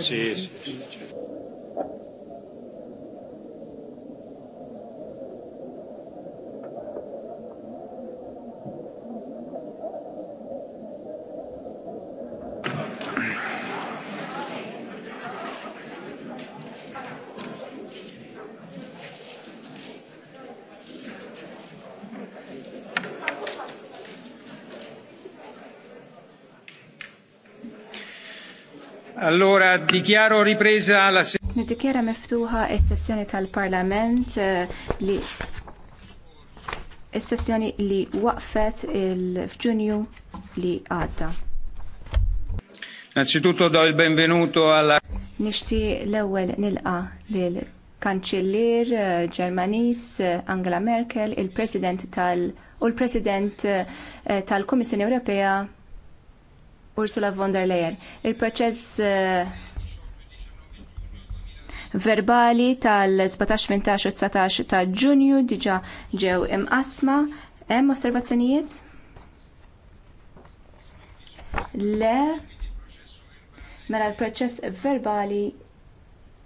Sì, sì, sì. Allora, dichiaro ripresa la sessione. Nidikjera miftuħa is-sessjoni tal-Parlament eh, li is-sessjoni li waqfet il-fġunju li għadda. Innanzitutto do il benvenuto alla Nishti l-ewwel nilqa lil kanċillier eh, Ġermanis eh, Angela Merkel, il-President tal- u l-President tal-Kummissjoni Ewropea Ursula von der Leyen. Il-proċess eh, verbali tal-17-18 u 19 ta' ġunju diġa ġew imqasma. Hemm osservazzjonijiet? Le. Mela l-proċess verbali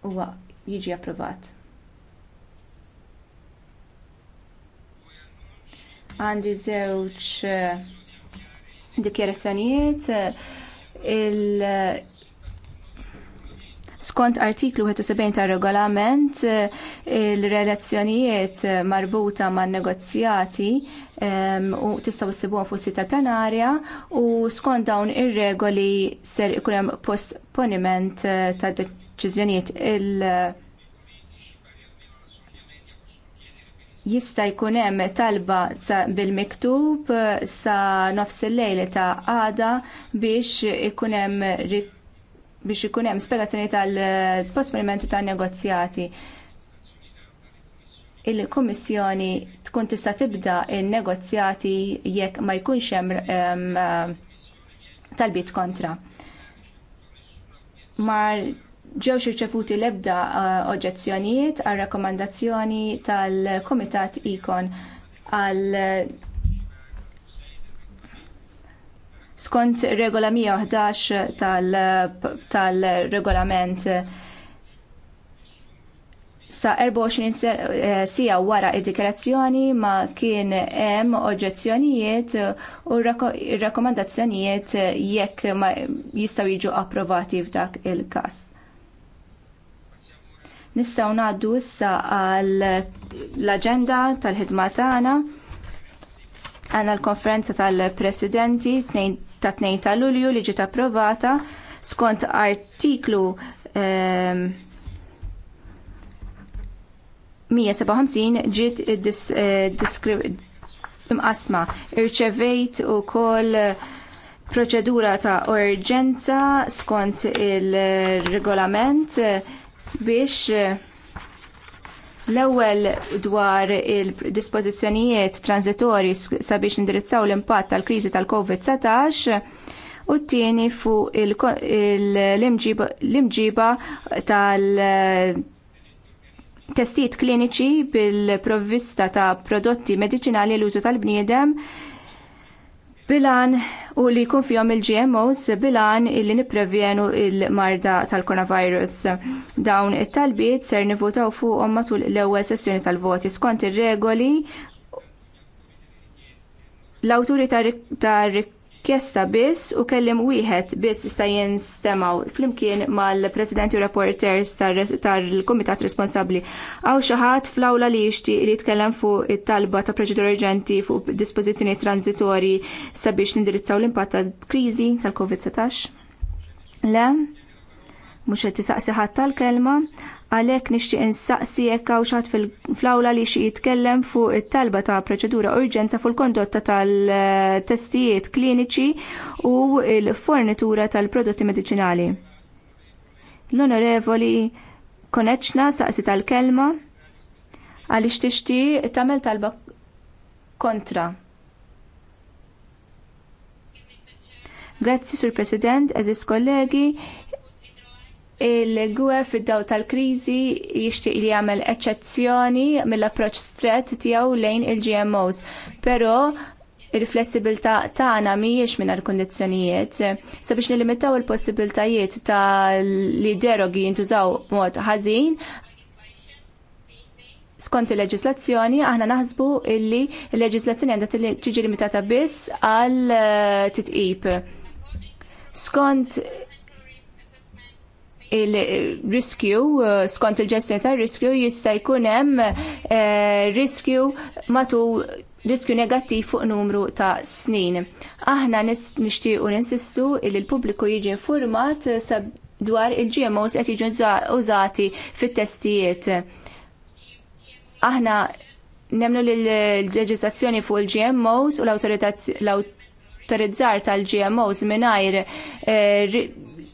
huwa jiġi approvat. Għandi żewġ eh, dikjerazzjonijiet il skont artiklu 71 tar regolament il-relazzjonijiet marbuta man negozjati u tista' ssibuhom fuq sit plenarja u skont dawn ir-regoli ser ikun hemm postponiment eh, ta' deċiżjonijiet il- jista' jkun hemm talba bil-miktub eh, sa nofs il-lejl ta' għada biex ikun hemm biex ikun hemm spjegazzjoni tal-posponimenti tan-negozjati. Il-Kummissjoni tkun tista' tibda n-negozjati jekk ma jkunx hemm talbiet kontra. Mar ġew xirċevuti l-ebda eh, oġġezzjonijiet għal rakkomandazzjoni tal-Komitat Ikon għal eh, skont regola 111 tal-regolament eh, sa 24 sija wara id-dikerazzjoni ma kien hemm oġġezzjonijiet u r rakkomandazzjonijiet jekk ma jistgħu jiġu approvati f'dak il-każ. Nistgħu ngħaddu issa għal l-aġenda tal-ħidma tagħna. Għanna l-konferenza tal-presidenti ta' 2 ta' Lulju li ġiet approvata skont artiklu 157 ehm, ġiet eh, imqasma. Irċevejt ukoll proċedura ta' urġenza skont ir regolament biex eh, L-ewwel dwar il-dispożizzjonijiet transitorji sabiex indirizzaw l-impatt tal-kriżi tal-COVID-19 u t-tieni fuq l-imġiba tal- testijiet kliniċi bil-provvista ta' prodotti mediċinali l-użu tal-bniedem bilan u li kun fjom il-GMOs bilan illi niprevjenu l marda tal-coronavirus. Dawn it-talbiet ser nivutaw fuqhom matul l-ewwel sessjoni tal-voti skont ir-regoli l-awtorità tar kesta biss u kellim wieħed biss jista' jinstemaw flimkien mal-President u Reporters tal-Kumitat Responsabbli għaw xi ħadd fl-awla li jixtieq li jitkellem fuq it-talba ta' proċedura urġenti fuq dispożizzjoni transitorji sabiex nindirizzaw l-impatt tal-kriżi tal-COVID-19? Le, mhux qed tisaqsi ħadd tal-kelma, Għalhekk nixtieq insaqsi jekk hawn xaħat fil-flawla li xi jitkellem fuq it-talba ta' proċedura urġenza fuq kondotta tal-testijiet kliniċi u l-fornitura tal-prodotti mediċinali. L-onorevoli Koneċna saqsi tal-kelma għaliex tixtieq tagħmel talba kontra. Grazzi, Sur President, eżis kollegi, il-gwe fid-daw tal-kriżi jixtieq li jagħmel eċċezzjoni mill-approċċ stret tiegħu lejn il-GMOs, però il-flessibilità tagħna mhijiex mingħajr kundizzjonijiet. Sabiex nilimitaw il-possibiltajiet ta' li derogi jintużaw b'mod ħażin, skont il-leġislazzjoni aħna naħsbu illi il-leġislazzjoni għandha tiġi limitata biss għal eh, titqib. Skont il-riskju, eh, skont il-ġestjoni tar riskju jista' jkun hemm eh, riskju matul riskju negattiv fuq numru ta' snin. Aħna nixtiequ ninsistu li l-pubbliku jiġi infurmat dwar il-GMOs qed jiġu użati fit-testijiet. Aħna nemlu li l-leġislazzjoni fuq il-GMOs u l-autorizzar tal-GMOs mingħajr eh,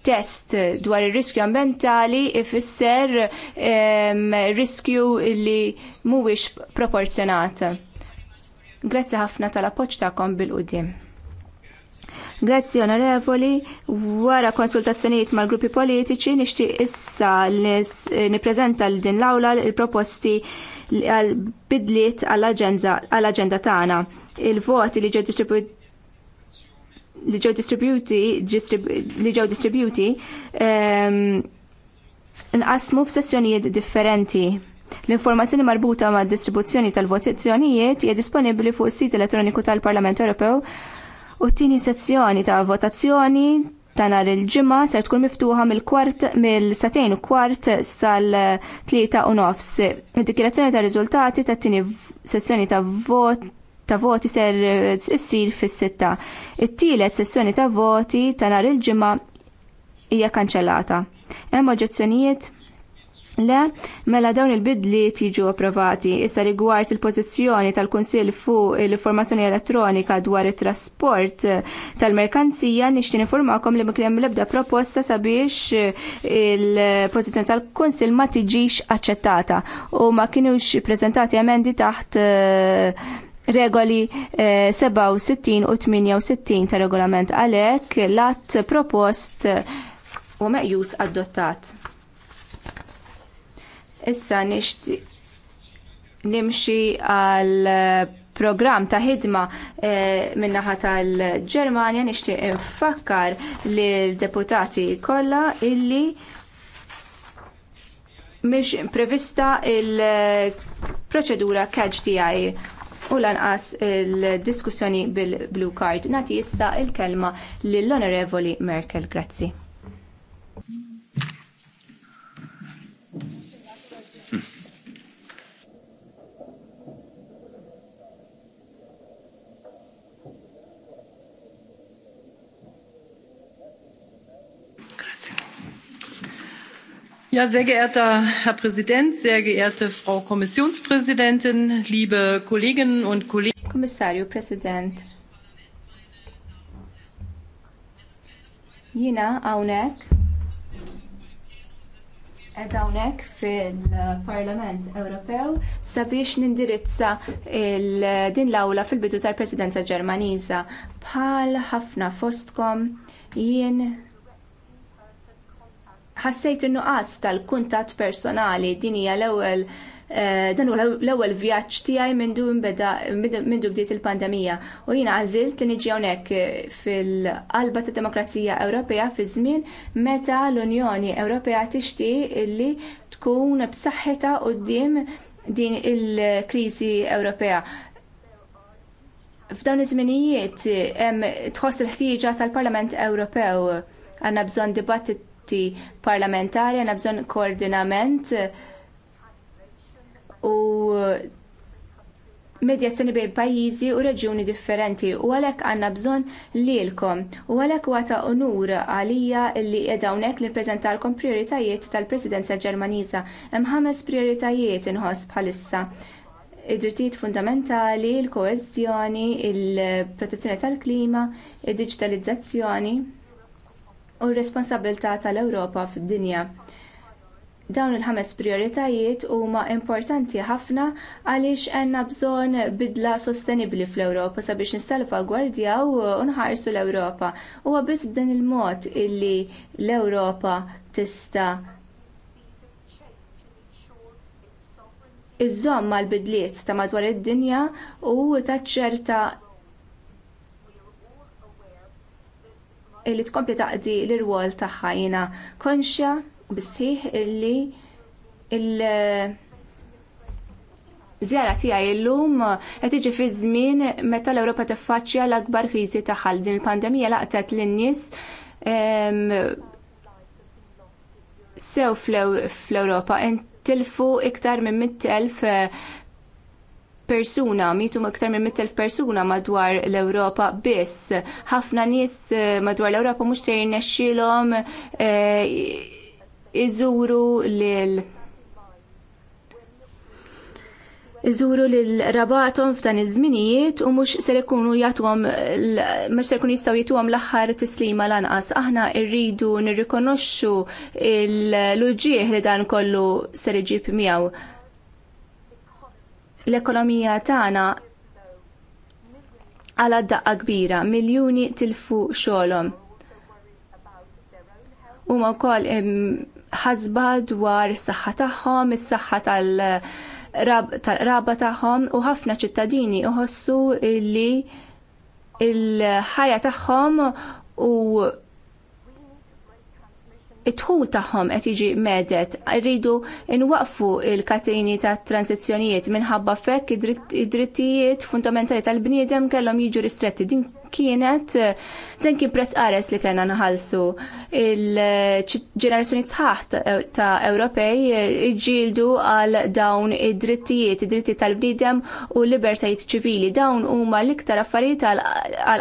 test dwar ir-riskju ambjentali ifisser ehm, riskju li mhuwiex proporzjonat. Grazzi ħafna tal-appoġġ tagħkom bil-qudiem. Grazzi onorevoli, wara konsultazzjonijiet mal-gruppi politiċi nixtieq issa nippreżenta l din l-awla il-proposti għal bidliet għall-aġenda tagħna. Il-voti li ġew li ġew distributi li ġew distributi ehm, nqasmu f'sessjonijiet differenti. L-informazzjoni marbuta mad distribuzzjoni tal-votazzjonijiet hija disponibbli fuq is-sit elettroniku tal-Parlament Ewropew u t-tieni sezzjoni ta' votazzjoni ta' nhar il-ġimgħa se tkun miftuħa mill-kwart mill-satejn u kwart sal-tlieta u nofs. Id-dikjerazzjoni tar riżultati tat tieni sessjoni ta' vot ta' voti ser eh, issir fis-sitta. It-tielet sessjoni ta' voti ta' nhar il-ġimgħa hija kanċellata. Hemm oġġezzjonijiet Le, mela dawn il-bidliet jiġu approvati. Issa rigward il-pożizzjoni tal-Kunsill fuq l-informazzjoni elettronika dwar it-trasport tal-merkanzija nixtieq informakom li mikrim l-ebda proposta sabiex eh, il-pożizzjoni tal-Kunsill ma tiġix aċċettata u ma kinux preżentati emendi taħt uh, regoli 67 eh, u 68 ta' regolament għalhekk l-att propost eh, u meqjus adottat. Issa nishti nimxi għal eh, program ta' hidma eh, minnaħa tal-Ġermanja nixtieq infakkar li deputati kollha illi mish prevista il-proċedura catch DI u lanqas il-diskussjoni bil-blue card. Nati issa il-kelma lill-Onorevoli Merkel. Grazzi. sehr geehrter Herr Präsident, sehr geehrte Frau Kommissionspräsidentin, liebe Kolleginnen und Kollegen. Kommissarju, Präsident. Jina, hawnhekk. Ed hawnhekk fil-Parlament Ewropew sabiex nindirizza din l-awla fil-bidu tal-Presidenza Ġermaniża bħal ħafna fostkom jien ħassejt innuqqas nuqqas tal-kuntatt personali din hija l-ewwel eh, dan l-ewwel vjaġġ tiegħi mindu mindu bdiet il-pandemija u jiena għażilt li niġi hawnhekk fil-qalba tad demokrazija Ewropea fi żmien meta l-Unjoni Ewropea tixtieq illi tkun b'saħħitha quddiem din il-kriżi Ewropea f'dawn iż-żminijiet hemm tħoss il-ħtieġa tal-Parlament Ewropew għandna bżonn dibattit rapporti parlamentari għanna bżonn koordinament u medjazzjoni bejn pajjiżi u reġjuni differenti u għalhekk għandna bżonn lilkom u għalhekk huwa ta' onur għalija li qiegħda hawnhekk nippreżentalkom prioritajiet tal-Presidenza Ġermaniża. Hemm ħames prioritajiet inħoss bħalissa id-drittijiet fundamentali, il koezzjoni il-protezzjoni tal-klima, id digitalizzazzjoni il id diġitalizzazzjoni u r-responsabilità tal-Ewropa fid-dinja. Dawn il-ħames prioritajiet huma importanti ħafna għaliex għandna bżonn bidla sostenibbli fl-Ewropa sabiex gwardjaw u nħarsu l-Ewropa. Huwa biss b'dan il-mod illi l-Ewropa tista' iżomm mal bidliet ta' madwar id-dinja u taċċerta li tkompli taqdi l-irwol tagħha jiena konxja bissieħ illi il- Zjara tiegħi llum qed tiġi fi żmien meta l-Ewropa tiffaċċja l-akbar kriżi tagħha din il-pandemija laqtet lin-nies sew fl-Ewropa intilfu iktar minn 100,000 persuna, mitu iktar minn 100.000 persuna madwar l-Ewropa biss. Ħafna nies eh, madwar l-Ewropa mhux se jirnexxilhom eh, iżuru lil iżuru lil rabatom f'dan iż-żminijiet u mhux se jkunu jagħtuhom mhux se jkunu jistgħu jagħtuhom l-aħħar tislima lanqas. Aħna rridu nirrikonoxxu l-uġieħ li dan kollu ser iġib miegħu l-ekonomija tagħna għala daqqa kbira, miljuni tilfu xogħolhom. Huma wkoll ħasba dwar is-saħħa tagħhom, is-saħħa tal-raba tagħhom u ħafna ċittadini uħossu li l ħajja tagħhom u it dħul tagħhom qed jiġi medet, rridu nwaqfu l katini ta' transizzjonijiet minħabba fekk id-drittijiet fundamentali tal-bniedem kellhom jiġu ristretti din kienet eh, dan kien prezz qares li kellna naħalsu il-ġenerazzjoni sħaħ ta' Ewropej eh, iġġieldu għal dawn id-drittijiet, id-drittijiet tal-bniedem u l-libertajiet ċivili. Dawn huma l-iktar affarijiet għal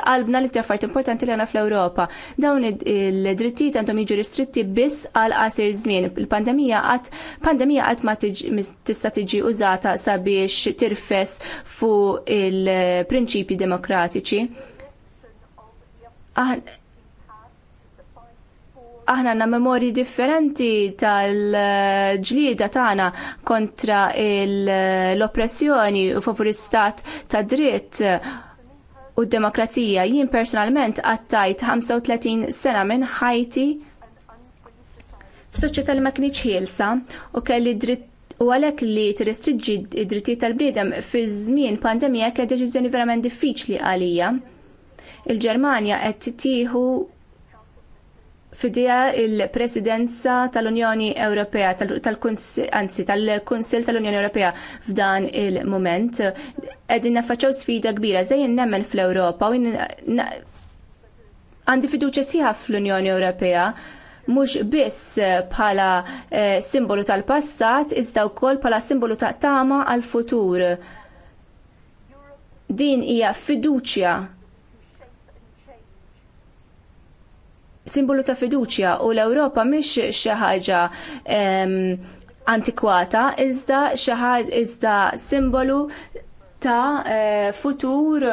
qalbna l-iktar affarijiet importanti li għandna fl-Ewropa. Dawn id-drittijiet għandhom jiġu ristritti biss għal qasir żmien. Il-pandemija qatt pandemija qatt ma tista' tiġi użata sabiex tirfes fuq il-prinċipji demokratiċi aħna għanna memorji differenti tal-ġlieda tagħna kontra l-oppressjoni u favur istat ta' dritt u d-demokrazija. Jien personalment għattajt 35 sena minn ħajti f'soċjetà li ma kienx ħielsa u kelli dritt u għalek li tirrestriġġi d-drittijiet tal bridem fi żmien pandemija kienet deċiżjoni verament diffiċli għalija il-Ġermanja qed titieħu fidija il-presidenza tal-Unjoni Ewropea, anzi tal-Kunsil tal-Unjoni Ewropea f'dan il mument qegħdin naffaċċaw sfida kbira żejjin nemmen fl-Ewropa u għandi fiduċja sħiħa fl-Unjoni Ewropea mhux biss bħala eh, simbolu tal-passat iżda wkoll bħala simbolu ta' tama għall futur Din hija fiduċja simbolu ta' fiduċja u l-Ewropa mhix xi ħaġa antikwata iżda xi iżda simbolu ta' eh, futur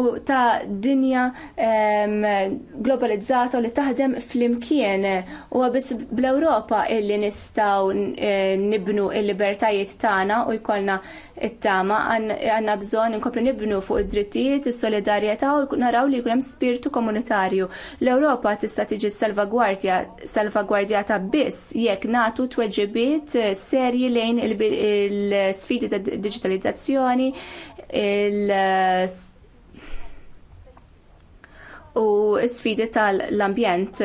u ta' dinja globalizzata u li taħdem fl-imkien u għabis bl-Europa illi nistaw eh, nibnu il-libertajiet tagħna u jkollna it-tama għanna bżon nkopri nibnu fuq id-drittijiet, is-solidarjetà u naraw li jkun hemm spiritu komunitarju. L-Ewropa tista' tiġi salvagwardja salvagwardjata biss jekk natu tweġibiet eh, serji lejn il-sfidi ta' digitalizzazzjoni, il u sfidi tal-ambjent.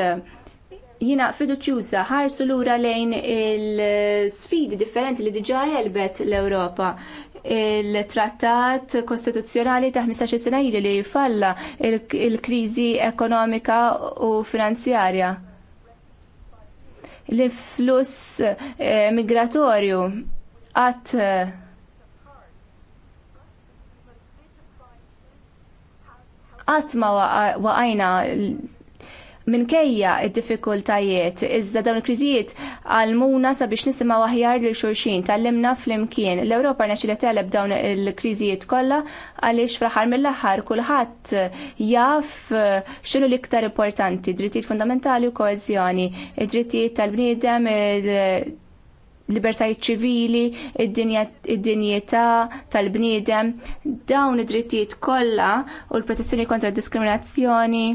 Jina fiduċjuża ħarsu lura lejn il-sfidi differenti li diġa jelbet l-Ewropa il-trattat kostituzzjonali ta' 15 sena ili li falla il-krizi ekonomika u finanzjarja. L-influss eh, migratorju għat eh, qatt ma waqajna kejja id-diffikultajiet, iżda dawn il-kriżijiet għalmuna sabiex nisimgħu aħjar li xulxin tallimna flimkien. L-Ewropa rnexxilet teleb dawn il-kriżijiet kollha għaliex fl-aħħar mill-aħħar kulħadd jaf x'inhu l-iktar importanti, drittijiet fundamentali u koeżjoni, id-drittijiet tal-bniedem, libertajiet ċivili, id-dinjetà tal-bniedem, dawn id-drittijiet kollha u l-protezzjoni kontra d diskriminazzjoni,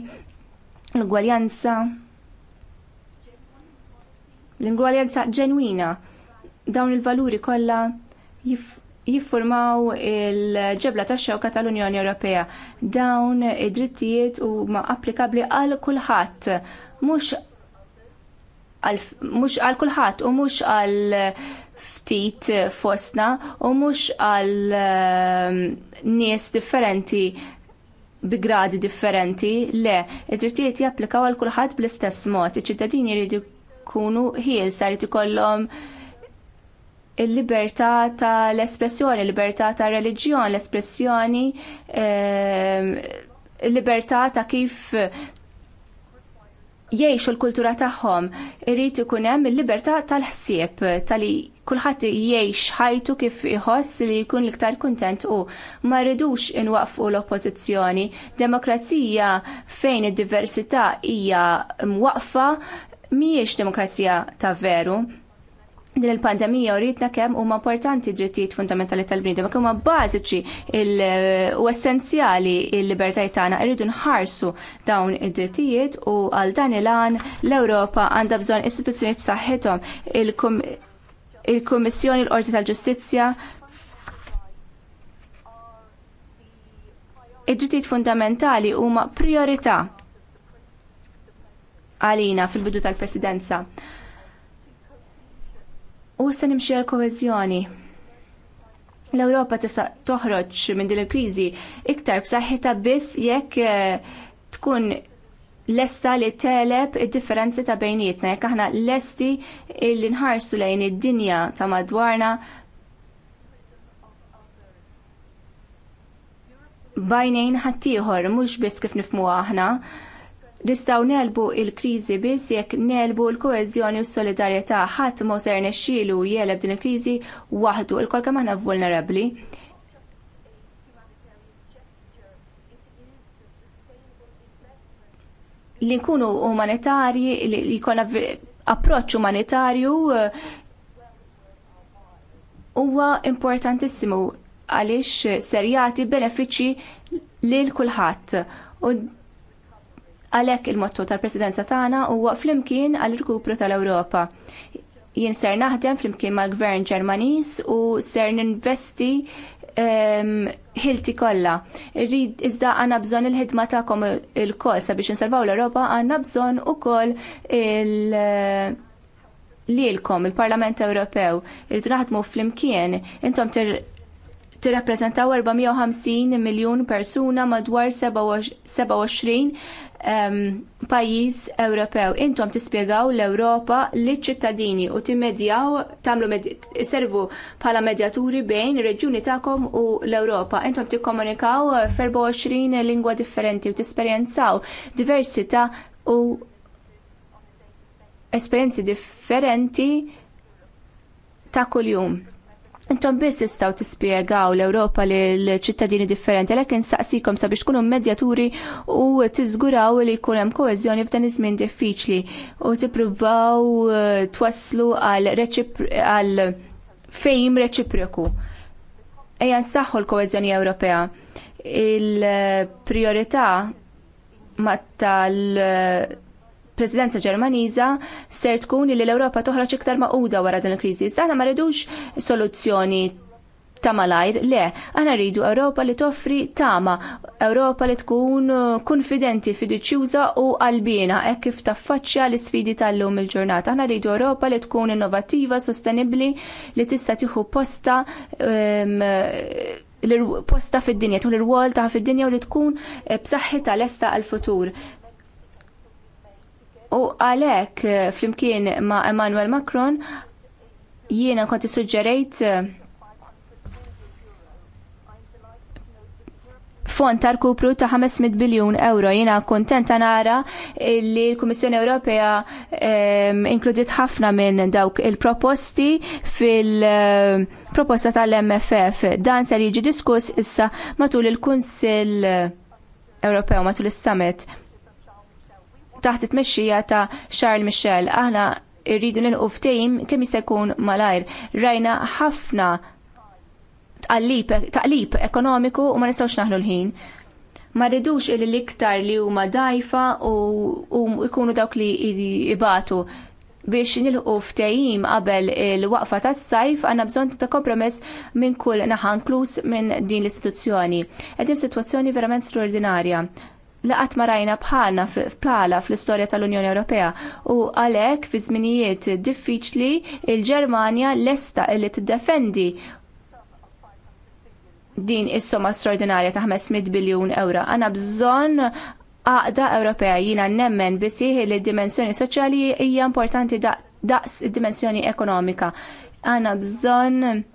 l-gwaljanza. L-ingwaljanza ġenwina, dawn il-valuri kollha jiffurmaw il-ġebla tax xewka tal-Unjoni Ewropea. Dawn id-drittijiet huma applikabbli għal kulħadd, mhux mhux għal kulħadd u mhux għal ftit fostna u mhux għal ehm, nies differenti bi gradi differenti, le, id-drittijiet japplikaw għal kulħadd bl-istess mod, iċ-ċittadini jridu jkunu sa jrid ikollhom il-libertà tal-espressjoni, il-libertà ta' reliġjon, l-espressjoni ehm, il-libertà ta' kif jgħixu l-kultura tagħhom, irid ikun hemm il-libertà tal-ħsieb tal-li kulħadd jgħix ħajtu kif iħoss li jkun l-iktar kuntent u ma rridux inwaqfu l-oppożizzjoni. Demokrazija fejn id-diversità hija mwaqfa mhijiex demokrazija ta' veru din il-pandemija uritna kemm huma importanti drittijiet fundamentali tal-bniedem, kemm ma bażiċi u essenzjali l-libertajiet tagħna rridu nħarsu dawn id-drittijiet u għal dan il-għan l-Ewropa għandha bżonn istituzzjoni b'saħħithom il-Kummissjoni l-Qorti tal-Ġustizzja id-drittijiet fundamentali huma priorità għalina fil-bidu tal-presidenza. U se nimxie l-koezjoni. L-Ewropa tista' toħroġ minn din il-kriżi iktar b'saħħitha biss jekk eh, tkun lesta li teleb id-differenzi ta' bejnietna, jekk aħna lesti li nħarsu lejn id-dinja ta' madwarna bajnejn ħaddieħor mhux biss kif nifmuha aħna, Nistaw nelbu il-kriżi biss jekk nelbu l-koeżjoni u s-solidarjetà ħadd ma ser nexxielu jeleb din il-kriżi waħdu il kolka maħna vulnerabbli. Li nkunu umanitarji, li jkollna approċċ umanitarju eh, huwa importantissimu għaliex ser jagħti benefiċċji lil kulħadd. Għalhekk il-mottu tal-Presidenza tagħna huwa flimkien għall irkupru tal-Ewropa. Jien ser naħdem flimkien mal-Gvern Ġermaniż u ser ninvesti ehm, ħilti kollha. Irrid iżda għandna bżonn il-ħidma tagħkom il-koll sabiex insalvaw l-Ewropa għandna bżonn ukoll il- eh, lilkom il-Parlament Ewropew irridu naħdmu flimkien intom tirrappreżentaw 450 miljun persuna madwar 27 pajjiż Ewropew. Intom tispjegaw l-Ewropa liċ ċittadini u timmedjaw tagħmlu servu bħala medjaturi bejn ir-reġjuni tagħkom u l-Ewropa. Intom tikkomunikaw f'24 lingwa differenti u tesperjenzaw diversità u esperjenzi differenti ta' kuljum. Intom biss istaw tispiegaw l-Ewropa li l-ċittadini differenti, għalhekk insaqsikom sabiex kunu medjaturi u tiżguraw li jkun hemm koeżjoni f'dan iż-żmien diffiċli u tippruvaw eh, twasslu għal għal fejm reċiproku. Ejja nsaħħu l koezjoni Ewropea. Il-priorità ma tal presidenza Ġermaniża ser tkun li l-Ewropa toħroġ iktar maquda wara din il-kriżi. Iżda ma rridux soluzzjoni ta' malajr, le, għana rridu Ewropa li toffri tama, Ewropa li tkun konfidenti, fiduċjuża u qalbina, hekk kif taffaċċja l isfidi tal-lum il-ġurnata. Għana rridu Ewropa li tkun innovattiva, sostenibbli, li tista' tieħu posta um, ehm, l-posta fid-dinja, tkun l-rwol ta' fid-dinja u li tkun b'saħħitha lesta għall futur U għalhekk eh, flimkien ma' Emmanuel Macron jiena konti suġġerejt eh, fond tal-kupru ta' 500 biljun euro. Jiena kontenta nara li l-Kummissjoni Ewropea ehm, inkludiet ħafna minn dawk il-proposti fil-proposta eh, tal-MFF. Dan ser jiġi diskuss issa matul il-Kunsill Ewropew matul is-summit taħt it-mexxija ta' Charles Michel. Aħna irridu nilqu ftehim kemm jista' jkun malajr. Rajna ħafna taqlib ekonomiku u ma nistgħux naħlu l-ħin. Ma rridux il iktar li huma dajfa u jkunu dawk li ibatu biex nilqu ftehim qabel il-waqfa tas-sajf għandna bżonn ta' kompromess minn kull naħa inkluż minn din l-istituzzjoni. Qegħdin sitwazzjoni verament straordinarja qatt ma rajna bħalna bħala fl-istorja tal-Unjoni Ewropea u għalhekk fi żminijiet diffiċli il-Ġermanja lesta li tiddefendi din is-somma straordinarja ta' 500 biljun ewra. Għandna bżonn għaqda Ewropea jiena nemmen bisih li d-dimensjoni soċjali hija importanti daqs id-dimensjoni ekonomika. Għandna bżonn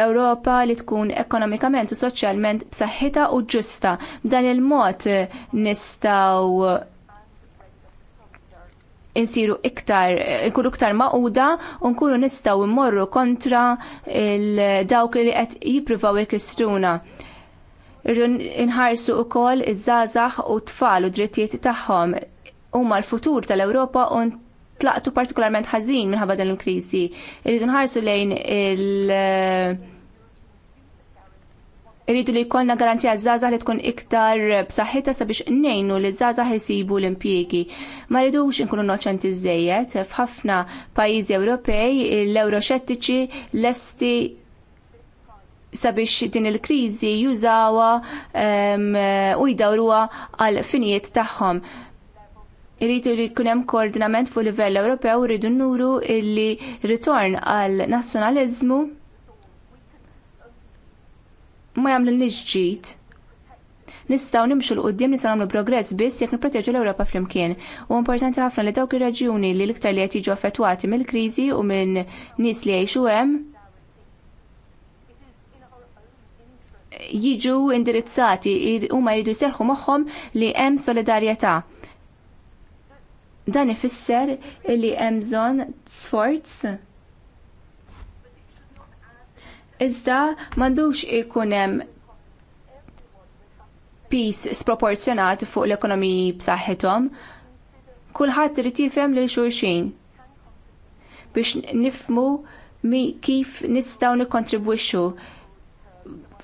Ewropa li tkun ekonomikament u soċjalment b'saħħitha u ġusta. B'dan il-mod eh, nistgħu eh, insiru iktar, eh, nkunu iktar maquda u nkunu nistgħu immorru kontra dawk li qed jipruvaw ikistruna. Irdu nħarsu wkoll iż-żgħażagħ u t-tfal u drittijiet tagħhom huma l-futur tal-Ewropa u tlaqtu partikolarment ħażin minħabba din il-krisi. Irridu nħarsu lejn il- Irridu li jkollna garanzija żgħażagħ li tkun iktar b'saħħitha sabiex ngħinu li żgħażagħ isibu l-impjiegi. Ma rridux inkunu noċenti żejjed f'ħafna pajjiżi Ewropej l-Ewroxettiċi lesti sabiex din il-kriżi jużawha ehm, u jdawruha għal finijiet tagħhom irrid ikun hemm koordinament fuq livell Ewropew rridu nuru illi ritorn għal nazzjonaliżmu ma jagħmlu niġġid. Nistgħu nimxu l-qudiem nistgħu nagħmlu progress biss jekk nipproteġu l-Ewropa flimkien. U importanti ħafna li dawk ir-raġuni li l-iktar li qed jiġu affettwati mill-kriżi u minn nies li jgħixu hemm jiġu indirizzati huma jridu jserħu magħhom li hemm solidarjetà Dan ifisser li hemm bżonn sforz iżda m'għandux ikun hemm pis sproporzjonat fuq l-ekonomiji b'saħħithom. Kulħadd irid jifhem lil xulxin biex nifmu kif nistgħu nikkontribwixxu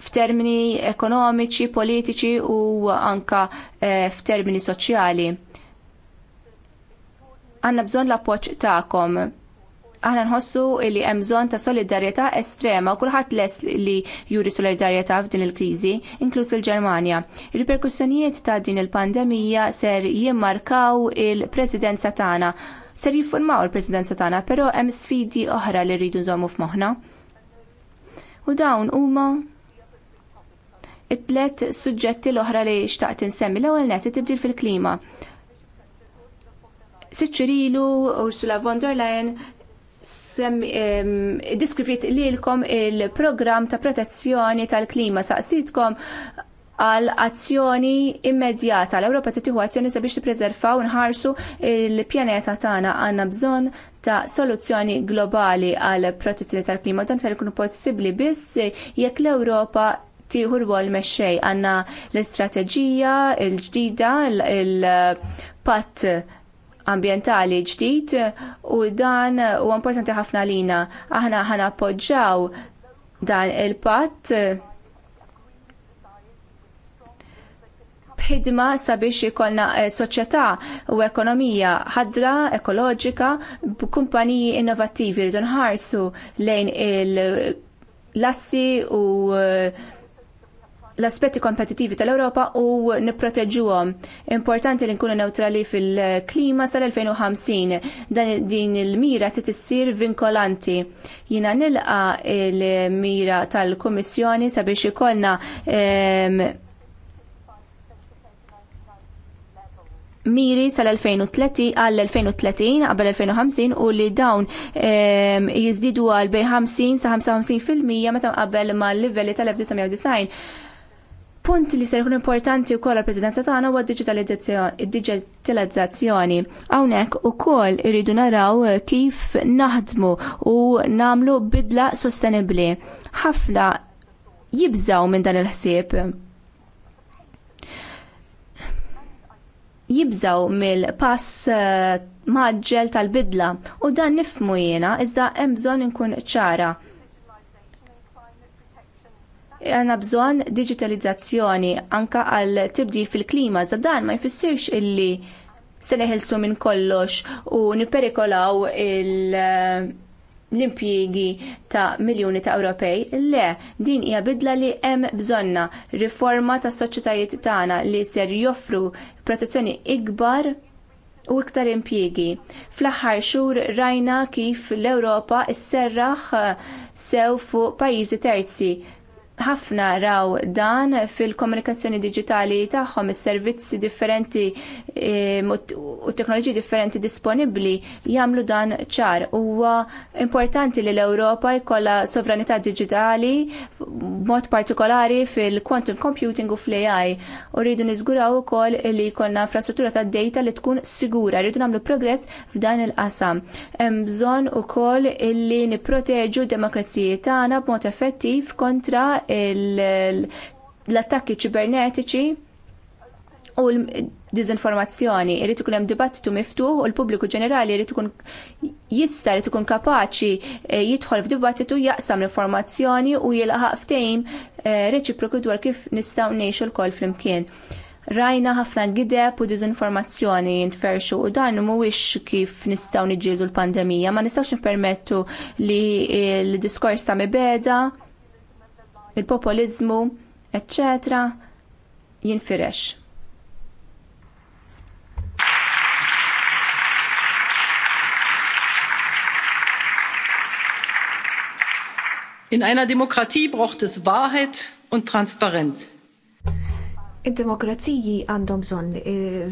f'termini ekonomiċi, politiċi u anke eh, f'termini soċjali għandna bżonn l-appoġġ tagħkom. Aħna nħossu li hemm bżonn ta' solidarjetà estrema u kulħadd les li juri solidarjetà f'din il-kriżi, inkluż il-Ġermanja. Ir-riperkussjonijiet ta' din il-pandemija ser jimmarkaw il-presidenza tagħna. Ser jiffurmaw il-presidenza tagħna, però hemm sfidi oħra li rridu nżommu f'moħħna. U dawn huma it-tlet suġġetti l-oħra li xtaqt insemmi l-ewwel net tibdil fil-klima. Siċċirilu, Ursula von der Leyen diskrivit lilkom il-programm ta' protezzjoni tal-klima saqsitkom għal azzjoni immedjata. L-Ewropa tiħu azzjoni sabiex tippreservaw nħarsu il-pjaneta tagħna għandna bżonn ta' soluzzjoni globali għal protezzjoni tal-klima. Dan tal kun possibbli biss jekk l-Ewropa tieħu rwol meċċej għandna l-istrateġija l-ġdida, il pat ambjentali ġdid eh, u dan huwa importanti ħafna lina. Aħna ħana poġġaw dan il-patt eh, b'ħidma sabiex ikollna eh, soċjetà u ekonomija ħadra, ekoloġika, b'kumpaniji innovattivi rridu nħarsu lejn il-lassi u l-aspetti kompetitivi tal-Ewropa u nipproteġuhom. Importanti li nkunu neutrali fil-klima sal-2050. Dan din il-mira trid issir vinkolanti. Jina nilqa il-mira tal-Kummissjoni sabiex ikollna miri sal-2030 għall 2030 qabel 2050 u li dawn jizdidu għal bejn 50 sa 55% meta qabel mal livelli tal-1990 Punt li ser jkun importanti wkoll għall-Presidenza tagħna huwa d-diġitalizzazzjoni. Hawnhekk ukoll irridu naraw kif naħdmu u nagħmlu bidla sostenibbli. Ħafna jibżaw minn dan il-ħsieb. jibżaw mill-pass eh, maġġel tal-bidla u dan nifmu jiena iżda hemm bżonn inkun ċara għanna bżon digitalizzazzjoni anka għal tibdi fil-klima, za dan ma jfissirx illi se neħilsu minn kollox u niperikolaw l-impjigi ta' miljoni ta' Ewropej. Le, din hija bidla li hemm bżonna riforma ta' soċjetajiet tagħna li ser joffru protezzjoni ikbar u iktar impjiegi. Fl-aħħar xhur rajna kif l-Ewropa sserraħ sew fuq pajjiżi terzi ħafna raw dan fil-komunikazzjoni digitali tagħhom is-servizzi differenti eh, u teknoloġiji differenti disponibbli jagħmlu dan ċar. Huwa importanti li l-Ewropa jkollha sovranità digitali b'mod partikolari fil-quantum computing u fl-AI. U rridu niżguraw ukoll li jkollna infrastruttura ta' data li tkun sigura, rridu nagħmlu progress f'dan il-qasam. Hemm bżonn ukoll illi nipproteġu d demokrazijiet tagħna b'mod effettiv kontra l-attakki ċibernetiċi u l-dizinformazzjoni. Irrid ikun hemm dibattitu miftuħ u l-pubbliku ġenerali irrid ikun jista' jrid ikun kapaċi eh, jidħol f'dibattitu jaqsam l-informazzjoni u jilħaq ftehim eh, reċiproku dwar kif nistgħu ngħixu lkoll flimkien rajna ħafna gideb u dizinformazzjoni jintferxu u dan mhuwiex kif nistgħu niġġieldu l-pandemija, ma nistgħux nippermettu li l-diskors ta' mibeda il-populizmu, eccetera, jinfirex. In einer Demokratie braucht es Wahrheit und Transparenz. Id-demokraziji għandhom bżonn eh,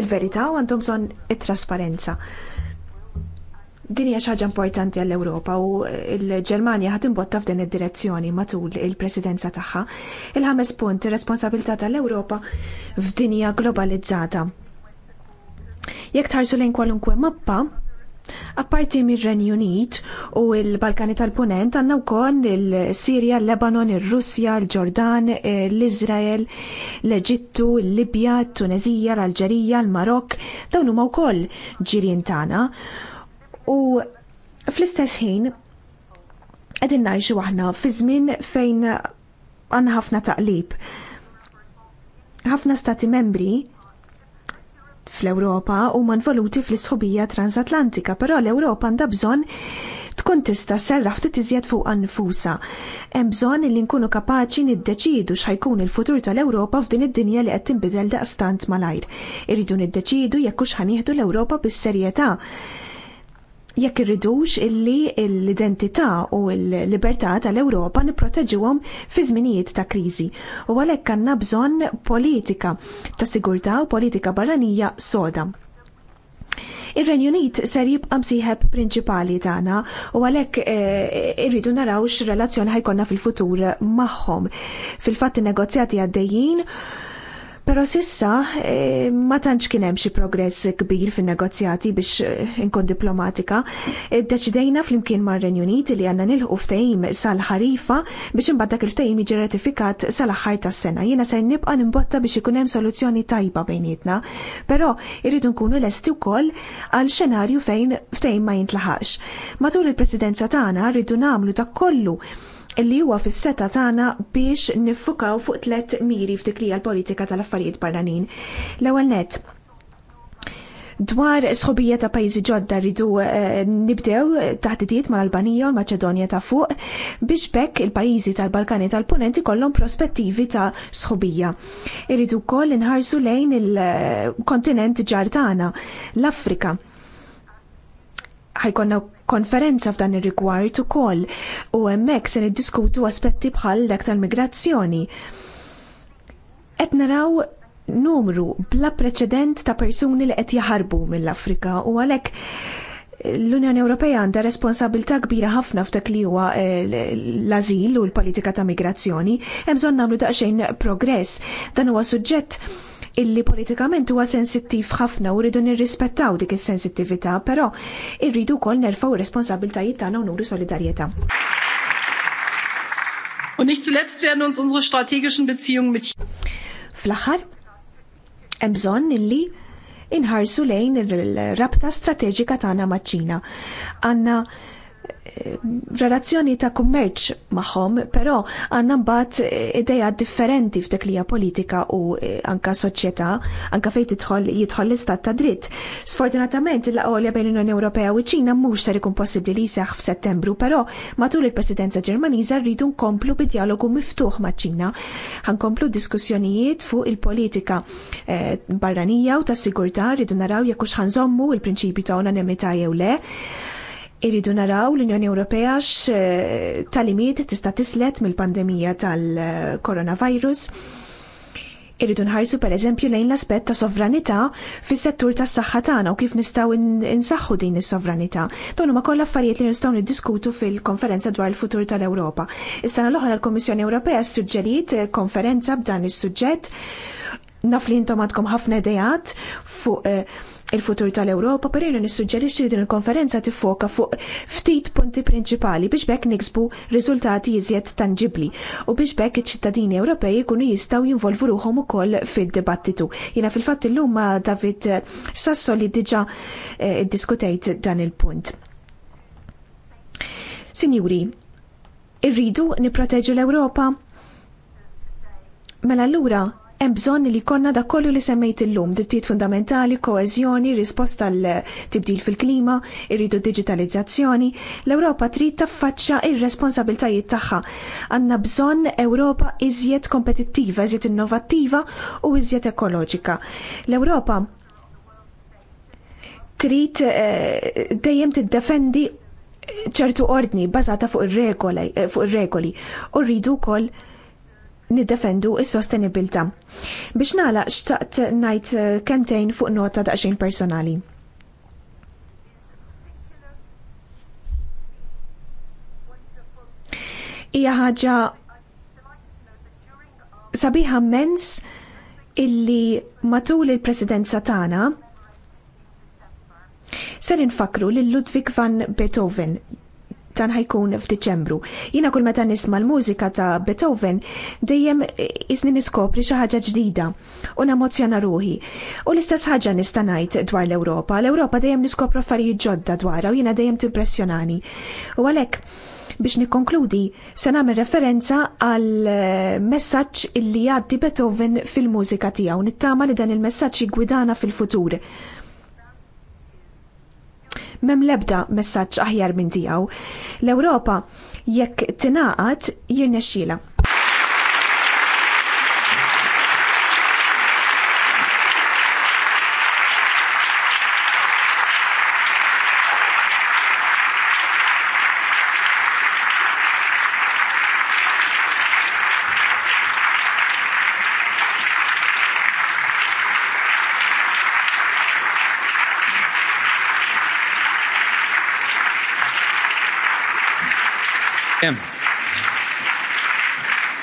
il-verità u għandhom bżonn it-trasparenza. Din hija xi ħaġa importanti għall-Ewropa u l-Ġermanja ħadd imbotta f'din id-direzzjoni matul il-presidenza tagħha. Il-ħames punt ir-responsabilità tal-Ewropa f'dinja globalizzata. Jekk tħarsu lejn kwalunkwe mappa, Apparti mir-Renju Unit u l-Balkani tal-Punent għandna wkoll il-Sirja, l-Lebanon, ir-Russja, l-Ġordan, l-Iżrael, l-Eġittu, l-Libja, t-Tunezija, l-Alġerija, l-Marokk, dawn huma wkoll ġirien tagħna U fl-istess ħin qegħdin ngħixu aħna fi żmien fejn għandna ħafna taqlib. Ħafna stati membri fl-Ewropa huma involuti fl-isħubija transatlantika, però l-Ewropa għandha bżonn tkun tista' serraf ftit iżjed fuq anfusa. Hemm bżonn li nkunu kapaċi niddeċidu x'ħajkun il-futur tal-Ewropa f'din id-dinja li qed tinbidel daqstant malajr. Irridu niddeċidu jekk hux ħanieħdu l-Ewropa bis-serjetà jekk irridux illi l-identità u l-libertà tal-Ewropa nipproteġuhom fi żminijiet ta' kriżi. U għalhekk għandna bżonn politika ta' sigurtà u politika barranija soda. Ir-Renju Unit ser jibqa' msieħeb prinċipali tagħna u għalhekk eh, irridu naraw x'relazzjoni ħajkonna fil-futur magħhom. Fil-fatt in-negozjati għaddejjin Pero sissa eh, ma tantx kien hemm xi progress kbir fin-negozjati biex eh, inkun diplomatika. E, Deċidejna flimkien mar-Renju Unit li għandna nilħu ftehim sal-ħarifa biex imbagħad dak il-ftehim jiġi ratifikat sal-aħħar tas-sena. Jiena se nibqa' nimbotta biex ikun hemm soluzzjoni tajba bejnietna, però irridu nkunu lesti wkoll għal xenarju fejn ftehim ma jintlaħax. Matul il-presidenza tagħna rridu nagħmlu dak kollu li huwa fis-seta tagħna biex niffukaw fuq tliet miri ftik li l-politika tal-affarijiet barranin. L-ewwel nett, Dwar sħobija ta' pajjiżi ġodda rridu eh, nibdew taħdidiet mal albanija u l-Maċedonja ta' fuq biex bekk il-pajjiżi tal-Balkani tal-Punent ikollhom prospettivi ta' sħobija. Irridu wkoll inħarsu lejn il-kontinent ġartana, l-Afrika ħajkonna konferenza f'dan ir-rigward ukoll u hemmhekk se niddiskutu aspetti bħal dak tal-migrazzjoni. Qed naraw numru bla preċedent ta' persuni li qed jaħarbu mill-Afrika u għalhekk l-Unjoni Ewropea għandha responsabilità kbira ħafna f'dak li huwa eh, l-ażil u l-politika ta' migrazzjoni, hemm bżonn nagħmlu daqsxejn progress. Dan huwa suġġett illi politikament huwa sensittiv ħafna u rridu nirrispettaw dik is-sensittività, però rridu wkoll nerfgħu r-responsabbiltajiet tagħna u nuru solidarjetà. Und nicht zuletzt werden uns unsere strategischen Beziehungen mit Fl-aħħar hemm bżonn illi inħarsu lejn ir-rabta strateġika tagħna maċ-Ċina. Għandna relazzjoni ta' kummerċ magħhom, però għandna mbagħad eh, ideja differenti f'dik li politika u eh, anka soċjetà, anka fejn tidħol jidħol l-istat ta' dritt. Sfortunatament il-laqolja bejn l-Unjoni Ewropea u ċina mhux ser ikun possibbli li jseħħ f'Settembru, però matul il-Presidenza Ġermaniża rridu nkomplu bid-dialogu miftuħ maċ-Ċina. Ħankomplu diskussjonijiet fuq il-politika eh, barranija u tas-sigurtà rridu naraw jekk hux ħanżommu il prinċipi ta' unanimità jew le Iridu naraw l-Unjoni Ewropea x-talimiet tista' tislet mill-pandemija tal-coronavirus. Iridu nħarsu per eżempju lejn l-aspett ta' sovranità fis-settur tas-saħħa tagħna u kif nistgħu insaħħu din is-sovranità. Dawn huma kollha affarijiet li nistgħu niddiskutu fil-konferenza dwar il-futur tal-Ewropa. Is-sena l-oħra l-Kummissjoni Ewropea suġġeriet konferenza b'dan is-suġġett naf li intom għadkom ħafna idejat fuq eh, il-futur tal-Ewropa, perejna nissuġġerixxi li din il-konferenza tiffoka fuq ftit punti prinċipali biex bekk niksbu riżultati iżjed tangibli u biex bekk iċ-ċittadini Ewropej ikunu jistgħu jinvolvu ruhom ukoll fid-dibattitu. Jiena fil-fatt illum ma' David Sassoli diġà eh, diskutejt dan il-punt. Sinjuri, irridu nipproteġu l-Ewropa? Mela allura hemm bżonn li konna da kollu li semmejt illum, dittijiet fundamentali, koeżjoni, risposta għal tibdil fil-klima, irridu digitalizzazzjoni. L-Ewropa trid taffaċċa ir-responsabiltajiet tagħha. Għandna bżonn Ewropa iżjed kompetittiva, iżjed innovattiva u iżjed ekoloġika. L-Ewropa trid eh, dejjem tiddefendi ċertu ordni bażata fuq ir-regoli, eh, fuq ir-regoli. U rridu wkoll niddefendu is-sostenibilità. Biex nagħlaq xtaqt ngħid eh, kemtejn fuq nota daqsxejn personali. Hija ħaġa sabiħa mens illi matul il-presidenza tagħna se infakru lil Ludwig van Beethoven tan ħajkun f'Diċembru. Jina kull meta nisma l-mużika ta' Beethoven dejjem isni niskopri xi ħaġa ġdida u namozzjona ruħi. U l-istess ħaġa nista' ngħid dwar l-Ewropa. L-Ewropa dejjem niskopru affarijiet ġodda dwarha u jiena dejjem timpressjonani. U għalhekk biex nikkonkludi se nagħmel referenza għal eh, messaġġ illi jgħaddi Beethoven fil-mużika tiegħu. Nittama li dan il-messaġġ jiggwidana fil-futur mem lebda messaġġ aħjar minn tiegħu. L-Ewropa jekk tingħaqad jirnexxiela.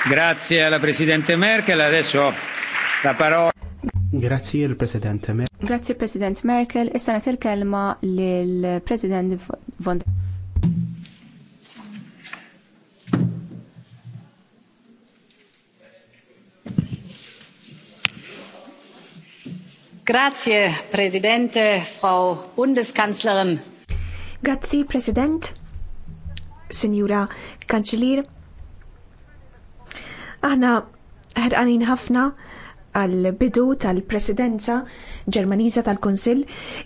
Grazie alla Presidente Merkel, adesso la parola. Grazie il Presidente Merkel. Grazie President Merkel, issa e nagħti il-kelma lil presidente von Grazie Presidente, Frau Bundeskanzlerin. Grazie President, Signora Kanċelier. Aħna ħerqanin ħafna għal bidu tal-presidenza ġermaniza tal-Konsil.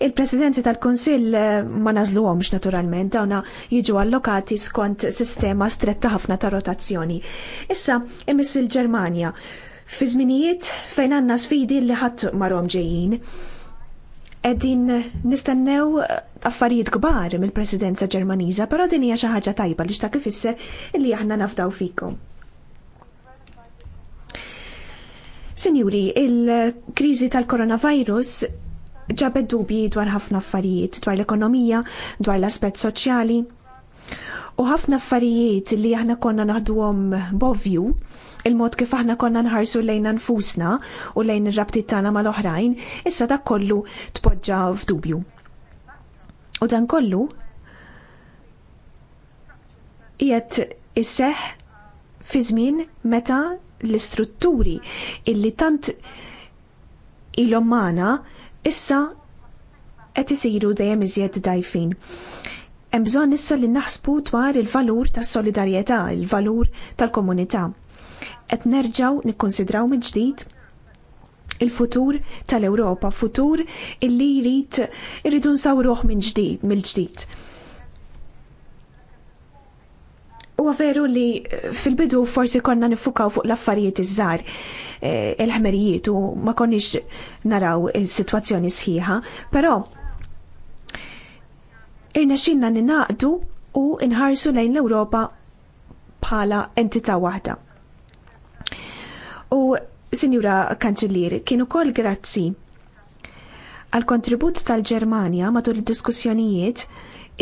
Il-presidenzi tal-Konsil eh, ma nażluhomx naturalment, dawna jiġu allokati skont sistema stretta ħafna ta' rotazzjoni. Issa, imiss il-Ġermanja, fi żminijiet fejn għandna sfidi li ħadd marhom ġejjin. Qegħdin nistennew affarijiet kbar mill-presidenza Ġermaniza, però din hija xi ħaġa tajba li x'ta' kif isser illi aħna nafdaw fikom. Sinjuri, il-kriżi tal-coronavirus ġabed dubji dwar ħafna affarijiet, dwar l-ekonomija, dwar l-aspett soċjali. U ħafna affarijiet li aħna konna naħduhom bovju, il-mod kif aħna konna nħarsu lejn nfusna u lejn ir-rabtiet tagħna mal-oħrajn, issa dak kollu tpoġġa f'dubju. U dan kollu qiegħed isseħ fi żmien meta l-istrutturi illi tant ilhom magħna issa qed isiru dejjem iżjed dajfin. Hemm bżonn issa li naħsbu dwar il-valur tas-solidarjetà, il-valur tal-komunità. Qed nerġgħu nikkonsidraw minn ġdid il-futur tal-Ewropa, futur illi jrid irridu nsawruh minn ġdid, mill-ġdid. Huwa veru li eh, fil-bidu forsi konna nifukaw fuq l-affarijiet iż-żar eh, il-ħmerijiet u ma konniex naraw is-sitwazzjoni sħiħa, però irna xinna ninaqdu u nħarsu lejn l-Ewropa bħala entità waħda. U Sinjura Kanċellier, kienu kol grazzi għal kontribut tal-Ġermanja matul id-diskussjonijiet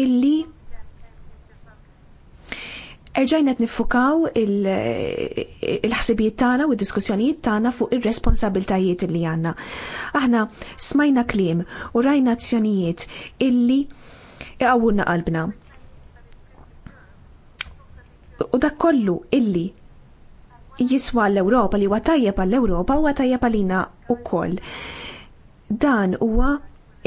illi Erġajnet nifukaw il-ħsibijiet tagħna u d-diskussjonijiet tagħna fuq ir-responsabiltajiet li għandna. Aħna smajna kliem u rajna azzjonijiet illi iqawwuna qalbna. U dak kollu illi jiswa l-Ewropa li huwa tajjeb għall-Ewropa huwa tajjeb għalina wkoll. Dan huwa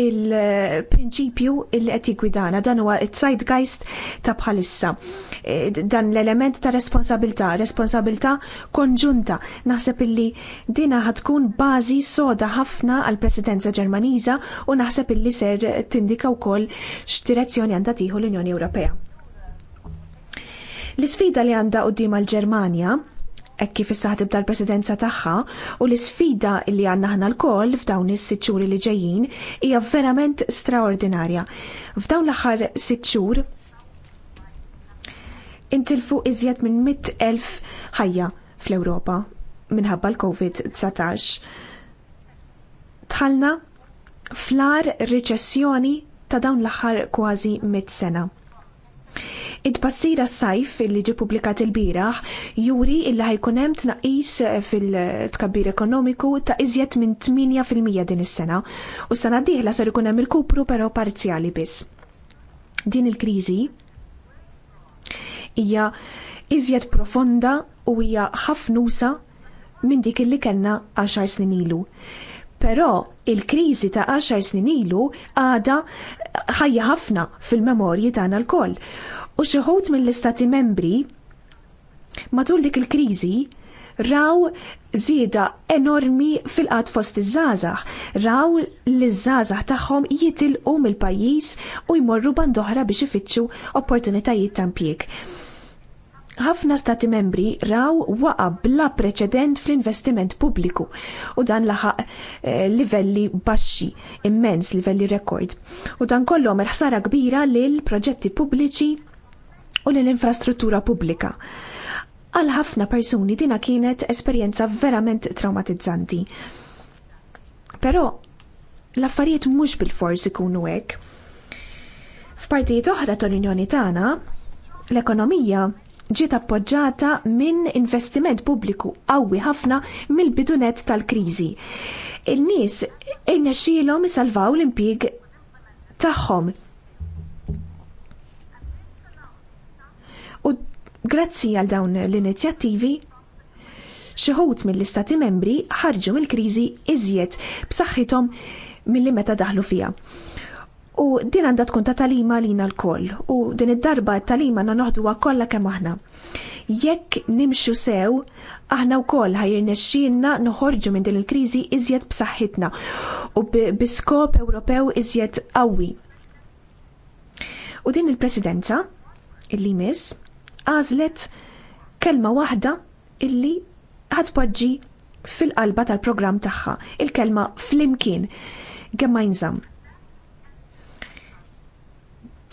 il-prinċipju il qed jigwidana dan huwa it-zeitgeist ta' bħalissa. E, dan l-element ta' responsabilità, responsabilità konġunta. Naħseb illi dina ħatkun bażi soda ħafna għal presidenza Ġermaniża u naħseb illi ser tindika wkoll x'direzzjoni għandha tieħu l-Unjoni Ewropea. L-isfida li għandha quddiem għall ġermanja hekk kif issa ħatibda l-presidenza tagħha u l-isfida li għandna l lkoll f'dawn is-sitt li ġejjin hija verament straordinarja. F'dawn l-aħħar sitt xhur intilfu iżjed minn 100,000 ħajja fl-Ewropa minħabba l-COVID-19. Tħallna flar reċessjoni ta' dawn l-aħħar kważi 100 sena id s sajf li ġi publikat il-biraħ juri illi ħajkunem hemm tnaqis fil-tkabbir ekonomiku ta' iżjed minn 8% din is-sena u sena d-dieħla sar ikun hemm il-kupru però parzjali biss. Din il-kriżi hija iżjed profonda u hija ħafnusa minn dik illi kellna 10 snin ilu. Però il-kriżi ta' 10 snin ilu għada ħajja ħafna fil-memorji tagħna l-koll. U xi ħut mill-istati membri matul dik il-kriżi raw zieda enormi fil-qad fost iż-żgħażagħ, raw li ż-żgħażagħ tagħhom jitilqu mill-pajjiż u jmorru bandoħra biex ifittxu opportunitajiet ta' impjieg. Ħafna stati membri raw waqa bla preċedent fl-investiment pubbliku u dan laħaq eh, livelli baxxi, immens livelli rekord. U dan kollhom il-ħsara kbira lil proġetti pubbliċi u l-infrastruttura pubblika. Għal ħafna persuni dina kienet esperjenza verament traumatizzanti. Però l-affarijiet mhux bil-fors ikunu hekk. F'partijiet oħra tal-Unjoni tagħna, l-ekonomija ġiet appoġġata minn investiment pubbliku qawwi ħafna mill-bidunet tal-kriżi. Il-nies irnexxielhom isalvaw l-impjieg tagħhom Grazzi għal dawn l-inizjattivi, xeħut mill-istati membri ħarġu mill-kriżi iżjed b'saħħithom milli meta daħlu fija. U din għandha tkun ta' talima lina l-koll u din id-darba talima na noħduha kollha kemm aħna. Jekk nimxu sew, aħna wkoll ħajrnexxielna noħorġu minn din il-kriżi iżjed b'saħħitna u biskop Ewropew iżjed qawwi. U din il-presidenza, il-limis, il presidenza il limis għażlet kelma waħda illi ħadpoġġi fil-qalba tal-programm tagħha, il-kelma flimkien gemeinżam.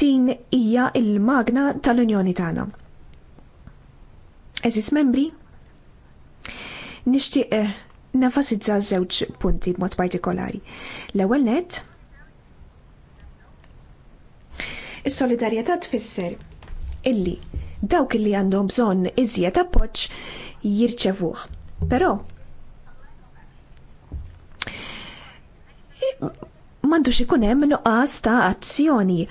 Din hija il-magna tal-Unjoni tagħna. Eżis membri, nixtieq eh, nefasizza żewġ punti b'mod partikolari. L-ewwel net, is-solidarjetà tfisser illi dawk li għandhom bżonn iżjed appoġġ jirċevuh. Però m'għandux ikun hemm nuqqas ta' azzjoni.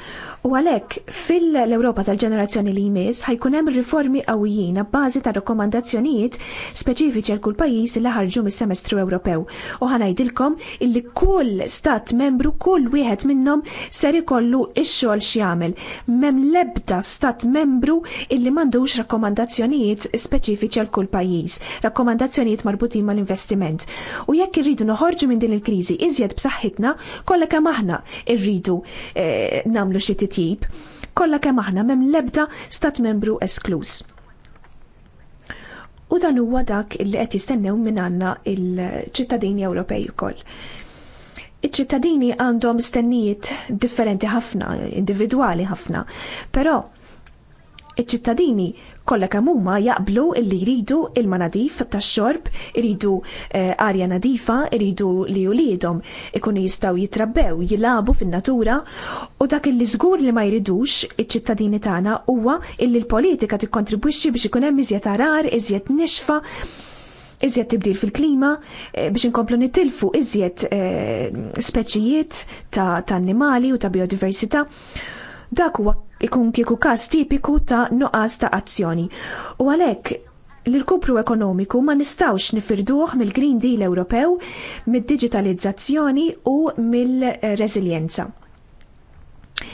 U għalhekk fil-Ewropa tal-ġenerazzjoni li jmiss ħajkun hemm riformi qawwijin bbażi ta' rakkomandazzjonijiet speċifiċi għal kull pajjiż li ħarġu mis-semestru Ewropew. U ħanajdilkom illi kull stat membru kull wieħed minnhom ser ikollu x-xogħol x'jagħmel. Mem lebda stat membru illi m'għandux rakkomandazzjonijiet speċifiċi għal kull pajjiż, rakkomandazzjonijiet marbutin mal-investiment. U jekk irridu noħorġu minn din il-kriżi iżjed b'saħħitna, kollha kemm aħna rridu eh, nagħmlu xi titjib, kollha kemm aħna m'hemm l-ebda stat membru esklus. U dan huwa dak li qed jistennew minn għandna il-ċittadini Ewropej ukoll. Iċ-ċittadini għandhom stennijiet differenti ħafna, individwali ħafna, però iċ-ċittadini kollha kemm huma jaqblu li jridu il-manadif tax-xorb, iridu eh, arja nadifa, iridu li uliedhom ikunu jistgħu jitrabbew, jilabu fin-natura u dak li żgur li ma jridux iċ-ċittadini tagħna huwa illi l-politika tikkontribwixxi biex ikun hemm iżjed arar, iżjed nixfa, iżjed tibdil fil-klima eh, biex inkomplu nitilfu iżjed eh, speċijiet ta' annimali u ta' biodiversità Dak huwa ikun kieku każ tipiku ta' nuqqas ta' azzjoni. U għalhekk l kupru ekonomiku ma nistawx nifirduħ mill-Green Deal Ewropew, mid-digitalizzazzjoni u mill-reżiljenza.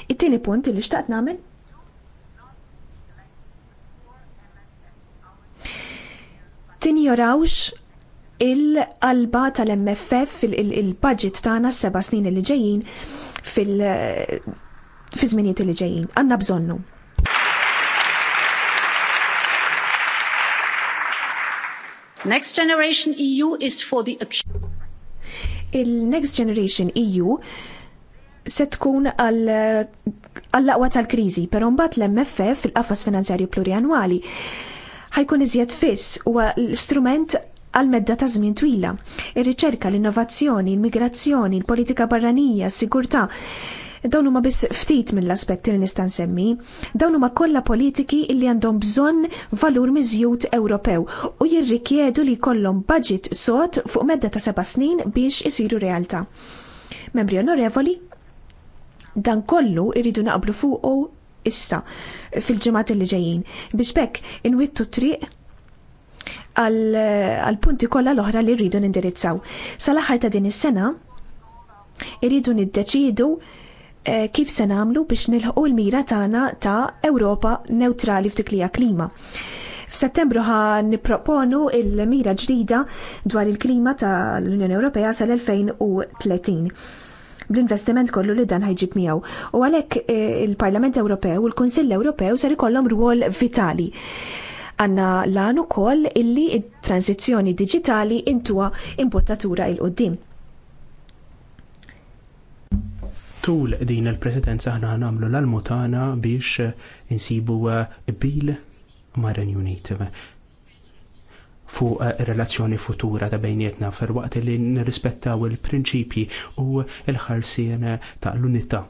It-tieni punt li xtaqt nagħmel tinjorawx il-qalba tal-MFF il-budget tagħna s-seba' snin li ġejjin fil- fi żminijiet li ġejjin. Għandna bżonnu. Next Generation EU is for the Il-Next Generation EU se tkun għall-laqwa tal-kriżi, però mbagħad l-MFF fil-qafas finanzjarju plurianwali ħajkun iżjed fiss huwa l-istrument għal medda ta' żmien twila. Ir-riċerka, l-innovazzjoni, l-migrazzjoni, l-politika barranija, s-sigurtà dawn huma biss ftit mill-aspetti li nista' nsemmi, dawn huma kollha politiki li għandhom bżonn valur miżjud Ewropew u jirrikjedu li jkollhom budget sod fuq medda ta' seba' snin biex isiru realtà. Membri onorevoli, dan kollu irridu naqblu fuqu issa fil-ġemat li ġejjin biex bekk inwittu triq għal punti kollha l-oħra li rridu nindirizzaw. Sal-aħħar ta' din is-sena irridu niddeċidu Eh, kif se nagħmlu biex nilħqu l-mira tagħna ta' Ewropa neutrali f'dik li klima. F'Settembru ħa nipproponu il-mira ġdida dwar il-klima tal-Unjoni Ewropea sal-2030 bl-investiment kollu li dan ħajġib miegħu. U għalhekk eh, il-Parlament Ewropew u l-Kunsill Ewropew ser ikollhom rwol vitali. Għanna lan ukoll illi id-tranzizzjoni digitali intuwa importatura il-qoddim. tul din il-presidenza aħna nagħmlu l-almutana biex eh, insibu eh, bil mar Unit fuq eh, relazzjoni futura ta' bejnietna fer waqt li nirrispettaw il-prinċipji u l-ħarsien ta' l-unità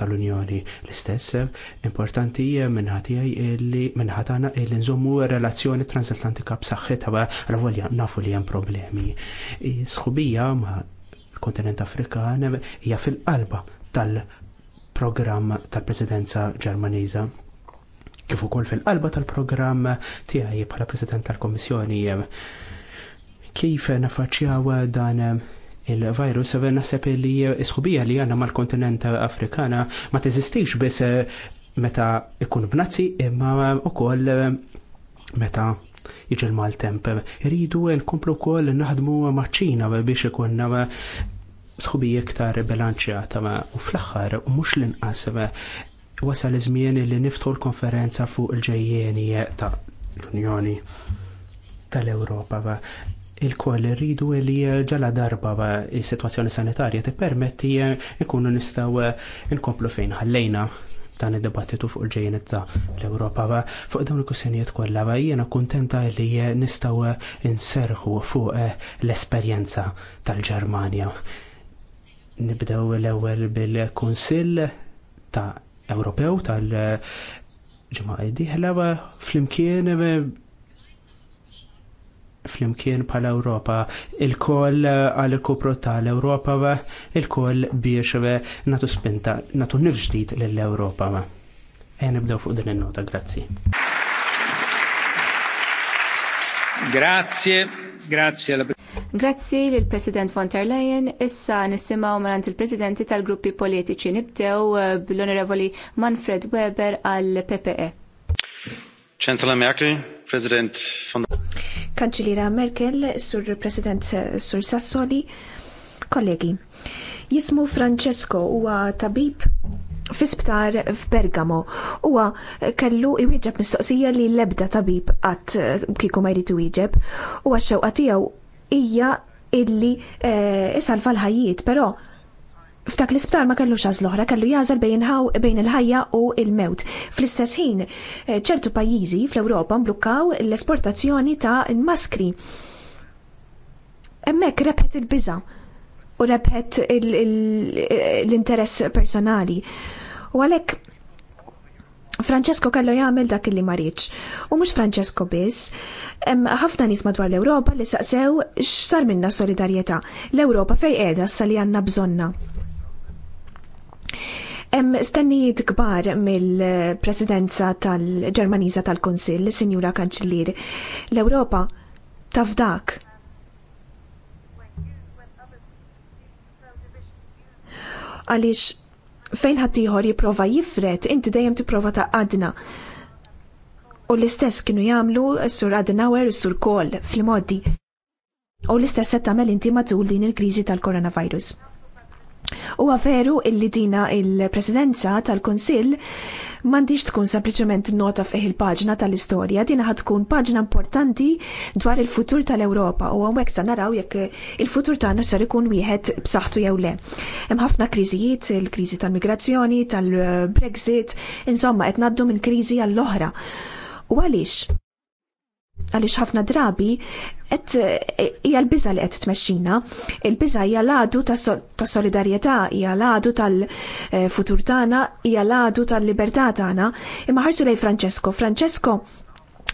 tal-Unjoni. L-istess importanti minnħatijaj li minnħatana il nżommu relazzjoni transatlantika b'saħħitha wa ravolja nafu li hemm problemi. Sħubija ma' kontinent Afrikan hija fil-qalba tal-programm tal-Presidenza Ġermaniża. Kif ukoll fil-qalba tal-programm tiegħi bħala President tal-Kommissjoni kif nafaċċjaw dan il-virus naħseb li isħubija li għandna mal-kontinent Afrikana ma teżistix biss meta ikun b'nazzi imma ukoll meta jiġi l-maltemp. Iridu nkomplu wkoll naħdmu maċ-Ċina biex ikunna sħubija iktar bilanċjata u fl-aħħar u mhux l-inqas wasal iż-żmien li niftu l-konferenza fuq il-ġejjeni ta' l-Unjoni tal-Ewropa il-koll rridu li ġala darba il-situazzjoni sanitarja tippermetti ikunu nistaw inkomplu fejn ħallejna dan id-dibattitu fuq il-ġejjien ta' l-Ewropa fuq dawn il-kussjonijiet kollha jiena kuntenta li nistgħu inserħu fuq l-esperjenza tal-Ġermanja. Nibdew l-ewwel bil-Kunsill ta' Ewropew tal-ġimgħa diħla flimkien flimkien pal Ewropa il-koll għal kopro tal-Ewropa il-koll biex natu spinta, natu nifġdid l-Ewropa. Ejn nibdew fuq din il-nota, grazzi. Grazie. Grazie. Grazzi lil President von der Leyen. Issa nisimgħu malant il-Presidenti tal-gruppi politiċi nibdew eh, bl-Onorevoli Manfred Weber għal PPE. Chancellor Merkel, President von Kanċilira Merkel, Sur President eh, Sur Sassoli, kollegi. Jismu Francesco huwa tabib Fisptar f'Bergamo. Huwa kellu iwieġeb mistoqsija li l-ebda tabib qatt eh, kieku ma jrid iwieġeb. u x-xewqa tiegħu hija illi eh, isalva l-ħajjiet, però f'dak l-isptar ma kellux għażl oħra, kellu jażel bejn bejn il-ħajja u il-mewt. Fl-istess ħin, eh, ċertu pajjiżi fl-Ewropa mblukkaw l-esportazzjoni ta' maskri. Hemmhekk rebħet il-biża' u rebħet l-interess personali. U għalhekk Francesco kellu jagħmel dak li marriċ. U mhux Francesco biss, hemm ħafna nies madwar l-Ewropa li saqsew x'sar minna solidarjetà. L-Ewropa fej qiegħda sa għandna bżonna. Hemm stennijiet kbar mill-Presidenza tal-Ġermaniża tal-Kunsill, Sinjura Kanċillier. L-Ewropa taf dak għaliex fejn ħaddieħor jipprova jifret, inti dejjem tipprova ta' għadna. U l-istess kienu jagħmlu s-sur Adenauer u s-sur Kohl fil-modi. U l-istess qed tagħmel inti matul din il-kriżi tal-coronavirus. Huwa veru illi dina il-presidenza tal-Kunsill mandiġ tkun sempliciment nota fih il-paġna tal-istorja, din ħad tkun paġna importanti dwar il-futur tal-Ewropa u għamwek sa naraw jekk il-futur tagħna ser ikun wieħed b'saħħtu jew le. Hemm ħafna kriżijiet, il-kriżi tal-migrazzjoni, tal-Brexit, insomma qed ngħaddu minn kriżi għall-oħra. U għaliex? għaliex ħafna drabi qed eh, hija l-biża li qed tmexxina. Il-biża hija l-għadu tas solidarjetà, hija l-għadu tal-futur eh, tagħna, hija l-għadu tal-libertà tagħna. Imma ħarsu lej Francesco. Francesco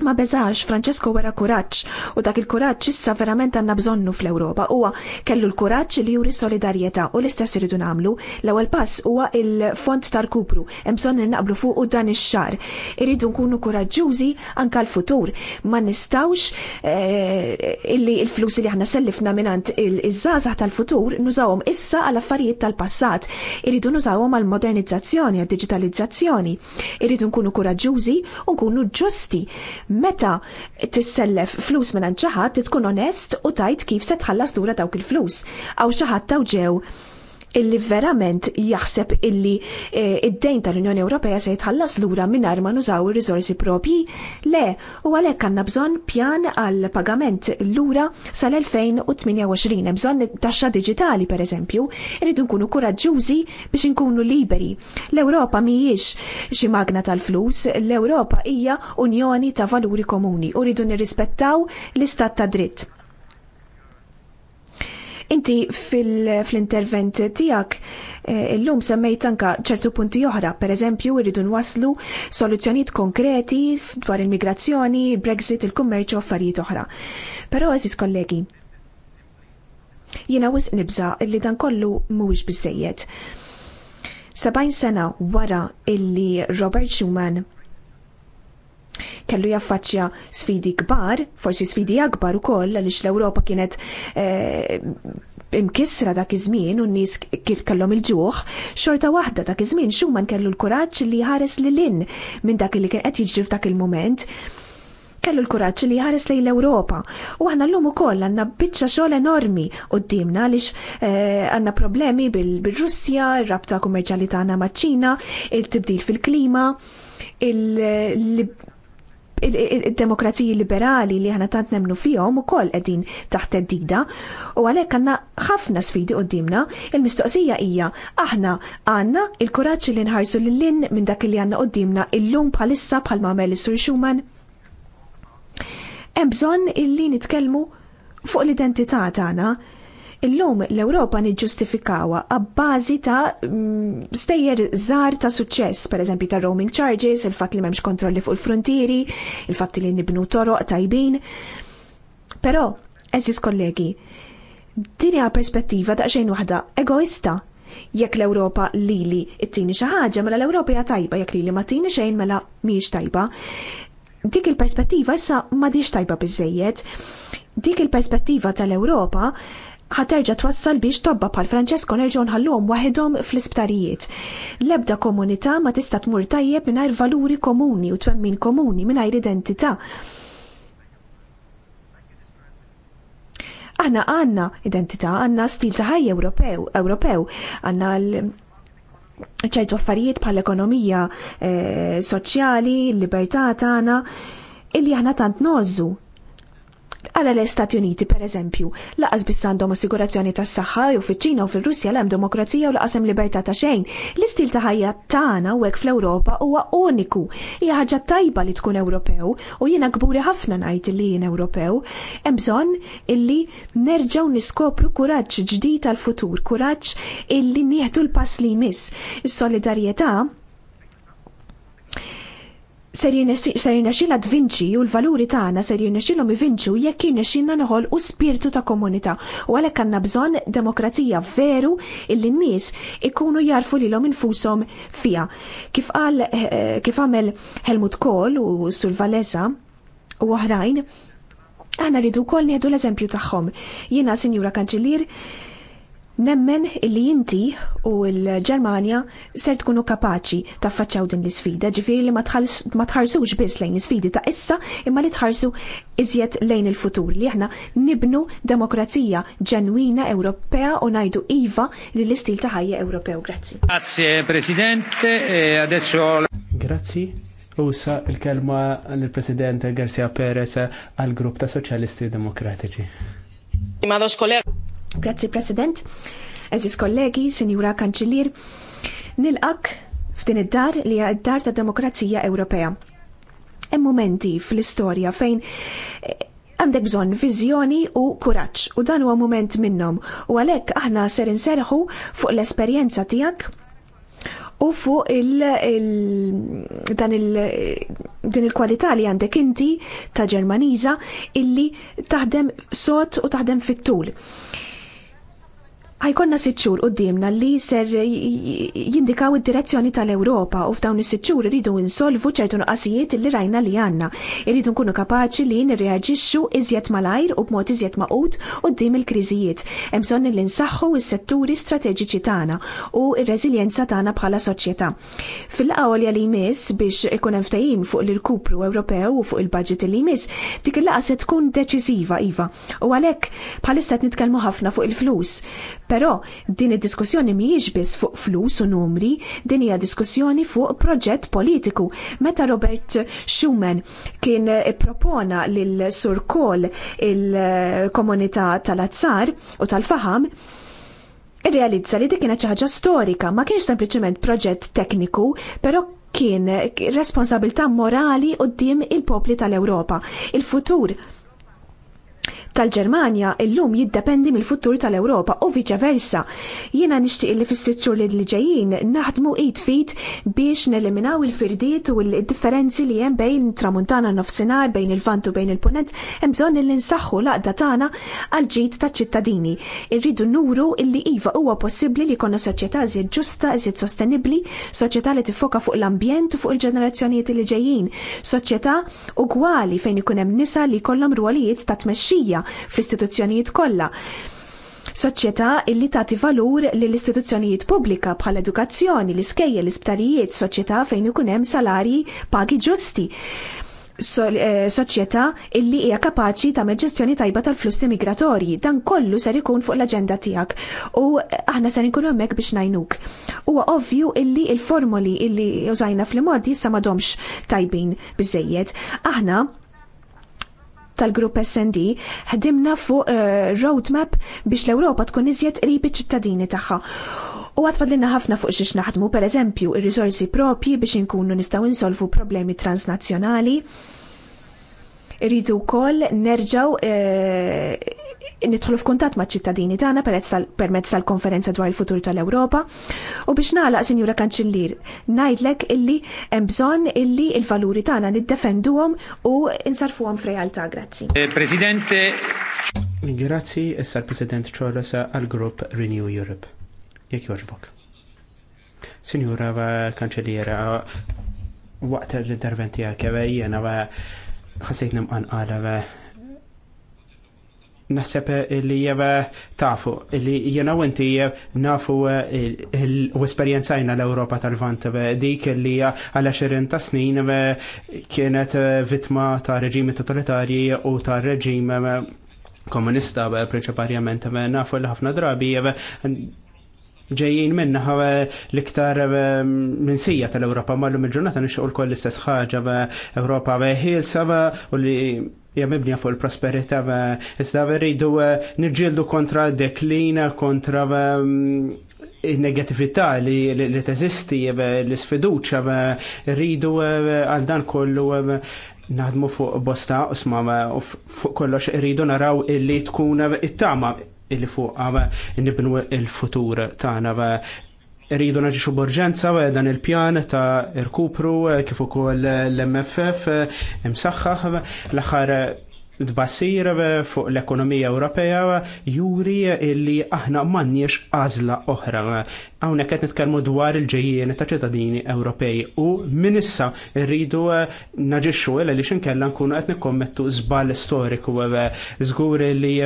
Ma beżax, Francesco wera kuraġġ u dak il-kuraġġ issa verament għandna bżonnu fl-Ewropa. Huwa kellu l-kuraġġ li juri solidarjetà u l-istess iridu nagħmlu. L-ewwel pass huwa il-fond tal-kupru, hemm bżonn innaqblu fuq u dan ix-xar. Iridu nkunu kuraġġużi anke l-futur. Ma nistgħux eh, illi l-flus li aħna sellifna minant iż-żgħażagħ tal-futur nużawhom issa għal affarijiet tal-passat. Iridu nużawhom għall modernizzazzjoni għad-diġitalizzazzjoni. Iridu nkunu kuraġġużi u nkunu ġusti Meta tissellef flus minn ħadd tkun onest u tajt kif se tħallas lura dawk il-flus. Aw xi ħadd taw ġew illi verament jaħseb illi e, id-dejn tal-Unjoni Ewropea se jitħallas lura mingħajr ma nużaw ir-riżorsi propji, le, u għalhekk għandna bżonn pjan għal pagament lura sal-2028, bżonn taxxa diġitali pereżempju, irridu nkunu kuraġġużi biex inkunu liberi. L-Ewropa mhijiex xi magna tal-flus, l-Ewropa hija unjoni ta' valuri komuni u rridu nirrispettaw l-istat ta' dritt. Inti fil-intervent tijak eh, illum semmejt anka ċertu punti oħra, per eżempju, irridu nwaslu soluzzjonijiet konkreti dwar il-migrazzjoni, il-Brexit, il-kummerċ u affarijiet oħra. Però, eżis kollegi, jiena wisq nibza illi dan kollu mhuwiex bizzejiet. Sabajn sena wara illi Robert Schumann kellu jaffaċċja sfidi kbar, forsi sfidi akbar ukoll għaliex l-Ewropa kienet eh, imkissra dak iż-żmien u n-nies kellhom il-ġuħ, xorta waħda dak iż-żmien Schumann kellu l-kuraġġ li jħares lil in minn dak li kien qed jiġri f'dak il-mument. Kellu l-kuraġġ li jħares lejn l-Ewropa u aħna llum ukoll għandna biċċa xogħol enormi quddiemna għaliex eh, għandna problemi bil-Russja, ir-rabta kummerċjali tagħna maċ-Ċina, il-tibdil fil-klima, il il-demokraziji liberali li ħana tant nemnu fihom ukoll qegħdin taħt teddida u għalhekk għandna ħafna sfidi dimna il-mistoqsija hija aħna għandna il-kuraġġ li nħarsu l lin minn dak li għandna il illum bħalissa bħal mamel is-Sur Xuman. Hemm bżonn illi nitkellmu fuq l-identità tagħna, Illum l-Ewropa niġġustifikawa għabbażi ta' mm, stejjer żgħar ta' suċċess, pereżempju ta' roaming charges, il-fatt li m'hemmx kontrolli fuq il-frontieri, il fat li nibnu toroq tajbin. Però, eżis kollegi, din hija perspettiva daqsxejn waħda egoista jekk l-Ewropa lili it-tini xi ħaġa mela l-Ewropa hija tajba jekk lili ma tini xejn mela mhijiex tajba. Dik il-perspettiva issa diġ tajba biżejjed. Dik il-perspettiva tal-Ewropa ħaterġa twassal biex tobba pal Francesco nerġgħu nħallhom waħedhom fl-isptarijiet. L-ebda komunità ma tista' tmur tajjeb mingħajr valuri komuni u twemmin komuni mingħajr identità. Aħna għandna identità, għandna stil ta' ħajja Ewropew, Ewropew, għandna l ċertu affarijiet bħal ekonomija eh, soċjali, l-libertà tagħna illi aħna tant nożżu Għala l estati Uniti, per eżempju, laqas biss għandhom assigurazzjoni tas saħħa u fiċ-Ċina u fil-Russja l-hemm demokrazija u laqas hemm libertà ta' xejn. L-istil ta' ħajja tagħna u hekk fl-Ewropa huwa uniku. Hija ħaġa tajba li tkun Ewropew u jiena kburi ħafna ngħid li jien Ewropew. Hemm bżonn illi nerġgħu niskopru kuraġġ ġdid tal-futur, kuraġġ illi nieħdu l-pass li jmiss. Is-solidarjetà ser jirnexxilha tvinċi u l-valuri tagħna ser jirnexxilhom ivinċu jekk jirnexxilna nħol u spiritu ta' komunità u għalhekk għandna bżonn demokrazija veru illi n-nies ikunu jarfu lilhom infushom fiha. Kif qal eh, eh, kif għamel Helmut Kohl u Sul u oħrajn, Għana rridu kol nieħdu l-eżempju tagħhom. Jiena, Sinjura Kanċilir, Nemmen li inti u l-Ġermanja ser tkunu kapaċi taffaċċaw din l-isfida, ġifiri li ma tħarsux biss lejn isfidi ta' issa imma li tħarsu iżjed lejn il-futur li aħna nibnu demokrazija ġenwina Ewropea u ngħidu iva li l-istil ta' ħajja Ewropew. Grazzi. Grazie Presidente, e adesso Grazzi. Usa il-kelma l-President Garcia Perez għal-grupp ta' Soċjalisti Demokratiċi. dos kollega. Grazzi President, eżis kollegi, Sinjura Kanċilir, nilqak f'din id-dar li hija id-dar ta' demokrazija Ewropea. Hemm momenti fl-istorja fejn eh, għandek bżonn viżjoni u kuraġġ u dan huwa mument minnhom u għalhekk aħna ser inserħu fuq l-esperjenza tiegħek u fuq il, il, dan il, din il-kwalità li għandek inti ta' Ġermaniża illi taħdem sot u taħdem fit-tul. Għajkonna sitxur u dimna li ser jindikaw id-direzzjoni tal-Europa u f'dawn is-sitxur rridu insolvu ċertu nuqqasijiet li rajna li għanna. Irridu nkunu kapaċi li nirreagġixxu iżjed malajr u b'mod iżjed maqut u d-dim il-kriżijiet. Emson li nsaħħu is-setturi strateġiċi tagħna u r-reżiljenza tagħna bħala soċjetà. Fil-qawolja li jmiss biex ikun hemm ftehim fuq l-irkupru Ewropew u fuq il-budget li jmiss, dik il-laqa se tkun deċiżiva iva. U għalhekk bħalissa qed nitkellmu ħafna fuq il-flus Però din id-diskussjoni mhijiex biss fuq flus u numri, din hija diskussjoni fuq proġett politiku. Meta Robert Schumann kien ippropona lil Sur Kol il-komunità tal-azzar u tal-faham, irrealizza li dik kienet xi ħaġa storika, ma kienx sempliċement proġett tekniku, però kien responsabilità morali qudiem il-popli tal-Ewropa. Il-futur tal germania illum jiddependi mill-futur tal-Ewropa u viċa versa. Jiena nixtieq li fis-sittur li ġejjin naħdmu id fit biex neliminaw il-firdiet u l-differenzi li hemm bejn tramuntana nofsinhar bejn il-vant u bejn il-punent hemm bżonn li nsaħħu laqda tagħna għal ġid taċ-ċittadini. Irridu nuru illi iva huwa possibbli li jkollna soċjetà żied ġusta, żied sostenibbli, soċjetà li tiffoka fuq l-ambjent u fuq il-ġenerazzjonijiet li ġejjin, soċjetà ugwali fejn ikun hemm nisa li jkollhom rwolijiet ta' tmexxija fl-istituzzjonijiet kollha. Soċjetà illi tagħti valur lill istituzzjonijiet pubblika bħal edukazzjoni, l-iskejja, l-isptarijiet, soċjetà fejn ikun hemm salarji pagi ġusti. Eh, soċjetà illi hija kapaċi ta' ġestjoni tajba tal-flussi migratorji. Dan kollu ser ikun fuq l-aġenda tiegħek u eh, aħna ser nkunu hemmhekk biex ngħinuk. Huwa ovvju illi l-formoli illi użajna fl-modi sa m'għadhomx tajbin biżejjed. Aħna tal-grupp SND ħdimna fuq uh, roadmap biex l-Ewropa tkun iżjed qrib iċ-ċittadini tagħha. U għatfadlinna ħafna fuq xiex naħdmu, per eżempju, ir-risorsi propji biex inkunu nistgħu insolvu problemi transnazzjonali Irridu wkoll nerġgħu eh, nidħlu f'kuntatt maċ ċittadini tagħna permezz tal-konferenza dwar il-futur tal-Ewropa u biex nagħlaq Sinjura Kanċillier ngħidlek illi hemm bżonn illi l-valuri tagħna niddefenduhom u nsarfuhom f'realtà grazzi. Eh, Presidente Grazzi issa l-President Ċorrosa għall-Grupp Renew Europe. Jekk jogħġbok. Sinjura Kanċelliera, waqt l-interventi tiegħek jena ħasejt nimqan qara naħseb eh, li jeba eh, tafu, li jena eh, u inti nafu l esperienzajna l-Europa tal-Vant dik li għal 20 ta' snin kienet vitma ta' reġimi totalitarji u ta' reġim komunista principarjament nafu l ħafna drabi ġejjin minna l-iktar eh, minsija tal-Europa mallum il-ġurnata u l-koll l-istess ħagġa Europa ħilsa u li hija fuq il-prosperità iżda rridu eh, nirġieldu kontra deklina kontra mm, il-negatività li teżisti l-sfiduċa rridu eh, għal dan kollu naħdmu fuq bosta usma u fuq kollox rridu naraw illi tkun it-tama illi fuqa nibnu il-futur tagħna rridu naġiċu borġenza dan il-pjan ta' irkupru eh, kif ukoll l-MFF imsaxħaħ eh, l-aħħar dbassir fuq l-ekonomija Ewropea juri illi aħna m'għandniex għażla oħra. Hawnhekk qed nitkellmu dwar il-ġejjien ta' ċittadini Ewropej u minn issa rridu eh, naġixxu illa xinkella nkunu qed nikkommettu żball storiku żgur li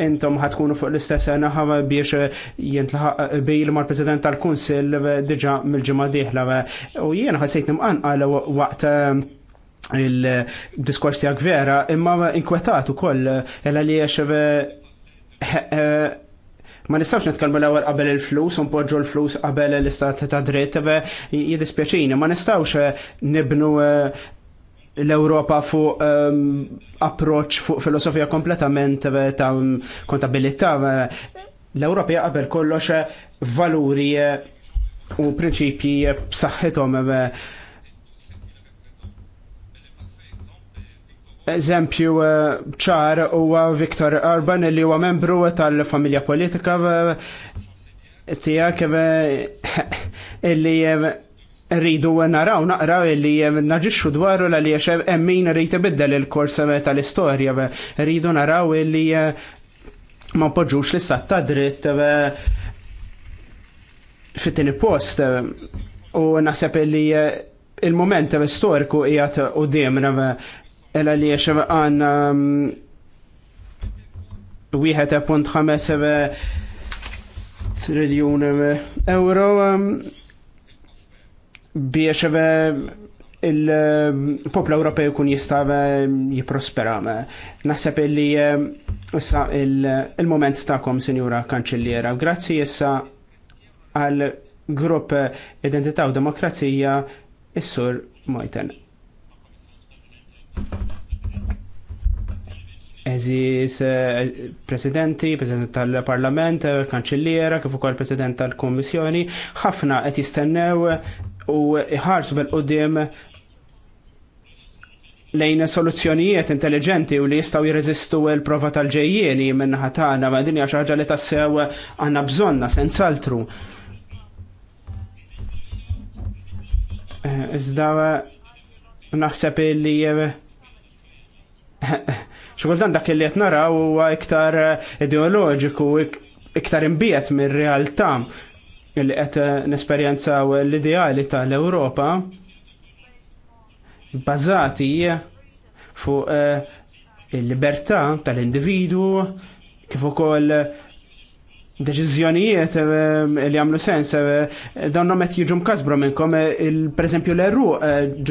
intom ħatkunu fuq l-istess naħa biex jintlaħaq bejl mal president tal-Kunsil diġa mill-ġimgħa dieħla. U jiena ħassejt nimqan għal waqt um, il-diskors tiegħek vera, imma inkwetat ukoll illa li għax uh, uh, ma nistax nitkellmu l-ewwel qabel il-flus, u npoġġu l-flus qabel l-istat ta' dritt, uh, jidispjaċini, ma nistawx nibnu l-Europa fuq um, approċ fuq filosofija kompletament eh, ta' kontabilità. Eh, L-Europa jaqbel kollox eh, valuri u prinċipji b'saħħithom. Eżempju ċar huwa Viktor Orban li huwa membru tal-familja politika tiegħek illi rridu naraw naqraw li naġixxu dwaru l li hemm min rrid ibiddel il-kors tal-istorja rridu naraw li eh, ma poġġux li sat ta' dritt fit-tieni post eh, u naħseb li eh, il-moment storiku qiegħed qudiem ela li ehm, e punt ħames triljun euro ehm, biex il-poplu Ewropew kun jista jiprospera. Naħseb li eh, issa il-moment ta'kom, Sinjura Kanċelliera. Grazzi issa għal grupp Identità u Demokrazija is-sur Mojten. Eżis eh, presidenti, president tal-parlament, kanċelliera, kif ukoll president tal komissjoni ħafna qed jistennew u iħarsu bil-qudiem lejn soluzzjonijiet intelligenti u li jistaw jirreżistu l-prova tal-ġejjieni min-naħa tagħna ma' dinja xi ħaġa li tassew għandna bżonna senz altru. Eh, iżda naħseb li eh, xogħoltan dak li qed naraw huwa iktar ideoloġiku iktar imbiet mir-realtà illi qed eh, nesperjenzaw l-ideali tal-Ewropa bażati fuq eh, il-libertà tal-individu kif ukoll deċiżjonijiet eh, li għamlu sens donnom kasbro minn kom il-preżempju l erru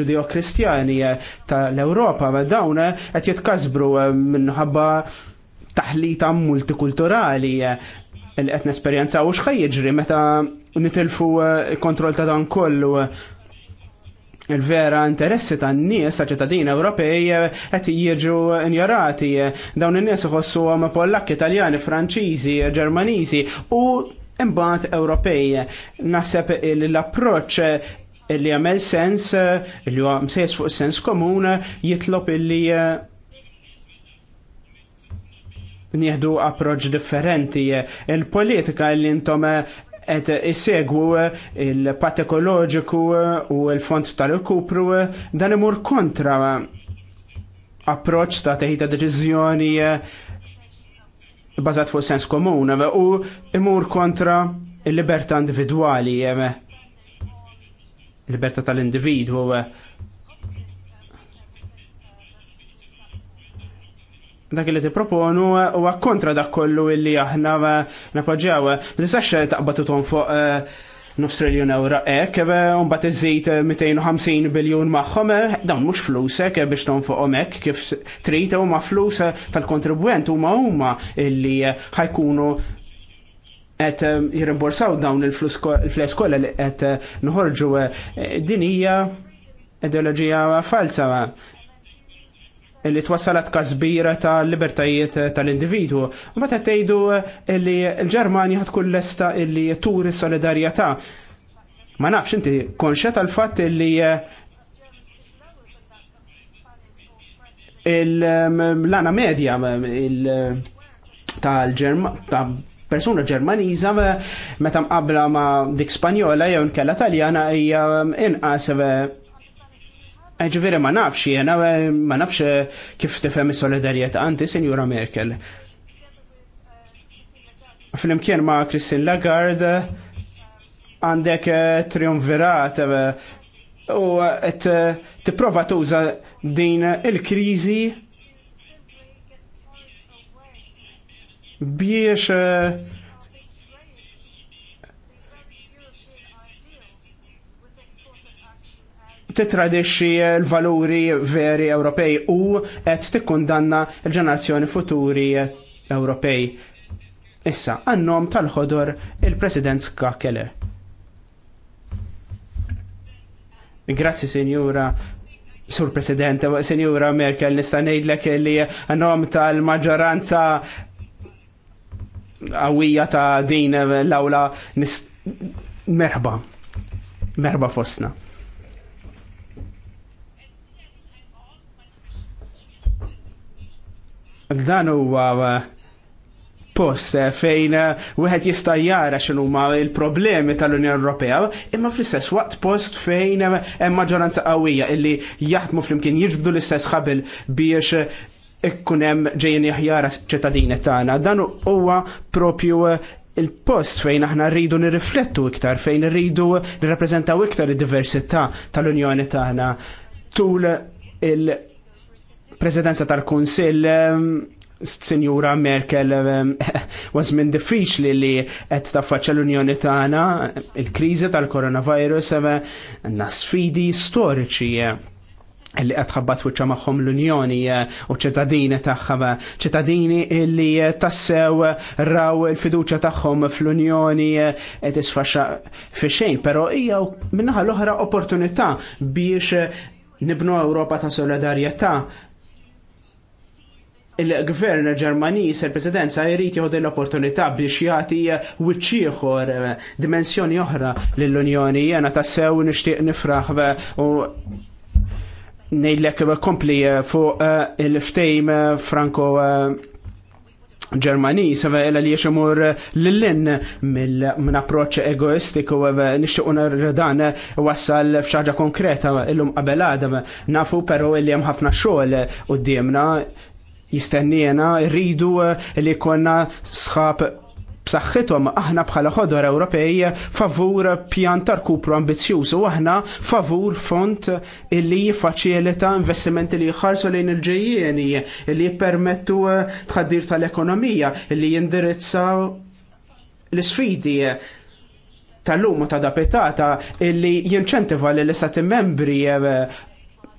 ġudeo-kristjani tal-Ewropa dawn qed jitkasbru minnħabba taħlita multikulturali li qed nesperjenzaw u x'ħaj jiġri meta nitilfu eh, kontroll ta' dan kollu il-vera interessi tan nies ta' ċittadini Ewropej eh, qed jiġu injorati. Dawn in-nies iħossuhom Pollakki, Italjani, Franċiżi, Ġermaniżi u imbagħad Ewropej. Naħseb l-approċċ li għamel sens, eh, li huwa msejs fuq sens komun, jitlob illi nieħdu approċ differenti. Il-politika li intom et eh, isegwu il patekoloġiku ekoloġiku eh, u il-font tal-kupru eh, dan imur kontra approċ ta' teħita deċiżjoni bazat fuq sens komun u imur kontra il-libertà individwali libertà tal-individwu dak li tipproponu eh, huwa kontra dak kollu illi aħna eh, napoġġaw. Nisax eh, taqbatu ton fuq nofs triljon euro ek, un bat iżid 250 biljun magħhom, dawn mhux flusek biex tonfoqhom hekk kif trid ma flus tal-kontribwent huma huma illi ħajkunu qed jirimborsaw dawn il-flus kollha li qed nħorġu din hija ideoloġija falsa li twassalat kazbira ta' libertajiet tal-individu. U meta tgħidu li l-Ġermanja ħad tkun lesta li turi solidarjetà. Ma nafx inti konxja tal-fatt li l-lana mm, medja mm, ta' persuna ġermaniża mm, meta mqabbla ma' dik Spanjola jew nkella Taljana hija inqas Eh, Ġviri ma nafx, jena eh, ma nafx eh, kif tifem solidarieta għanti, Senjura Merkel. Flimkien ma' Christine Lagarde għandek triumvirat u t-prova tuża din il krizi biex titradixxi l-valuri veri Ewropej u qed tikkundanna l-ġenerazzjoni futuri Ewropej. Issa, għannom tal-ħodor il-President Skakele. Grazzi, Sinjura, Sur President, Sinjura Merkel, nista' ngħidlek li għannom tal-maġġoranza għawija ta' din l-awla Merba. Merba fostna. Dan huwa uh, post eh, fejn eh, wieħed jista' jara x'inhuma l-problemi tal-Unjoni Ewropea, imma fl-istess waqt post fejn eh, hemm maġġoranza qawwija illi jaħdmu flimkien jiġbdu l-istess ħabel biex ikkun hemm ġejjin jaħjara ċittadini tagħna. Dan huwa propju il-post fejn aħna rridu nirriflettu iktar, fejn rridu nirrappreżentaw iktar id-diversità tal-Unjoni tagħna tul il- Presidenza tal-Kunsill ehm, Sinjura Merkel ehm, was minn diffiċli li qed taffaċċa l-Unjoni tagħna il-kriżi tal koronavirus ehm, għanna sfidi storiċi eh, li qed ħabbat wiċċa magħhom l-Unjoni eh, u ċittadini tagħha ċittadini li eh, tassew raw il-fiduċja tagħhom fl-Unjoni qed isfaċa fi xejn, però hija minnaħa l-oħra opportunità biex nibnu Ewropa ta' solidarjetà il-gvern Ġermaniż il-presidenza jrid jieħu l-opportunità biex jagħti wiċċieħor eh, dimensjoni oħra lill-Unjoni jena tassew nixtieq nifraħ eh, u ngħidlek kompli eh, fuq il-ftejm Franco Ġermani, sava illa li jaxamur l-lin minn approċ egoistiku, nixtiqu dan wassal fxaġa konkreta illum qabelada, nafu pero illi ħafna xogħol u d jistennijena rridu eh, li konna sħab b'saħħithom aħna bħala ħodor Ewropej favur pjan tarkupru ambizzjuż u aħna favur font illi jiffaċilita investimenti li jħarsu lejn il-ġejjieni li jippermettu eh, tħaddir tal-ekonomija li jindirizza l-sfidi tal-lum ta' dapetata illi jinċentiva l istati membri eh,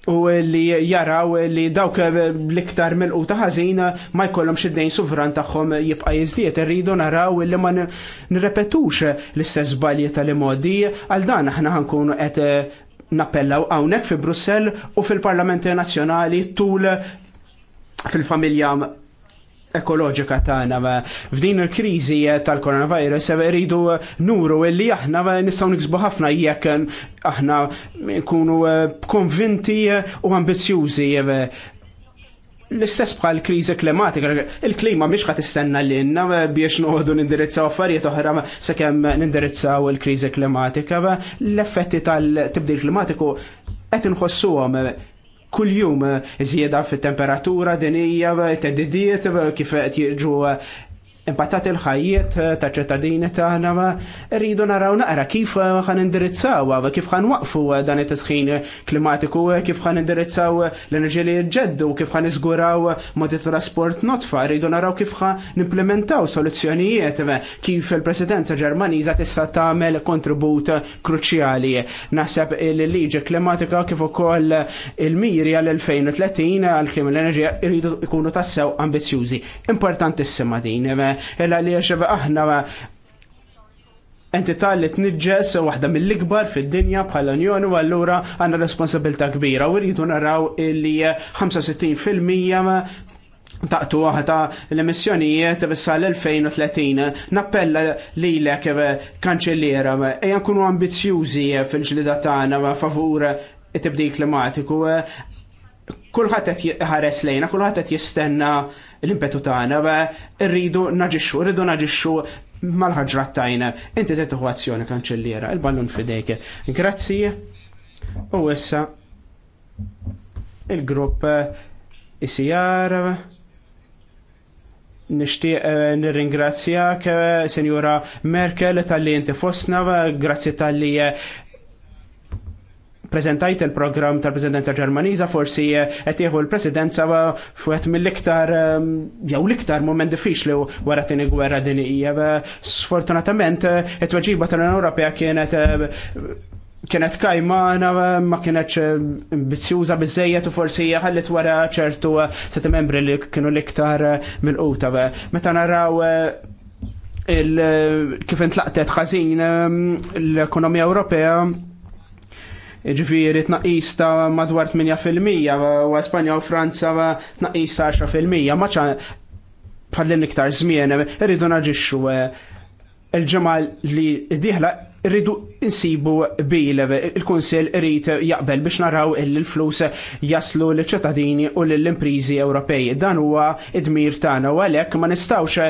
u li jaraw li dawk eh, l-iktar mill-quta ħażin ma jkollhomx id-dejn sovran tagħhom jibqa' jiżdied irridu naraw li ma nirrepetux l-istess żbalji tal-imodi għal dan aħna ħankunu qed eh, nappellaw hawnhekk fi Brussell u fil-Parlamenti Nazzjonali tul fil-familja ekoloġika tagħna. F'din il-kriżi tal-coronavirus rridu nuru illi aħna nistgħu niksbu ħafna jekk aħna nkunu eh, konvinti u ambizzjużi L-istess bħal kriżi klimatika, il-klima mhix qed tistenna lilna biex noqogħdu nindirizzaw affarijiet oħra sakemm nindirizzaw il-kriżi klimatika, l-effetti tal-tibdil klimatiku qed inħossuhom kuljum eh, zjeda fit-temperatura dinija, eh, teddidiet eh, kif qed jiġu impattat il-ħajjiet eh, ta' ċittadini tagħna rridu naraw naqra kif eh, ħan indirizzaw, eh, kif ħan waqfu dan it-tisħin klimatiku, kif ħan indirizzaw l enerġija li jġeddu, kif ħan iżguraw modi trasport notfa, rridu naraw kif ħan nimplementaw soluzzjonijiet kif il-presidenza Ġermaniża tista' tagħmel kontribut kruċjali. Naħseb il-liġi klimatika kif ukoll il-miri għal-2030 għal-klim l-enerġija rridu jkunu tassew ambizjużi. Importantissima din illa li aħna entità li tniġġes waħda mill-ikbar fid-dinja bħala Unjoni u allura għandna responsabilità kbira u rridu naraw li 65% taqtu waħda l-emissjonijiet bissa l-2030. Nappella li l-ek kanċellera, ejan ambizjużi fil-ġlida tagħna favur it-tibdil klimatiku. Kulħadd qed ħares lejna, kulħat qed jistenna l-impetu tagħna rridu naġixxu, rridu naġixxu mal-ħaġrat tajna. Inti t-tuħu azzjoni kanċelliera, il-ballun fidejk. Grazzi. U issa il-grupp eh, ICR nishtiq eh, nirringrazzjak eh, Senjura Merkel tal-li inti fosna, grazzi tal-li prezentajt il program tal-Presidenza Ġermaniża forsi eh, qed jieħu l-Presidenza fuqet mill-iktar ehm, jew l-iktar moment diffiċli wara tieni gwerra din hija. Sfortunatament eh, it-tweġiba tal-Unjoni Ewropea kienet eh, kienet kajmana ma kienet ambizjuża bizzejiet u forsi ħallit wara ċertu seta membri li kienu l-iktar minn quta. Meta naraw kif intlaqtet ħażin ehm, l-ekonomija Ewropea ġifiri tnaqis ta' madwar 8% u Espanja u Franza tnaqis ta' 10%. Maċa fadlin iktar żmien, rridu naġixxu eh, il-ġemal li diħla rridu insibu bil il konsil irrid jaqbel biex naraw il-flus jaslu l ċittadini u l-imprizi Ewropej. Dan huwa id-dmir tagħna u għalhekk ma nistgħux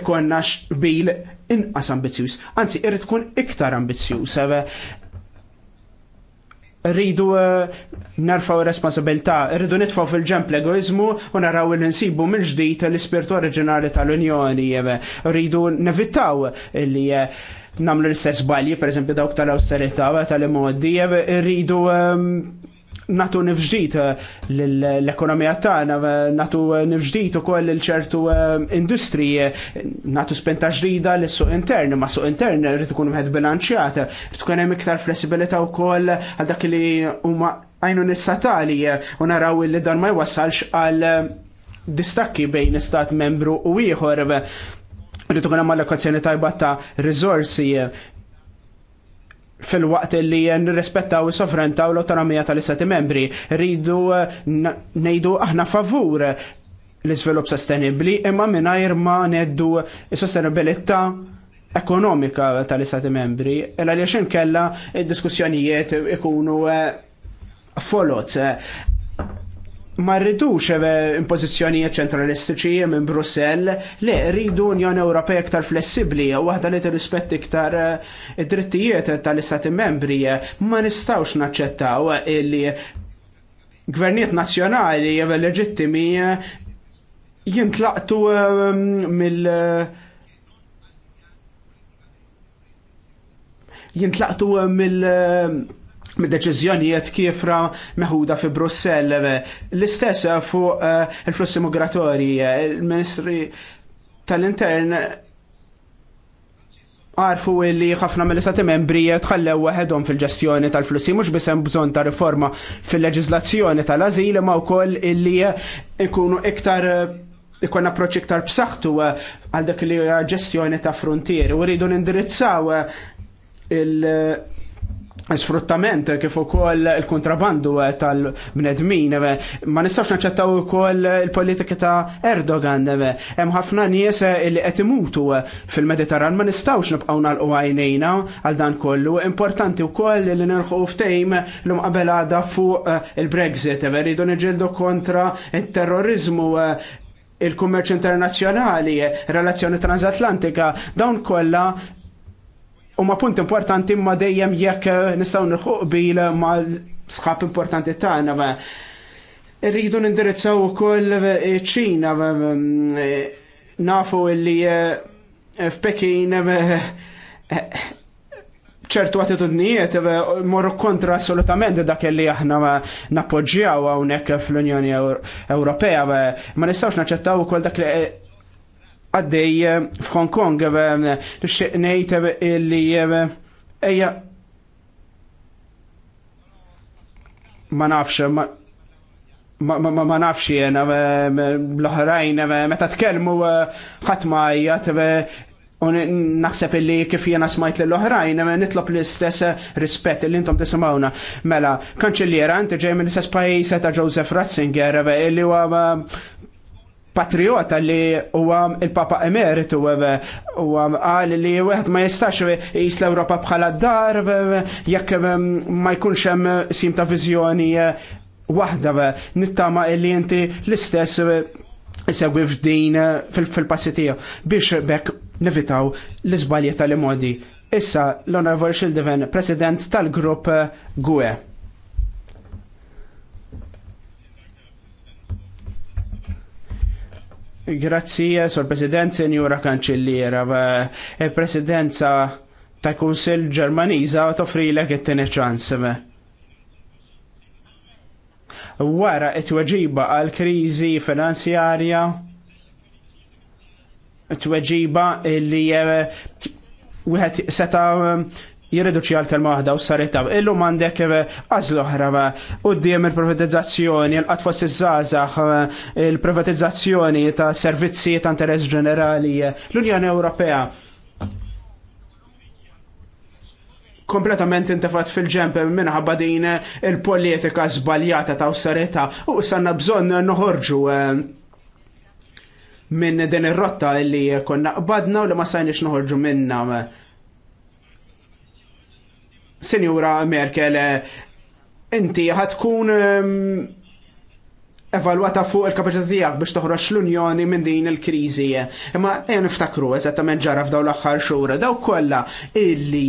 ikonnax bil inqas ambizzjuż. Anzi, irrid tkun iktar ambizzjuż rridu eh, nerfaw responsabilità, rridu nitfaw fil-ġemp l-egoizmu u naraw l-insibu mill-ġdijt l-ispirtu oriġinali tal-Unjoni, rridu nevittaw li eh, namlu l-istess balji, per esempio dawk tal austerità tal-imoddi, rridu ehm, natu nifġdijt eh, l-ekonomija tagħna, eh, natu eh, nifġdijt ukoll il ċertu industriji, natu spenta ġdida l-suq intern, ma suq intern rrid ikun wieħed bilanċjat, rrid ikun hemm iktar flessibilità wkoll għal dak li huma għajnu nis-satali u naraw li dan ma jwassalx għal distakki bejn istat membru u ieħor rritu għanam allokazzjoni tajba ta' rizorsi fil-waqt li nirrispettaw is-sovranità u l-autonomija tal-istati membri, rridu eh, ngħidu aħna favur l-iżvilupp sostenibbli imma mingħajr ma neddu s sostenibilità ekonomika tal-istati membri. Illa li xin kella diskussjonijiet ikunu eh, folot ma rridux impożizzjonijiet ċentralistiċi minn Brussell, le rridu Unjoni Ewropea iktar flessibbli u waħda li tirrispetti iktar eh, id-drittijiet tal-Istati membri. Ma nistawx naċċettaw li gvernijiet nazzjonali leġittimi jintlaqtu ehm, mill- jintlaqtu eh, mill- mid deċiżjonijiet kif ra meħuda fi Brussell. L-istess fuq eh, il-flussi migratorji, il-Ministri tal-Intern għarfu li ħafna mill-istati membri tħallew waħedhom fil-ġestjoni tal-flussi, mhux biss hemm bżonn ta' riforma fil-leġiżlazzjoni tal-azil ma wkoll illi ikunu iktar ikon approċ iktar b'saħħtu għal dak li ġestjoni ta' frontieri u rridu nindirizzaw il- sfruttament kif ukoll il-kontrabandu eh, tal-bnedmin eh, ma nistax naċċettaw ukoll il-politika ta' Erdogan eh, hemm ħafna nies li qed imutu fil-Mediterran ma nistgħux nibqgħu nagħlqu għajnejna għal dan kollu importanti wkoll li nerħu ftehim l qabel għada fuq il-Brexit rridu niġildu kontra it terrorizmu il-kummerċ internazzjonali, relazzjoni transatlantika, dawn kollha U ma' punt importanti ma dejjem jekk eh, nistgħu nħuq bil eh, ma sħab importanti tagħna ma rridu nindirizzaw ukoll eh, ċina nafu li f'Pekin ċertu għatitudnijiet morru kontra assolutament dak li aħna nappoġġjaw hawnhekk fl-Unjoni Ewropea ma nistgħux naċċettaw ukoll dak li għaddej eh, f'Hong Kong eh, eh, xeqnejt illi eja ma nafx ma nafx jena l-oħrajn meta tkellmu kelmu ma jgħat u naħseb illi kif jena smajt l-oħrajn nitlob l-istess rispett li intom tisimawna. Mela, kanċelliera, inti ġej mill-istess pajis ta' Joseph Ratzinger illi huwa patriota li huwa il-Papa Emeritu u għal eh, eh, li wieħed ma jistax jis l-Ewropa bħala d dar eh, jekk ma jkunx hemm sim ta' viżjoni waħda nittama li inti l-istess segwi f'din fil-passi tiegħu biex bekk nevitaw l-iżbalji tal-modi. Issa l-Onorevoli Schildeven, President tal-Grupp GUE. Grazzi, eh, Sor President, Senjura Kanċilliera. Il-Presidenza eh, ta' Kunsil Ġermaniza toffri l it-tieni ċans. Wara it-tweġiba għal kriżi finanzjarja, it weġiba li eh, wieħed seta' jirriduċi għal-kelma waħda u s-sarita. Illu mandek eh, għazlu eh, u d-diem il-privatizzazzjoni, l-qatfos iż-żazax, eh, il-privatizzazzjoni ta' servizzi ta' interess ġenerali, l-Unjoni Ewropea. Kompletament intefat fil ġempe minħabba din il-politika zbaljata ta' s-sarita u s-sanna bżon noħorġu minn din ir-rotta li konna qbadna u li ma sajniex noħorġu minna. Sinjura Merkel, inti ħatkun evalwata fuq il-kapacità tiegħek biex toħroġ l-Unjoni minn din il-kriżi. Imma ejja niftakru eżattament ġara f'daw l-aħħar xhur daw kollha illi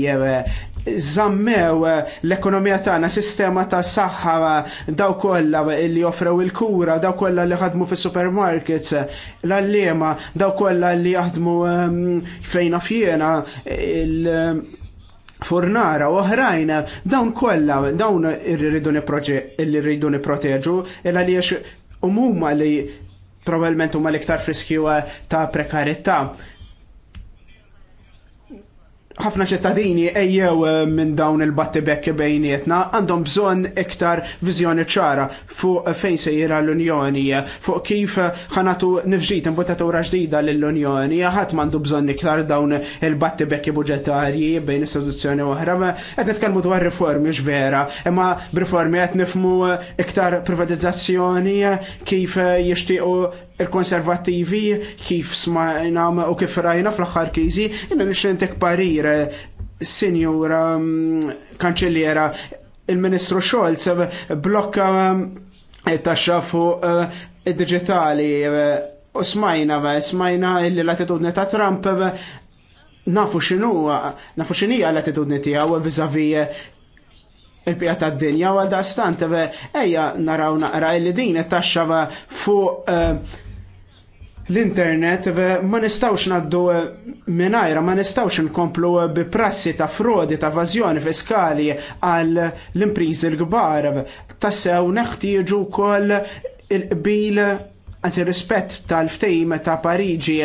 zammew l-ekonomija tagħna sistema ta' saħħa daw kollha illi joffrew il-kura, daw kollha li ħadmu fis-supermarkets, l-allema, daw kollha li jaħdmu fejna fjena il- Fornara oħrajn, dawn kollha dawn irridu irridu niproteġu, illa li umuma li probabbilment huma l-iktar friskju ta' prekarietà ħafna ċittadini ejjew eh, minn dawn il battibek bejnietna għandhom bżonn iktar viżjoni ċara fuq fejn se jira l-Unjoni, fuq kif ħanatu nifġit imbutatura ġdida l-Unjoni, ħadd m'għandu bżonn iktar dawn il battibek budġetarji bejn istituzzjoni oħra, qed nitkellmu dwar riformi ġvera, imma b'riformi qed nifmu iktar privatizzazzjoni kif jixtiequ il-konservativi kif smajna u kif rajna fl-axħar krizi, jina nixentek parir, sinjura mm, kanċelliera, il-Ministru Scholz blokka eh, taxxa fuq eh, digitali eh, u smajna, smajna l-latitudni ta' Trump nafu xinu, nafu xinija l-latitudni tijaw vizavi il-pija ta' dinja għal da' stant, eja naraw naqra il-din taxxa fuq L-internet ma nistawx naddu eh, minajra, ma nistawx nkomplu eh, bi prassi ta' frodi, ta' vażjoni fiskali għal l-imprizi l-gbar. Tassew neħtieġu kol il-qbil għanzi rispett tal-ftejm ta' Pariġi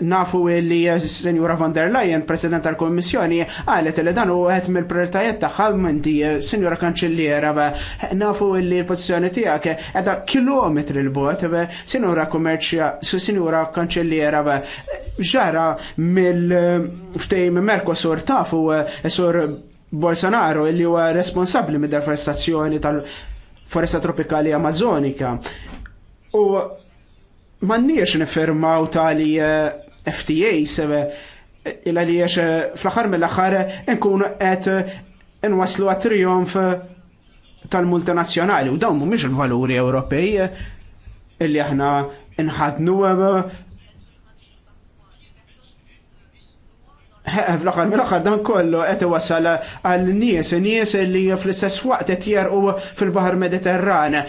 nafu li Senjura von der Leyen, President tal-Kommissjoni, għalet li dan u għet mill-prioritajiet taħħa menti, Senjura Kanċelliera, nafu li l-pozizjoni tijak edha kilometri l-bot, Senjura Kommerċja, Senjura Kanċelliera, ġara mill-ftejm Merkosur tafu, eh, sur Bolsonaro, li huwa responsabli mid-deforestazzjoni tal-foresta tropikali amazonika. U mannix nifirmaw tali eh, FTA sebe illa li jiex fl-axar mill-axar nkunu qed nwaslu għat triumf tal-multinazzjonali u dawn mhumiex il-valuri Ewropej illi aħna nħadnu fl-axar mill-axar dan kollu qed wasal għal nies nies li fl-istess waqt qed jerqu fil-Baħar Mediterrane.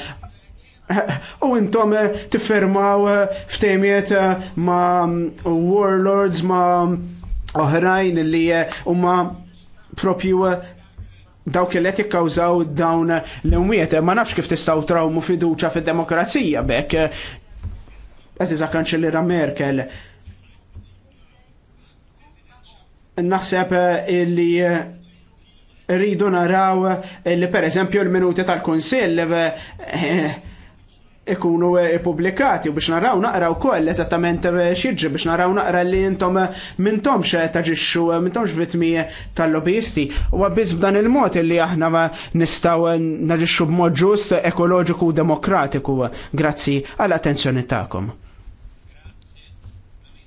U intom eh, tiffermaw eh, ftemiet eh, ma' mm, warlords ma' mm, oħrajn li huma propju dawk li qed jikkawżaw dawn l-imwiet. Ma nafx kif tistaw trawmu fiduċja fid-demokrazija bekk. Eżiza kanċellira Merkel. Naħseb li rridu naraw li per eżempju l-minuti tal konsil ikunu eh, publikati u biex naraw naqra koll eżattament eh, xieġi biex naraw naqra li jintom eh, mintom xe taġiċu mintom vitmi tal-lobbyisti u għabiz b'dan il-mod li aħna nistaw naġiċu b'mod ġust ekoloġiku u demokratiku grazzi għall-attenzjoni ta'kom.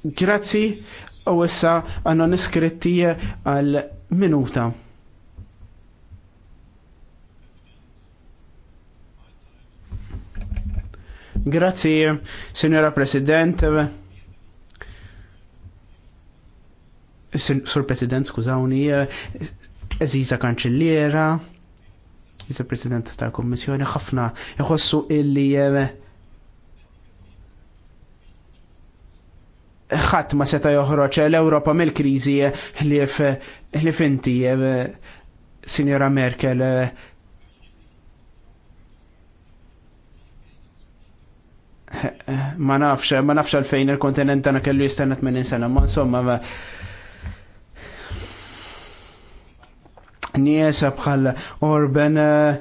Grazzi u issa għanna niskritti għal minuta. Grazzi, Signora President. Sur President, skużawni, Eżiza Kanċilliera, Eżiza President tal-Kommissjoni, ħafna jħossu illi ħadd ma seta joħroġ l-Ewropa mill-kriżi ħlief inti, Signora Merkel, ma nafx, ma nafx għalfejn il-kontinent għana kellu jistennet minn insena, ma insomma niesa bħal Orban eh,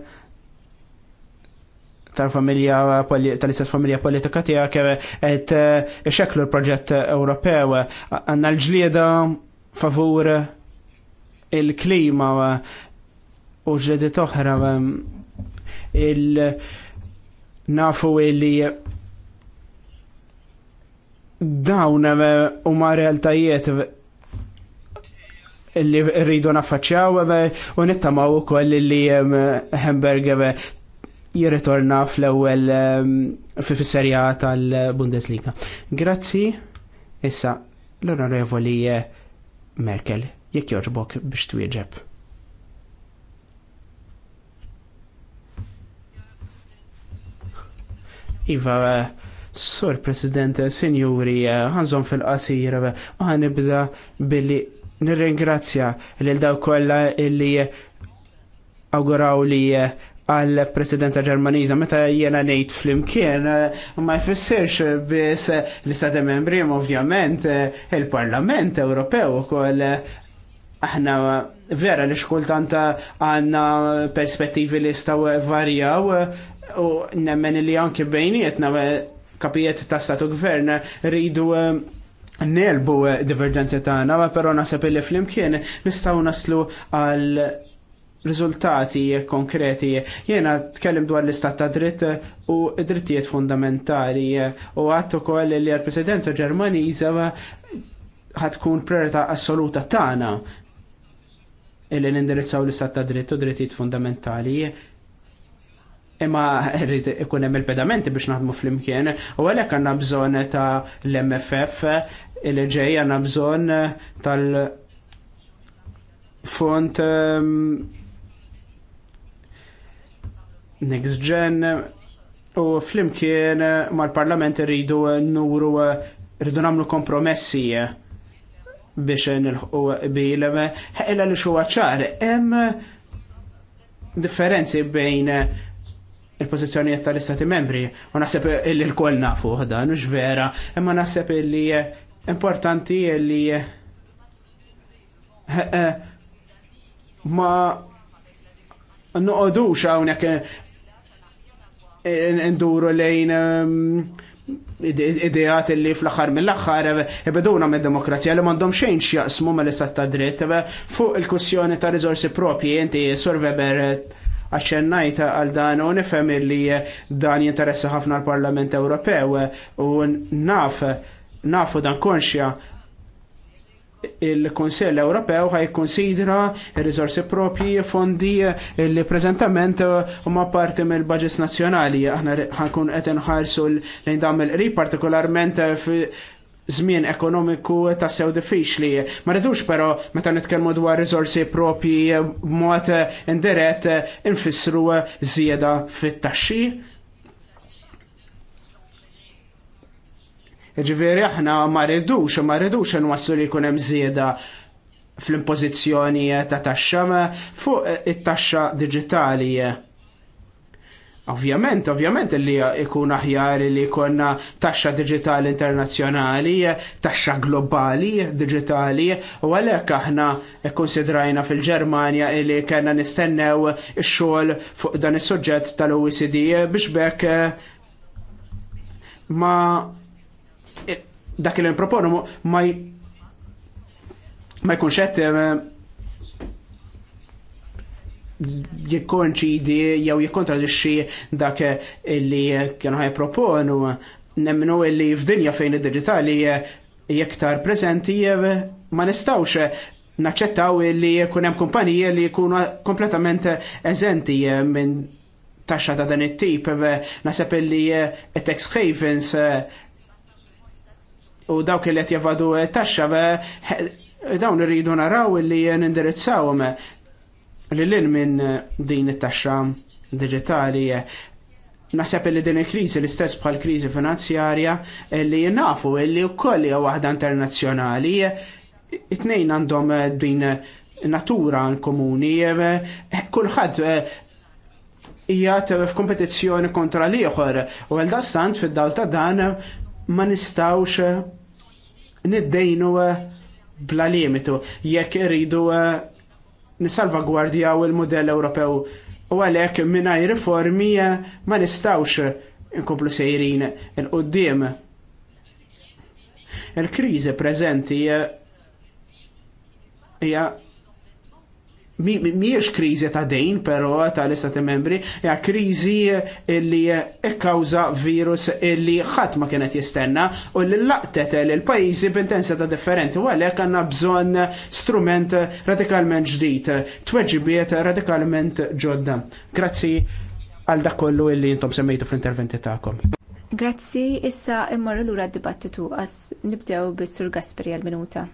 tal-familja tal-istess familja politika tiegħek eh, qed eh, ixekklu l-proġett Ewropew għandna l-ġlieda favur il-klima u ġlieda toħra il nafu li Dawn eh, huma realtajiet li rridu naffaċċjaw eh, u nittamaw koll li eh, Hamburg jirritorna fl-ewwel fis-serja tal-Bundesliga. Grazzi. Issa l-Onorevoli Merkel jekk joġbok biex twieġeb. Iva, Sur President, Sinjuri, ħanżon fil-qasira, ma nibda billi nirringrazzja lil daw kollha illi awguraw li għal presidenza ġermaniza meta jena nejt flimkien ma jfissirx biss l-istati membri ovvjament il-Parlament Ewropew ukoll aħna vera li xkultant għanna perspettivi li staw varjaw u nemmen li anki bejnietna kapijiet ta' statu gvern rridu eh, nelbu eh, divergenzi tagħna, ma però naħseb li flimkien nistgħu naslu għal riżultati konkreti. Jiena tkellem dwar l-istat ta' dritt u drittijiet fundamentali u għattu ukoll li għal-presidenza ġermaniza ħatkun priorità assoluta tagħna illi nindirizzaw l-istat ta' dritt u drittijiet fundamentali imma rrid ikun hemm il-pedamenti biex naħdmu flimkien u għalhekk għandna bżonn ta' l-MFF li ġej għandna bżonn tal- font ehm, next gen u flimkien mal-parlament rridu nuru rridu namlu kompromessi biex nilħu bilem ħela li xuwa ċar hemm differenzi bejn il-pozizjonijiet tal-istati membri. U naħseb illi l kol nafu dan, mhux vera, imma naħseb illi importanti illi eh, eh, ma noqodux hawnhekk eh, nduru lejn ideat illi fl-axar mill-axar ebeduna me demokrazija li mandom xejn xjaqsmu mal l-istat ta' dritt fuq il-kussjoni ta' rizorsi propji inti Sur Weber Aċċennajta għal dan u nifhem li dan jinteressa ħafna l-Parlament Ewropew u naf nafu dan konxja il-Konsell Ewropew ħaj konsidra rizorsi propji, fondi li prezentament huma parti mill-budgets nazzjonali. Aħna ħankun qed inħarsu lejn dam il-qrib partikolarment żmien ekonomiku ta' sew diffiċli. Ma rridux però meta nitkellmu dwar riżorsi propji b'mod eh, indirett eh, infissru eh, żieda fit-taxxi. Jiġifieri aħna ma rridux, ma rridux nwasslu li jkun hemm żieda fl-impożizzjoni ta' taxxa fuq it-taxxa diġitali Ovvjament, ovvjament li ikun aħjar li konna taxxa digitali internazzjonali, taxxa globali digitali, u għalhekk aħna konsidrajna fil-Ġermanja li kellna nistennew ix-xogħol fuq dan is-suġġett tal-OECD biex bekk ma dak li proponu ma ma jkunx qed jikkonċidi jew jikkontradixxi dak illi kienu ħaj proponu nemmnu li f'dinja fejn id-digitali jiktar prezenti ma nistawx naċċettaw li jkun hemm kumpaniji li jkunu kompletament eżenti minn taxxa ta' dan it-tip nasab li tax havens u dawk li qed jevadu taxxa dawn irridu naraw li nindirizzawhom li l minn eh, din it-taxxa digitali eh, Nasab li din il-krizi l-istess bħal krizi finanzjarja eh, li nafu li u koll hija waħda internazzjonali it-tnejn għandhom din natura komuni kulħadd jgħat f'kompetizzjoni kontra l-ieħor u għal dastant fid-dawl ta' dan ma nistawx niddejnu bla limitu jekk irridu nisalvagwardjaw il-modell Ewropew u għalhekk mingħajr riformi eh, ma nistawx inkomplu sejrin il-qoddim. Il-kriżi preżenti eh, hija miex kriżi ta' dejn, pero tal-istati membri, ja kriżi illi ikkawza virus illi ħadd ma kienet jistenna u li laqtet l-pajjiżi ta' differenti u għalek għandna bżonn strument radikalment ġdid, tweġibiet radikalment ġodda. Grazzi għal dakollu kollu illi intom semmejtu fl-interventi tagħkom. Grazzi, issa immorru lura d-dibattitu għas nibdew bis-Sur Gasperi għal-minuta.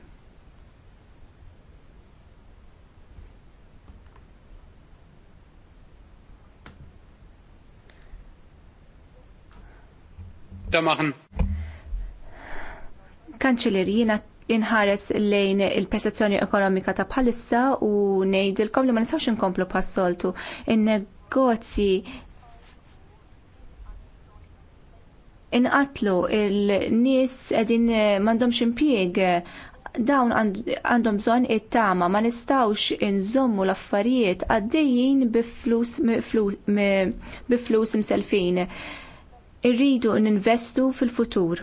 Da machen. Kanċiller, jina inħares lejn il-prestazzjoni ekonomika ta' bħalissa u ngħidilkom li ma nistax inkomplu pas-soltu. In-negozji inqatlu il-nies qegħdin eh, m'għandhomx impjieg dawn għandhom bżonn it-tama ma nistawx inżommu l-affarijiet għaddejjin bi flus, flus, irridu ninvestu fil-futur.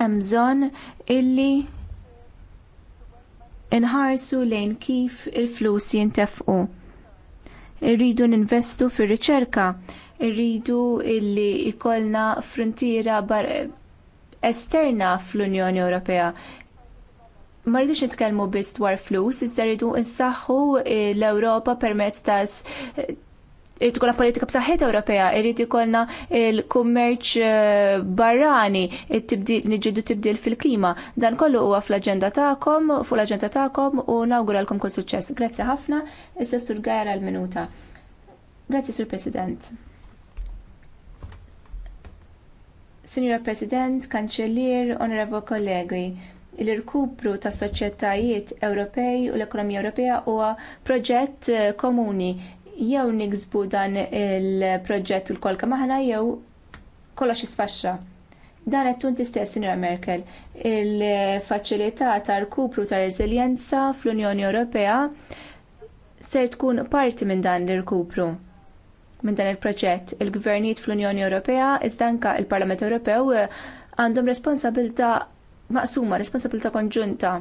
Hemm bżonn illi inħarsu lejn kif il-flus jintefqu. Irridu ninvestu fir-riċerka, irridu illi jkollna frontiera bar esterna fl-Unjoni Ewropea ma rridux nitkellmu biss dwar flus, iżda rridu nsaħħu l-Ewropa permezz ta' irrid ikolla politika b'saħħet Ewropea, irrid ikollna il-kummerċ eh, barrani, il-tibdil, tibdil fil-klima. Dan kollu huwa fl-aġenda tagħkom, fuq l-aġenda tagħkom u nawguralkom kull suċċess. Grazzi ħafna, issa sur Gajra l-minuta. Grazzi sur President. Signor President, Kanċellier, Onorevoli Kollegi, l-irkupru tas soċjetajiet Ewropej u l-ekonomija Ewropea huwa proġett eh, komuni jew niksbu dan il-proġett il kolka maħna jew kollox isfaxxa. Dan qed tunti tistess Sinjora Merkel, il-faċilità ta' rkupru ta' reżiljenza fl-Unjoni Ewropea ser tkun parti minn dan l-rkupru minn dan il-proġett. Il-gvernijiet fl-Unjoni Ewropea iżda anke l parlament Ewropew għandhom responsabilità maqsuma, responsabilità konġunta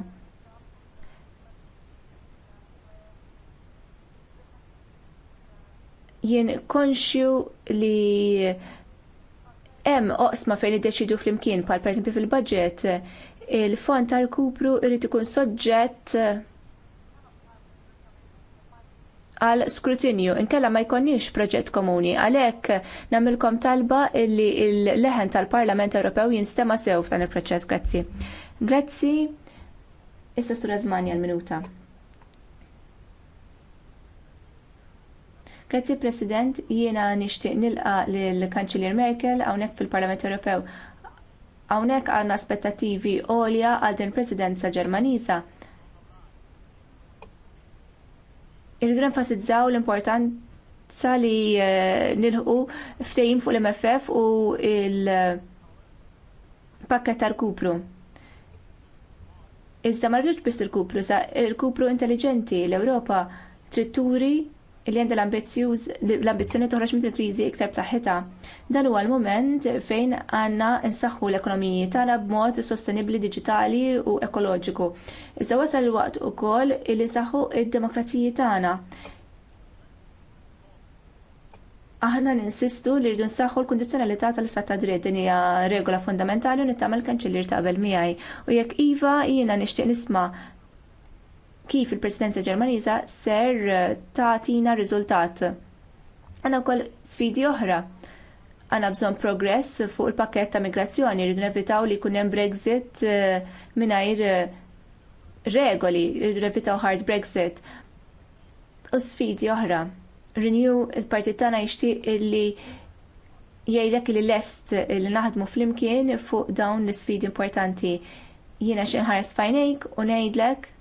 jien konxju li hemm oqsma fejn iddeċidu flimkien bħal pereżempju fil-budget il-fond ta' rkupru irid ikun soġġett għal skrutinju inkella ma jkonniex proġett komuni għalhekk nagħmilkom talba li l-leħen tal-Parlament Ewropew jinstema sew f'dan il-proċess grazzi. Grazzi, issa sura żmani għal minuta. Grazzi President, jiena nixtieq nilqa lill-Kanċiller Merkel hawnhekk fil-Parlament Ewropew. Hawnhekk għandna aspettattivi għolja għal din presidenza Ġermaniża. Irridu nfasizzaw l-importanza li eh, nilħu ftehim fuq l-MFF u l pakket tal-kupru. Iżda ma rridux biss il-kupru, sa il-kupru intelligenti l-Ewropa trid turi li għandha l-ambizzjoni toħroġ minn il-kriżi iktar b'saħħitha. Dan huwa l-mument fejn għandna nsaħħu l-ekonomiji tagħna b'mod sostenibbli diġitali u ekoloġiku. Iżda wasal il-waqt ukoll li nsaħħu id-demokraziji tagħna. Aħna ninsistu li rridu nsaħħu l-kundizzjonalità tal-istat ta' dritt din hija regola fondamentali u nittamel kanċellier qabel miegħi. U jekk iva jiena nixtieq nisma' kif il-Presidenza Ġermaniża ser eh, tagħtina riżultat. Għanna kol sfidi oħra. Għanna bżonn progress fuq il-pakket ta' migrazzjoni, rridu nevitaw li jkun hemm Brexit eh, mingħajr eh, regoli, rridu nevitaw hard Brexit. U sfidi oħra. Renew il partitana tagħna jixtieq illi jgħidlek li lest li naħdmu flimkien fuq dawn l isfidi importanti. Jiena xi nħares fajnejk u ngħidlek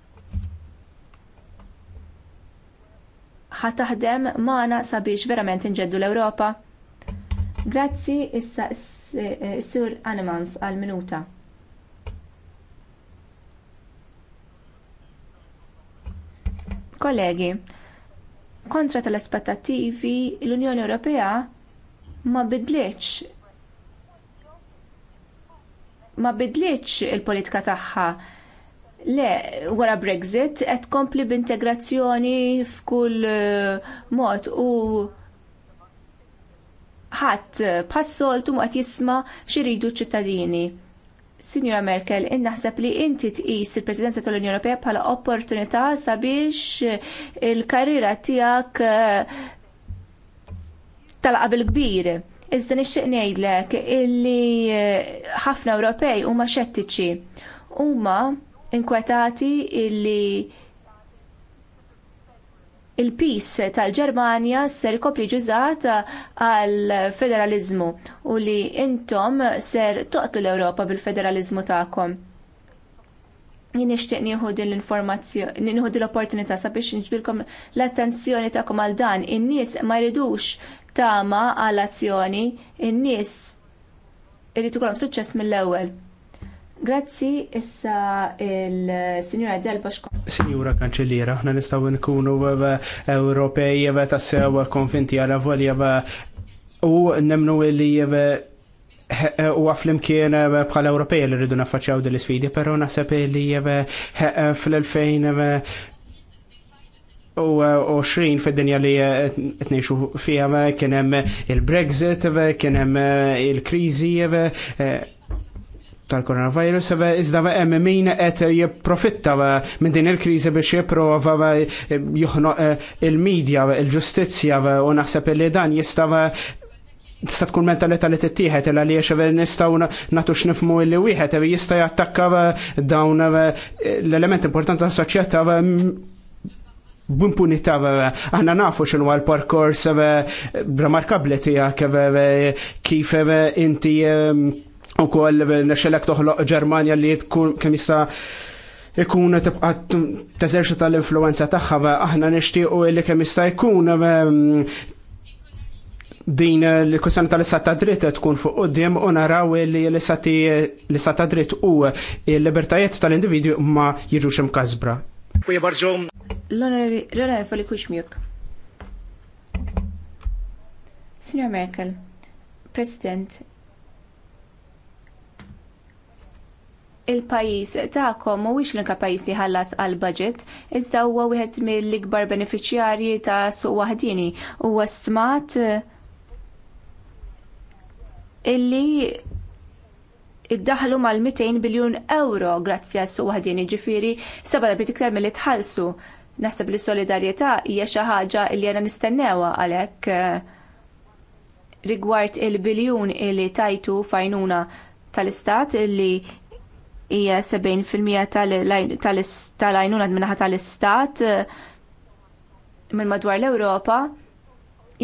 ħataħdem maħna sabiex verament inġeddu l-Ewropa. Grazzi issa s-sur eh, eh, Animals għal-minuta. Kollegi, kontra tal aspettativi l-Unjoni Ewropea ma bidlitx ma bidliċ il-politika tagħha Le, wara Brexit, qed kompli b'integrazzjoni f'kull eh, mod u ħadd passoltu ma qed jisma' xiridu ċittadini. Signora Merkel, innaħseb li inti tqis il-Presidenza tal-Unjoni Ewropea bħala opportunità sabiex il-karriera tiegħek eh, tal-qabel kbir. Iżda nixtieq ngħidlek illi eh, ħafna Ewropej huma xettiċi. Huma inkwetati illi il-pis tal-Ġermanja ser kopli ġużat għal federaliżmu u li intom ser toqtlu l-Ewropa bil-federaliżmu tagħkom. Jien nixtieq nieħu din l-informazzjoni, nieħu l-opportunità sabiex nġbilkom l-attenzjoni tagħkom għal dan. In-nies ma jridux tama għal azzjoni, in-nies irid ikollhom suċċess mill-ewwel. Grazzi, issa il-Sinjura Del Bosco. Sinjura Kanċelliera, ħna nistaw nkunu eh, Ewropej eh, ta' sewa konvinti għala volja eh, u nemnu li u għaflim kien bħala Ewropej li rridu naffaċċjaw dil sfidi pero naħseb li fl-2000 u 20 fid-dinja li t-nejxu fija kienem il-Brexit, kienem il-krizi, tal-coronavirus, eh, iżda eh, hemm min qed jiprofitta eh, minn din il-kriżi biex jiprofa juhno il-medja, il ġustizja u naħseb li dan jista' tista' tkun mentalità li tittieħed illa li nistgħu nagħtu x'nifhmu illi wieħed jista' jattakka dawn l-element importanti tas-soċjetà b'impunità aħna nafu x'inhu l-parkors remarkabbli tiegħek kif inti u koll nexxelek toħloq Ġermanja li tkun kemm issa ikun tibqa teżerċi tal-influenza tagħha aħna nixtiequ li kemm jista' jkun mm, din li kusan tal sata dritt tkun fuq qudiem u naraw li l sata dritt u l-libertajiet tal-individwi ma jiġux imkasbra. Kuja barżum. L-onorevoli Mjuk. Signor Merkel, President, il-pajis ta'kom mhuwiex l-inka pajis li ħallas għal budget iżda huwa wieħed mill-ikbar benefiċjarji ta' suq waħdini huwa stmat illi iddaħlu mal-200 biljun euro grazzi għal suq waħdini ġifiri seba darbiet iktar mill-li tħallsu. Naħseb li solidarjetà hija xi ħaġa li jena nistennewha għalhekk eh, rigward il-biljun li tajtu fajnuna tal-istat illi hija 70% tal-għajnuna minnaħa tal-istat eh, minn madwar l-Ewropa,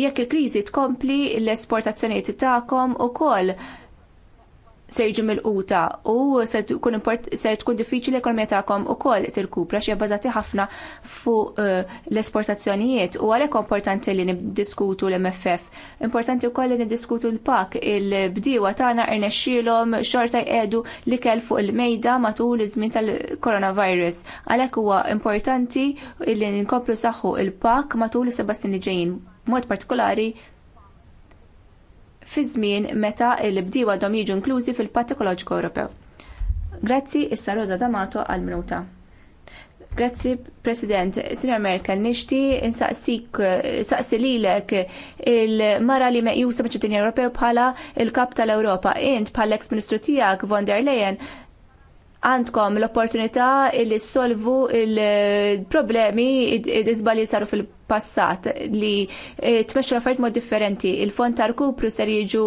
jekk il-kriżi tkompli l-esportazzjonijiet tagħkom ukoll serġu mill-quta u ser tkun diffiċli l-ekonomija tagħkom ukoll tirkupra xi bbażati ħafna fuq eh, l-esportazzjonijiet u għalhekk importanti li niddiskutu l-MFF. Importanti wkoll li niddiskutu l-pak il-bdiewa tagħna irnexxielhom xorta jqiegħdu li kell fuq il-mejda matul iż-żmien tal-coronavirus. Għalhekk huwa importanti li nkomplu saħħu il-pak matul is-seba' snin li ġejjin. Mod partikolari fi żmien meta l-bdiewa għadhom jiġu inklużi fil-Patt Ekoloġiku Ewropew. Grazzi issa Rosa D'Amato għall minuta. Grazzi, President. Sina Merkel, nishti insaqsik, saqsi lilek il-mara li meqjusa maċ-ċittadini Ewropew bħala il-kap tal-Ewropa. Int bħal ex ministru tijak von der Leyen għandkom l-opportunità li solvu il-problemi id-izbal li saru fil-passat li eh, tmexxu l-affarijiet mod differenti. Il-fond ta' kupru ser jiġu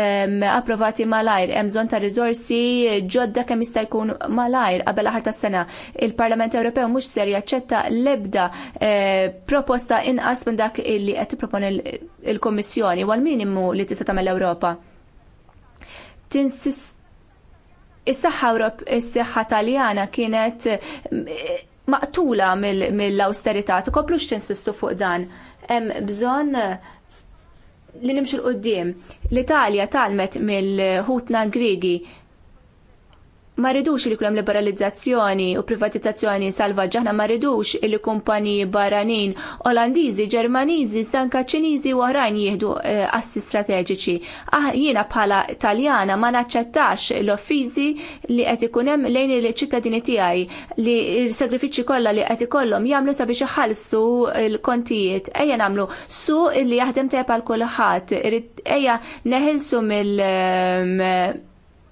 ehm, approvati malajr, hemm bżonn ta' riżorsi ġodda kemm jista' jkun malajr qabel aħar tas-sena. Il-Parlament Ewropew mhux ser jaċċetta l-ebda eh, proposta inqas minn dak li qed tipproponi il-Kommissjoni u għal minimu li tista' tagħmel l-Ewropa. Tinsist Is-saħħa is-saħħa Taljana kienet mm, maqtula mill-austerità, mil tkoplux tinsistu fuq dan. Hemm bżonn li nimxu l-qoddim. L-Italja talmet mill-ħutna Grigi ma ridux li kulem liberalizzazzjoni u privatizzazzjoni salvaġġaħna ma ridux li kumpaniji barranin Olandiżi, Ġermaniżi, stanka Ċiniżi u oħrajn jieħdu eh, assi strateġiċi. Ah, jiena bħala Taljana ma naċċettax l-offiżi li qed ikun hemm lejn il-ċittadini tiegħi li l-sagrifiċċji kollha li qed ikollhom jagħmlu sabiex iħallsu l-kontijiet. Ejja nagħmlu su li jaħdem tajb għal kulħadd. Ejja neħilsu mill ehm,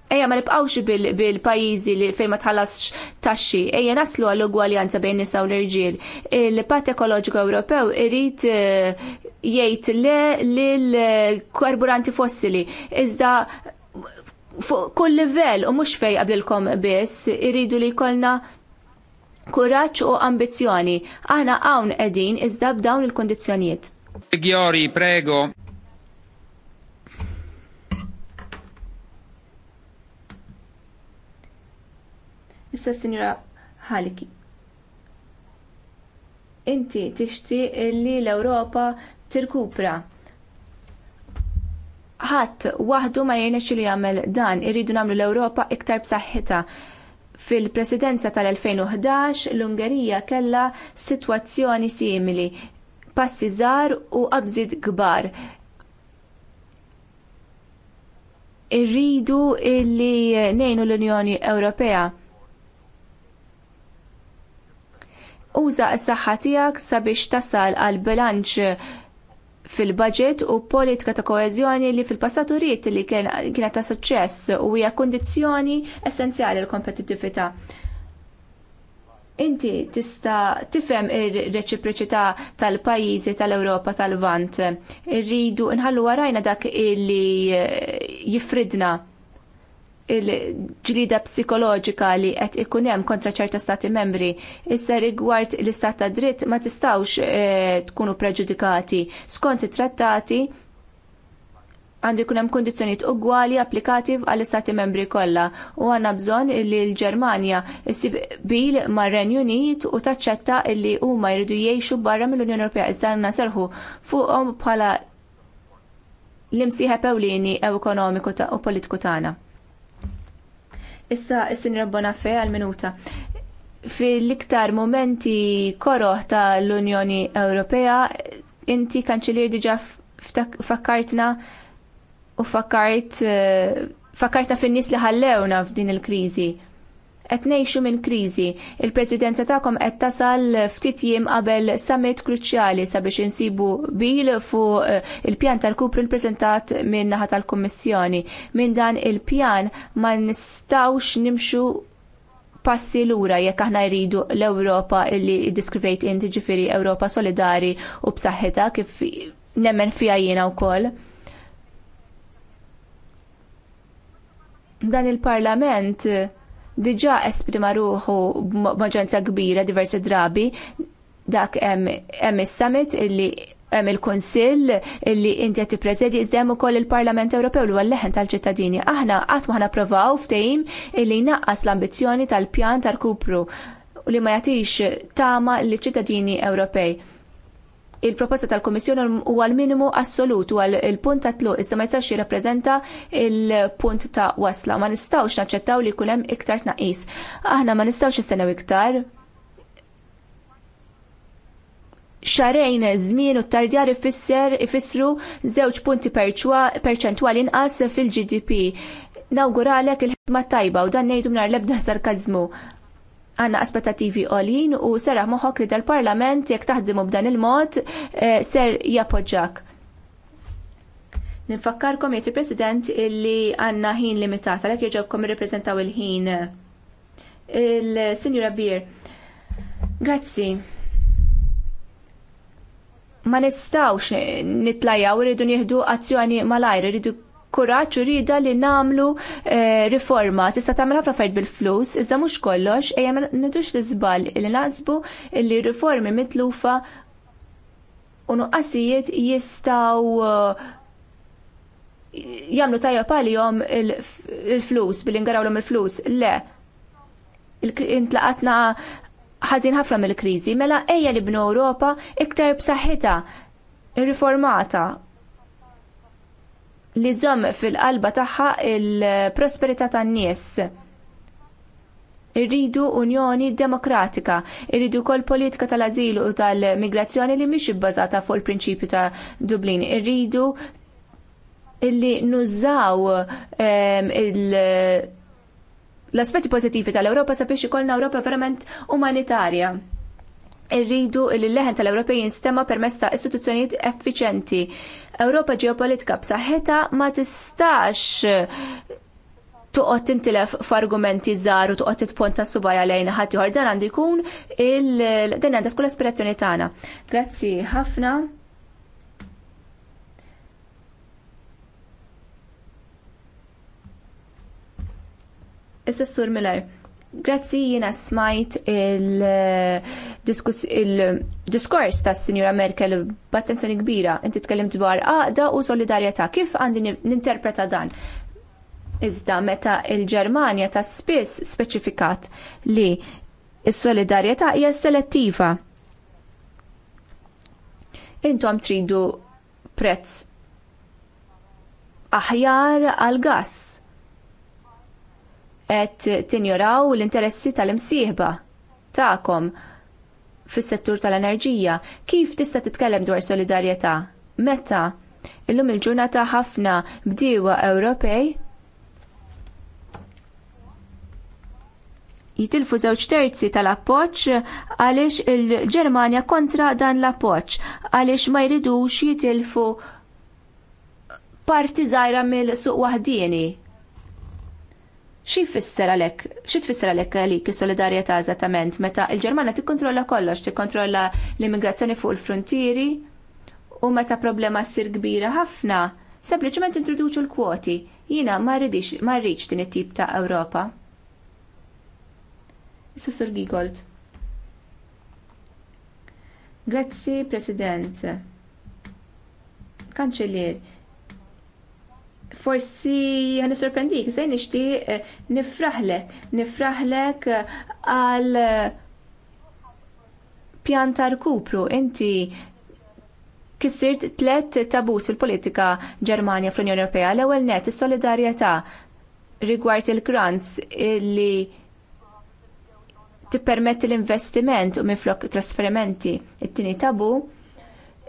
Ejja ma nibqawx bil-pajjiżi li fejn ma tħallasx taxxi, ejja naslu għall-ugwaljanza bejn nisa u l-irġiel. Il-Patt Ekoloġiku Ewropew irid eh, jgħid le lill-karburanti fossili. Iżda fuq kull livell u mhux fejn qablilkom biss iridu li jkollna kuraġġ u ambizzjoni. Aħna hawn qegħdin iżda b'dawn il-kundizzjonijiet. Giori, prego. Issa Sinjura Ħaliki. Inti tixtieq li l-Ewropa tirkupra ħadd waħdu ma jirnex li jagħmel dan, irridu nagħmlu l-Ewropa iktar b'saħħitha. Fil-presidenza tal-2011 l-Ungerija kellha sitwazzjoni simili, passi żgħar u qabżid kbar. Irridu illi ngħinu l-Unjoni Ewropea uża s-saħħa tiegħek sabiex tasal għal bilanċ fil-budget u politika ta' koeżjoni li fil-passat uriet li kienet ta' suċċess u hija kundizzjoni essenzjali l-kompetittività. Inti tista' tifhem ir-reċiproċità tal-pajjiżi tal-Ewropa tal-Vant. Irridu nħallu warajna dak illi jifridna il-ġlida psikoloġika li qed ikun hemm kontra ċerta stati membri. Issa rigward l-istat ta' dritt ma tistawx e, eh, tkunu preġudikati. Skont it-trattati għandu jkun hemm kundizzjonijiet ugwali applikati għall istati membri kollha u għandna bżonn li l-Ġermanja issib bil mar-Renju Unit u taċċetta li huma jridu jgħixu barra mill-Unjoni Ewropea iżda serħu fuqhom bħala l-imsieħeb ewlieni ew ekonomiku u politiku tagħna. Issa, s-sinjora Bonafè għal-minuta. Fil-iktar momenti koroħ ta' l-Unjoni Ewropea, inti kanċilir diġa fakkartna u fakkart eh, fakkartna fin-nies li ħallewna f'din il-kriżi qed ngħixu minn kriżi. Il-Presidenza tagħkom qed tasal ftit jiem qabel summit kruċjali sabiex insibu bil fuq eh, il-pjan tal kupri l-preżentat minn naħa tal-Kummissjoni. Minn dan il-pjan ma nistgħux nimxu passi lura jekk aħna jridu l-Ewropa li diskrivejt inti ġifiri Ewropa solidari u b'saħħitha kif nemmen fija jiena wkoll. Dan il-Parlament diġà esprima ruħu b'maġġoranza kbira diversi drabi dak hemm is-summit illi hemm il-Kunsill illi inti qed tippreżedi iżda hemm ukoll il-Parlament Ewropew li huwa leħen tal-ċittadini. Aħna qatt ma ħnaprovaw ftehim illi jnaqqas l-ambizzjoni tal-pjan tal-kupru u li ma jagħtix tama liċ ċittadini Ewropej il-proposta tal-Komissjoni huwa l-minimu assolut u l-punt ta' tluq iżda ma jistgħux jirrappreżenta il-punt ta' wasla. Ma nistgħux naċċettaw li kulem iktar tnaqis. Aħna ma nistgħux nistennew iktar. Xarejn żmien u tardjar ifisser ifissru żewġ punti perċentwali inqas fil-GDP. Nawguralek il-ħidma tajba u dan ngħidu nhar l-ebda sarkażmu għanna aspettativi għolin u serra moħok li tal-parlament jek taħdimu b'dan il-mod eh, ser jappoġġak. Ninfakkarkom jieti il-President illi għanna ħin limitat, għalhekk jogħġobkom irrepreżentaw il-ħin. Il-Sinjura Bir, grazzi. Ma nistawx nitlajaw, rridu nieħdu azzjoni malajr, rridu kuraċ kuraġġ u rida li nagħmlu eh, riforma. Tista' tagħmel ħafna fajt bil-flus, iżda mhux kollox, ejja ma nidux l-iżbal li naqsbu li riformi mitlufa u nuqqasijiet jistgħu eh, jagħmlu tajjeb għalihom il-flus billi ngarawlhom il-flus. Le, intlaqatna ħażin ħafna mill-kriżi, mela ejja li bnu Ewropa iktar b'saħħitha, irriformata li żomm fil-qalba tagħha il-prosperità tan-nies. Irridu Unjoni Demokratika, irridu kol politika tal-azilu u tal-migrazzjoni li mhix ibbażata fuq il-prinċipju ta' Dublin. Irridu illi nużaw ehm, l-aspetti pożittivi tal-Ewropa sabiex ikollna Ewropa verament umanitarja irridu li l-leħen tal-Ewropej jinstema permezz ta' istituzzjonijiet effiċenti Ewropa ġeopolitika b'saħħitha ma tistax tuqgħod tintilef f'argumenti żgħar u toqgħod titponta subajja lejn ħadd ieħor dan għandu jkun il din għandha tkun l-aspirazzjoni tagħna. Grazzi ħafna. Issa Sur Miller. Grazzi jiena smajt il-diskors ta' Sinjura Merkel b'attenzjoni kbira. Inti tkellimt dwar għaqda u solidarjetà. Kif għandi ninterpreta dan? Iżda meta il-Ġermanja ta' spiss speċifikat li s-solidarjetà hija selettiva. Intom tridu prezz aħjar għal gass qed tinjoraw l-interessi tal-imsieħba tagħkom fis-settur tal-enerġija. Kif tista' titkellem dwar solidarjetà? Meta? Illum il-ġurnata ħafna bdiewa Ewropej jitilfu żewġ terzi tal-appoġġ għaliex il-Ġermanja kontra dan l-appoġġ għaliex ma jridux jitilfu parti żgħira mill-suq waħdieni Xi jfisser għalhekk, xi tfisser għalhekk għalik is-solidarjetà eżattament meta l-Ġermanja tikkontrolla kollox, tikkontrolla l-immigrazzjoni fuq il-frontieri u meta problema ssir kbira ħafna, sempliċement introduċu l-kwoti. Jiena ma rridix ma rridx din it-tip ta' Ewropa. Issa Sur Gigold. Grazzi, President. Kanċellier forsi għan sorprendik, sej nishti eh, nifraħlek, nifraħlek eh, għal eh, pjanta kupru, inti kissirt tlet tabus fil-politika Ġermanja fl-Unjoni Ewropea, l-ewel net, is-solidarjetà rigward il-grants li tippermetti l-investiment u minflok trasferimenti. It-tini tabu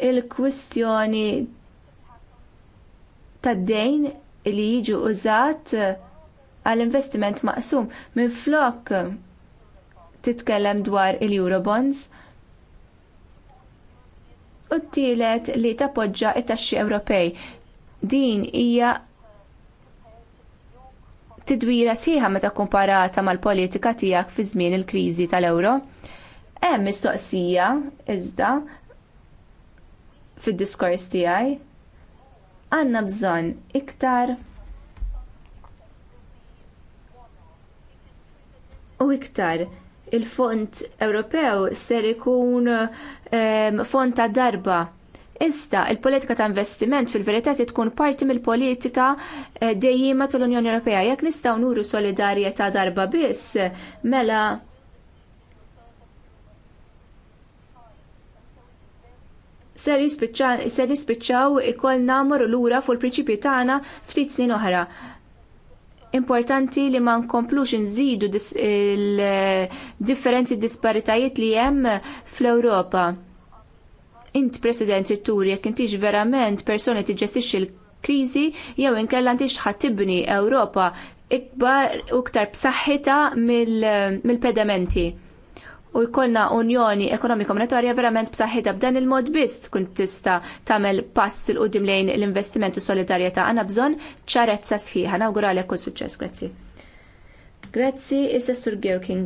il-kwistjoni tad-dejn li jiġu użat eh, għall-investiment maqsum. Minflok eh, titkellem dwar il-Eurobonds u t-tielet li tappoġġa t taxxi Ewropej. Din hija tidwira sieħa meta kkumparata mal-politika tiegħek fi żmien il-kriżi tal-ewro. Hemm mistoqsija iżda fid-diskors tiegħi għandna bżonn iktar u iktar il-Fond Ewropew ser ikun um, fond ta' darba. Iżda, il-politika ta' investiment fil-verità tkun parti mill-politika eh, dejjima tal-Unjoni Ewropea. Jekk nistgħu nuru solidarjetà darba biss, mela ser nispiċċaw ikollna morru lura fuq il-prinċipju tagħna ftit snin oħra importanti li ma nkomplux nżidu il-differenzi disparitajiet li hemm fl-Ewropa. Int President Turi jekk intix verament persuni tiġġestixxi l-kriżi jew inkella intix tibni Ewropa ikbar u iktar b'saħħitha mill-pedamenti. Mil u jkollna unjoni ekonomika monetarja verament b'saħħitha b'dan il-mod biss tkun tista' tagħmel pass il qudiem lejn l-investiment u solidarjetà għandna bżonn ċarezza sħiħa. Nawguralek kull suċċess, grazzi. Grazzi, is-Sessur Gewking.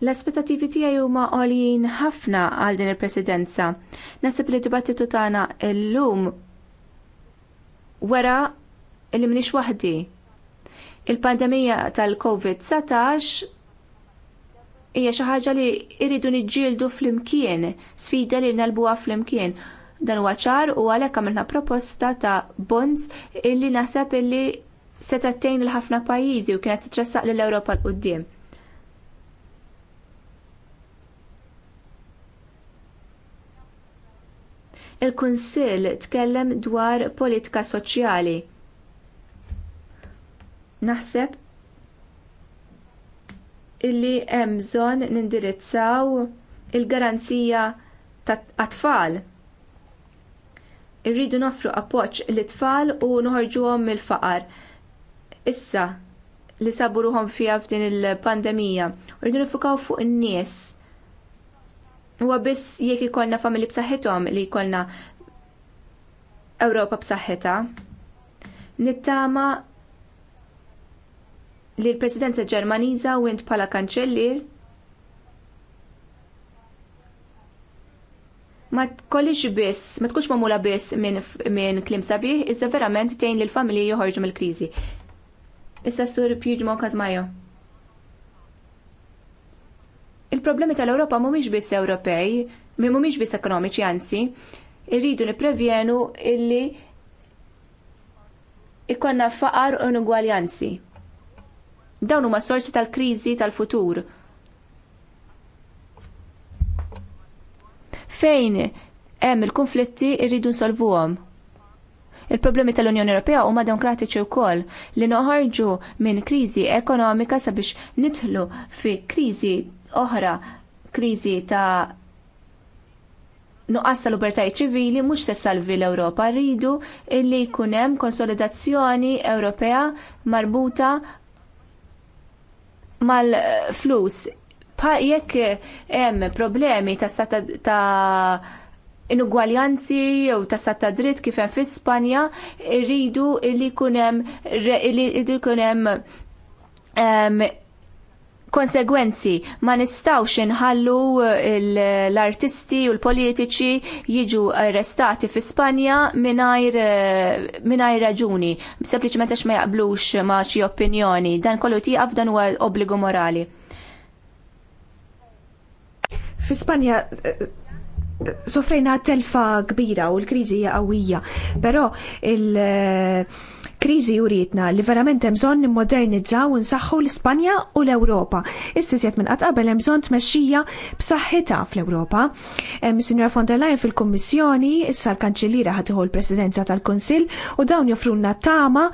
L-aspettativi tiegħi huma għoljin ħafna għal din il-presidenza. Nasib li dibattitu tagħna llum wera li m'iniex waħdi Il-pandemija tal-COVID-19 hija xi ħaġa li jridu niġġieldu flimkien, sfida li nalbuha flimkien. Dan huwa ċar u għalhekk għamilna proposta ta' bonds illi naħseb illi se tattejn il ħafna pajjiżi u kienet titressaq lill ewropa l qudiem Il-Kunsill tkellem dwar politika soċjali Naħseb illi hemm bżonn nindirizzaw il-garanzija tat-tfal. Irridu noffru appoġġ lit tfal u noħorġuhom mill-faqar. Issa li sabu ruhom fiha f'din il-pandemija. Irridu nifukaw fuq in-nies. Huwa biss jekk ikollna familji b'saħħithom li jkollna Ewropa b'saħħitha. Nittama li l-Presidenza Ġermaniża Wint bħala kanċellier ma tkollix biss, ma tkunx magħmula biss minn min klim sabiħ, iżda verament tgħin lil familji joħorġu mill-kriżi. Issa sur Piedmont Kazmajo. Il-problemi tal-Ewropa mhumiex biss Ewropej, mhumiex biss ekonomiċi anzi, irridu nipprevjenu illi ikonna faqar u inugwaljanzi. Dawn huma sorsi tal-kriżi tal-futur. Fejn hemm il-konflitti rridu nsolvuhom. Il-problemi tal-Unjoni Ewropea huma demokratiċi wkoll li noħarġu minn kriżi ekonomika sabiex nidħlu fi kriżi oħra, kriżi ta' nuqqas tal-libertajiet ċivili mhux se salvi l-Ewropa rridu illi jkun hemm konsolidazzjoni Ewropea marbuta mal-flus. Jekk hemm problemi ta' sata ta' inugwaljanzi jew ta' sata dritt kif hemm fl-Ispanja, irridu li jkun hemm konsegwenzi ma nistawx inħallu eh, l-artisti u l-politiċi jiġu arrestati fi Spanja eh, mingħajr raġuni, sempliċement għax ma jaqblux ma xi opinjoni, dan kollu tieqaf dan huwa obbligu morali. Fi Spanja eh, sofrejna telfa kbira u l-kriżi hija qawwija, però il- kriżi juridna li verament hemm bżonn nimmodernizzaw u nsaħħu l-Ispanja u l-Ewropa. Istiżjed minn qatt qabel hemm bżonn tmexxija b'saħħitha fl-Ewropa. Sinjora von der Leyen fil-Kummissjoni, issa l-Kanċellira ħad l-Presidenza tal-Kunsill u dawn joffrulna tama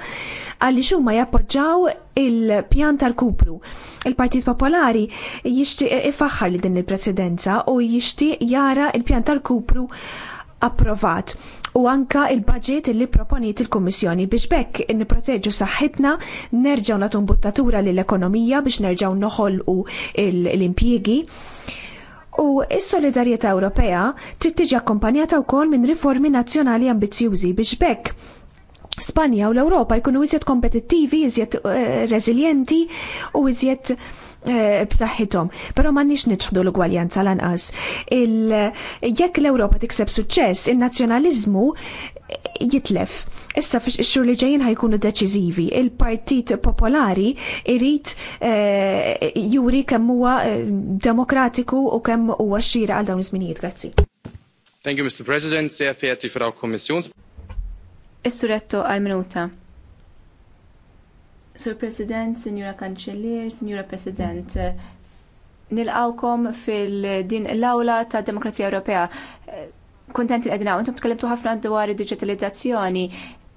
għaliex huma jappoġġaw il-pjan tal-kupru. Il-Partit Popolari jixtieq ifaħħar li din il-Presidenza u jixtieq jara il-pjan tal-kupru approvat u anka il-budget li proponiet il-Kummissjoni biex bekk nipproteġu saħħitna, nerġaw nagħtu buttatura lill-ekonomija biex nerġaw noħolqu l-impjiegi. U s-solidarjetà Ewropea trid tiġi akkompanjata wkoll minn riformi nazzjonali ambizzjużi biex bekk Spanja u l-Ewropa jkunu iżjed kompetittivi, iżjed uh, u iżjed Eh, b'saħħithom, però m'għandniex niċħdu l-ugwaljanza lanqas. Jekk l-Ewropa tikseb suċċess, il-nazzjonaliżmu eh, jitlef. Issa fix-xhur li ġejjin ħajkunu deċiżivi. Il-Partit Popolari irid eh, juri kemm huwa demokratiku u kemm huwa xxira għal dawn iż-żminijiet. Grazzi. Thank you, Mr. President, sehr verehrte Frau Kommissions. Is-suretto għall minuta Sur President, Sinjura Kanċellier, Sinjura President, eh, nilqawkom fil-din l-awla ta' Demokrazija Ewropea. Eh, Kontent li għedina, intom tkellimtu ħafna dwar digitalizzazzjoni.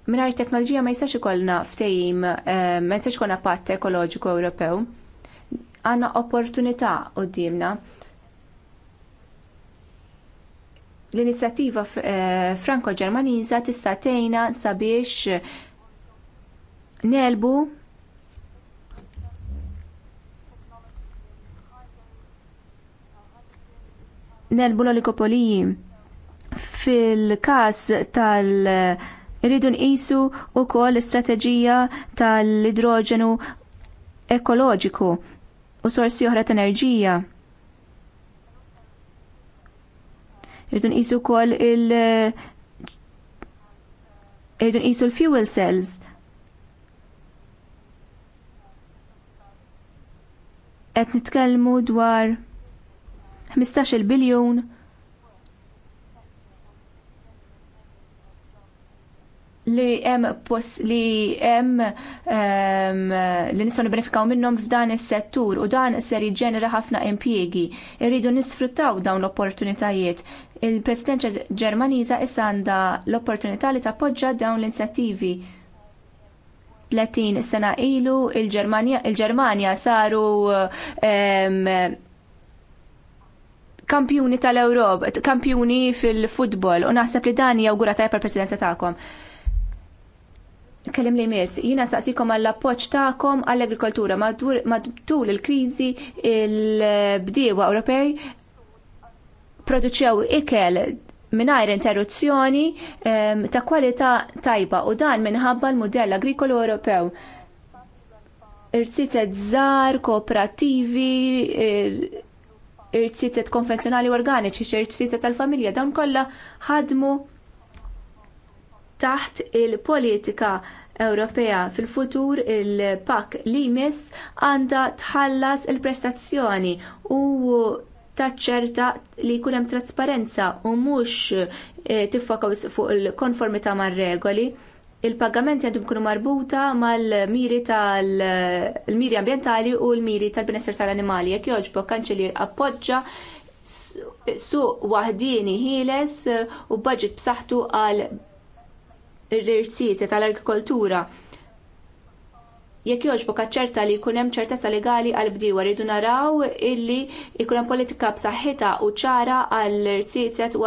Minar teknoloġija ma jistax ikollna ftejim, eh, ma jistax ikollna patt ekoloġiku Ewropew. Għanna opportunità u dimna. L-inizjattiva franko-ġermaniza tista' tgħinna sabiex nelbu nelbu l-olikopoliji. Fil-kas tal- isu nqisu wkoll l-istrateġija tal-idroġenu ekoloġiku u sorsi oħra ta' enerġija. Irridu nqisu wkoll il- Irridu nqisu l-fuel cells. Qed nitkellmu dwar 15 biljun li hemm li hemm ehm, li nistgħu nibbenefikaw minnhom f'dan is-settur u dan ser jiġġenera ħafna impjiegi. Irridu nisfruttaw dawn l-opportunitajiet. il presidenċa Ġermaniża issa għandha l-opportunità li tappoġġa dawn l-inizjattivi. 30 sena ilu il-Ġermanja il saru ehm, kampjuni tal-Ewropa, kampjuni fil-futbol, u naħseb li dan jawgura tajpa għal-presidenza tagħkom. Kellim li miss, jina saqsikom għall appoġġ tagħkom għall-agrikoltura tul il-kriżi il-bdiewa Ewropej produċew ikel mingħajr interruzzjoni ehm, ta' kwalità tajba u dan minħabba l-mudell agrikolu Ewropew irtitet żgħar, kooperattivi, eh, irċitet konvenzjonali organiċi, xi tal-familja, dawn kollha ħadmu taħt il-politika Ewropea fil-futur il-pak li jmiss għandha tħallas il-prestazzjoni u taċċerta li jkun hemm trasparenza u mhux eh, tiffokaw fuq il-konformità mar-regoli il-pagamenti għandhom kunu marbuta mal-miri tal-miri ambjentali u l-miri tal-benessar tal-animali. Jekk joġbok kanċelier appoġġa suq waħdini ħieles u budget b'saħħtu għal ir-rirziet tal-agrikoltura jekk jogħġbok ċerta li jkun hemm ċertezza legali għal bdiewa rridu naraw illi jkun hemm politika b'saħħitha u ċara għal irtieset u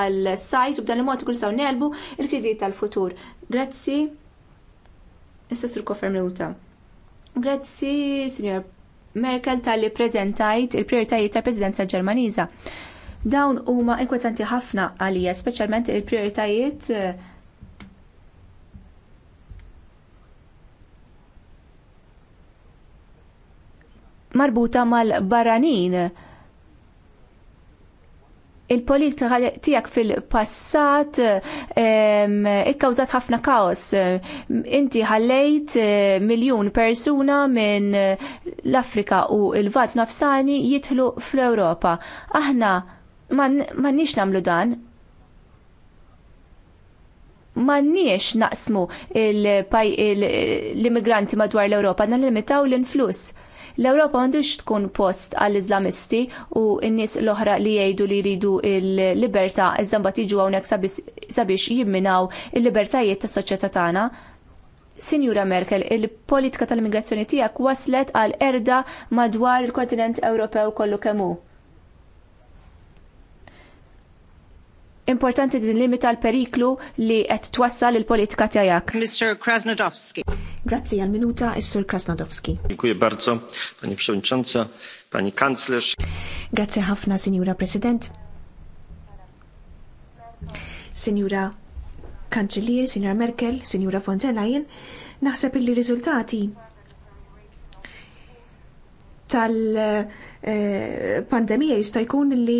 għal sajt u b'dan il-mod ikun saw nelbu il-kriżijiet tal-futur. Grazzi. Issa sur kofer minuta. Grazzi, Signor Merkel, tal-li prezentajt il-prioritajiet tal-Presidenza Ġermaniża. Dawn huma inkwetanti ħafna għalija, speċjalment il-prioritajiet eh, marbuta mal-baranin. Il-politika tiegħek fil-passat ikkawżat ħafna kaos. Inti ħallejt eh, miljun persuna minn l-Afrika u l-Vat nafsani jidħlu fl-Ewropa. Aħna m'għandniex nagħmlu dan, M'għandniex naqsmu l-immigranti madwar l-Ewropa, għandna limitaw l-influss L-Ewropa għandux tkun post għall-Islamisti u n-nies l-oħra li jgħidu li jridu l-libertà iżda mbagħad jiġu hawnhekk sabiex jimminaw il-libertajiet tas-soċjetà tagħna. Sinjura Merkel, il-politika tal-immigrazzjoni tiegħek waslet għal erda madwar il-kontinent Ewropew kollu kemm hu importanti din limita l-periklu li qed twassal il-politika tiegħek. Mr. Krasnodowski. Grazzi għal minuta is-Sur Krasnodowski. Dziękuję bardzo, Pani Przewodnicząca, Pani Kanclerz. Grazzi ħafna, Sinjura President. Sinjura Kanċellier, Sinjura Merkel, Sinjura von der Leyen, naħseb illi riżultati tal-pandemija eh, jista' jkun li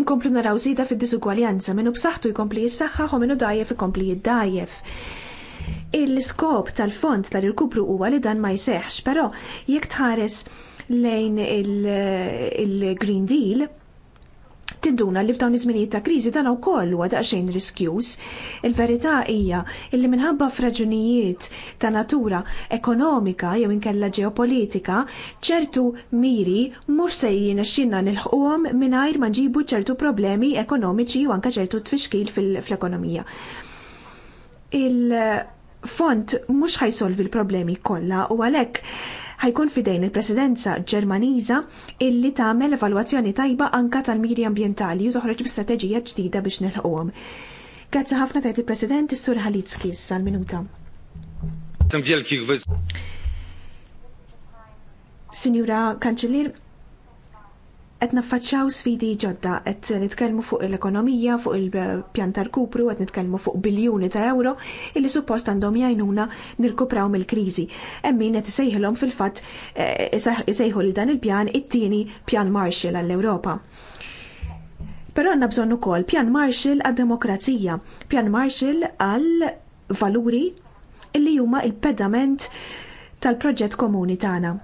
inkomplu naraw zida fid-disugwaljanza minnu b'saħħtu jkompli jissaxħa u minnu dajjef ikompli jiddajjef. Il-skop tal-fond tal-irkupru huwa li dan ma jseħħx, però jekk tħares lejn il-Green Deal, tinduna li f'dawn iż-żminijiet ta' kriżi dan ukoll huwa daqsxejn riskjuż. Il-verità hija li minħabba f'raġunijiet ta' natura ekonomika jew inkella ġeopolitika ċertu miri mhux se jinexxinna nilħquhom mingħajr ma nġibu ċertu problemi ekonomiċi u anke ċertu tfixkil fl-ekonomija. Il- font mhux ħajsolvi l-problemi kollha u għalhekk ħajkun fidejn il-Presidenza Ġermaniża illi tagħmel evalwazzjoni tajba anka tal-miri ambjentali u toħroġ b'istrateġija ġdida biex nilħquhom. Grazzi ħafna tajt il-President is-Sur Halitski sal-minuta. Sinjura Kanċellier, qed naffaċċjaw sfidi ġodda, qed nitkellmu fuq l-ekonomija, fuq il-pjan tal-kupru, qed nitkellmu fuq biljuni ta' euro illi suppost għandhom jgħinuna nirkupraw mill-kriżi. Hemm min qed isejħilhom fil-fatt eh, isejħu li dan il-pjan it-tieni pjan Marshall għall-Ewropa. Però għandna bżonn ukoll pjan Marshall għad-demokrazija, pjan Marshall għal valuri illi huma il-pedament tal-proġett komuni tagħna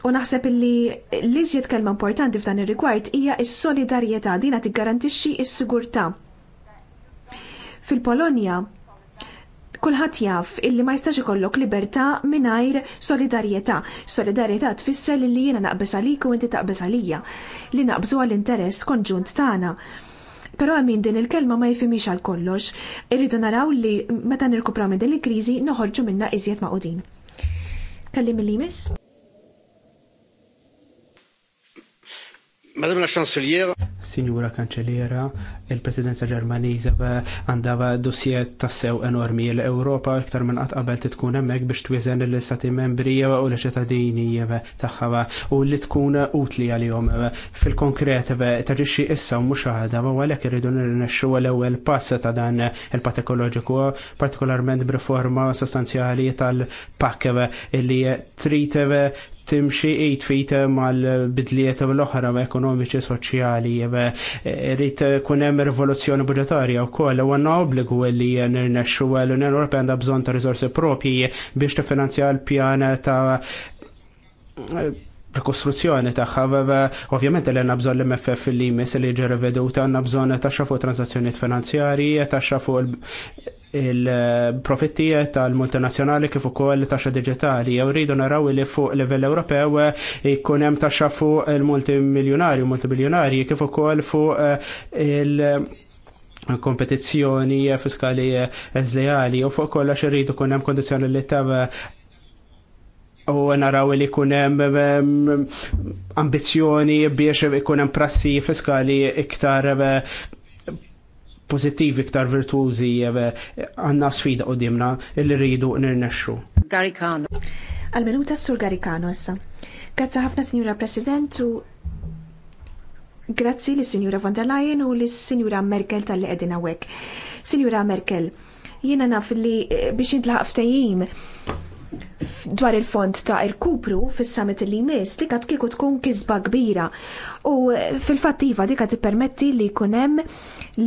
U naħseb illi l-iżjed kelma importanti f'dan ir-rigward hija s-solidarjetà dina tiggarantixxi s-sigurtà. Fil-Polonja kulħadd jaf illi ma jistax ikollok libertà mingħajr solidarjetà. Solidarjetà tfisser li jiena naqbes għalik u inti taqbes għalija li naqbżu għall-interess konġunt tagħna. Pero għamin din il-kelma ma jifimix għal kollox, irridu naraw li meta nirkupraw minn din il-krizi noħorġu minna iżjed maqudin. Kallim il-limis? Madam la Chancelière. Signora Kanċeliera, il-Presidenza Ġermaniża għandha dossier tassew enormi l-Ewropa iktar minn qatt qabel titkun hemmhekk biex twiżen l-istati membri u l-ċittadini tagħha u li tkun utli għalihom fil-konkret taġixxi issa u mhux għadha ma għalhekk irridu nirnexxu l-ewwel pass ta' dan il-patt ekoloġiku partikolarment b'riforma sostanzjali tal-pakk li trid timxi ejt fit eh, mal bidlieta l-oħra ekonomiċi soċjali. Eh, Rrit kunem rivoluzzjoni budgetarja u koll u għanna obbligu li nirnexxu eh, l-Unjoni Ewropea għandha bżonn ta' risorsi propji biex tifinanzja l-pjan ta' rekostruzzjoni taħħa, ovvjament li għanna bżon l-MFF li jmiss li ġere veduta, għanna bżon taxxa fuq transazzjoniet finanzjari, ta' xafu il-profittijiet tal-multinazzjonali kif ukoll taxxa diġitali jew rridu naraw li fuq livell Ewropew jkun hemm taxxa fuq il-multimiljonarju, multimiljonarji kif ukoll fuq eh, il- kompetizzjoni fiskali eżlejali u fuq kollox irridu kun hemm kondizzjonalità u naraw li hemm eh, ambizzjoni biex ikun hemm prassi fiskali iktar eh, pozittivi iktar virtużi eh, għanna sfida dimna illi rridu nirnexxu. Garikano. Għal-minuta s-sur Garikano issa. Grazzi ħafna, sinjura President, u Grazzi li Sinjura von der Leyen u li Sinjura Merkel tal-li għedina wek. Sinjura Merkel, jiena naf li eh, biex intlaħ dwar il-fond ta' irkupru fis-summit li jmiss li kat kieku tkun kisba kbira u fil-fattiva kat tippermetti li jkun hemm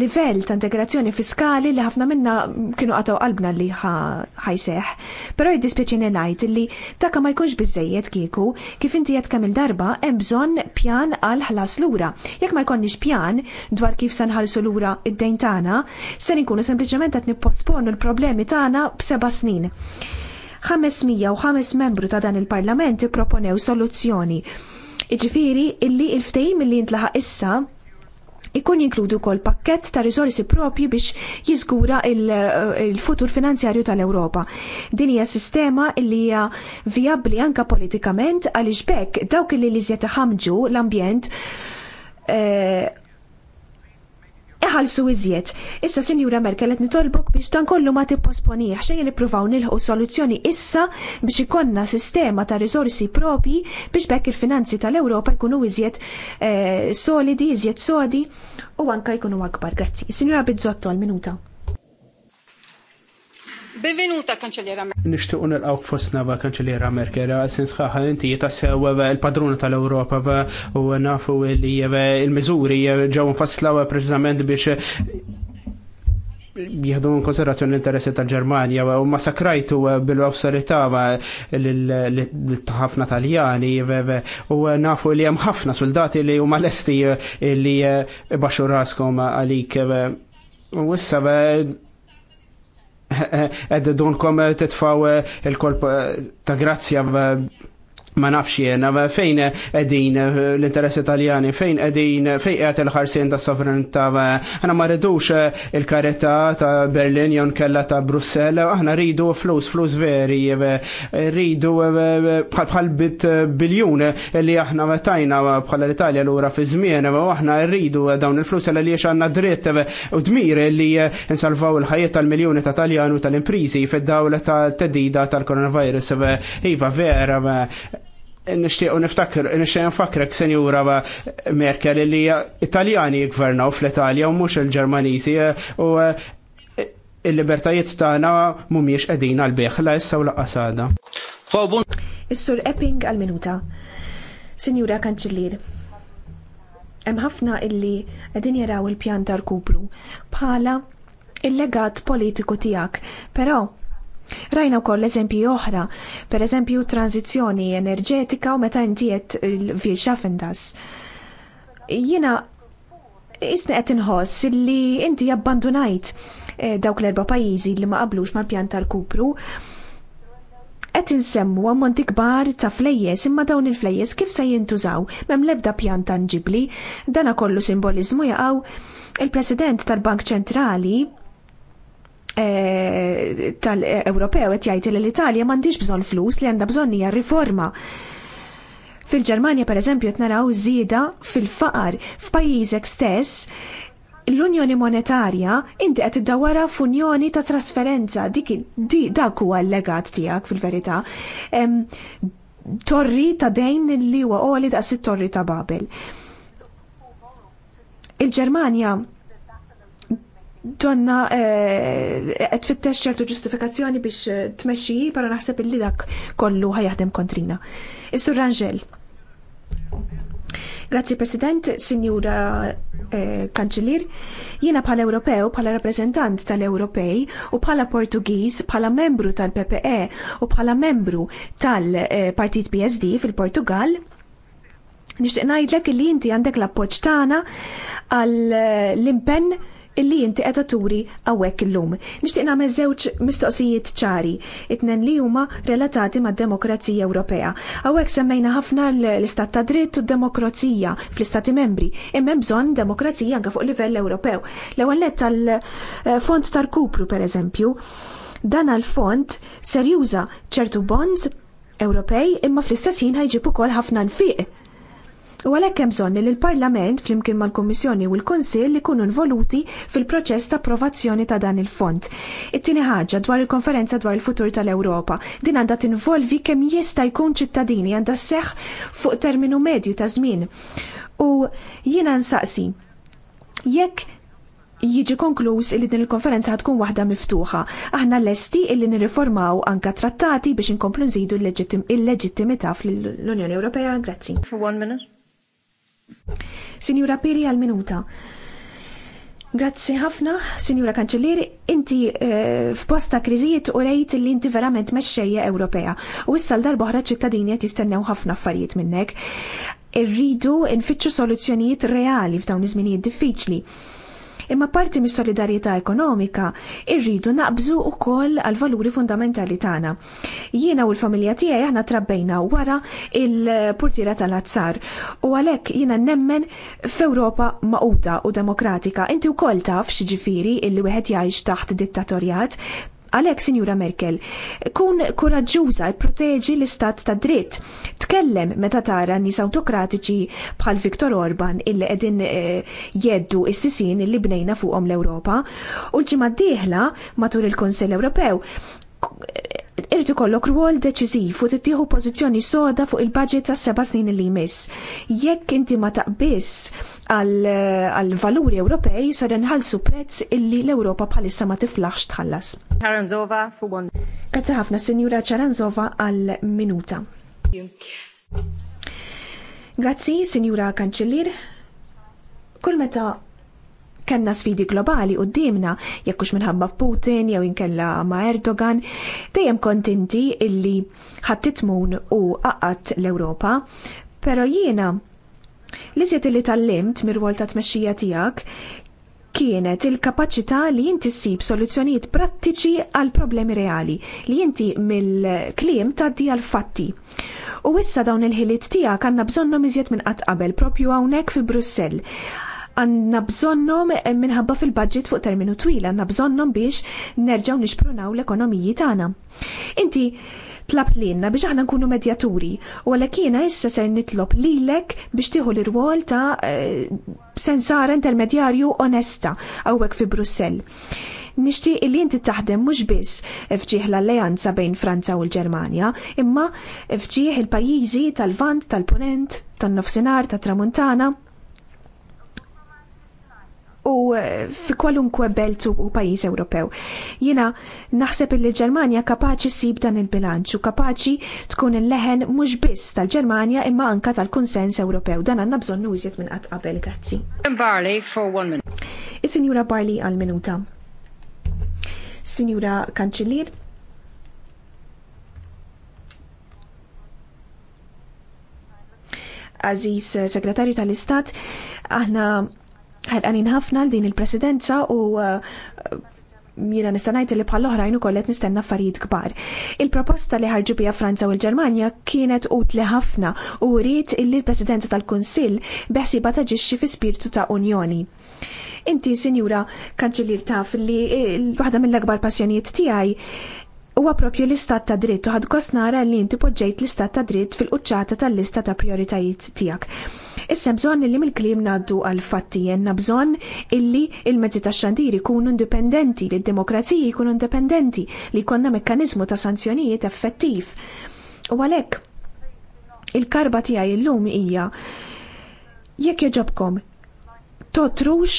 livell ta' integrazzjoni fiskali li ħafna minna kienu għataw qalbna li ħajseħ. Però jiddispjaċini ngħid li taka ma jkunx bizzejiet kieku kif inti qed kemm il-darba hemm bżonn pjan għal ħlas lura. Jekk ma jkollniex pjan dwar kif ħalsu nħallsu lura id-dejn tagħna, se nkunu sempliċement qed nipposponu l-problemi tagħna b'seba' snin. 505 membru ta' dan il-Parlament proponew soluzzjoni. Iġifiri illi il-ftehim illi jintlaħa issa ikun jinkludu kol pakket ta' risorsi propji biex jizgura il-futur il finanzjarju tal-Ewropa. Din hija sistema li hija viabli anka politikament għaliex bekk dawk li li ħamġu l-ambjent e, iħalsu iżjed. Issa, Sinjura Merkel, qed nitolbok biex dan kollu ma tipposponih xejn nippruvaw nilħu soluzzjoni issa biex ikonna sistema ta' risorsi propi biex bekk il-finanzi tal-Ewropa jkunu iżjed eh, solidi, iżjed sodi u anka jkunu akbar. Grazzi. Sinjura Bizzotto għal-minuta. Benvenuta, kanċelliera Merkel. Nishtu Nishtuq nilqaw fosna va kanċelliera Merkel, sens xaħa inti jitassew il-padruna tal-Europa u nafu li il-mizuri ġew nfassla preċizament biex jihdu konsiderazzjoni l-interessi tal-Ġermanja u massakrajtu bil-awtorità l-ħafna taljani u nafu li hemm ħafna soldati li huma lesti li baxxu raskom għalik U issa Ed donkom eh, titfaw eh, il-kolp eh, ta' grazzja ma nafx jena, fejn edin eh, l-interess italjani, fejn edin, fejn għet il ħarsin ta' sovranità, għana ma ridux eh, il-karetta ta' Berlin, jon kella ta' Brussel, aħna rridu flus, flus veri, eh, rridu bħal bit biljun li aħna tajna bħal l-Italja l-ura fi zmien, u aħna rridu dawn il-flus li jiex għanna dritt u dmir li nsalvaw il-ħajiet tal-miljoni ta' Taljan u tal-imprizi fid-dawla ta' tedida tal-coronavirus, iva vera, nishtiqo niftakr, nishtiqo nfakrek senjura Merkel li italjani gvernaw fl-Italja u mux il-Ġermanisi u eh, il-libertajiet tagħna mhumiex qegħdin għal beħla jessaw la qasada. Is-sur Epping għal-minuta. Senjura Kanċillier, hemm ħafna illi qegħdin jaraw il-pjan tal-kupru bħala il-legat politiku tiegħek, però Rajna wkoll eżempji oħra, per eżempju tranzizjoni enerġetika u meta intiet il vil xafendas. Jina isna qed inħoss li inti abbandunajt eh, dawk l-erba' pajjiżi li ma qablux mal-pjan tal-kupru. Qed insemmu ammonti kbar ta' flejjes imma dawn il-flejjes kif se jintużaw m'hemm l-ebda pjan tangibli, dana kollu simbolizmu jaqgħu il-President tal-Bank Ċentrali Eh, tal-Ewropew qed jgħid li l-Italja m'għandix bżonn flus li għandha bżonn hija riforma. Fil-Ġermanja pereżempju qed naraw żieda fil-faqar f'pajjiżek stess l-Unjoni Monetarja inti qed iddawwara f'unjoni ta' trasferenza dik di dak huwa l-legat tiegħek fil-verità. Torri ta' dejn li huwa qoli daqs it-torri ta' Babel. Il-Ġermanja donna eh, qed tfittex ċertu ġustifikazzjoni biex eh, tmexxi, pero naħseb illi dak kollu ħajjaħdem kontrina. Is-Sur Rangel. Grazzi President, Sinjura eh, Kanċilir, jiena bħala Ewropew, bħala rappresentant tal-Ewropej u bħala Portugiż, bħala membru tal-PPE u bħala membru tal-Partit eh, PSD fil-Portugal, nixtieq ngħidlek li inti għandek l-appoġġ tagħna għall impenn illi inti qed turi hawnhekk illum. Nixtieq nagħmel zewċ mistoqsijiet ċari, it-tnen li huma relatati mad-demokrazija Ewropea. Għawek semmejna ħafna l-istat ta' dritt u d-demokrazija fl-istati membri, imma bżonn demokrazija anke fuq livell Ewropew. L-ewwel tal-fond eh, tal-kupru pereżempju, dan għal-fond ser juża ċertu bonds Ewropej imma fl istessin ħin ħajġib ukoll ħafna nfiq U għalhekk hemm bżonn li l-Parlament flimkien mal-Kummissjoni u l-Kunsill ikunu involuti fil-proċess ta' approvazzjoni ta' dan il-fond. It-tieni ħaġa dwar il-konferenza dwar il-futur tal-Ewropa. Din għandha tinvolvi kemm jista' jkun ċittadini għandha seħħ fuq terminu medju ta' żmien. U jiena nsaqsi, jekk jiġi konkluż li din il-konferenza tkun waħda miftuħa. Aħna lesti illi nirriformaw anka trattati biex inkomplu nżidu l-leġittimità fl-Unjoni Ewropea. Grazzi. For one minute. Sinjura Peri għal-minuta. Grazzi ħafna, Signora Kanċelleri. inti eh, f'posta kriżijiet u rejt li inti verament mexxejja Ewropea. U issa l boħra ċittadini qed jistennew ħafna affarijiet minnek. Irridu nfittxu soluzzjonijiet reali f'dawn iż-żminijiet diffiċli Imma parti mis solidarjetà ekonomika irridu naqbżu wkoll għal valuri fundamentali tagħna. Jiena u l-familja tiegħi aħna trabbejna wara il purtira tal-azzar u għalhekk jiena nemmen f'Ewropa maquta u demokratika. Inti wkoll taf xi ġifieri illi wieħed jgħix taħt dittatorjat, Għalhekk, Sinjura Merkel, kun koraġġuża e proteġi l-istat ta' dritt. Tkellem meta tara nies autokratiċi bħal Viktor Orban illi qegħdin e, jeddu s-sisin illi bnejna fuqhom l-Ewropa u l-ġimgħa d-dieħla matul il-Kunsell Ewropew irrid ikollok rwol deċiżiv u tittieħu pożizzjoni soda fuq il-budget tas seba' snin li jmiss. Jekk inti ma taqbiss għal valuri Ewropej sar inħallsu prezz illi l-Ewropa bħalissa ma tiflaħx tħallas. Charanzova fu bon. Grazzi ħafna Sinjura ċaranzova għal minuta. Grazzi, Sinjura Kanċellir. Kull meta kanna sfidi globali u d-dimna, jekkux minħabba Putin, jew inkella ma Erdogan, dejjem kontinti illi ħattitmun u qaqqat l-Europa, pero jiena li zjed li tal-limt mir-wol ta' tmexxija tiegħek kienet il-kapacità li inti ssib soluzzjonijiet prattiċi għal problemi reali, li inti mill-kliem di għal fatti. U issa dawn il-ħiliet tiegħek għandna bżonnhom iżjed minn qatt qabel propju hawnhekk fi Brussell għanna bżonnom eh, minħabba fil-budget fuq terminu twil, għanna bżonnom biex nerġaw nixprunaw l-ekonomiji tagħna. Inti tlabt lilna biex aħna nkunu medjaturi, u għalhekk jiena issa ser nitlob lilek biex tieħu l-irwol ta' eh, sensara intermedjarju onesta għawek fi Brussell. Nixtieq li inti taħdem mhux biss fġieħ l-alleanza bejn Franza u l-Ġermanja, imma fġieħ il-pajjiżi tal-Vant, tal-Punent, tan-Nofsinhar, tat-Tramuntana u eh, fi kwalunkwe belt u pajjiż Ewropew. Jina naħseb li Ġermanja kapaċi sib dan il-bilanċ u kapaċi tkun il-leħen mhux biss tal-Ġermanja imma anka tal-kunsens Ewropew. Dan għandna bżonn nużiet minn qatt qabel, grazzi. Barley for one minute. Is-Sinjura Barley għal minuta. Sinjura Kanċillier. Aziz eh, Segretarju tal-Istat, aħna ħalqanin ħafna għal din il-presidenza u uh, jiena nistanajt li bħal oħrajn ukoll qed nistenna affarijiet kbar. Il-proposta li ħarġu bija Franza u l-Ġermanja kienet utli ħafna u rrid illi l-Presidenza tal-Kunsill beħsiba taġixxi fi spirtu ta' Unjoni. Inti, Sinjura Kanċellier taf li waħda mill-akbar passjonijiet tiegħi huwa propju l-istat ta' dritt u ħad nara li inti poġġejt l-istat ta' dritt fil-quċċata tal-lista ta' prioritajiet tiegħek. Issa bżon li mill klim ngħaddu għal fatti jenna bżonn illi il-mezzi tax-xandir ikunu indipendenti, li d-demokrazija jkunu indipendenti, li jkollna mekkaniżmu ta' sanzjonijiet effettiv. U għalhekk il-karba tiegħi lum hija jekk joġobkom totrux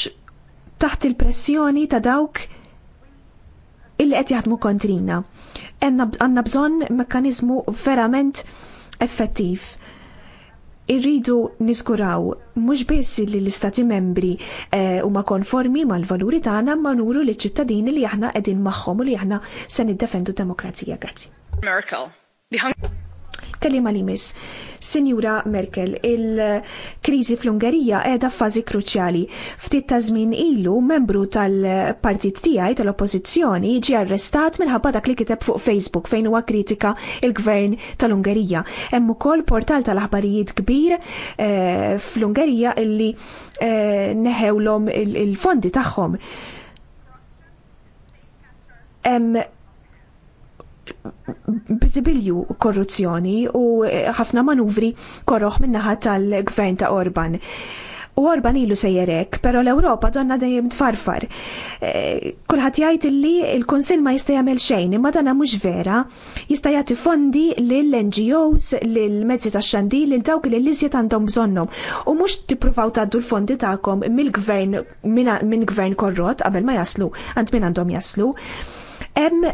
taħt il-pressjoni ta' dawk illi qed jaħdmu kontrina. Għanna bżon mekkanizmu verament effettiv irridu niskuraw mhux biss li l-istati membri eh, huma konformi mal-valuri tagħna ma nuru li ċittadini li aħna qegħdin magħhom u li aħna se niddefendu demokrazija. Grazzi. Merkel. Kelima li miss. Sinjura Merkel, il-krizi fl-Ungerija edha fazi kruċjali. Ftit ta' żmien ilu membru tal-partit tiegħi tal-Oppożizzjoni ġie arrestat minħabba dak li kiteb fuq Facebook fejn huwa kritika il-Gvern tal-Ungerija. Hemm ukoll portal tal-aħbarijiet kbir eh, fl-Ungerija illi eh, neħewlhom il-fondi tagħhom bizibilju korruzzjoni u ħafna manuvri korroħ min-naħa tal-gvern ta' Orban. U Orban ilu sejjerek, pero l-Europa donna dejjem tfarfar. Eh, kulħadd jgħajt illi l-Kunsill ma jista' jagħmel xejn, imma dana mhux vera, jista' jagħti fondi lill-NGOs, lill-mezzi tax xandi lil dawk li l-iżjed għandhom bżonnhom. U mhux tippruvaw tgħaddu l-fondi tagħkom mill-gvern minn gvern korrot qabel ma jaslu, għand min għandhom jaslu. Hemm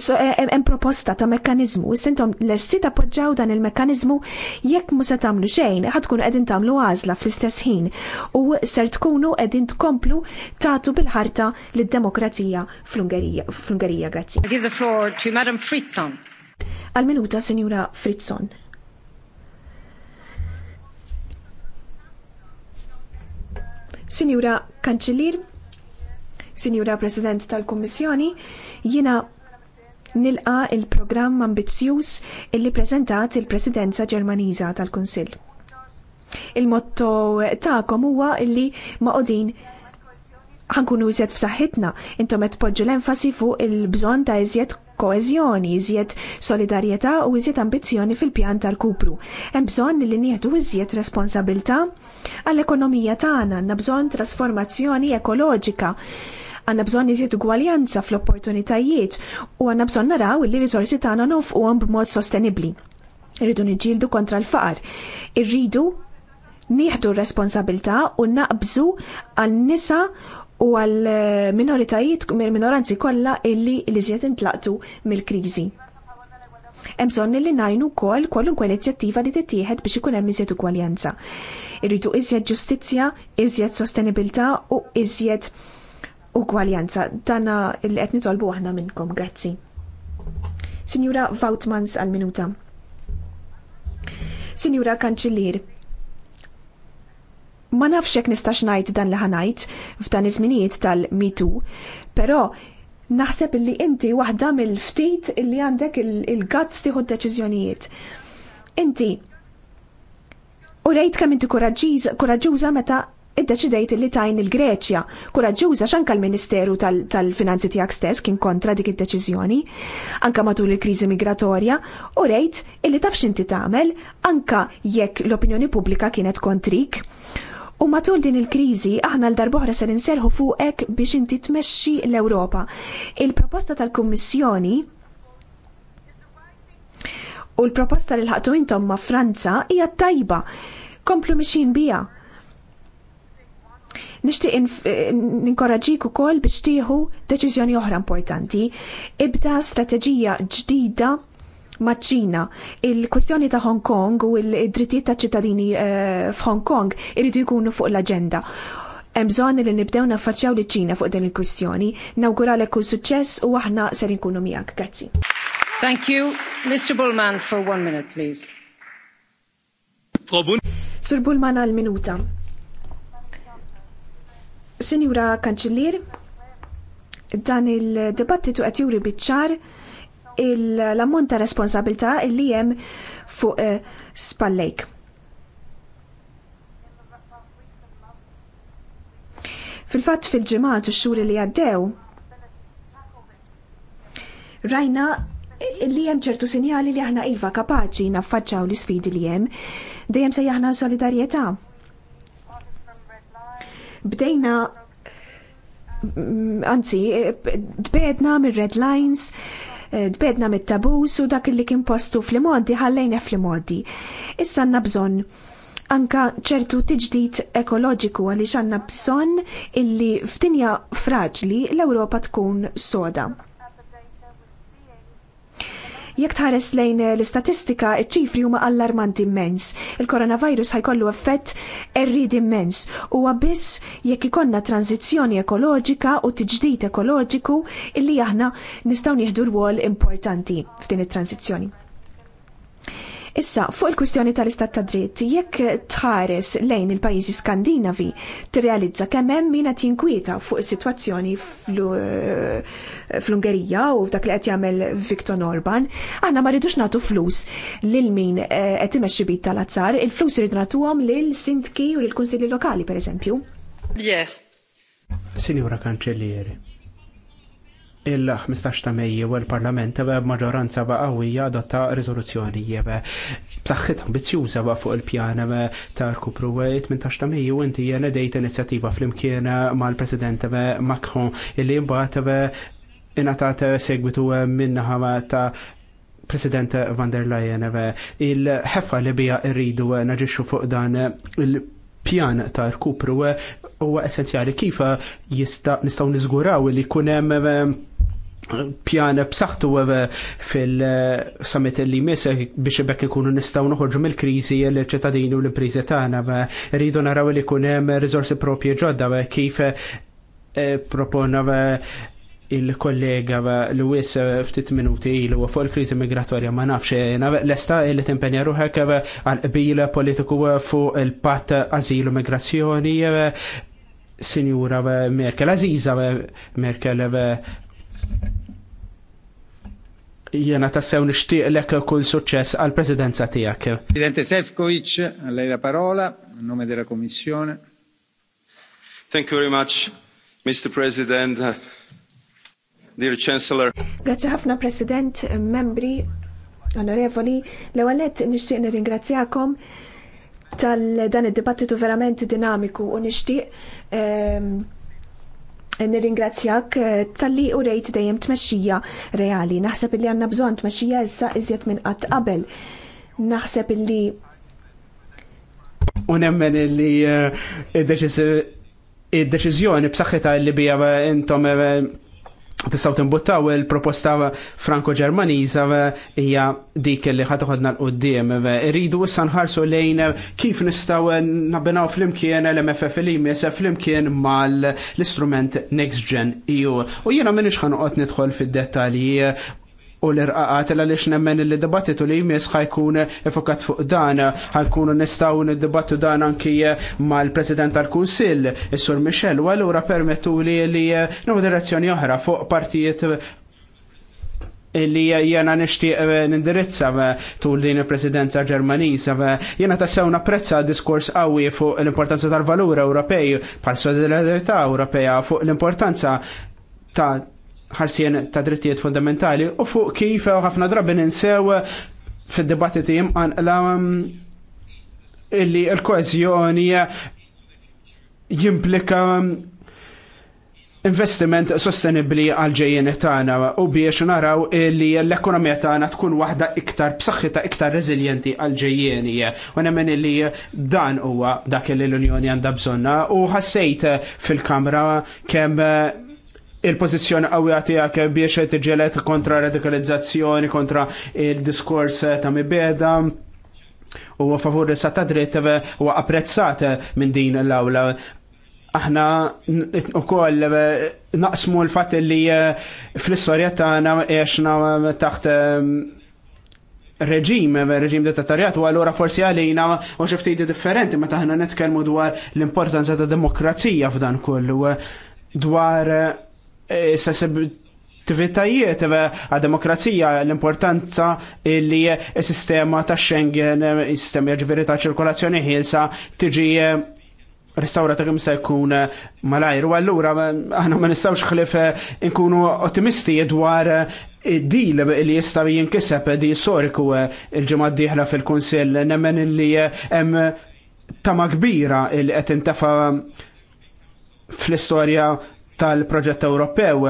so, eh, eh, hemm proposta ta' mekkaniżmu, intom lesti tappoġġaw dan il mekkanizmu jekk mhux se tagħmlu xejn, ħad tkunu qegħdin tagħmlu għażla fl-istess ħin u ser tkunu qegħdin tkomplu tagħtu bil-ħarta lid-demokrazija fl-Ungerija. Grazzi. I give the floor to Madam Fritzon. Għal-minuta, senjura Fritzon. Sinjura Kanċellir, Sinjura President tal-Kommissjoni, jina nilqa il-programm ambizzjuż illi prezentat il-Presidenza Ġermaniża tal-Kunsill. Il-motto tagħkom huwa illi ma' ħankun iżjed f'saħħitna, intom qed poġġu l-enfasi fuq il-bżonn ta' iżjed koeżjoni, iżjed solidarjetà u iżjed ambizzjoni fil-pjan tal-kupru. Hemm bżonn li nieħdu iżjed responsabilità għall-ekonomija tagħna, għandna bżonn trasformazzjoni ekoloġika Għanna bżonn iżid gwaljanza fl-opportunitajiet u għanna bżonn naraw li risorsi tagħna nofquhom b'mod sostenibbli. Irridu nġildu kontra l-faqar. Irridu nieħdu r-responsabilità u naqbżu għan-nisa u għal eh, minoritajiet, minoranzi kollha illi li żjed intlaqtu mill-kriżi. Hemm bżonn li ngħinu wkoll kwalunkwe inizjattiva li tittieħed biex ikun hemm iżjed ugwaljanza. Irridu iżjed ġustizzja, iżjed sostenibilità u iżjed ugwaljanza. Dana li qed nitolbu aħna minnkom, grazzi. Sinjura Vautmans għal minuta. Sinjura Kanċillier, ma nafx nistax ngħid dan li ħanajt f'dan iż-żminijiet tal-mitu, però naħseb li inti waħda mill-ftit li għandek il-gazz tieħu d-deċiżjonijiet. Inti, u rejt kemm inti koraġġuża meta iddeċidejt li tajn il-Greċja. Kuraġġuża xanka l-Ministeru tal-Finanzi tiegħek stess kien kontra dik id-deċiżjoni, anka matul il-kriżi migratorja, u rejt illi taf x'inti tagħmel anka jekk l-opinjoni pubblika kienet kontrik. U matul din il-kriżi aħna l-darbohra se ninserħu fuqek biex inti tmexxi l-Ewropa. Il-proposta tal-Kummissjoni u l-proposta li ħatu intom ma' Franza hija tajba. Komplu mixin bija Nixtieq ninkoraġġik eh, ukoll biex tieħu deċiżjoni oħra importanti. Ibda strateġija ġdida maċ-Ċina. Il-kwestjoni ta' Hong Kong u l-drittijiet ta' ċittadini eh, f'Hong Kong iridu jkunu fuq l-aġenda. Hemm bżonn li nibdew naffaċċjaw liċ ċina fuq din il-kwistjoni. Nawguralek kull suċċess u aħna ser inkunu miegħek. Grazzi. Thank you. Mr. Bullman for one minute, please. Sur Bullman għal minuta. Sinjura Kanċillier, dan il-dibattitu qed juri biċ-ċar l-ammont ta' responsabilità li hemm fuq eh, spallejk. Fil-fatt fil-ġimgħat u x-xhur li għaddew, rajna li hemm ċertu sinjali li aħna iva kapaċi naffaċċaw l-isfidi li hemm, dejjem se jaħna solidarjetà bdejna mm, anzi, dbedna mir-red lines, eh, dbedna mit-tabus u dak li kien postu fl-modi ħallejna fl-modi. Issa għandna bżonn anka ċertu tiġdid ekoloġiku għaliex għandna bżonn illi f'dinja fraġli l-Ewropa tkun soda. Jekk tħares lejn eh, l-istatistika, iċ-ċifri huma allarmanti immens. Il-koronavirus ħajkollu effett errid immens u biss jekk ikonna tranzizjoni ekoloġika u tiġdid ekoloġiku illi aħna nistgħu nieħdu rwol importanti f'din it-tranzizzjoni. Issa, fuq il-kwistjoni tal-istat ta' dritt, jekk tħares lejn il-pajjiżi skandinavi, tirrealizza kemm hemm min qed jinkwieta fuq is-sitwazzjoni eh, fl-Ungerija u dak li qed jagħmel Viktor Orban, aħna ma rridux nagħtu flus lil min eh, qed imexxi bit tal-azzar, il-flus irid nagħtuhom lil sindki u lill kunsilli lokali pereżempju. Sinjura Kanċellieri il-15 ta' Mejju u l-Parlament ba' qawwija adotta riżoluzzjoni b'saħħit ba' fuq il-pjan ta' rkupru 18 ta' Mejju inti ngħidejt inizjattiva flimkien mal-President Macron illi mbagħad ingħatat segwitu eh, minnaħa ta' President van der Leyen il-ħefa li bija rridu eh, naġixxu fuq dan eh, il- pjan ta' rkupru huwa essenzjali kif jista' nistgħu niżguraw li jkun hemm ehm, pjan b'saħħtu ehm, fil-summit li jmiss biex ibek ikunu nistgħu noħorġu mill-kriżi l-ċittadini u l-impriżi tagħna. Rridu naraw li jkun hemm riżorsi propji ġodda kif eh, proponna ehm, il-kollega Luis eh, ftit minuti ilu eh, fuq il-kriżi migratorja ma nafx eh, l-esta li timpenja ruħek għal qbila politiku fuq il-patt azilu migrazzjoni Sinjura Merkel, Aziza Merkel jena tassew nishtiq lek kull suċċess għal presidenza tijak. Presidente Sefkovic, lei la parola, a nome della Commissione. Thank you very much, Mr. President dear Chancellor. Grazie ħafna President, membri, onorevoli, l-ewalet nishtiq nirringrazzjakom tal-dan id-dibattitu verament dinamiku u nishtiq ehm, nirringrazzjak eh, tal-li u rejt dejjem tmexxija reali. Naħseb li għanna bżon tmexxija issa iżjed minn qatt qabel. Naħseb li. U nemmen li eh, id-deċiżjoni b'saħħitha li bija intom eh, Tistaw timbuttaw il-proposta franko-ġermaniza eh, hija dik li ħatħodna l-qoddim. Irridu eh, issa nħarsu lejn eh, kif nistaw nabbinaw flimkien l-MFF li jmiss flimkien mal l-istrument Next Gen EU. U jiena minnix ħanqot nidħol fid-dettalji u l-irqaqat l għaliex nemmen il-dibattitu li jmiss ħajkun ifokat fuq dan, ħajkunu nistaw nid-dibattu dan anki mal-President tal-Kunsill, is-Sur Michel, u għallura permettu li li direzzjoni oħra fuq partijiet li jena nishtiq eh, nindirizza eh, tul din il-presidenza ġermanisa. Eh. Jena tassew napprezza diskors qawwi fuq l-importanza tal-valur Ewropej, pal solidarità Ewropeja, fuq l-importanza ta' ħarsien ta' drittijiet fundamentali u fuq kif ħafna drabi ninsew fid-dibattiti imqanqla um, illi l-koezjoni jimplika um, investiment sostenibli għal-ġejjeni tagħna u biex naraw illi l-ekonomija tagħna tkun waħda iktar b'saħħitha iktar reżiljenti għal-ġejjeni. U nemmen illi dan huwa dak li l-Unjoni għandha bżonna u ħassejt fil-Kamra kemm il-pozizjoni qawwija tiegħek biex tiġġeled kontra radikalizzazzjoni, kontra il-diskors ta' mibeda u favur sa ta' dritt u apprezzat minn din l-awla. Aħna u koll naqsmu l-fat li eh, fl-istorja tagħna għexna taħt eh, reġim, reġim dittatorjat, u għallura forsi għalina u xiftit differenti ma taħna nitkellmu dwar l-importanza ta' demokrazija f'dan kollu dwar E, sensitivitajiet e, għad-demokrazija l-importanza li s-sistema e, ta' Schengen, s-sistema ġveri ta' ċirkolazzjoni ħilsa tiġi restaurata kemm se jkun malajr. U allura aħna ma nistawx ħlif nkunu ottimisti dwar id-dil li jista' jinkiseb di storiku il-ġimgħa d-dieħla fil-Kunsill nemmen li hemm tama kbira il qed intafa fl-istorja tal-proġett Ewropew.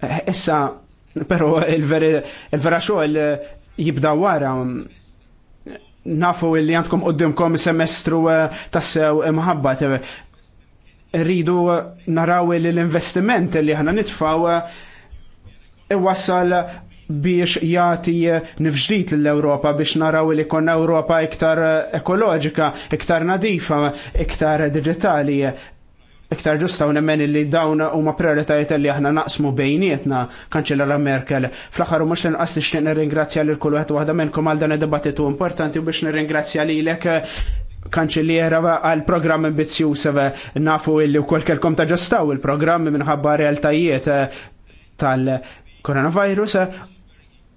Eh, issa, però il-vera xogħol eh, jibda wara nafu li għandkom għoddimkom semestru eh, tassew imħabbat. Rridu naraw li l-investiment li ħana nitfaw iwassal biex jati nifġdijt l-Europa biex naraw li konna Europa iktar ekoloġika, iktar nadifa, iktar digitali iktar ġusta u nemmen li dawn huma prioritajiet li aħna naqsmu bejnietna kanċellara Merkel. Fl-aħħar mhux inqas nixtieq nirringrazzja lil kull wieħed waħda menkom għal dan id-dibattitu importanti u biex nirringrazzja lilek kanċelliera għal programm ambizzjuż nafu illi wkoll kelkom taġastaw il-programm minħabba realtajiet tal-koronavirus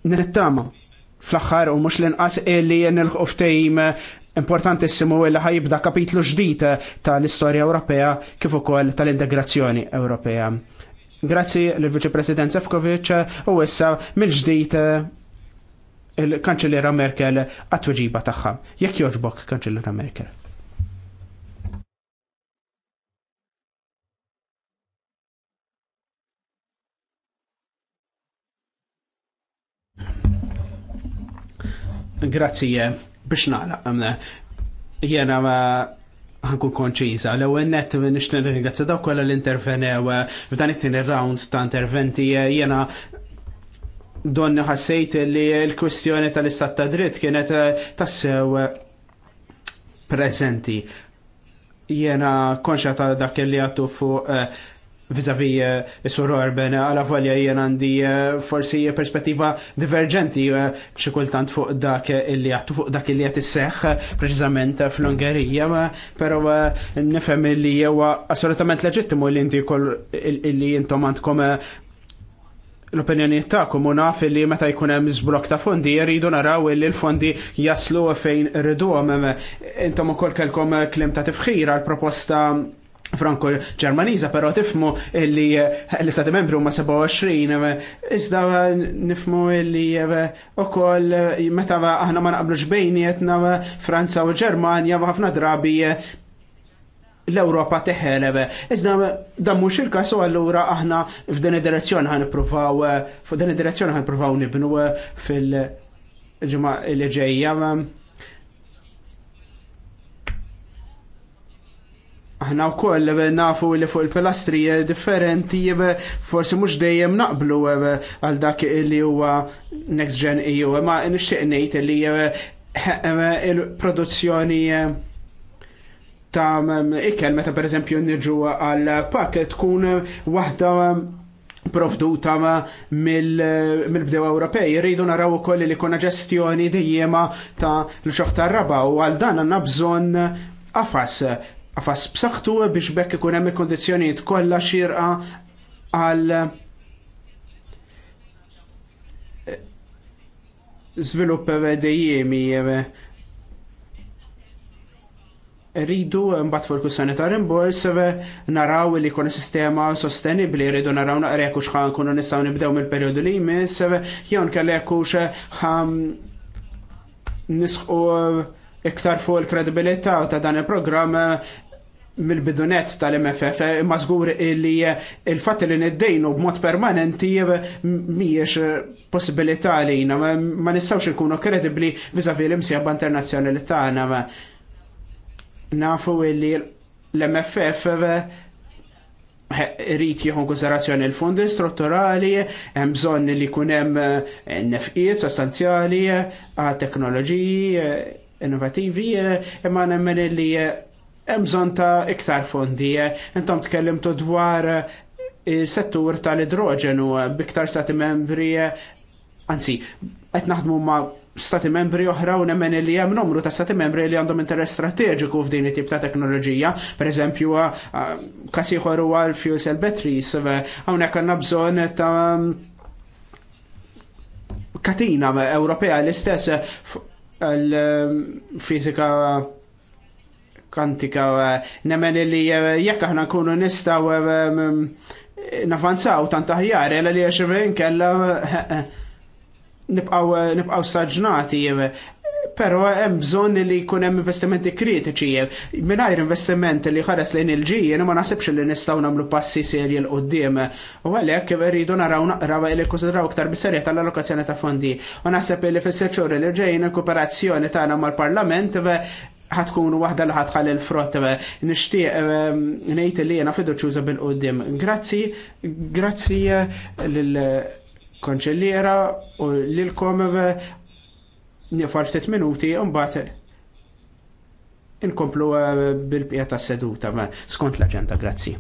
nittama fl-axħar u mux l-inqas li nilħu ftejm importantissimu li ħajibda kapitlu ġdid tal-istorja Ewropea kif ukoll tal-integrazzjoni Ewropea. Grazzi l-Viċi President Sefkovic u issa mill-ġdid il-Kanċellera Merkel għat-tweġiba tagħha. Jekk joġbok, Kanċellera Merkel. Grazie biex naqra. Jena ħankun konċiza, L-ewwel nett nixtieq nirringrazzja dawk kollha l-intervenew eh, f'dan it-tieni round ta' interventi eh, jiena donni ħassejt li l-kwistjoni tal-istat ta' dritt kienet eh, tassew prezenti. Jena konxa ta' dak li għattu fuq vizavi eh, s-sur Orben, eh, għala volja jien għandi eh, forsi perspettiva divergenti xikultant fuq dak il-li għattu fuq dak illi għat seħ preċizament fl-Ungerija, pero nifem il-li jewa assolutament leġittimu li inti kol illi jintom għandkom l opinjoni ta' komuna fil li meta jkun hemm żblok ta' fondi jridu naraw li l-fondi jaslu fejn rridu Intom ukoll kelkom klim ta' tifħira l-proposta franko ġermaniza, pero tifmu li eh, l-istati membri huma 27, eh, iżda nifmu li eh, u meta aħna ma naqblux bejnietna Franza u Ġermanja ħafna drabi l-Europa teħeleb. Iżda dan mhux il-każ u allura aħna f'din id-direzzjoni ippruvaw f'din id-direzzjoni ippruvaw nibnu fil-ġimgħa li ġejja Aħna wkoll eh, nafu li fuq il-pilastri eh, differenti eh, forsi mhux dejjem naqblu għal dak li huwa Next Gen EU, ma nixtieq ngħid li il-produzzjoni ta' mm, ikel meta pereżempju nġu għal pak tkun waħda provduta mill-bdew Ewropej. Rridu naraw ukoll li kuna ġestjoni dejjema ta' l xoħta tar-raba u għal dan għandna bżonn għafas għafas b'saħħtu biex bekk ikun hemm il-kondizzjonijiet kollha xirqa għal eh, żvilupp dejjemi eh, rridu mbagħad fuq il-kussjoni ta' rimbors eh, naraw li jkun sistema sostenibbli, rridu naraw naqra jekk x'ħan nkunu nistgħu nibdew mill-perjodu li jmiss, jew nkella jekk nisħu iktar fuq il-kredibilità ta' dan il-programm mill-bidunet tal-MFF imma żgur li eh, il-fatt li niddejnu b'mod permanenti eh, mhijiex eh, possibilità jina ma nistgħux ikunu kredibbli vizavi l imsijab internazzjonali tagħna. Nafu li l-MFF rrit jieħu konsiderazzjoni l-fondi strutturali, hemm bżonn li jkun hemm nefqiet sostanzjali teknoloġiji innovativi, imma nemmen li Emżon ta' iktar fondi, intom tkellimtu dwar il-settur tal-idroġenu biktar stati membri, anzi, qed naħdmu ma' stati membri oħra u nemmen li hemm numru ta' stati membri li għandhom interess strateġiku f'din it-tip ta' teknoloġija, pereżempju eżempju, kasiħor u għal fuel cell batteries, hawnhekk għandna bżonn ta' katina Ewropea l-istess fizika kantika eh, nemmen li eh, jekk aħna nkunu nistgħu eh, nafanzaw tant aħjar, illa li għaxibin kella nibqaw staġnati. Pero hemm bżonn li jkun hemm investimenti kritiċi. Mingħajr investimenti li ħares lejn il-ġijien ma naħsibx li nistgħu nagħmlu passi serji l qudiem U għalhekk irridu naraw naqraw li konsidraw iktar biserja tal-allokazzjoni ta' fondi. U naħseb li fis-seċur li ġejjin il-kooperazzjoni tagħna mal-Parlament ħatkunu wahda li ħatħal il-frott eh, nishtiq eh, nejt li jena ċuza bil-qoddim. Grazzi, grazzi eh, l-konċelliera u l-kom nifar ftit minuti mbagħad inkomplu bil pieta tas seduta skont l-aġenda, grazzi.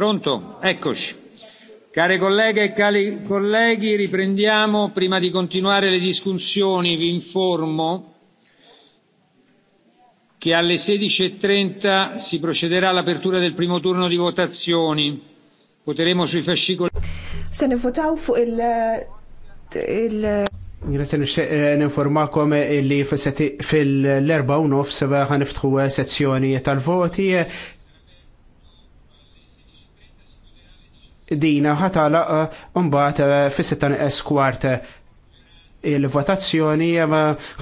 Pronto? Eccoci. Care colleghe e cari colleghi, riprendiamo. Prima di continuare le discussioni vi informo che alle 16.30 e si procederà all'apertura del primo turno di votazioni. Voteremo sui fascicoli. Se ne votaw fu il... il... Grazie eh, n-informakom li fil-erba u nof seba ħaniftħu sezzjoni tal-voti dina ħatala umbat uh, uh, fis-sitta es uh, il-votazzjoni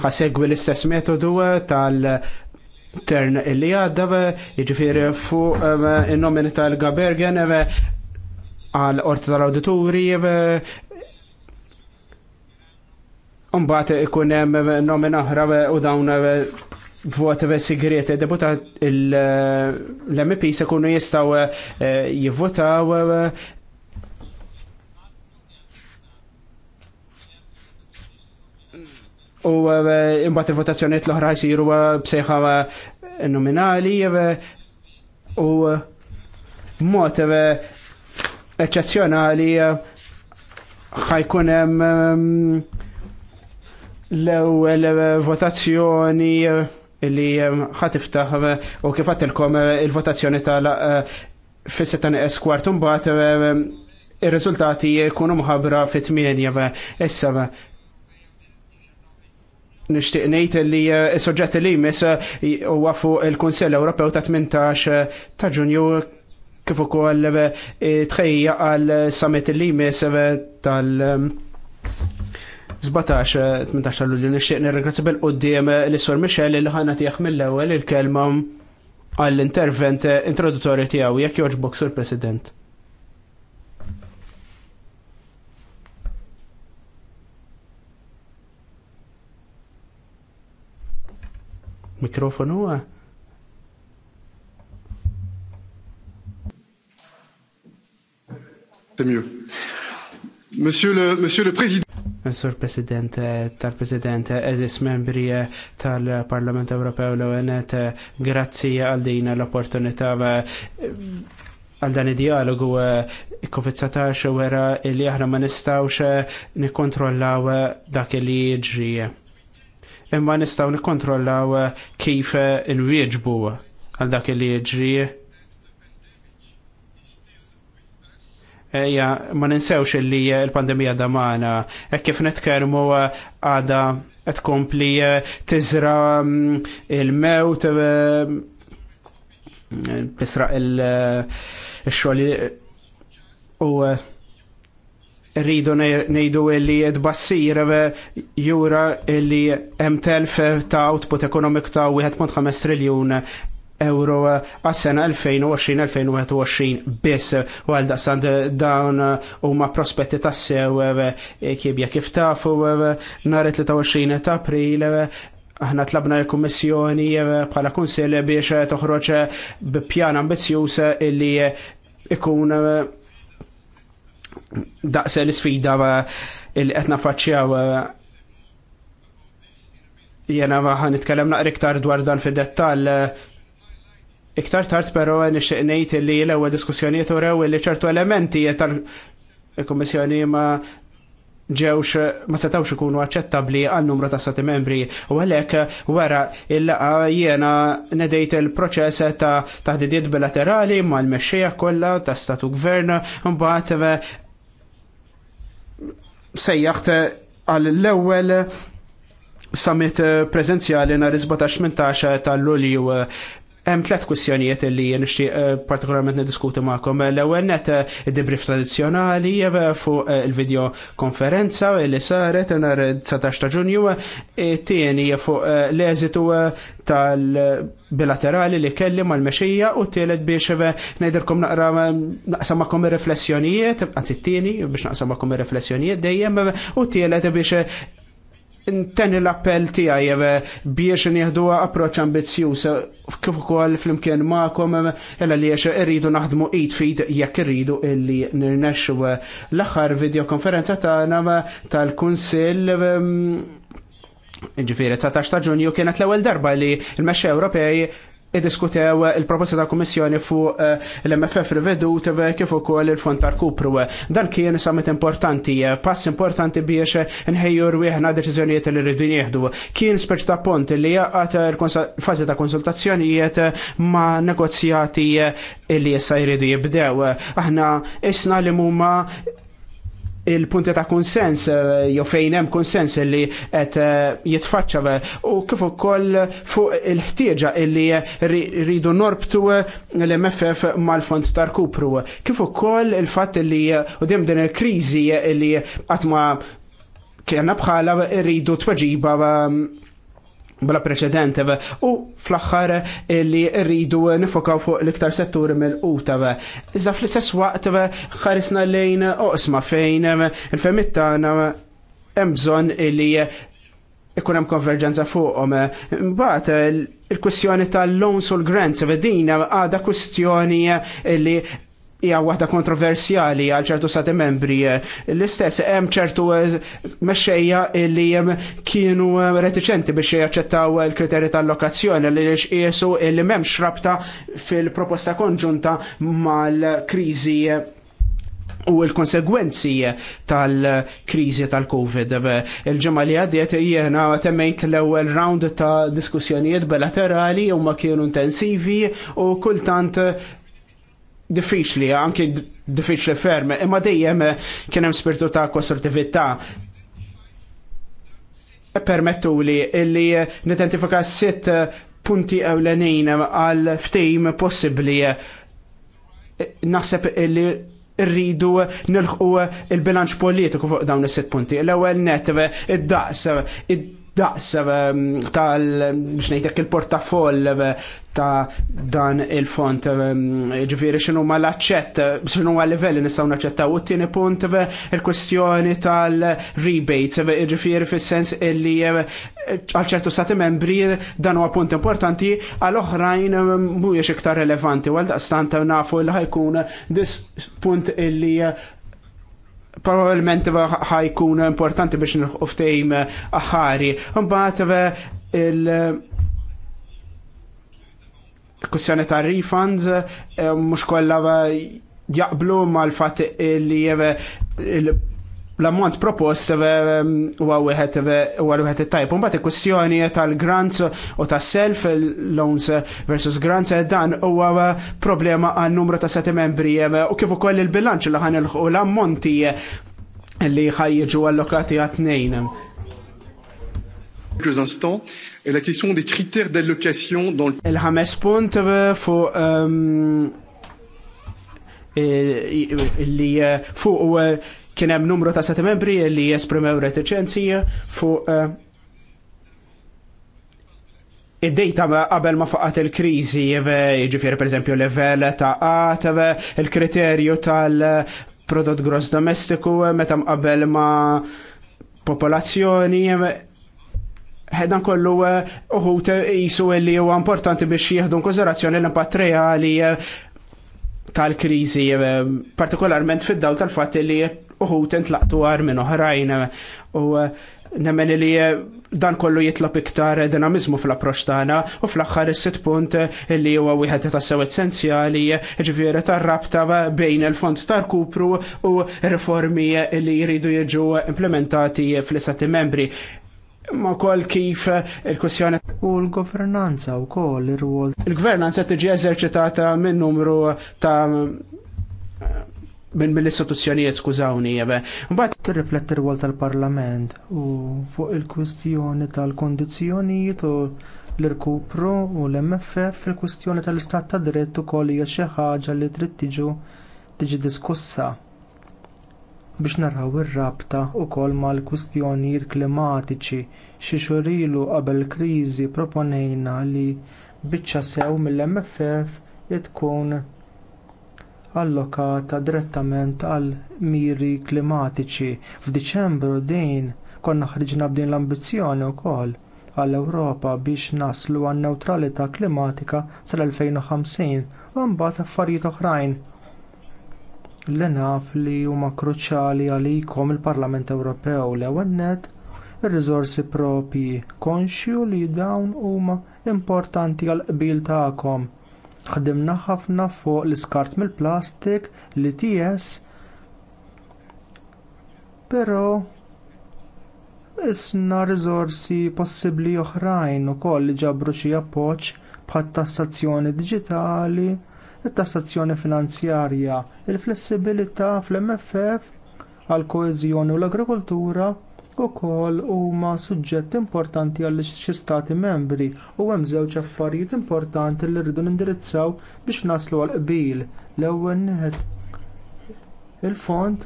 ħasegwi l-istess metodu tal-tern illi għadda iġifiri fuq um, in-nomini tal-Gabergen għal orta tal-awdituri Umbat ikun hemm nomin oħra u dawn vot segreti deputat l-MP se kunu jistaw jivvotaw u e, e, imbagħad il votazzjoniet l-oħra jsiru e, b'seħħa nominali u mod eċċezzjonali ħajkun hemm l-ewwel votazzjoni li ħatiftaħ u kif għattilkom il-votazzjoni tal fis-setan eskwart mbagħad ir-riżultati jkunu mħabbra fit-8 issa Nishtiq ngħid li eh, s-soġġett li jmiss eh, huwa fuq il-Kunsell Ewropew ta' 18 eh, ta' Ġunju kif ukoll tħejja għal summit li jmiss tal- 17-18 ta' Lulju nixtieq nirringrazzi bil-qudiem l sur Michel li ħana tiegħek mill-ewwel il-kelma għall-intervent introduttorju tiegħu jekk jogħġbok sur President. Mikrofonu eh? mieux. Monsieur le, Monsieur le Président. Monsieur eh, le Président, tal-President, eżis membri eh, tal-Parlament Ewropew l għenet grazzi għal din l-opportunità għal dan id-dialogu covid u għera li aħna ma nistawx nikontrollaw dak li ġrije imma nistgħu nikkontrollaw eh, kif eh, inwieġbu għal dak li jġri. Ejja, ma ninsewx li eh, l-pandemija damana, hekk kif netkermu għada qed kompli tiżra mm, il-mewt tisra il-xogħol u rridu nejdu illi id-bassir eh, jura illi hemm telf ta' output ekonomik ta' 1.5 triljun euro eh, għas-sena 2020-2021 biss u għal eh, dawn u ma prospetti tassew kibja kif tafu nar li ta' 20 ta' april aħna tlabna l-Kummissjoni bħala kunsil biex toħroġ bi pjan ambizzjuż illi ikun daqse l-sfida il qed faċċjaw eh, jena maħan nitkellem naqra iktar dwar dan fid-dettall eh, iktar tard però nixtieq ngħid li l-ewwel diskussjonijiet urew li ċertu elementi tal-Kummissjoni ma ġewx ma setawx ikunu aċċettabbli għal numru ta' stati membri u għalhekk wara il-laqa jiena nedejt il-proċess ta' taħdidiet bilaterali mal mexxija kollha ta' statu gvern mbagħad eh, sejjaħt eh, għal l-ewwel eh, summit eh, prezenzjali nhar 17-18 tal-Lulju Hemm tliet kwistjonijiet li jien nixtieq eh, partikolarment niddiskuti magħkom. L-ewwel net eh, id-debrief tradizzjonali eh, fuq il-video konferenza li saret nhar 19 ta' Ġunju, tieni fuq l-eżitu tal-bilaterali li kelli mal-mexija u tielet biex ngħidilkom naqra naqsam magħkom ir-riflessjonijiet, anzi tieni biex naqsam magħkom ir-riflessjonijiet dejjem u tielet biex Inteni l-appell tiegħi biex nieħdu approċċ ambizzjuż kif ukoll flimkien magħkom illa li għax irridu naħdmu id fid jekk irridu illi nirnexxu l-aħħar videokonferenza tagħna tal-Kunsill ehm, Ġifiri, 19 ta' ġunju kienet l-ewwel darba li l-mexxej Ewropej id-diskutew il-proposta ta' kommissjoni fuq eh, l-MFF rivedu tebe kif ukoll il-fond tal-kupru. Dan kien summit importanti, pass importanti biex nħejju rwieħna deċiżjonijiet li rridu jieħdu. Kien speċ ta' pont li jaqat il-fazi ta' konsultazzjonijiet ma' negozjati li jessa jridu jibdew. Aħna isna li mumma il-punti ta' konsens eh, jew fejn hemm konsens li qed eh, jitfaċċa u kif ukoll fuq il-ħtieġa li eh, rridu norbtu l-MFF mal-fond ta' kupru. Kif ukoll il-fatt li u din il-kriżi li qatt ma kienna bħala rridu tweġiba bla preċedenti u fl-axħar li rridu nifokaw fuq l-iktar setturi mill-quta. Iżda fl-istess waqt ħarisna lejn oqsma fejn il-femit tagħna hemm bżonn li ikun hemm konverġenza fuqhom. Mbagħad il-kwistjoni tal-loans u l-grants din għadha kwistjoni li hija waħda kontroversjali għal ċertu stati membri. Eh, l-istess hemm ċertu eh, mexxejja li eh, kienu reticenti biex jaċċettaw il-kriterji tal-lokazzjoni li xqiesu li m'hemmx rabta fil-proposta konġunta mal-kriżi u l-konsegwenzi tal-krizi tal-Covid. Il-ġemma li għaddiet jiena temmejt l-ewwel round ta' diskussjonijiet bilaterali u ma kienu intensivi u kultant diffiċli, anki diffiċli ferm, imma dejjem kien hemm spirtu ta' kostruttività. E permettu li illi nidentifika sitt punti ewlenin għal ftejm possibbli e, naħseb illi rridu nilħqu il-bilanċ politiku fuq dawn is-sitt punti. L-ewwel net id-daqs, id daqs ehm, tal xnejtek il-portafoll ehm, ta' dan il-font ehm, ġifiri xinu ma l-accett, xinu ma l-livelli nistaw naċċetta u t-tini punt il-kwestjoni tal-rebates ġifiri fil-sens illi għalċertu stati membri dan huwa punt importanti għal-oħrajn mhuwiex iktar relevanti għal daqstan nafu li ħajkun dis punt illi probabbilment ħajkun importanti biex nilħu aħari. Mbagħad il- kussjoni ta' refunds eh, mhux kollha jaqblu mal-fatt li il l-ammont propost huwa wieħed huwa wieħed it-tajb. Imbagħad il-kwestjoni tal-grants u tas-self loans versus grants dan huwa problema għan numru ta' seti membri u kif ukoll il-bilanċ li ħan u l-ammonti li ħajġu allokati għat-tnejn. la question des critères d'allocation dans Il-ħames punt fu e, li fuq kien hemm numru ta' stati membri li jesprimew reticenzi fuq eh, id-dejta qabel ma faqat il kriżi ġifiri pereżempju level ta' qat, il-kriterju tal-prodott gross domestiku, meta qabel ma popolazzjoni, ħedan kollu eh, uħut jisu li huwa importanti biex jieħdu konsiderazzjoni l-impatt reali eh, tal kriżi partikolarment fid-dawl tal-fatt li uħu intlaqtu għar minn oħrajn u uh, nemmen li uh, dan kollu jitlob iktar dinamizmu fl-approċ tagħna u fl-aħħar is-sitt punt uh, li huwa wieħed ta' sew essenzjali ġifieri tar-rabta bejn il-fond tar-kupru u riformi li jridu jiġu implementati fl-istati membri ma kol kif il-kwestjoni. U l-governanza u kol il-rwol. Il-governanza tiġi eżerċitata minn numru ta' minn mill-istituzzjonijiet skużawni jebe. Mbagħad tirrifletti r tal-Parlament u fuq il-kwistjoni tal-kondizzjonijiet u l-irkupru u l-MFF fil-kwistjoni tal-istat ta' dritt ukoll hija xi ħaġa li trid tiġu tiġi diskussa biex narraw ir-rabta wkoll mal-kwistjonijiet klimatiċi xi xurilu qabel kriżi proponejna li biċċa sew mill-MFF jitkun allokata direttament għal miri klimatiċi. F'Diċembru din konna ħriġna b'din l-ambizzjoni wkoll għall-Ewropa biex naslu għan newtralità klimatika sal-2050 u mbagħad affarijiet oħrajn li naf li huma kruċjali għalikom il-Parlament Ewropew l ewwel nett ir-riżorsi propji konxju li dawn huma importanti għall qbil tagħkom Ħdimna ħafna fuq l-iskart mill-plastik li ties però isna riżorsi possibbli oħrajn ukoll li ġabru xi appoġġ bħat tassazzjoni diġitali, it-tassazzjoni finanzjarja, il-flessibilità fl-MFF għall koeżjoni u l-agrikoltura ukoll huma suġġett importanti għal xi stati membri u hemm żewġ affarijiet importanti li rridu nindirizzaw biex naslu għal qbil. L-ewwel neħed il-fond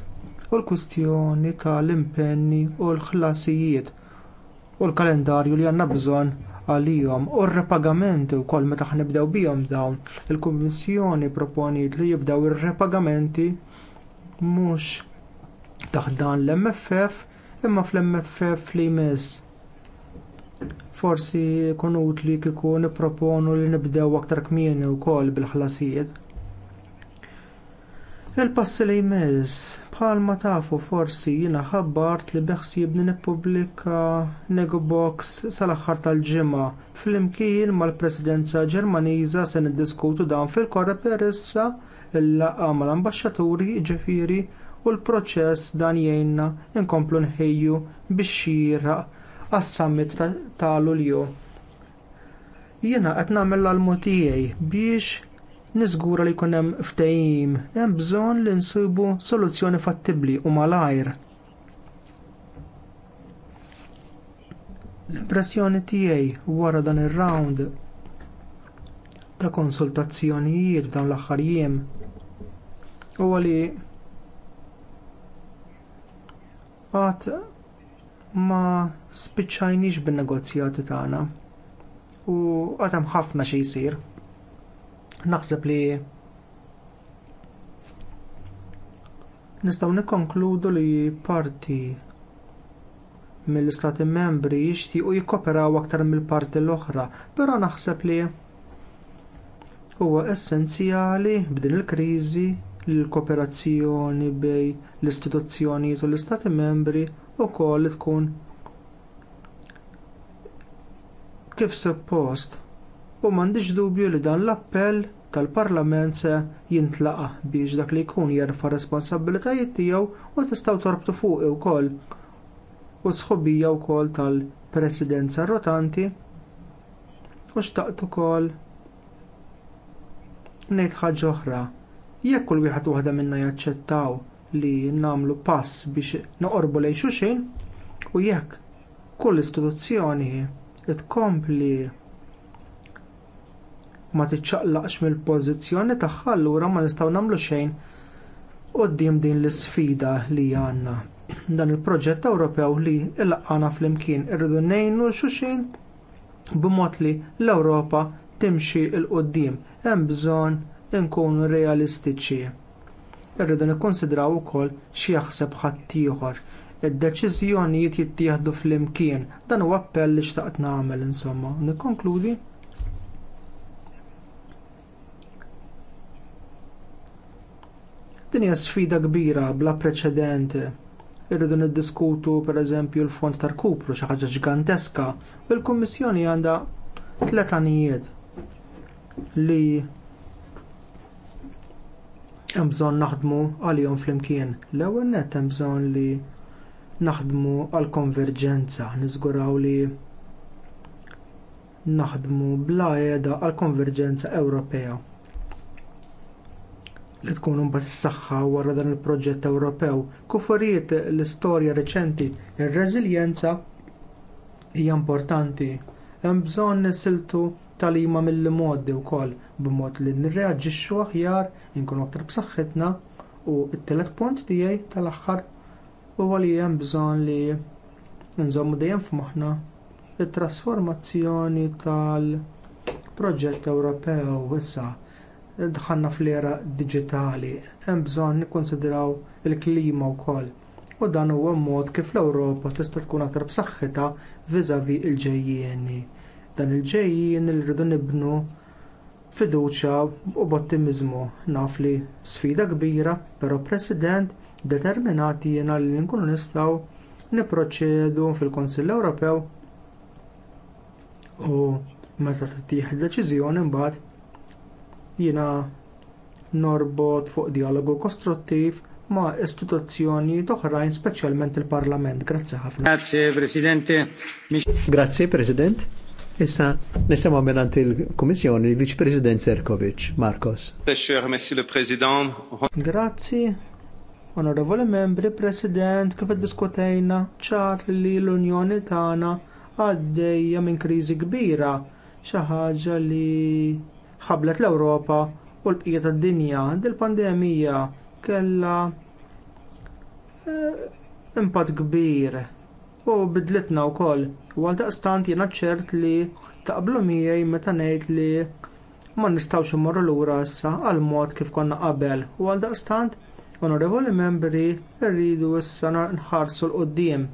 u l-kwistjoni tal-impenni u l-ħlasijiet u l-kalendarju li għandna bżonn għalihom u r-repagamenti wkoll meta ħnibdew bihom dawn. Il-Kummissjoni proponiet li jibdew ir-repagamenti mhux taħdan l-MFF imma fl-MFF li jmiss. Forsi kun utli kieku nipproponu li nibdew aktar kmieni wkoll bil-ħlasijiet. Il-passi li jmiss, bħalma tafu forsi jiena ħabbart li beħsibni nippubblika Negobox sal aħħar tal-ġimgħa. Flimkien mal-Presidenza Ġermaniża se niddiskutu dan fil-korra perissa il laqgħa mal-ambaxxaturi jiġifieri u l-proċess dan jgħinna nkomplu nħejju biex xieraq għas-summit ta' Lulju. Jiena qed nagħmel l-almu tiegħi biex niżgura li jkun hemm ftehim, hemm bżonn li nsibu soluzzjoni fattibbli u malajr. L-impressjoni tiegħi wara dan ir-round ta' konsultazzjonijiet f'dawn l-aħħar jiem huwa li għad ma spiċċajniex bin-negozjati tagħna u għad hemm ħafna xi jsir. Naħseb li nistgħu nikkonkludu li parti mill-istati membri jixtiequ jikkoperaw aktar mill-parti l-oħra, però naħseb li huwa essenzjali b'din il-kriżi l-kooperazzjoni bejn l-istituzzjonijiet u l-istati membri wkoll tkun kif suppost. U m'għandix dubju li dan l-appell tal-Parlament se jintlaqa biex dak li jkun jerfa' responsabbiltajiet tiegħu u tistgħu torbtu fuq wkoll u sħubija wkoll tal-Presidenza rotanti u xtaqt ukoll ngħid ħaġa oħra Jekk kull wieħed waħda minna jaċċettaw li nagħmlu pass biex noqorbu lejn xulxin u jekk kull istituzzjoni tkompli ma tiċċaqlaqx mill-pożizzjoni tagħha allura ma nistgħu nagħmlu xejn quddiem din l-isfida li għandna. Dan il-proġett Ewropew li illaqana flimkien irridu ngħinu l-xuxin b'mod li l-Ewropa timxi l qudiem Hemm bżonn nkunu realistiċi. Irridu nikkonsidraw ukoll xi jaħseb ħaddieħor. Id-deċiżjonijiet jittieħdu flimkien. Dan huwa appell li xtaqt nagħmel insomma. Nikkonkludi. Din hija sfida kbira bla preċedenti irridu niddiskutu pereżempju l-fond tal-kupru xi ħaġa ġiganteska, il kummissjoni għandha tliet għanijiet li hemm bżonn naħdmu għalihom flimkien. L-ewwel nett hemm bżonn li naħdmu għall konverġenza, niżguraw li naħdmu bla qiegħda għall konverġenza Ewropea li tkun imbagħad is-saħħa wara dan il-proġett Ewropew. Kufurijiet l-istorja reċenti ir-reżiljenza hija importanti. Hemm bżonn nisiltu liema mill-modi wkoll b'mod li nirreaġixxu aħjar, inkunu aktar b'saħħitna u t-telet punt tiegħi tal-aħħar huwa li hemm bżonn li nżommu dejjem f'moħħna it-trasformazzjoni tal-proġett Ewropew issa dħanna fl-era diġitali, hemm bżonn nikkonsidraw il-klima wkoll u dan huwa mod kif l-Ewropa tista' tkun aktar b'saħħitha viżavi l ġejjieni Dan il-ġejjien li rridu nibnu fiduċja u b'ottimiżmu. Naf li sfida kbira, però President determinati jiena li nkunu nistgħu nipproċedu fil-Kunsill Ewropew u meta tittieħed deċiżjoni mbagħad jiena norbot fuq dialogu kostruttiv ma' istituzzjoni oħrajn speċjalment il-Parlament. Grazzi ħafna. Grazie Presidente. Grazie President. Issa nisema minant il-Komissjoni Viċ President Serkovic, Marcos. President. Grazzi, onorevoli membri, President, kif diskutejna ċar li l-Unjoni tagħna għaddejja minn kriżi kbira xi ħaġa li ħablet l-Ewropa u l-bqija tad-dinja dil-pandemija kellha eh, impatt kbir u bidlitna wkoll. U għaldaqstant jiena ċert li taqblu miegħi meta ngħid li ma nistgħux immorru lura issa għal mod kif konna qabel u għaldaqstant onorevoli membri rridu issa nħarsu l-qoddim.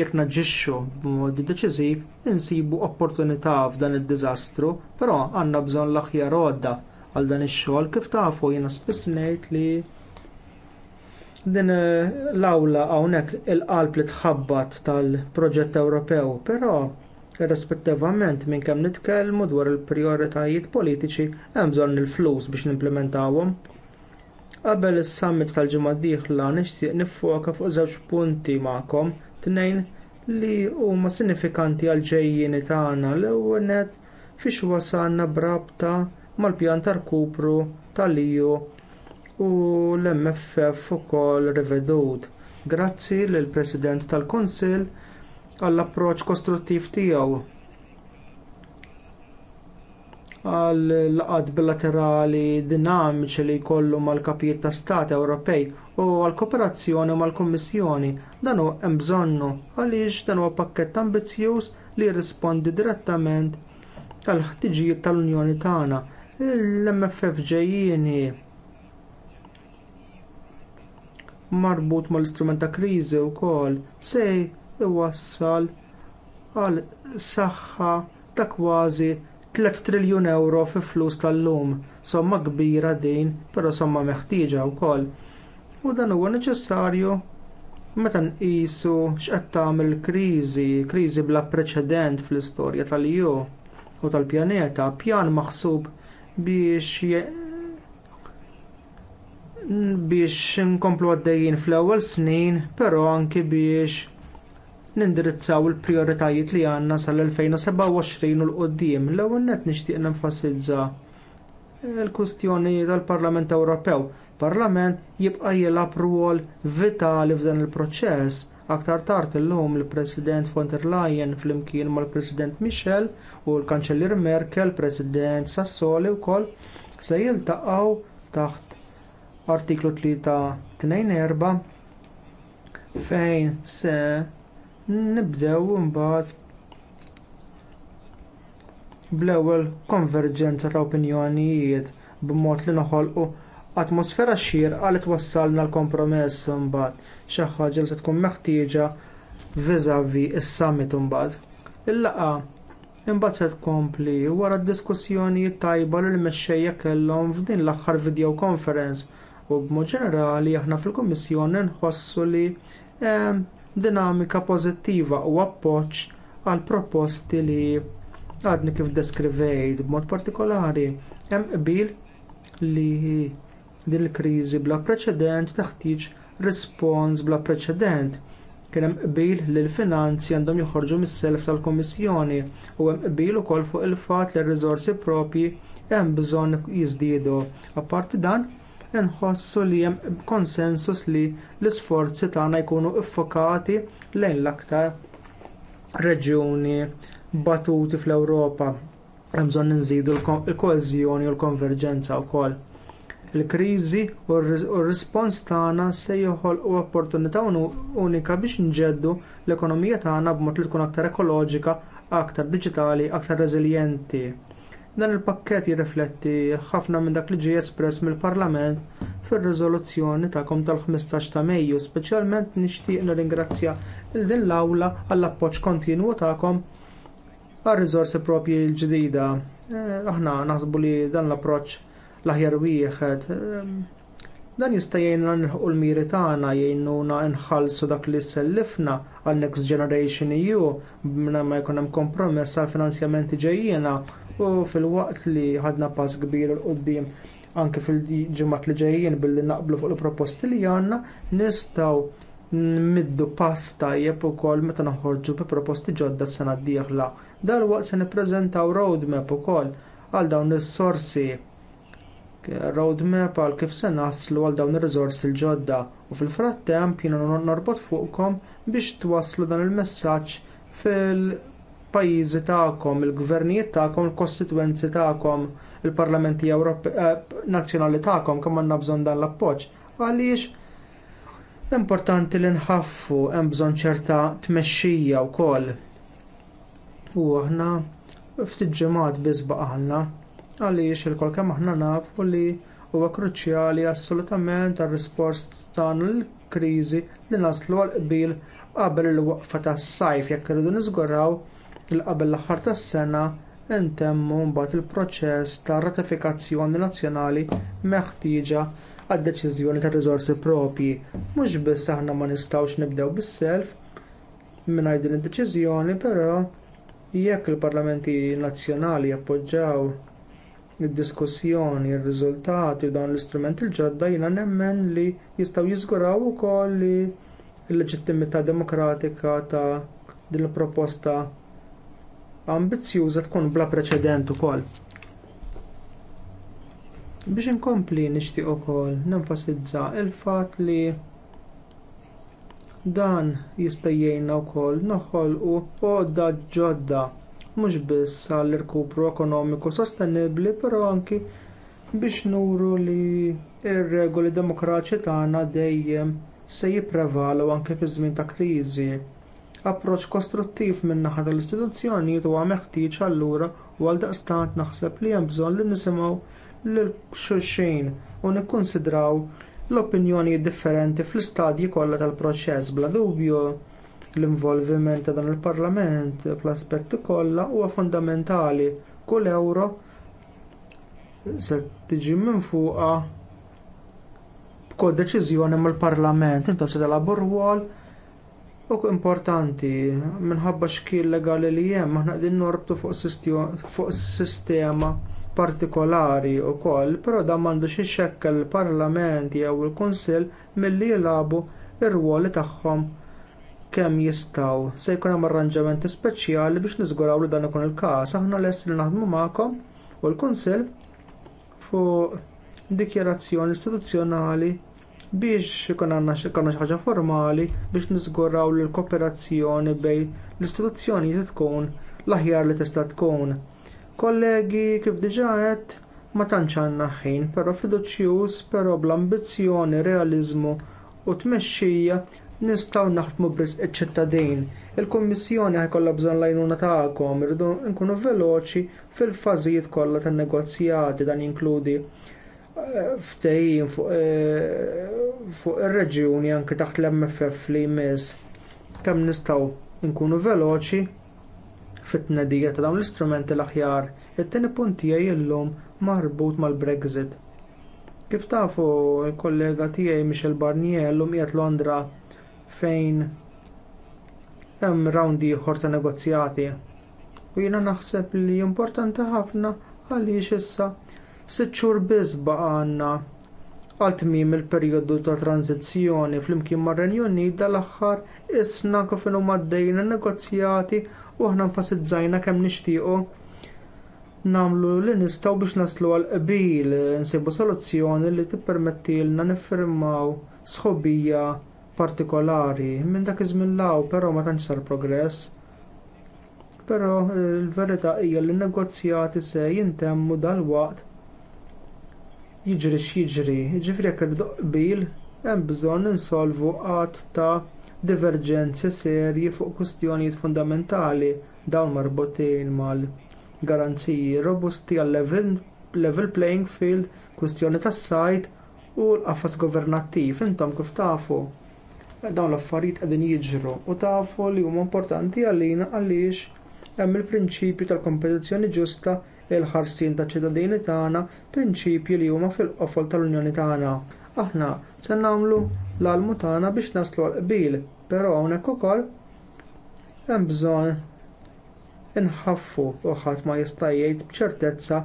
Jekk naġġixxu b'mod deċiżiv insibu opportunità f'dan id-diżastru, però għandna bżonn l-aħjar għodda għal dan ix-xogħol kif tafu jiena spiss ngħid li Din eh, l-awla hawnhekk il-qalb li tħabbat tal-proġett Ewropew, però irrispettivament minn kemm nitkellmu dwar il-prijoritajiet politiċi hemm bżonn il-flus biex nimplementawhom. Qabel is-summit tal-ġimgħa d-dieħla nixtieq niffoka fuq żewġ punti magħkom tnejn li huma sinifikanti għal ġejjini tagħna l-ewwel fiex wasalna brabta mal-pjan tal-kupru tal-liju u l-MFF ukoll rivedut. Grazzi lill president tal kunsill għall approċċ kostruttiv tiegħu għal laqad bilaterali dinamiċi li jkollu mal-kapijiet ta' stat Ewropej u għall kooperazzjoni mal-Kummissjoni dan huwa hemm bżonnu għaliex dan huwa pakkett ambizzjuż li jirrispondi direttament għal ħtiġijiet tal-Unjoni tagħna. L-MFF ġejjieni marbut mal-istrument ta' kriżi wkoll se iwassal għal saħħa ta' kważi 3 triljun euro fi flus tal-lum, somma kbira din, però somma meħtieġa wkoll. U dan huwa neċessarju meta nqisu x'qed tagħmel kriżi, kriżi bla preċedent fl-istorja tal ju u tal-pjaneta, pjan maħsub biex biex nkomplu għaddejjin fl-ewwel snin, però anki biex nindirizzaw il-prioritajiet li għandna sal-2027 u l-qoddim. L-ewwel net nixtieq nenfasizza l-kustjoni tal-Parlament Ewropew. Parlament jibqa' jilgħab rwol vitali f'dan il-proċess. Aktar tard illum il-President von der Leyen flimkien mal-President Michel u l-Kanċellier Merkel, President Sassoli wkoll se jiltaqgħu taħt artiklu 324 fejn se nibdew imbagħad bl-ewwel konverġenza ta' opinjonijiet b'mod li noħolqu atmosfera xierqa għalet twassalna l-kompromess imbagħad xi ħaġa li se tkun meħtieġa viżavi s summit imbagħad. Il-laqgħa imbagħad se tkompli wara d-diskussjonijiet tajba li l-mexxejja kellhom f'din l-aħħar video conference U b'mod ġenerali aħna fil-Kummissjoni nħossu li hemm dinamika pożittiva u appoġġ għal proposti li għadni kif deskrivejt b'mod partikolari hemm qbil li din il-kriżi bla preċedent taħtieġ rispons bla preċedent kien hemm qbil li l-finanzi għandhom joħorġu mis-self tal-Kummissjoni u hemm qbil ukoll fuq il-fatt li r-riżorsi propji hemm bżonn jiżdiedu. Apparti dan, nħossu li hemm konsensus li l-isforzi tagħna jkunu iffokati lejn l-aktar reġjuni batuti fl-Ewropa. Hemm bżonn inżidu l-koeżjoni u l-konverġenza wkoll. Il-kriżi u r-rispons tagħna se joħolqu opportunità unika biex nġeddu l-ekonomija tagħna b'mod li tkun aktar ekoloġika, aktar diġitali, aktar reżiljenti. Dan il-pakket jirrifletti ħafna minn dak li ġie espress mill-Parlament fir-riżoluzzjoni tagħkom tal-15 ta' Mejju, speċjalment nixtieq nirringrazzja lil din l-awla għall-appoġġ kontinwu tagħkom għar-riżorsi propji l-ġdida. Eh, aħna naħsbu li dan l-approċċ l-aħjar wieħed eh, dan jista' jgħinna nilħqu l-miri tagħna jgħinuna nħallsu dak li sellifna għal Next Generation EU b'na ma jkun hemm kompromess għal finanzjamenti ġejjiena u fil-waqt li ħadna pass kbir l qoddim anke fil-ġimgħat li ġejjin billi naqblu fuq il-proposti li għandna nistgħu middu pass tajjeb ukoll meta noħorġu bi proposti ġodda s-sena d-dieħla. waqt se nippreżentaw roadmap ukoll għal dawn is-sorsi roadmap għal kif se naslu għal dawn ir-riżorsi l-ġodda u fil-frattemp jiena norbot fuqkom biex twasslu dan il-messaġġ fil- pajjiżi tagħkom, il-gvernijiet tagħkom, il-kostitwenzi tagħkom, il-parlamenti eh, nazzjonali tagħkom kemm għandna bżonn dan l-appoġġ. Għaliex importanti li nħaffu hemm bżonn ċerta tmexxija wkoll. U aħna ftit ġimgħat biss aħna, għaliex il kemm aħna nafu li huwa kruċjali assolutament għar rispost tagħna l kriżi li naslu għal qbil qabel il-waqfa tas-sajf jekk iridu niżguraw il-qabel l-aħħar tas-sena intemmu mbagħad il-proċess ta' ratifikazzjoni nazzjonali meħtieġa għad-deċiżjoni tar riżorsi propji. Mhux biss aħna ma nistgħux nibdew bis-self mingħajr din id-deċiżjoni, però jekk il-parlamenti nazzjonali jappoġġjaw id-diskussjoni, ir-riżultati u dawn l-istrumenti l-ġodda jiena nemmen li jistgħu jiżguraw ukoll li l-leġittimità demokratika ta' din il-proposta ambizzjuża tkun bla preċedent ukoll. Biex inkompli nixtieq ukoll nenfasizza l fatt li dan jista' jgħinna wkoll noħolqu għodda ġodda mhux biss għall irkupru ekonomiku sostenibbli, però anki biex nuru li r regoli demokratiċi tagħna dejjem se jipprevalu anke fi żmien ta' kriżi. Approċċ kostruttiv min naħa tal-istituzzjonijiet huwa meħtieġ allura u għaldaqstant naħseb li hemm bżonn li nisimgħu lil xulxin u nikkunsidraw l opinjoni differenti fl-istadji kollha tal-proċess bla dubju l-involviment ta' dan il-Parlament fl-aspetti kollha huwa fundamentali kull ewro se tiġi minn fuqha b'kodeċiżjoni mal-Parlament intom se telabor rwol u importanti minħabba xkien legali li hemm aħna qegħdin norbtu fuq sistema partikolari wkoll, però dan m'għandux ixekkel il-Parlament jew il-Kunsill milli jilagħbu r-ruoli tagħhom kemm jistgħu. Se jkun hemm arranġamenti speċjali biex niżguraw li dan ikun il-każ aħna lest li naħdmu magħkom u l-Kunsill fuq dikjarazzjoni istituzzjonali biex ikun għandna xi ħaġa formali biex niżguraw lill l-kooperazzjoni bejn l-istituzzjonijiet tkun l-aħjar li tista' tkun. Kollegi kif diġà għedt ma tantx għandna ħin, però fiduċjuż, però bl-ambizzjoni, realiżmu u tmexxija nistgħu naħdmu bris iċ-ċittadin. Il-Kummissjoni ħajkollha bżonn l-għajnuna tagħkom irridu nkunu veloċi fil-fażijiet kollha tan-negozjati dan jinkludi ftejjin eh, fuq ir-reġjuni anke taħt l-MFF li jmiss kemm nistgħu nkunu veloċi fit-tnedija ta' dawn l-istrumenti l-aħjar, it-tieni punt tiegħi llum marbut mal-Brexit. Kif tafu l kollega tiegħi Michel Barnier llum qiegħed Londra fejn hemm round ieħor ta' negozjati. U jiena naħseb li importanti ħafna għaliex issa Sitt xhur biss baqa' għandna għal tmiem il-perjodu ta' tranzizzjoni flimkien mar-Renju Unit dal-aħħar isna kif inhu maddejjin in-negozjati u aħna nfasidżajna kemm nixtiequ nagħmlu li nistgħu biex naslu għal qbil nsibu soluzzjoni li tippermettilna niffirmaw sħobija partikolari minn dak iż-żmien però ma tantx sar progress. Però l-verità hija li n-negozjati se jintemmu dalwaqt jiġri x'jiġri, jiġifieri jekk irdoq hemm bżonn insolvu qatt ta' diverġenzi serji fuq kwistjonijiet fundamentali dawn marbutin mal-garanziji robusti għal level playing field, kwistjoni tas-sajd u l-qafas governattiv intom kif tafu. Dawn l-affarijiet qegħdin jiġru u tafu li huma importanti għalina għaliex hemm il-prinċipju tal-kompetizzjoni ġusta il-ħarsien taċ ċittadini tagħna prinċipji li huma fil-qofol tal-Unjoni tagħna. Aħna se nagħmlu l-almu tagħna biex naslu l qbil, però hawnhekk ukoll hemm bżonn inħaffu u ħadd ma jista' jgħid b'ċertezza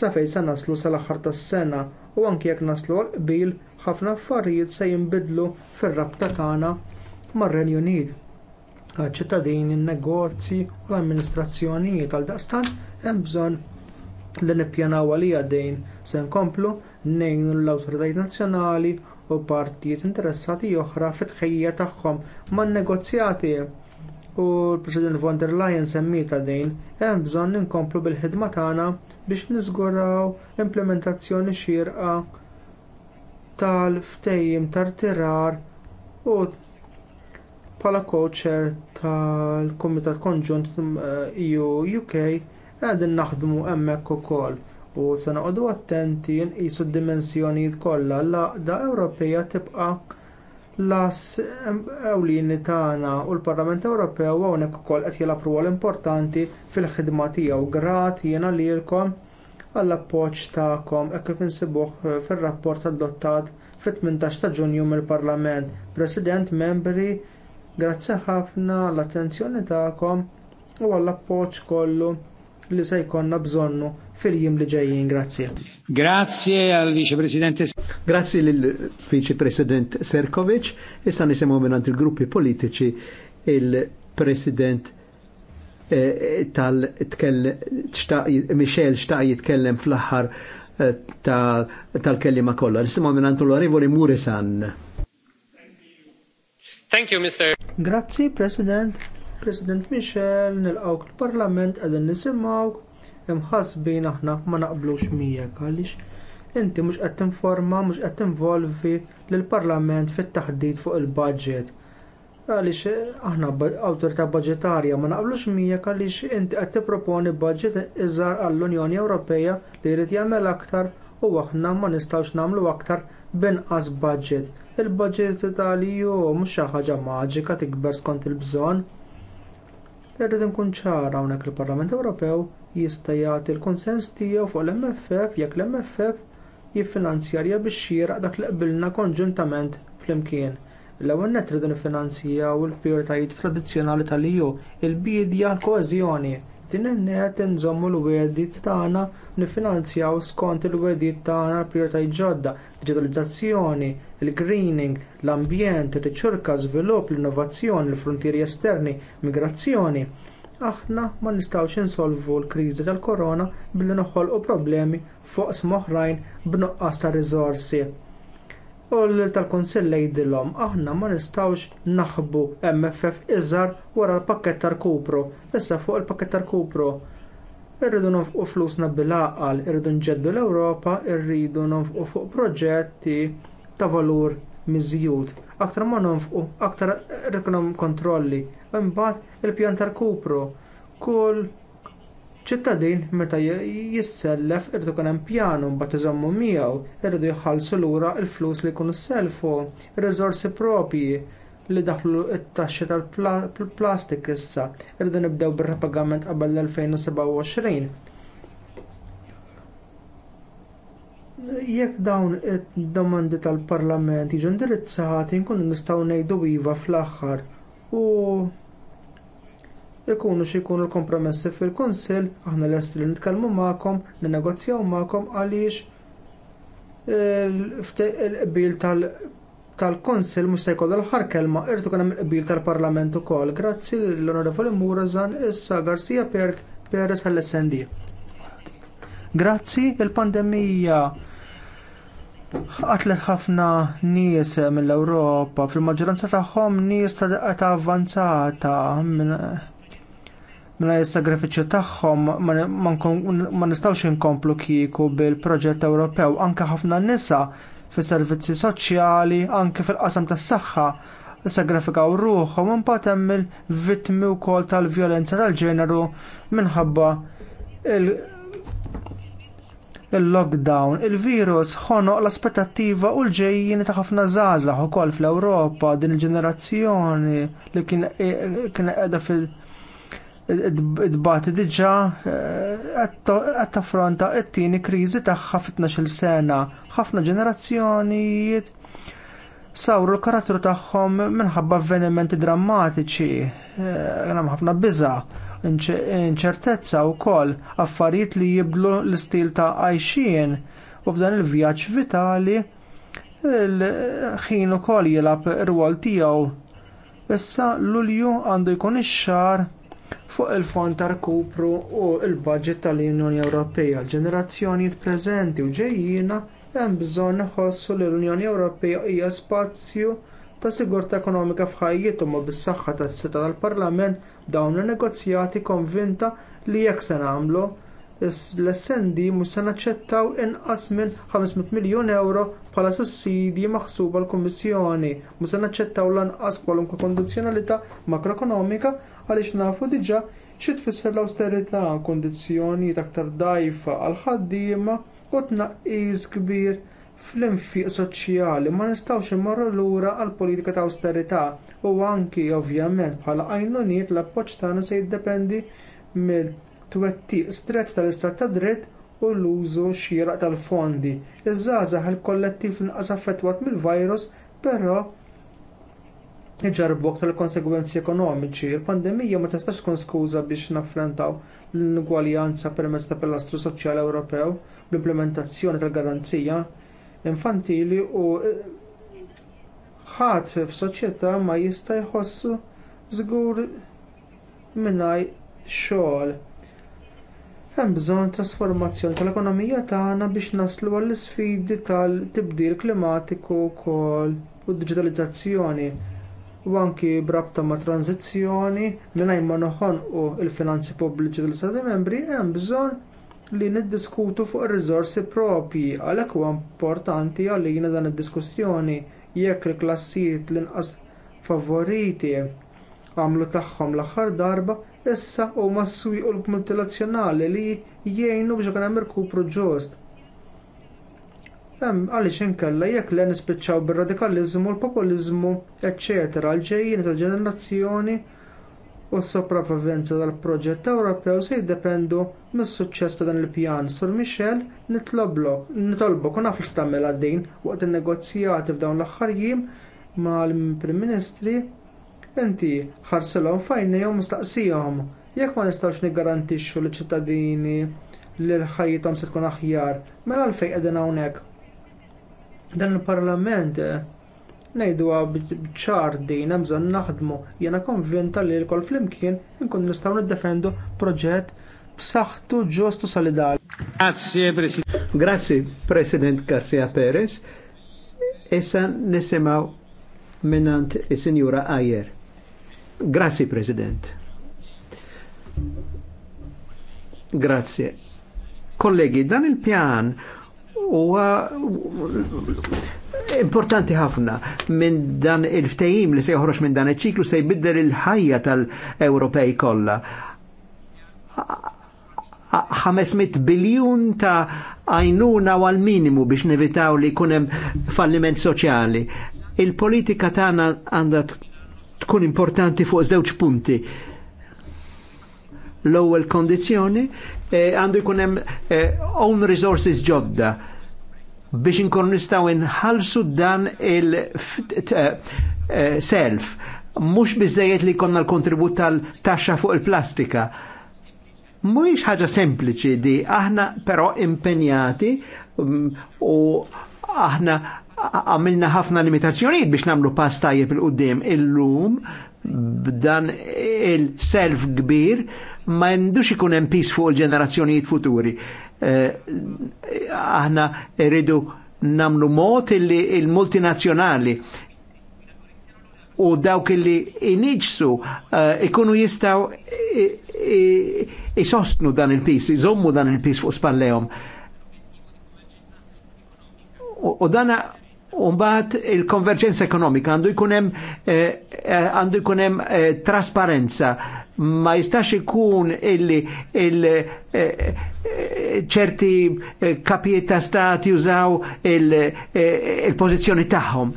sa fejn se naslu sal-aħħar tas-sena u anke jekk naslu l qbil ħafna affarijiet se jinbidlu fir-rabta tagħna mar-Renju Unit ċittadini, in negozji u l-amministrazzjonijiet għal daqstan hemm bżonn li nippjanaw għalija dejn se nkomplu ngħinu l-awtoritajiet nazzjonali u partijiet interessati oħra fit-tħejja tagħhom man-negozjati u l-President von der Leyen semmita dejn hemm bżonn inkomplu bil-ħidma tagħna biex niżguraw implementazzjoni xierqa tal-ftejjim tar-tirar u bħala co-chair tal-Kumitat Konġunt EU eh, e UK Għadin naħdmu hemmhekk ukoll u se noqogħdu attenti nqisu d-dimensjonijiet kollha l-għaqda Ewropea tibqa las ewlieni tagħna u l-Parlament Ewropew hawnhekk ukoll qed jilgħab rwol importanti fil-ħidma tiegħu. Grat jiena lilkom għall appoġġ tagħkom hekk kif insibuh fir-rapport adottat fit-18 ta' Ġunju mill-Parlament. President, membri, grazzi ħafna l-attenzjoni tagħkom u għall appoġġ kollu li se jkollna bżonnu fil-jiem li ġejjin. Grazzi. Grazie għal viċepresidente. Grazzi lil viċepresident Serkovic. Issa nisimgħu minn il-gruppi politiċi il-president eh, tal tkell Michel xtaq jitkellem fl aħħar eh, tal-kellima kollha. Nisimgħu minn l arrivoli Muresan. Thank you, Mr. Grazzi, President. President Michel, nilqawk il-Parlament qegħdin nisimgħu, imħasbin aħna ma naqblux miegħek għaliex inti mhux qed tinforma, mhux qed tinvolvi lill-Parlament fit-taħdid fuq il-budget. Għaliex eh, aħna awtorità Budgetarja ma naqblux miegħek għaliex inti qed tipproponi budget iżgħar għall-Unjoni Ewropea li jrid jagħmel aktar u aħna ma nistgħux nagħmlu aktar binqas budget. Il-budget tal-EU mhux xi ħaġa maġika tikber skont il-bżonn Irrid inkun ċara hawnhekk il-Parlament Ewropew jista' jagħti l-konsens tiegħu fuq l-MFF jekk l-MFF jiffinanzjarja biex xieraq dak li qbilna konġuntament flimkien. L-ewwel nett irridu niffinanzjaw il-prijoritajiet tradizzjonali tal-EU, il-bidja, l-koeżjoni, Tinnen neħet nżommu l-wedit tagħna nifinanzjaw skont il-wedit tagħna l prijoritajiet ġodda, digitalizzazzjoni, il-greening, l-ambjent, ir-riċerka, żvilupp, l-innovazzjoni, l-frontieri esterni, migrazzjoni. Aħna ma nistgħux insolvu l-kriżi tal-korona billi noħolqu problemi fuq smoħrajn b'nuqqas ta' riżorsi u tal-Kunsill jgħidilhom aħna ma nistgħux naħbu MFF iżgħar wara l-pakket tar-kupru, issa fuq il-pakket tar-kupru. Irridu nofqu flusna bil-aqal, irridu nġeddu l-Ewropa, irridu nofqu fuq proġetti ta' valur miżjud. Aktar ma nofqu, aktar irridu kontrolli. Imbagħad il-pjan tar-kupru. Kull ċittadin meta jissellef irdu hemm pjanu mbagħad iżommu miegħu irridu jħallsu lura l-flus li jkunu sselfu, ir-riżorsi propji li daħlu t-taxxi tal-plastik issa irridu nibdew bir-repagament qabel l-2027. Jekk dawn id-domandi tal-Parlament jiġu indirizzati nkunu nistgħu ngħidu iva fl-aħħar u ikunu xi jkunu l-kompromessi fil-Kunsill, aħna lesti li nitkellmu magħkom, ninegozjaw magħkom għaliex il-qbil tal-Kunsill mhux se jkollha l-ħar kelma irid ikun hemm il-qbil tal-Parlament ukoll. Grazzi l-Onorevoli Murazan issa Garcia Perez għall-SND. Grazzi il-pandemija Għatlet ħafna nies mill ewropa fil-maġġoranza tagħhom nies ta' daqqa ta' avvanzata Mela s sagrifiċu tagħhom ma nistgħux inkomplu kieku bil-proġett Ewropew anke ħafna nisa fis servizzi soċjali, anke fil-qasam tas-saħħa sagrafikaw ruħhom imbagħad hemm il-vittmi wkoll tal-vjolenza tal-ġeneru minħabba il-lockdown, il-virus ħonoq l-aspettattiva u l-ġejjini ta' ħafna żgħażagħ ukoll fl-Ewropa din il-ġenerazzjoni li kien qiegħda fil- dbat diġà qed eh, taffronta t-tieni kriżi tagħha fit-12-il sena. Ħafna ġenerazzjonijiet sawru l-karattru tagħhom minħabba avvenimenti drammatiċi, hemm eh, ħafna biża, inċertezza wkoll affarijiet li jibdlu l-istil ta' għajxien u f'dan il-vjaġġ vitali l-ħin ukoll jilgħab ir-rwol tiegħu. Issa Lulju għandu jkun ix-xar fuq il-fond ta' rkupru u l budget tal-Unjoni Ewropea. L-ġenerazzjoni preżenti u ġejjina hemm bżonn iħossu li l-Unjoni Ewropea hija spazju ta' sigurtà ekonomika f'ħajjithom u bis-saħħa tas sita tal-Parlament dawn in-negozjati konvinta li jekk se nagħmlu l-SND mhux se naċċettaw inqas minn 500 miljun euro bħala sussidji maħsuba l-Kummissjoni, mhux se naċċettaw lanqas kwalunkwe kondizzjonalità makroekonomika għaliex nafu diġà xi tfisser l-awsterità kundizzjonijiet aktar dgħajfa għal ħaddiema u tnaqqis kbir fl-infiq soċjali ma nistgħux imorru lura għall politika ta' awsterità u anki ovvjament bħala għajnuniet l-appoġġ tagħna se jiddependi mill-twettiq stret tal-istat ta' dritt u l-użu xieraq tal-fondi. Iż-żgħażagħ il-kollettiv inqas affettwat mill-virus, però iġarbu aktar il-konsegwenzi ekonomiċi. Il-pandemija ma tistax tkun skuża biex naffrontaw l-ingwaljanza permezz ta' pilastru soċjali Ewropew l-implementazzjoni tal-garanzija infantili u eh, ħadd f'soċjetà ma jista' jħossu żgur mingħajr xogħol. Hemm bżonn trasformazzjoni tal-ekonomija tagħna biex naslu għall isfidi tal-tibdil klimatiku wkoll u d-diġitalizzazzjoni u anki brabta ma' tranzizzjoni mingħajr ma noħonqu l finanzi pubbliċi tal istati membri hemm bżonn li niddiskutu fuq ir-riżorsi propji għalhekk huwa importanti għalina dan id-diskussjoni jekk il-klassijiet l-inqas favoriti għamlu tagħhom l-aħħar darba issa huma s-swieq multilazzjonali li jgħinu biex ikun hemm irkupru ġust. Għaliex inkella jekk le nispiċċaw bir-radikaliżmu, l-populiżmu, eċċetera, l-ġejjin ta' ġenerazzjoni u s-sopravivenza tal-proġett Ewropew se jiddependu mis-suċċess ta' dan il-pjan. Sur Michel nitloblo, nitolbok u naf l-istammel għaddin waqt il-negozjati f'dawn l-aħħar jiem mal-Prim Ministri inti ħarsilhom jew mistaqsijhom. Jekk ma nistgħux niggarantixxu liċ ċittadini li l-ħajjithom se tkun aħjar, mela l qegħdin hawnhekk Dan il-Parlament eh, ngħidu bċar din hemm naħdmu. Jiena konvinta li l-kol flimkien nkun nistgħu niddefendu proġett b'saħħtu ġustu solidali. Grazie President. Grazie President Garcia Perez. Issa nisimaw minnant il sinjura Ajer. Grazie President. Grazie. Kollegi, dan il-pjan huwa importanti ħafna minn dan il-ftehim li se joħroġ minn dan iċ-ċiklu se jbiddel il-ħajja tal-Ewropej kollha. 500 biljun ta' għajnuna għal minimu biex nevitaw li kunem falliment soċjali. Il-politika tagħna għandha tkun importanti fuq żewġ punti l-ewwel kondizzjoni eh, għandu jkun hemm eh, own resources ġodda biex inkun nistgħu inħallsu dan il-self. Eh, eh, Mhux biżejjed li jkollna l-kontribut tal-taxxa fuq il-plastika. Mhuwiex ħaġa sempliċi di, aħna però impenjati mm, u aħna għamilna ħafna limitazzjonijiet biex namlu pass tajjeb il-qudiem illum b'dan il-self kbir ma jendux ikun hemm peace fuq il-ġenerazzjonijiet futuri aħna rridu namlu mod illi il-multinazzjonali u dawk illi iniġsu eh, ikunu jistaw isostnu dan il-pis, iżommu dan il-pis fuq spallejhom. U dana Umbat il-konverġenza ekonomika għandu jkunem eh, eh, għandu eh, jkunem eh, trasparenza ma jistax ikun illi eh, ċerti il, eh, kapijiet ta' stat jużaw il-pozizjoni il tagħhom.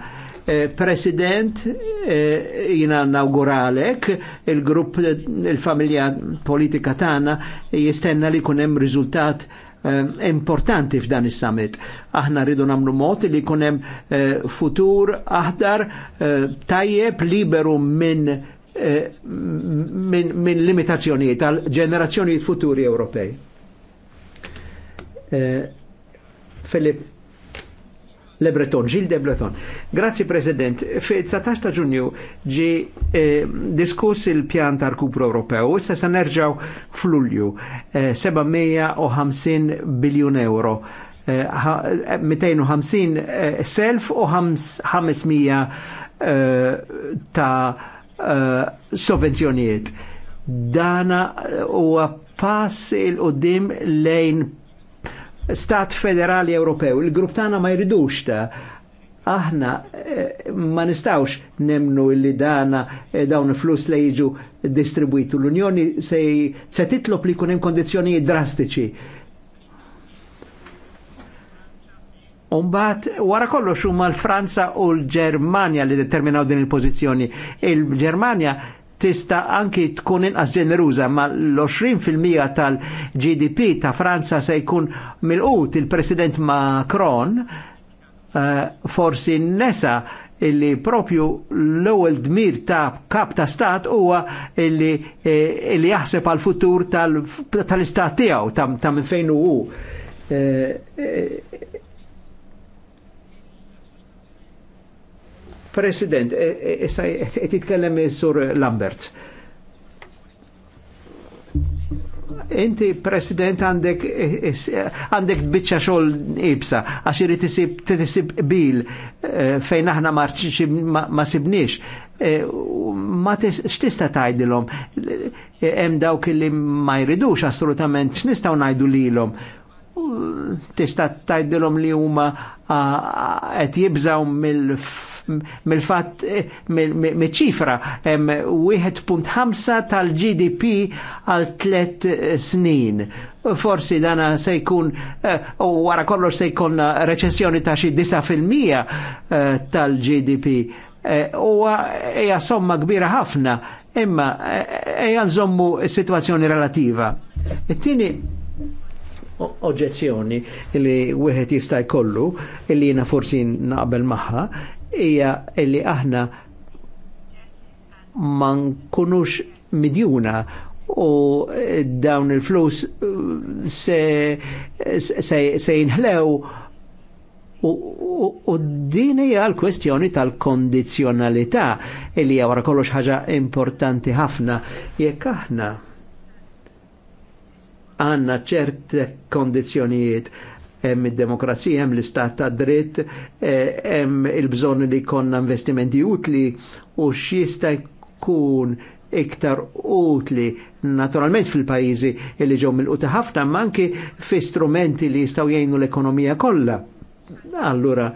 President, jina nawguralek, il-grupp il-familja politika tagħna jistenna li kunem riżultat riżultat Ehm, importanti f'dan is-summit. Aħna rridu nagħmlu mod li jkun hemm eh, futur aħdar eh, tajjeb liberu minn eh, minn min limitazzjonijiet tal ġenerazzjonijiet futuri Ewropej. Filip Le Breton, Gilles de Breton. Grazie President, fi 19 ta' ġunju ġi eh, diskuss il-pjan ta' rkupru Ewropew, issa se nerġaw f'Lulju eh, 750 biljon euro. 250 eh, eh, eh, self u 500 eh, ta' sovvenzjonijiet. Dana u pass il-qoddim lejn stat federali Ewropew. Il-grupp tagħna ma jridux ta' aħna eh, ma nistawx nemnu li dana eh, dawn il-flus li jiġu distribuitu. L-Unjoni se, se titlob li kunem kondizzjoni drastiċi. Umbat, wara kollox huma l-Franza u l-Ġermanja li determinaw din il-pożizzjoni. Il-Ġermanja tista anki tkun inqas ġeneruża ma l-20% tal-GDP ta' Franza se jkun milqut il-President Macron uh, forsi nesa illi propju l-ewwel dmir ta' kap ta' stat huwa illi, eh, illi jaħseb għal futur tal-istat tiegħu ta', ta minn fejn hu. Eh, eh, President, issa e, e, e, jitkellem sur Lambert. Inti, President, għandek għandek bicċa xol ibsa, għax irrid tisib bil fejn aħna ma sibniex. Ma x'tista' tgħidilhom hemm dawk li ma jridux assolutament x'nistgħu ngħidu lilhom. Tista' tgħidilhom li huma qed jibżaw mill fat eh, mill-ċifra hemm 1.5 tal-GDP għal tlet eh, snin. Forsi dana se jkun eh, u wara kollox se jkun reċessjoni ta' xi 9% tal-GDP. u hija somma kbira ħafna, imma hija nżommu situazzjoni relativa. It-tieni e oġġezzjoni li wieħed jista' jkollu illi jiena forsi naqbel magħha hija li aħna ma nkunux midjuna u dawn il-flus eh, se, se, se jinħlew U din hija l-kwestjoni tal-kondizjonalità li hija wara kollox ħaġa importanti ħafna jekk aħna għanna ċert kondizjonijiet hemm id-demokrazija, hemm l-istat ta' dritt, eh, hemm il-bżonn li konna investimenti utli u x'jista' jkun iktar utli naturalment fil-pajjiżi li ġew mill-quta ħafna manki fi strumenti li jistgħu jgħinu l-ekonomija kollha. Allura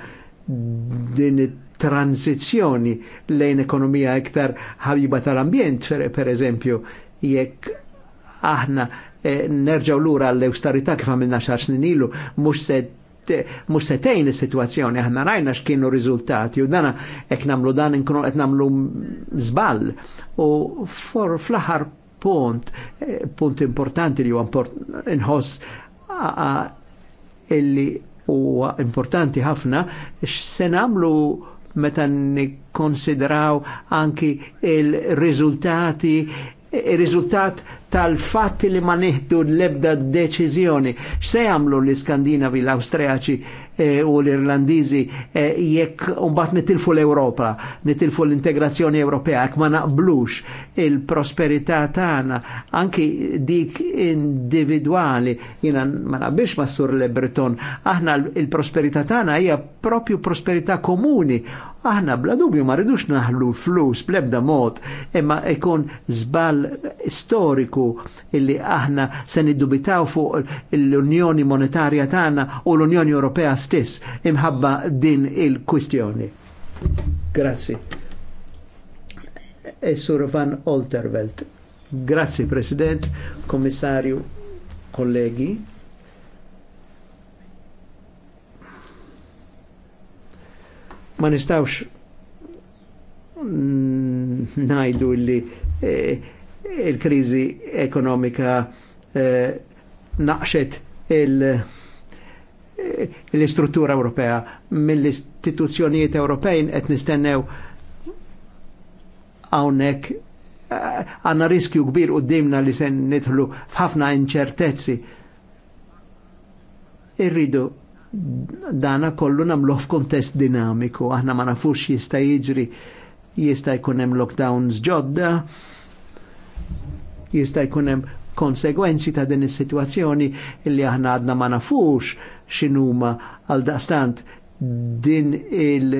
din tranzizjoni lejn ekonomija iktar ħabiba tal-ambjent, per eżempju, jekk aħna Eh, nerġaw lura l-austerità kif għamilna xar snin ilu, mux se mux setejn il-situazzjoni, aħna rajna x'kienu riżultati u dana ek namlu dan inkunu qed namlu zbal. U for fl punt, eh, punt importanti li huwa import illi u importanti ħafna x'se namlu meta nikkonsidraw anki il-riżultati il-riżultat tal-fatt li ma neħdu l-ebda deċiżjoni. Se jagħmlu l-Iskandinavi, l austriaci e, eh, u l-Irlandiżi e, jekk umbat nitilfu l europa nitilfu l-integrazzjoni Ewropea, jekk ma naqblux il-prosperità tagħna anki dik individuali jina ma naqbix ma sur le Breton, aħna l-prosperità tagħna hija propju prosperità komuni Aħna bla dubju ma rridux naħlu flus blebda mod, imma ikun żball storiku illi aħna se niddubitaw fuq l-Unjoni Monetarja tagħna u l-Unjoni Ewropea stess imħabba din il-kwistjoni. Grazzi. E Sur Van Oltervelt. Grazzi President, Kommissarju, kollegi. ma nistawx najdu li eh, il-krizi ekonomika eh, naqxet eh, l-istruttura Ewropea mill-istituzzjonijiet Ewropejn qed nistennew hawnhekk eh, għanna riskju kbir qudiemna li se nidħlu f'ħafna inċertezzi. Irridu dana kollu namlu f'kontest dinamiku, aħna ma nafux jista' jiġri jista' jkun hemm lockdowns ġodda, jista' jkun hemm konsegwenzi ta' din is-sitwazzjoni li aħna għadna ma nafux x'inhuma għal daqstant din il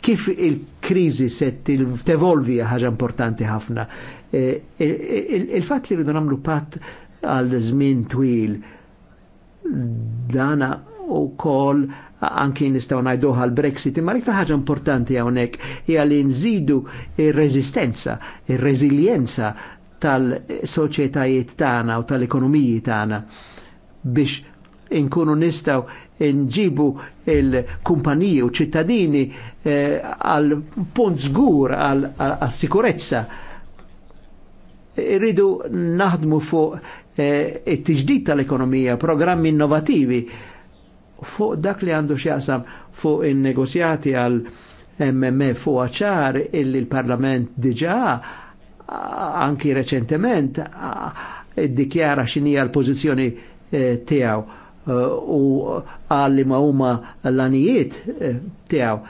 kif il-kriżi se tevolvi ħaġa importanti ħafna. E, e, e, il-fatt li rridu nagħmlu patt għal żmien twil dana u kol anki nistaw najdu għal-Brexit, imma l-iktar ħaġa importanti għonek hija li nżidu ir-reżistenza, ir-reżiljenza tal-soċjetajiet tagħna u tal-ekonomiji tagħna biex inkunu nistaw nġibu il-kumpaniji u ċittadini eh, għal punt żgur għal sikurezza. Irridu naħdmu fuq eh, it-tiġdid tal-ekonomija, programmi innovativi fuq dak li għandu xjaqsam fuq il-negozjati għal MMF fuq ċar illi l-Parlament diġa anki reċentement dikjara xinija l-pozizjoni eh, tijaw eh, u għalli ma huma l-anijiet eh, tijaw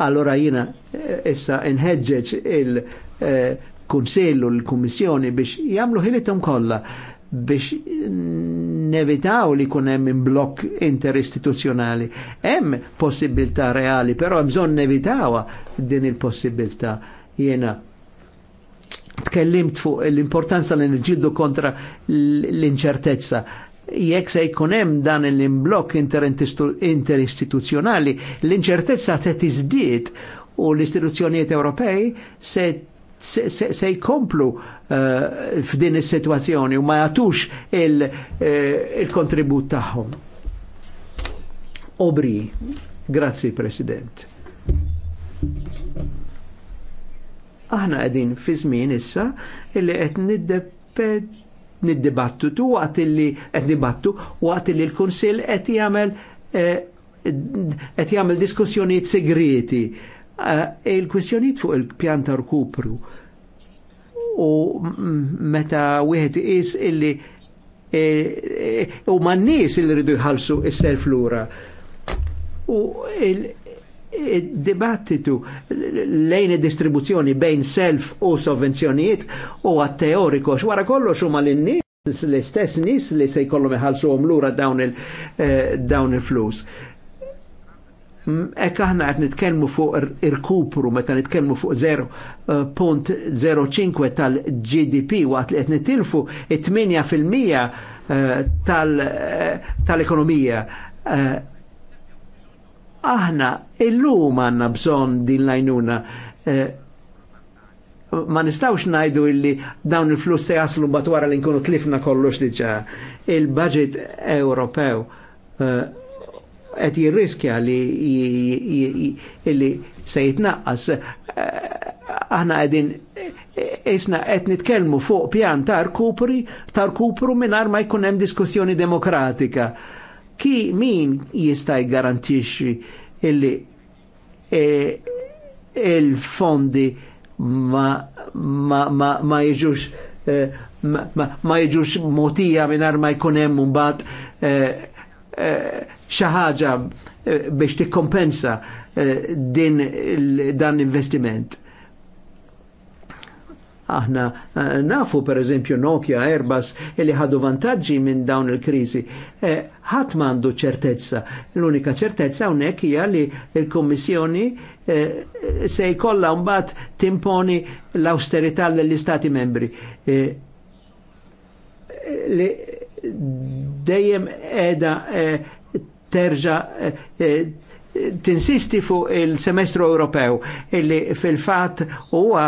Allora jina issa inħeġġeġ il-Kunsellu l kommissjoni biex jagħmlu ħilitom kollha biex nevitaw li kunem minn blok interistituzjonali. Hemm possibilità reali, però hemm bżonn nevitawa din il-possibilità. Jena tkellimt fuq l-importanza li nġiddu kontra l-inċertezza jekk se jkun hemm dan l-imblokk interistituzjonali, l-inċertezza se tiżdied u l-istituzzjonijiet Ewropej se se jkomplu Eh, f'din is-sitwazzjoni u ma jagħtux eh, il-kontribut il tagħhom. Obri, grazzi President. Aħna qegħdin fi żmien issa illi qed tu waqt illi qed nibattu waqt illi l-Kunsill qed jagħmel eh, qed jagħmel diskussjonijiet segreti. il-kwistjonijiet fuq il pjanta rkupru u meta wieħed is illi e, e, u man nies illi rridu jħallsu is-self lura. U il-dibattitu lejn id-distribuzzjoni bejn self u sovvenzjonijiet u għat-teoriku xwara kollox huma lin-nies l-istess nies li se jkollhom iħallsuhom lura dawn eh, il-flus. Ek aħna għed nitkelmu fuq irkupru, meta nitkelmu fuq 0.05 eh, tal-GDP waqt li għed nitilfu 8% eh, eh, tal-ekonomija. Aħna illum għanna bżon din lajnuna ma nistawx najdu illi dawn il-flus se jaslu batwara wara li nkunu tlifna kollox diġa. Il-budget Ewropew uh, għet jirriskja li li se jitnaqqas eh, aħna għedin eh, isna għet nitkelmu fuq pjan tar kupri tar kupru minar ma jkun hemm diskussjoni demokratika. Ki min jista' garantixi illi eh, il-fondi ma, ma, ma, ma jiġux ma, ma, jiġux motija minn ma jkun hemm mbagħad eh, Eh, xaħġa eh, biex tikkompensa eh, din dan investiment Aħna nafu per eżempju Nokia, Airbus li ħadu vantaġġi minn dawn il-krizi. Ħadd m'għandu ċertezza. L-unika ċertezza hawnhekk hija li l-Kummissjoni se jkollha mbagħad timponi l-austerità lill-Istati membri dejjem edha eh, terġa eh, eh, tinsisti fuq il-semestru Ewropew illi fil-fat huwa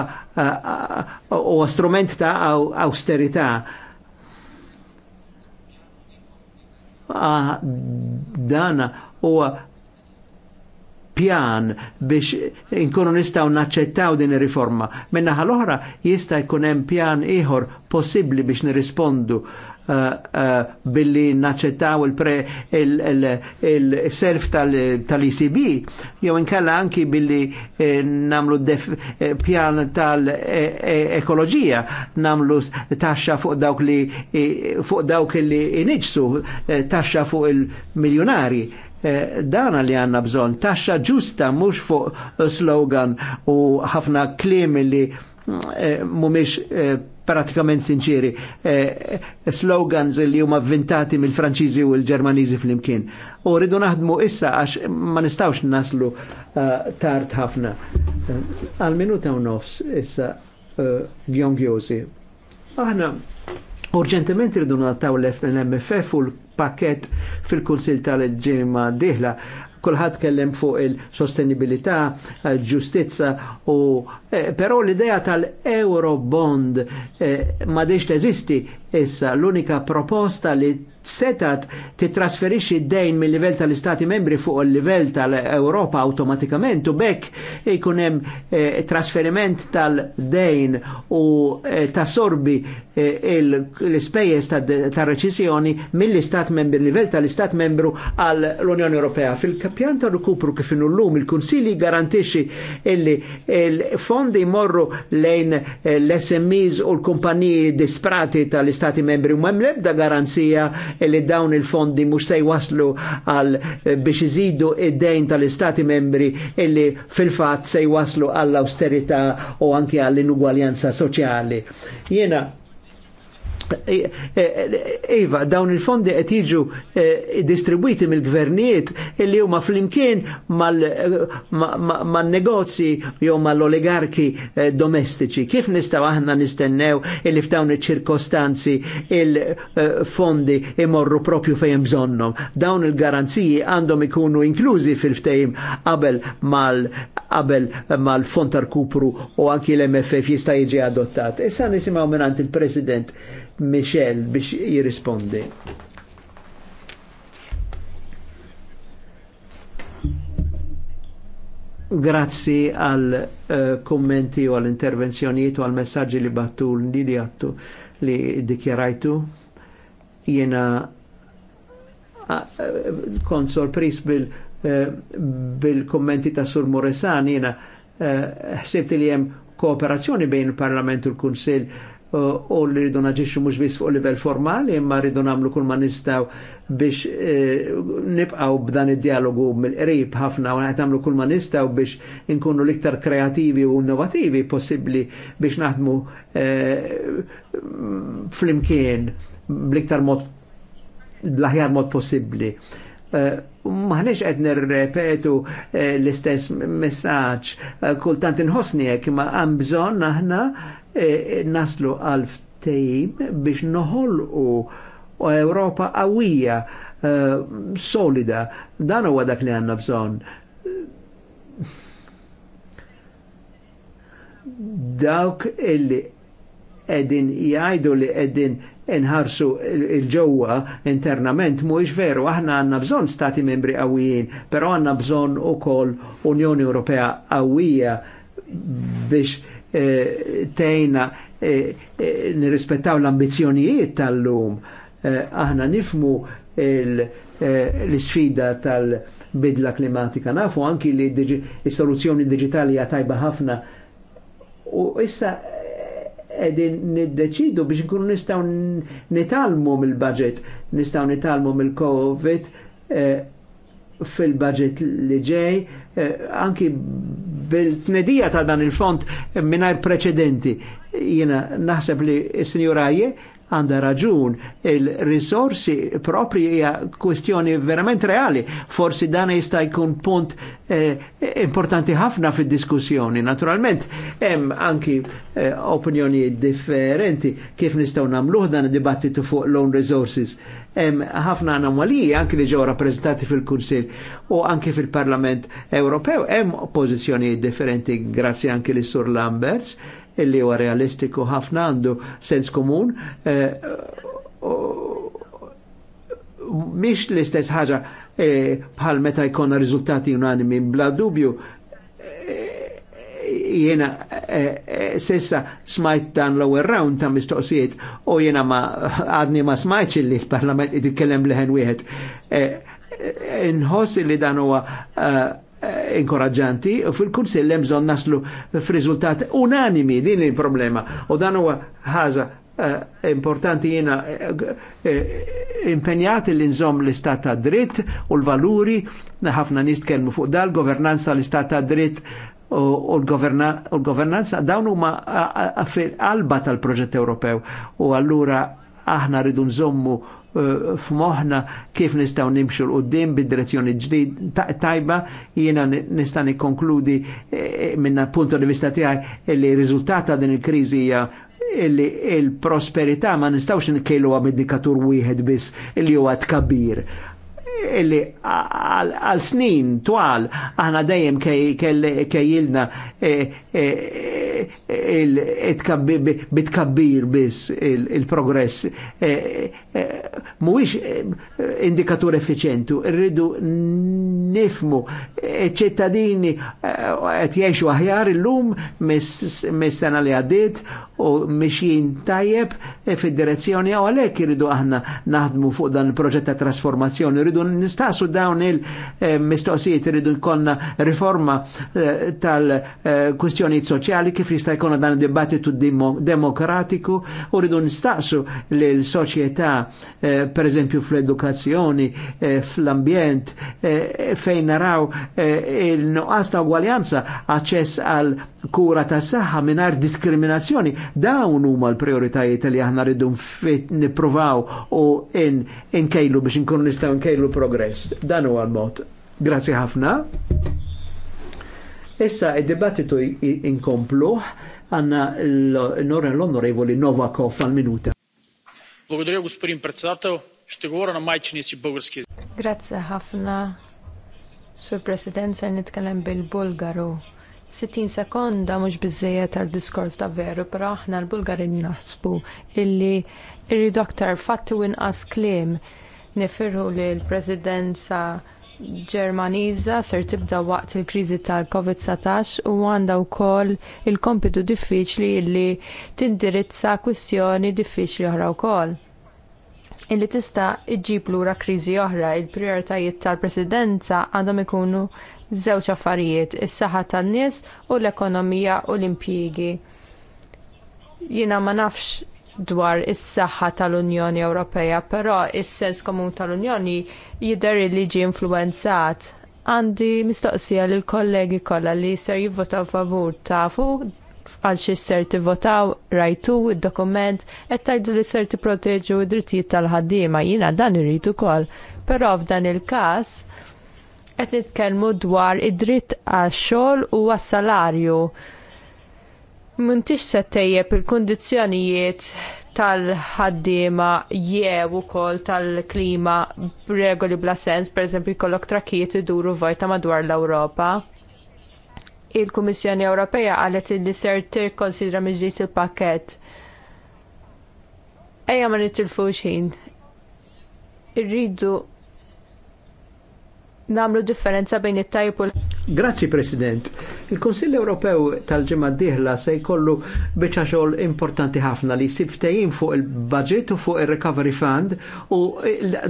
huwa strument ta' austerità. Dana huwa pjan biex inkunu nistgħu naċċettaw din ir-riforma. Minnaħa l-oħra jista' jkun hemm pjan ieħor possibbli biex nirrispondu Eh, eh, billi naċċettaw il-self tal-ECB, jew inkella anki billi eh, namlu pjan tal-ekoloġija, namlu taxxa fuq dawk li fuq dawk li iniġsu, taxxa fuq il-miljonari. Dana li għanna bżon, taxxa ġusta mux fuq slogan u ħafna klim li mumiex pratikament sinċiri, eh, eh, slogans li huma vintati mill-Franċiżi u l-Ġermaniżi flimkien. U rridu naħdmu issa għax ma nistawx naslu uh, tard ħafna. Eh, għal minuta u nofs issa uh, Aħna urġentement rridu nataw l-MFF u l-pakket fil-Kunsil tal-ġimma diħla Kulħadd kellem fuq il-sostenibilità, ġustizza u eh, però l-idea tal eurobond eh, ma deċ teżisti issa l-unika proposta li setat titrasferixxi d-dejn mill-livell tal-Istati membri fuq il-livell tal-Europa automatikament u bekk jkun eh, trasferiment tal-dejn u eh, tasorbi eh, l-ispejjeż tar-reċisjoni mill-Istat membri, livell tal-Istat membru għal l-Unjoni Ewropea. Fil-kapjan ta' rikupru kif l-lum, il-Kunsili garantixxi illi il-fondi morru lejn eh, l-SMEs u l-kumpaniji disprati tal-Istati membri u mem lebda garanzija li dawn il-fondi mhux se jwaslu għal eh, biex iżidu id-dejn tal-istati membri illi fil-fatt se jwaslu għall-austerità u anke għall-inugwaljanza soċjali. Jiena Iva, dawn il-fondi qed jiġu eh, distribwiti mill-gvernijiet illi huma flimkien mal-negozji jew mal-oligarki eh, domestiċi. Kif nistgħu aħna nistennew illi f'dawn iċ-ċirkostanzi il-fondi eh, imorru propju fejn bżonnhom. Dawn il-garanziji għandhom ikunu inklużi fil-ftehim qabel mal qabel mal-fond tar kupru u anki l-MFF jista' jiġi adottat. Issa nisimgħu minant il-President Michel biex jirrispondi. Grazzi għal eh, kommenti u għal intervenzjonijiet u għal messaġġi li battu li li għattu li dikjarajtu. Jena eh, kont sorpris bil-kommenti eh, ta' Sur Moresani jena ħsibt li jem kooperazzjoni bejn il-Parlament u l-Kunsil il u li rridu naġiċu mux bis fuq livell formali, imma rridu namlu kull ma nistaw biex e, nibqaw b'dan id-dialogu mill-qrib ħafna u għamlu kull ma nistaw biex inkunu liktar kreativi u innovativi possibli biex naħdmu e, fl-imkien bliktar mod bl aħjar mod possibli. E, Maħnex qed nirrepetu l-istess messaġġ kultant inħossni hekk ma hemm bżonn aħna E, e, naslu għal ftejim biex noħolqu Ewropa għawija e, solida dan huwa dak li għandna bżonn. Dawk illi edin jgħidu li edin inħarsu il-ġewwa internament mhuwiex veru aħna għandna bżonn stati membri pero għanna għandna bżonn ukoll Unjoni Ewropea għawija biex Eh, tejna eh, eh, nirrispettaw l-ambizjonijiet tal-lum. Aħna nifmu l-sfida tal-bidla klimatika. Nafu anki li s-soluzzjoni digitali għatajba ħafna u issa edin niddeċidu biex nkunu nistaw nitalmu mill-budget, nistaw nitalmu mill-COVID fil-budget li ġej Eh, anki bil-tnedija ta' dan il-font eh, minar preċedenti. Jena naħseb li s-sinjuraje għanda raġun il-risorsi propri hija kwestjoni verament reali. Forsi dan jista' jkun punt eh, importanti ħafna fid-diskussjoni. Naturalment, hemm anki eh, opinjoni differenti kif nistgħu nagħmluh dan id-dibattitu fuq loan resources. Eh, ħafna anomaliji anki li ġew rappreżentati fil-Kunsil u anki fil-Parlament Ewropew hemm pożizzjoni differenti grazzi anki li Sur Lamberts illi huwa realistiku ħafna għandu sens komun eh, mhix l-istess ħaġa eh, bħal meta jkollna riżultati unanimi bla dubju jiena eh, eh, sessa smajt dan l-ewwel round ta' mistoqsijiet u jiena ma għadni ma smajtx li l-Parlament jitkellem liħen wieħed. Eh, nħoss li dan huwa inkoraġġanti u fil-kunsill hemm bżonn naslu f'riżultat unanimi din il-problema u dan huwa ħaża importanti jena impenjat li nżom l-istat ta' dritt u l-valuri, ħafna nistkelmu fuq dal-governanza l-istat ta' dritt u l-governanza dawn huma fil-qalba tal-proġett Ewropew u allura aħna rridu nżommu eh, f'moħna kif nistgħu nimxu l qudiem bid-direzzjoni ġdid tajba jiena nista' nikkonkludi eh, eh, minn punto di vista tiegħi li riżultat ta' din il-kriżi hija illi il-prosperità ma nistawx nkejluha bid-dikatur wieħed biss illi huwa tkabbir illi għal snin twal aħna dejjem kejjilna e, e, e, bitkabbir biss il-progress mhuwiex indikatur effiċentu, irridu nifmu ċittadini qed jgħixu aħjar illum mis-sena li għaddiet u mixjin tajjeb fid-direzzjoni għalhekk irridu aħna naħdmu fuq dan il-proġett ta' trasformazzjoni, rridu nistaqsu dawn il-mistoqsijiet irridu jkollna riforma eh, tal-kwistjonijiet soċjali kif jista' jkollna dan dibattitu demokratiku u rridu nistaqsu lil soċjetà eh, per eżempju fl-edukazzjoni, eh, fl-ambjent, fejn naraw il-nuqqas ta' ugwaljanza aċċess għal kura ta' saħħa mingħajr diskriminazzjoni dawn huma l-prioritajiet li aħna rridu nipruvaw u nkejlu biex nkunu nistgħu nkejlu progress. Dan huwa l-mod. Grazzi ħafna. Issa id-dibattitu inkompluħ għanna l-onorevoli Novakov għal-minuta. Благодаря, господин председател. Ще говоря на майчиния си български Grazie ħafna, Sur President, ser nitkellem bil-Bulgaru. 60 sekonda mhux biżejjed għal diskors ta' veru, però aħna l-Bulgari naħsbu illi irridu aktar fatti u inqas kliem nifirħu li l-presidenza Ġermaniża ser tibda waqt il-kriżi tal-COVID-19 u għandha wkoll il-kompitu diffiċli li tindirizza kwistjoni diffiċli oħra wkoll illi tista' iġġib lura kriżi oħra, il-prijoritajiet tal-presidenza għandhom ikunu żewġ affarijiet, is-saħħa tan-nies u l-ekonomija u l-impjiegi. Jiena ma nafx dwar is-saħħa tal-Unjoni Ewropea, però is-sens komun tal-Unjoni jidher li liġi influwenzat. Għandi mistoqsija lill kollegi kollha li ser jivvotaw favur tafu għal xi ser tivvotaw rajtu id-dokument qed tgħidu li ser tipproteġu d-drittijiet tal-ħaddiema jiena dan irid ukoll. Però f'dan il-każ qed nitkellmu dwar id-dritt għax-xogħol u għas-salarju. Muntix se tejjeb il kundizzjonijiet tal-ħaddiema jew ukoll tal-klima regoli bla sens, pereżempju jkollok trakkijiet iduru vojta madwar l-Ewropa. Il-Kummissjoni Ewropea qalet li ser tirkonsidra miġdiet il-pakket. Ejja ma nitilfux ħin. Irridu namlu differenza bejn it-tajb u Grazzi President. Il-Konsill Ewropew tal ġimma d-dieħla se jkollu biċċa xogħol importanti ħafna li jsib ftehim fuq il-budget u fuq il recovery fund u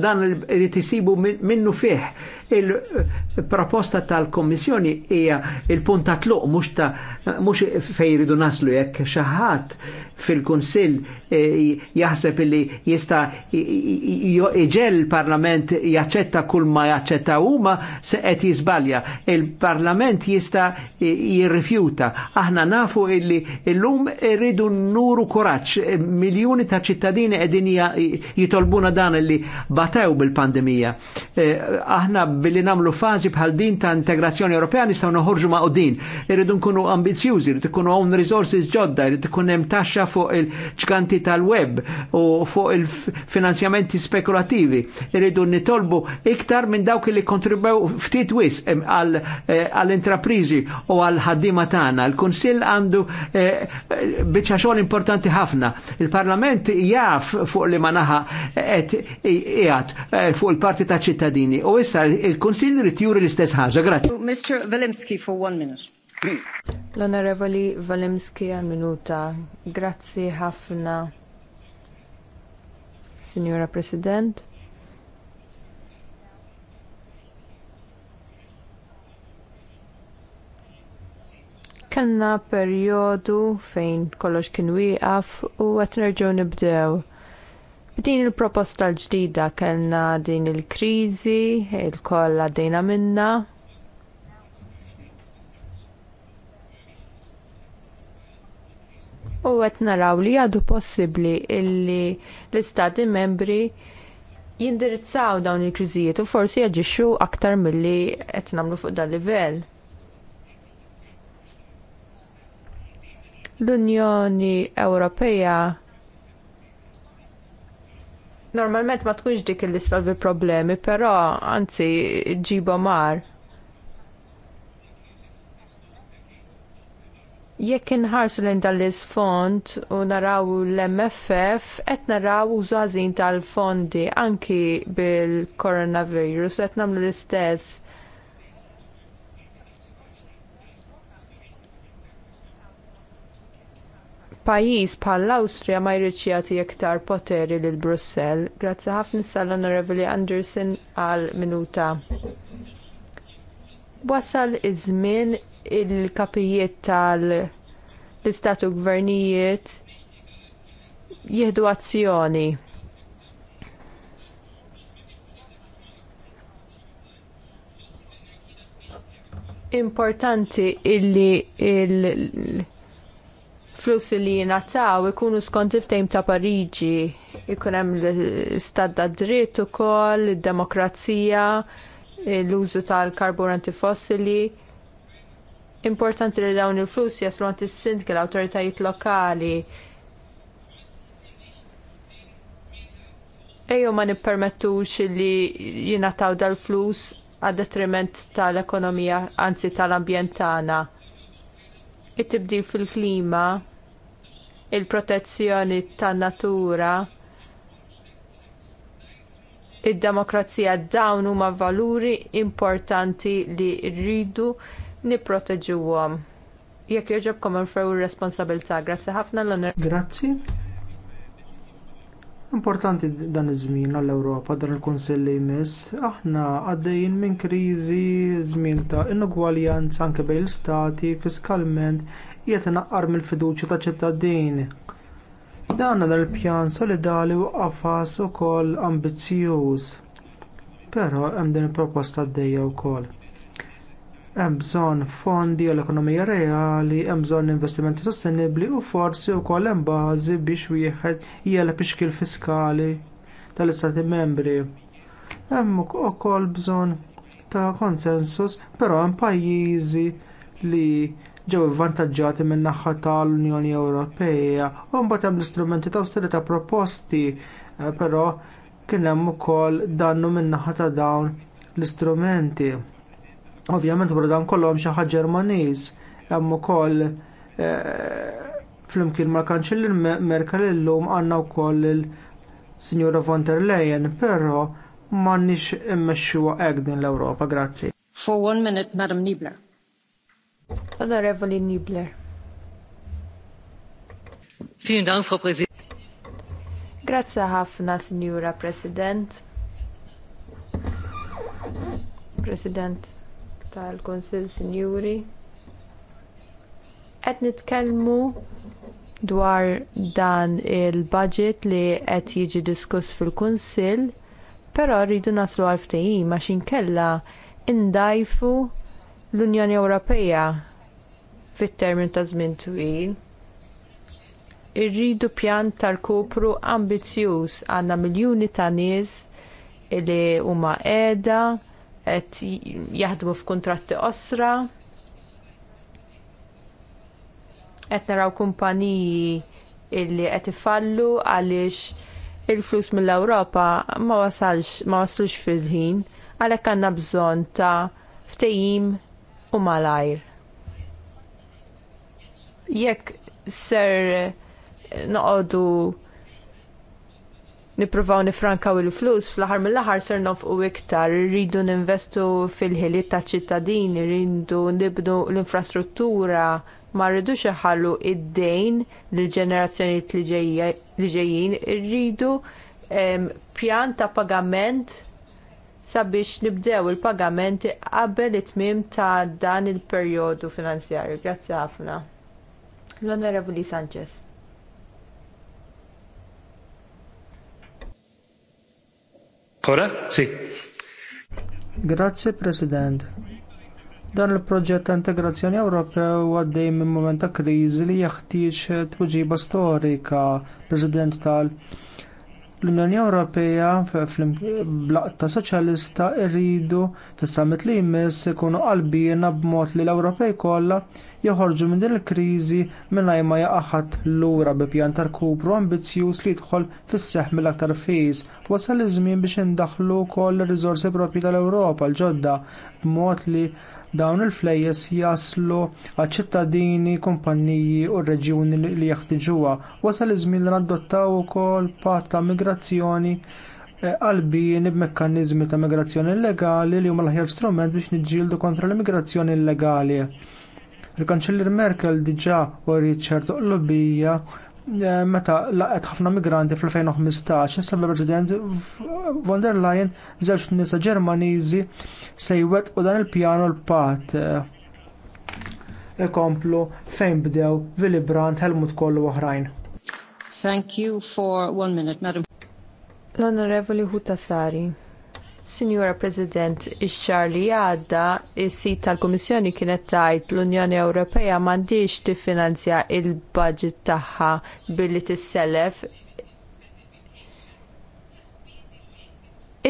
dan irid isibu minnu fih. Il-proposta tal-Kommissjoni hija il-punta tluq mhux mhux fejn jridu naslu jekk xi ħadd fil-Kunsill e, jaħseb li jista iġel parlament jaċċetta kull ma jaċċetta huma se qed jiżbalja. Il-Parlament jista jirrifjuta. Aħna nafu illi llum irridu nuru kuraġġ. E, miljuni ta' ċittadini qegħdin jitolbuna dan illi batew bil-pandemija. E, aħna billi nagħmlu fażi bħal din ta' integrazzjoni Ewropea nistgħu noħorġu ma' din. Irridu nkunu ambizjużi, irridu nkunu hawn resources ġodda, irridu ikun hemm taxxa fuq il-ċkanti tal-web u fuq il-finanzjamenti spekulativi. Irridu nitolbu iktar minn dawk li kontribew ftit wis eh, għall-intraprizi u għall-ħaddima tagħna. Il-Kunsill għandu eh, biċċa xogħol importanti ħafna. Il-Parlament jaf fuq li manaħa qed qiegħed eh, fuq il-parti ta' ċittadini u issa il-Kunsill rid juri l-istess ħaġa. Grazzi. Mr. Vilimski for one minute. L-Onorevoli Valemski għal minuta. Grazzi ħafna, Signora President. Kanna perjodu fejn kollox kien wieqaf u qed nerġgħu nibdew. B'din il-proposta l-ġdida kellna din il-kriżi, il-koll għaddejna minna, u qed naraw li għadu possibbli illi l-istati membri jindirizzaw dawn il-kriżijiet u forsi jaġixxu aktar milli qed nagħmlu fuq dan livell. L-Unjoni Ewropea normalment ma tkunx dik li solvi problemi, però anzi ġiba mar. Jekk inħarsu lejn dan l-isfond u naraw l-MFF, qed naraw użu ħażin tal-fondi anki bil-coronavirus qed nagħmlu l-istess. Pajjiż bħall-Awstrija ma jridx jagħti iktar poteri lil Brussell. Grazzi ħafna sal-Onorevoli Anderson għal minuta. Wasal iż-żmien il-kapijiet tal-istatu gvernijiet jieħdu azzjoni. Importanti illi il flussi li jingħataw ikunu skont il ta' Pariġi, ikun hemm l-istadda dritt ukoll, id-demokrazija, l-użu tal-karburanti fossili Importanti li dawn il-flus jaslu għant is-sindki l-awtoritajiet lokali. Ejju ma nippermettux li jingħataw dal-flus għad detriment tal-ekonomija, anzi tal-ambjent tagħna. It-tibdil fil-klima, il-protezzjoni tan-natura, id-demokrazija dawn huma valuri importanti li rridu niproteġuhom. Jekk jogħġobkom nfrew ir-responsabilità. Grazzi ħafna l-oner. Grazzi. Importanti dan iż-żmien għall-Ewropa dan il-Kunsill li jmiss, aħna għaddejjin minn kriżi żmien ta' inugwaljanza anke bejn l-istati fiskalment qiegħed inaqqar mill-fiduċja ta' ċittadin. Dan dan il-pjan solidali u qafas ukoll ambizzjuż. Però hemm din il-proposta għaddejja wkoll hemm bżonn fondi għall ekonomija reali, hemm bżonn investimenti sostenibbli u forsi wkoll hemm bażi biex wieħed ix-xkil fiskali tal-Istati membri. Hemm ukoll bżonn ta' konsensus, però hemm pajjiżi li ġew ivvantaġġati min naħa tal-Unjoni Ewropea u mbagħad hemm l-istrumenti ta' austerità proposti, eh, però kien hemm ukoll dannu min naħa ta' dawn l-istrumenti. Ovvjament bro dan kollhom xi ħaġa Ġermaniż hemm ukoll eh, flimkien mal-Kanċellir Merkel illum għandna wkoll il-Sinjura von der Leyen, però m'għandniex immexxuha hekk din l-Ewropa, grazzi. For one minute, Madam Niebler. Onorevoli Niebler. Vielen Dank, Frau Präsidentin. Grazzi ħafna, Signora President. President tal kunsill Sinjuri. Qed nitkellmu dwar dan il-budget li qed jiġi diskuss fil-Kunsill, però rridu naslu għal ftehim għax inkella indajfu l-Unjoni Ewropea fit-termin ta' żmien twil irridu pjan tal-kopru ambizjuż għandna miljuni ta' nies li huma qiegħda qed jaħdmu f'kuntratti qosra. Qed naraw kumpaniji illi qed ifallu għaliex il-flus mill-Ewropa ma wasalx ma waslux fil-ħin għalhekk għandna bżonn ta' ftehim u malajr. Jekk ser noqogħdu nippruvaw nifrankaw il-flus, fl-aħħar mill-aħħar ser nofqu iktar, irridu ninvestu fil-ħiliet taċ ċittadini, rridu nibnu l-infrastruttura, ma rridux iħallu id-dejn lill-ġenerazzjonijiet li ġejjin, irridu pjan ta' pagament sabiex nibdew il-pagamenti qabel it-tmiem ta' dan il-perjodu finanzjarju. Grazzi ħafna. L-Onorevoli Sanchez. Kora? Sì. Grazie President. Dan il-proġett ta' integrazzjoni Ewropew għaddej minn moment ta' kriżi li jeħtieġ tweġiba storika President tal l-Unjoni Ewropea fl-blaqta soċjalista rridu fis-summit li jmiss ikunu qalbina b'mod li l-Ewropej kollha joħorġu minn din il-kriżi mingħajr ma jaqaħat lura bi pjan tarkupru ambizzjuż li jidħol fis-seħħ mill-aktar fis. Wasal iż-żmien biex indaħħlu wkoll ir-riżorsi propri tal-Ewropa l-ġodda b'mod li dawn il-flejjes jaslu għal ċittadini, kumpanniji u r-reġjuni li jaħtiġuha. Wasal iż-żmien li nadottaw ukoll patt ta' migrazzjoni qalbin eh, b'mekkaniżmi ta' migrazzjoni illegali li huma l-aħjar strument biex niġġieldu kontra l-immigrazzjoni illegali il kanċellier Merkel diġà wariet ċertu Lobbija eh, meta laqet ħafna migranti fl-2015 sabba President von der Leyen żewġ nisa Ġermaniżi se u dan il-pjano l-pat ikomplu fejn bdew Willy Brandt, Helmut Kohl u oħrajn. Thank you for one minute, Madam. L-Onorevoli Hutasari. Signora President, ix li għadda, is-sit tal-Kummissjoni kienet tgħid l-Unjoni Ewropea m'għandix tiffinanzja l budget tagħha billi tissellef.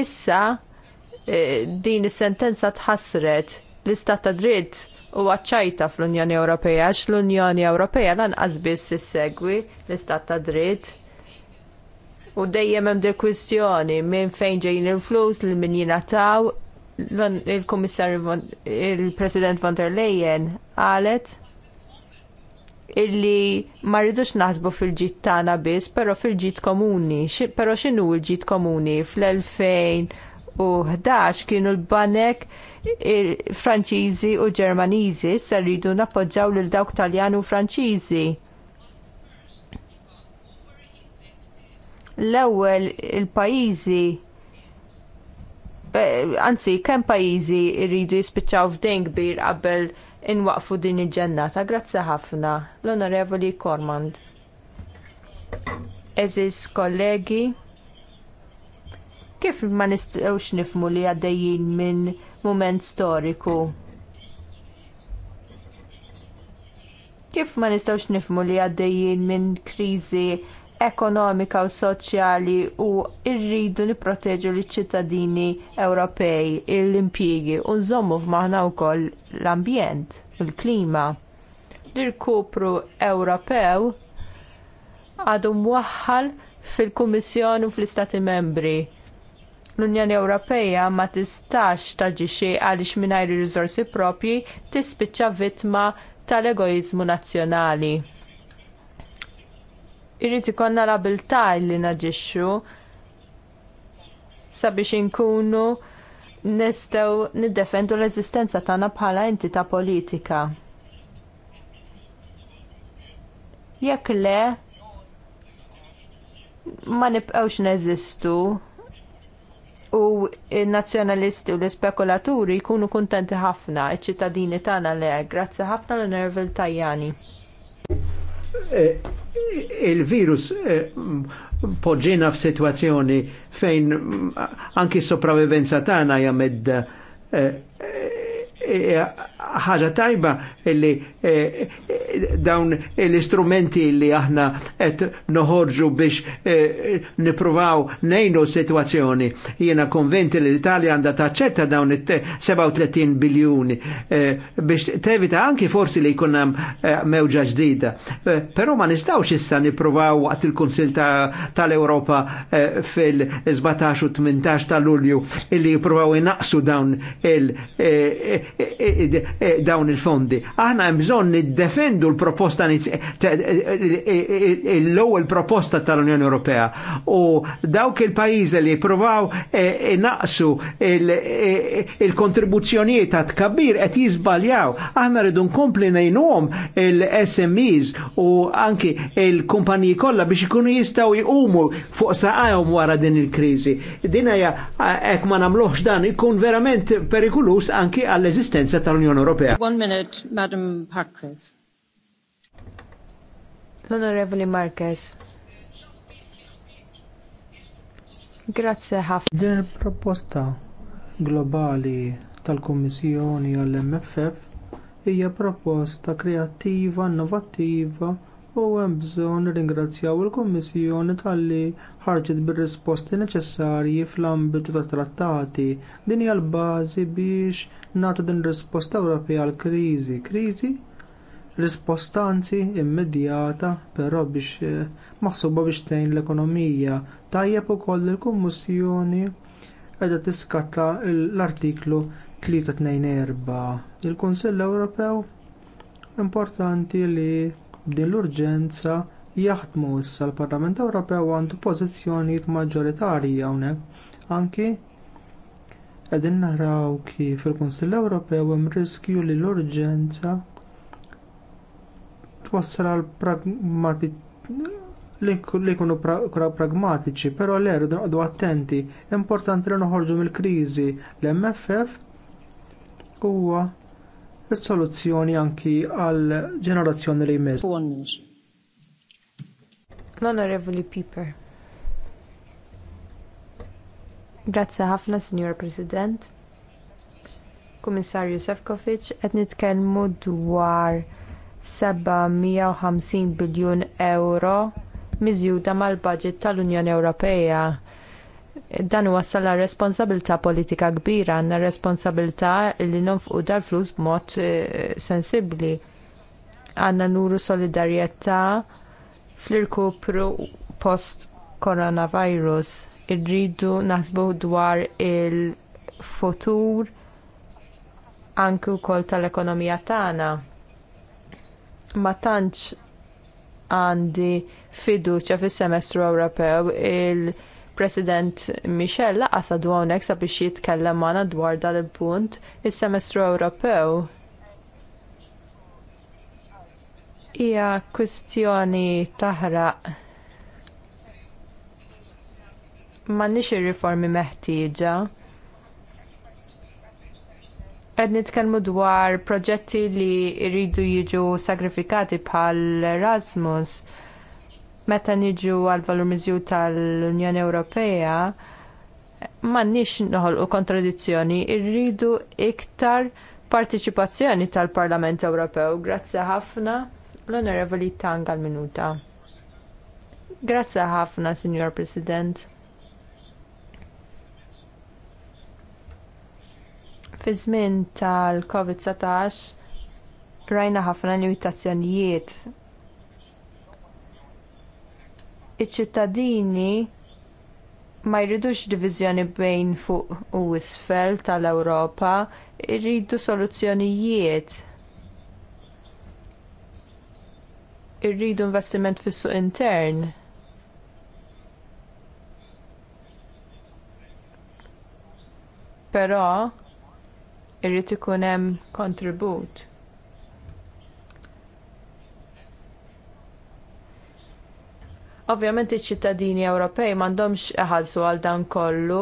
Issa eh, din is-sentenza tħassret l-istat ta' dritt huwa ċajta fl-Unjoni Ewropea għax l-Unjoni Ewropea lanqas biss issegwi l-istat ta' dritt U dejjem hemm dil kwistjoni minn fejn ġejjin il-flus lil min jingħataw il-Kummissarju il-President von der Leyen qalet illi ma rridux naħsbu fil-ġit tagħna biss, però fil-ġit komuni. Però x'inhu l-ġit komuni fl-2011 kienu l-banek Franċiżi u Ġermaniżi se rridu nappoġġaw lil dawk Taljan u Franċiżi l-ewwel il-pajjiżi eh, anzi kemm pajjiżi jridu jispiċċaw f'dejn kbir qabel inwaqfu din il-ġennata. Grazzi ħafna l-Onorevoli Kormand. Eżis kollegi, kif ma nistgħux nifmu li għaddejjin minn mument storiku kif ma nistgħux nifhmu li għaddejjin minn kriżi ekonomika u soċjali u rridu nipproteġu l ċittadini Ewropej l-impjiegi u nżommu f'maħna wkoll l-ambjent, il-klima. L-irkupru Ewropew għadu mwaħħal fil-Kummissjoni u fl-Istati Membri l-Unjoni Ewropea ma tistax taġixxi għaliex mingħajr ir-riżorsi proprji tispiċċa vittma tal-egoiżmu nazzjonali irrid ikollna l-abilità li naġixxu sabiex inkunu nistgħu niddefendu l-eżistenza tagħna bħala entità politika. Jekk le ma nibqgħux neżistu u n-nazzjonalisti u l-ispekulaturi jkunu kuntenti ħafna, iċ-ċittadini tagħna le, grazzi ħafna l-Nervil Tajjani. Eh, il-virus eh, poġġina situazzjoni fejn eh, anki sopravivenza tana hija ħaġa tajba illi eh, eh, dawn l-istrumenti li aħna qed noħorġu biex eh, nipruvaw nejnu situazzjoni. Jiena konventi li l-Italja għandha taċċetta dawn 37 biljuni biex tevita anki forsi li jkun hemm mewġa ġdida. Però ma nistgħux issa nippruvaw waqt il-Kunsil tal-Ewropa fil-17 u 18 ta' Lulju illi jippruvaw inaqsu dawn il- E, dawn il-fondi. Aħna hemm bżonn niddefendu l-proposta e, e, l-ewwel proposta tal-Unjoni Ewropea u dawk il-pajjiżi li jippruvaw naqsu il-kontribuzzjonijiet ta' tkabbir qed jiżbaljaw. Aħna rridu nkompli ngħinhom il-SMEs u anki il-kumpaniji kollha biex ikunu jistgħu jqumu fuq saqajhom wara din il-kriżi. Din hija hekk ma nagħmluhx dan ikun verament perikulus anki għall-eżistenza tal-Unjoni Ewropea. One minute, Madam Parkes. L-Onorevoli Marquez. Grazie ħafna. Din proposta globali tal-Kummissjoni għall-MFF hija proposta kreattiva, innovattiva u hemm bżonn nirringrazzjaw il-Kummissjoni talli ħarġet bir-risposti neċessarji fl-ambitu tat trattati. Din hija l-bażi biex nagħtu din risposta Ewropea għal kriżi. Kriżi risposta anzi immedjata però biex eh, maħsuba biex tgħin l-ekonomija. Tajjeb ukoll il-Kummissjoni qiegħda tiskatta l-artiklu 324. Il-Kunsill Ewropew importanti li Din l-urġenza jaħdmu issa l-Parlament Ewropew għandu pożizzjonijiet maġġoritarji hawnhekk anki qegħdin naraw kif il-Kunsill Ewropew hemm riskju li l-urġenza twassal għal li jkunu pragmatiċi, però le rridu attenti, importanti li noħorġu mill-kriżi l-MFF huwa is-soluzzjoni anki għal ġenerazzjoni li jmiss. L-Onorevoli Piper. Grazzi ħafna, Signor President. Kummissarju Sefkovic, qed nitkellmu dwar 750 biljun euro miżjuda mal-budget tal-Unjoni Ewropea Dan wassal għal responsabilta politika kbira, għanna responsabilta li nonfqu dal-flus b'mod eh, sensibli. Għanna nuru solidarieta fl-irkupru post-coronavirus. Irridu naħsbu dwar il-futur anki wkoll tal-ekonomija tagħna. Ma tantx għandi fiduċja fis-semestru Ewropew il- President Michel laqas għadu hawnhekk sabiex jitkellem magħna dwar dan il-punt is-semestru Ewropew. Hija kwistjoni taħraq m'għandniex ir-riformi meħtieġa. Qed nitkellmu dwar proġetti li jridu jiġu sagrifikati bħal Erasmus meta niġu għal valur miżju tal-Unjoni Ewropea m'għandniex noħolqu kontradizzjoni, irridu iktar partiċipazzjoni tal-Parlament Ewropew. Grazzi ħafna l-Onorevoli Tanga l-Minuta. Grazzi ħafna, Signor President. fi żmien tal-COVID-19 rajna ħafna limitazzjonijiet iċ-ċittadini ma jridux diviżjoni bejn fuq u isfel tal-Ewropa, irridu soluzzjonijiet. Irridu investiment fis-suq intern. Però irrid ikun hemm kontribut. Ovvjament iċ-ċittadini Ewropej m'għandhomx iħallsu għal dan kollu.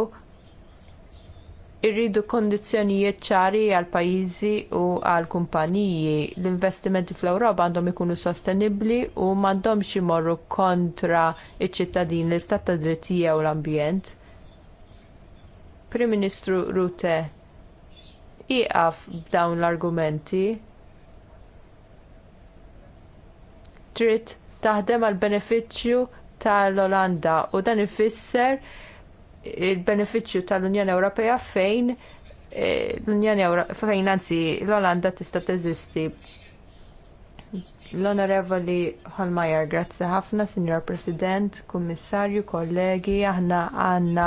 Irridu kondizzjonijiet ċari għal pajjiżi u għal kumpaniji. L-investimenti fl-Ewropa għandhom ikunu sostenibbli u m'għandhomx imorru kontra iċ-ċittadin l-istat ta' drittija u l-ambjent. Prim Ministru Rute iqaf b'dawn l-argumenti. Trid taħdem għal benefiċċju tal-Olanda u dan ifisser il-benefiċċju tal-Unjoni Ewropea fejn eh, l-Unjoni Ewropea fejn anzi l-Olanda tista' teżisti. L-Onorevoli Holmajer, grazzi ħafna, Signor President, Kummissarju, kollegi, aħna għandna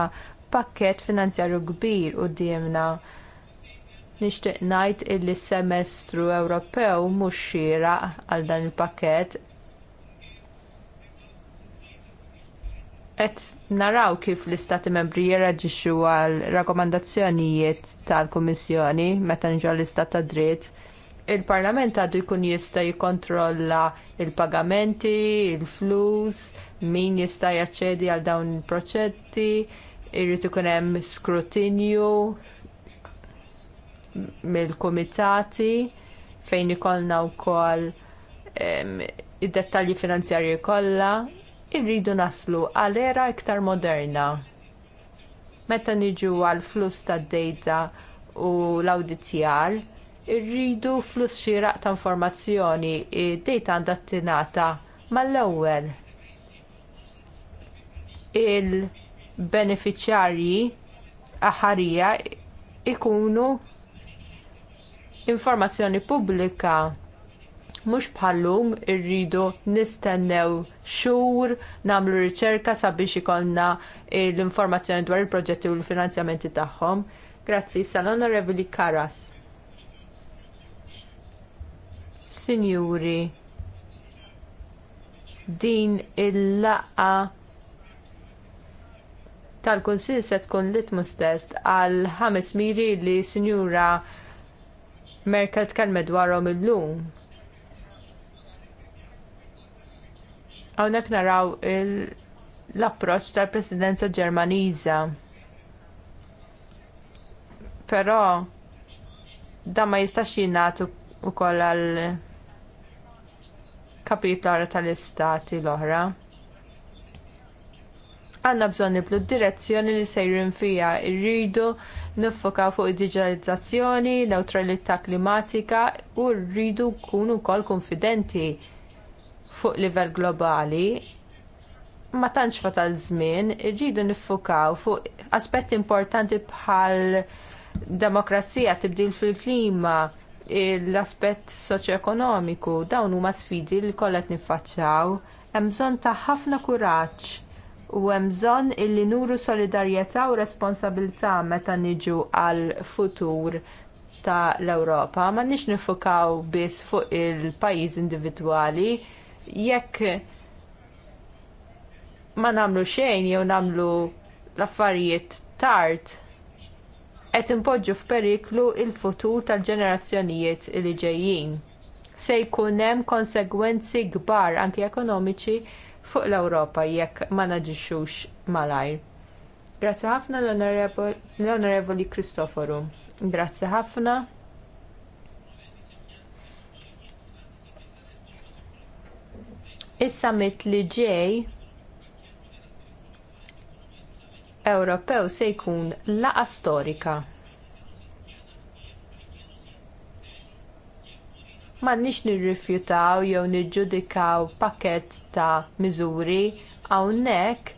pakket finanzjarju kbir qudiemna nixtieq ngħid illi semestru Ewropew mhux xieraq għal dan il-pakket qed naraw kif l-istati membri jirraġiċu għal rakkomandazzjonijiet tal-Kummissjoni meta nġu l-istat ta' dritt, il-Parlament għadu jkun jista' jikkontrolla l pagamenti il-flus, min jista' jaċċedi għal dawn il-proċetti, irrid ikun hemm skrutinju mill-kumitati fejn ikollna wkoll id-dettalji finanzjarji kollha irridu naslu għal era iktar moderna. Meta niġu għal flus tad dejta u l-auditjar, irridu flus xieraq ta' informazzjoni, id-dejta għandha tinata mal-ewwel. Il-beneficjarji aħarija ikunu informazzjoni pubblika mhux bħallum irridu nistennew xhur nagħmlu riċerka sabiex ikollna l-informazzjoni dwar il-proġetti u l-finanzjamenti tagħhom. Grazzi, Salona Revili Karas. Sinjuri, din il laqgħa tal-Kunsil se tkun litmu test għal ħames miri li Sinjura Merkel tkellmet dwarhom illum Hawnhekk naraw l-approċċ tal-Presidenza Ġermaniża. Però dan ma jistax jingħatu wkoll għal kapitlu tal-istati l-oħra. Għanna bżonn niblu d-direzzjoni li sejrin fija rridu nuffuka fuq id-digitalizzazzjoni, neutralità klimatika u rridu kunu kol konfidenti fuq livell globali ma tantx fatal żmien irridu niffukaw fuq aspetti importanti bħal demokrazija tibdil fil-klima l-aspett soċjoekonomiku dawn huma sfidi li kollha niffaċċjaw hemm bżonn ta' ħafna kuraġġ u hemm bżonn illi nuru solidarjetà u responsabilità meta niġu għal futur tal ewropa Ma nix nifukaw biss fuq il-pajjiż individwali jekk ma nagħmlu xejn jew nagħmlu l-affarijiet tard qed impoġġu f'periklu l futur tal-ġenerazzjonijiet li ġejjin. Se jkun hemm konsegwenzi kbar anki ekonomiċi fuq l-Ewropa jekk ma naġixxux malajr. Grazzi ħafna l-Onorevoli Kristoforu. Grazzi ħafna. Is-summit li ġej Ewropew se jkun laqgħa storika. M'għandniex nirrifjutaw jew niġġudikaw pakkett ta' miżuri hawnhekk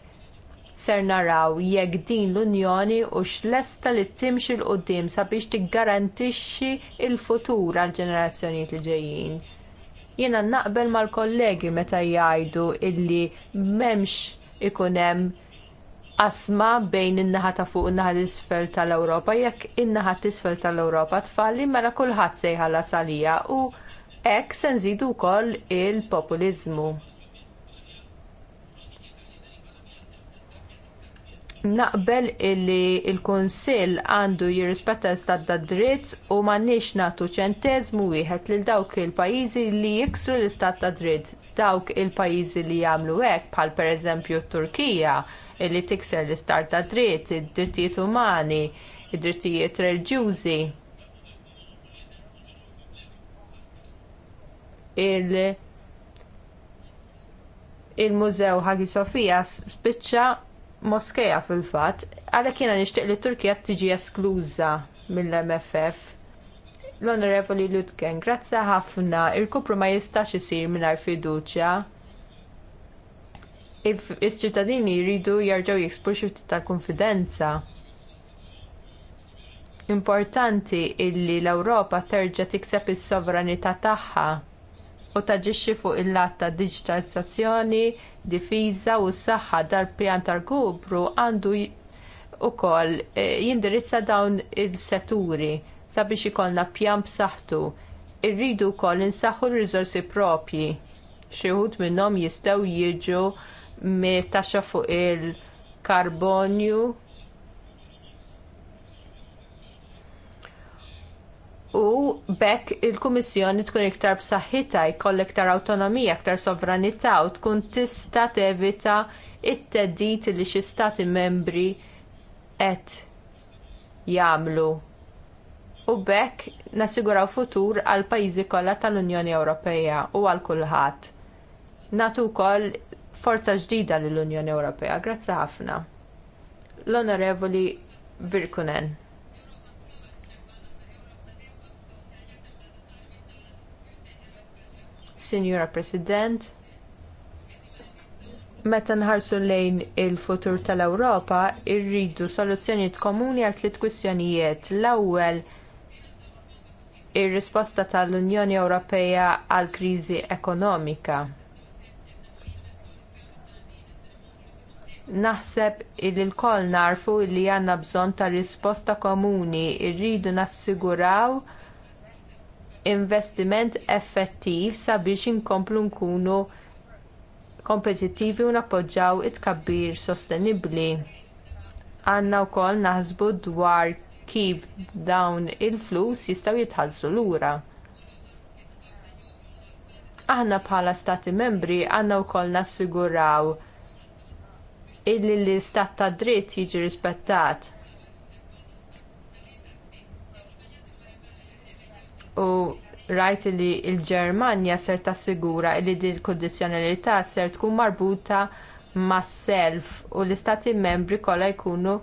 ser naraw jekk din l-Unjoni u x'lesta li timxi l qudiem sabiex tiggarantixxi l futur għall ġenerazzjonijiet li ġejjin. Jiena naqbel mal-kollegi meta jgħidu illi m'hemmx ikun hemm qasma bejn in-naħa ta' fuq in-naħa l-isfel tal-Ewropa jekk in-naħa t-isfel tal-Ewropa tfalli mela kulħadd se jħallas għalija u hekk se nżidu wkoll il-populiżmu. naqbel illi l kunsill għandu jirrispetta l-istat ta' dritt u m'għandniex nagħtu ċenteżmu wieħed lil dawk il-pajjiżi li jiksru l-istat ta' dritt. Dawk il-pajjiżi li jagħmlu hekk bħal pereżempju t-Turkija li tikser l-istat ta' dritt, id-drittijiet umani, id-drittijiet reliġjużi. il-mużew Hagi Sofija spiċċa moskeja fil-fatt, għalhekk jiena nixtieq li t Turkija tiġi eskluża mill-MFF. L-Onorevoli Lutgen, grazzi ħafna, il-kupru ma jistax isir mingħajr fiduċja. Iċ-ċittadini jridu jerġgħu jikspu xi ta' konfidenza. Importanti illi l-Ewropa terġa' tikseb is-sovranità tagħha u taġixxi fuq il-lat ta' digitalizzazzjoni, difiża u s-saħħa dal-pjan tal kubru għandu wkoll e, jindirizza dawn il-setturi sabiex ikollna pjan b'saħħtu. Irridu wkoll insaħħu r-riżorsi propji. Xi wħud minnhom jistgħu jiġu me taxxa fuq il-karbonju u bekk il-Kummissjoni tkun iktar b'saħħitha jkoll iktar awtonomija, iktar sovranità u tkun tista' tevita it-teddit li xi stati membri qed jagħmlu. U bekk nassiguraw futur għal pajjiżi kollha tal-Unjoni Ewropea u għal kulħadd. Natu wkoll forza ġdida lill-Unjoni Ewropea. Grazzi ħafna. L-Onorevoli Virkunen. Signora President, meta nħarsu lejn il-futur tal-Ewropa, irridu soluzzjonijiet komuni għal tliet kwistjonijiet. L-ewwel ir-risposta tal-Unjoni Ewropea għall kriżi ekonomika. Naħseb li l-koll narfu li għandna bżonn ta' risposta komuni, irridu nassiguraw investiment effettiv sabiex inkomplu nkunu kompetittivi u nappoġġjaw it tkabbir sostenibbli. Għandna wkoll naħsbu dwar kif dawn il-flus jistgħu jitħallsu lura. Aħna bħala stati membri għandna wkoll nassiguraw illi l-istat ta' dritt jiġi rispettat u rajt li l-Ġermanja ser tassigura li din il-kundizzjonalità ser tkun marbuta mas self u l-istati membri kollha jkunu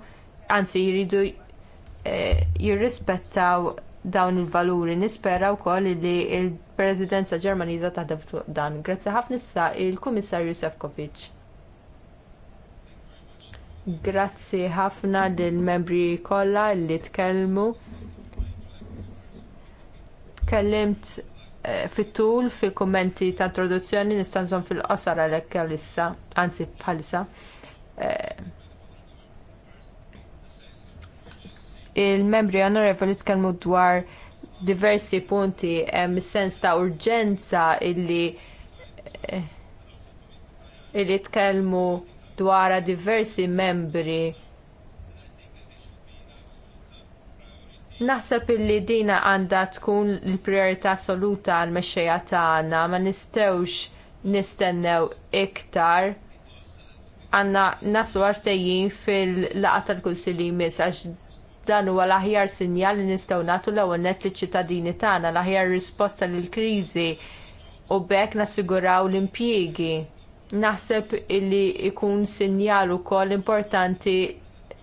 anzi jridu eh, jirrispettaw dawn il-valuri. Nispera wkoll li l presidenza Ġermaniża taħdem dan. Grazzi ħafna il-Kummissarju Sefcovic. Grazzi ħafna lill membri kollha li tkellmu tkellimt eh, fit-tul fil-kommenti ta' introduzzjoni nistanżon fil-qosar għalhekk għalissa, anzi bħalissa. Eh, il-membri onorevoli tkellmu dwar diversi punti hemm sens ta' urġenza illi eh, illi tkellmu dwar diversi membri Naħseb illi dina għandha tkun l-priorità assoluta għal mexxejja tagħna, ma nistgħux nistennew iktar għandna naslu għartejjin fil laqgħa tal-kunsil li jmiss għax dan huwa l-aħjar sinjal li nistgħu nagħtu l-ewwel nett liċ-ċittadini tagħna l-aħjar risposta lill-kriżi u bekk nassiguraw l-impjiegi. Naħseb illi jkun sinjal ukoll importanti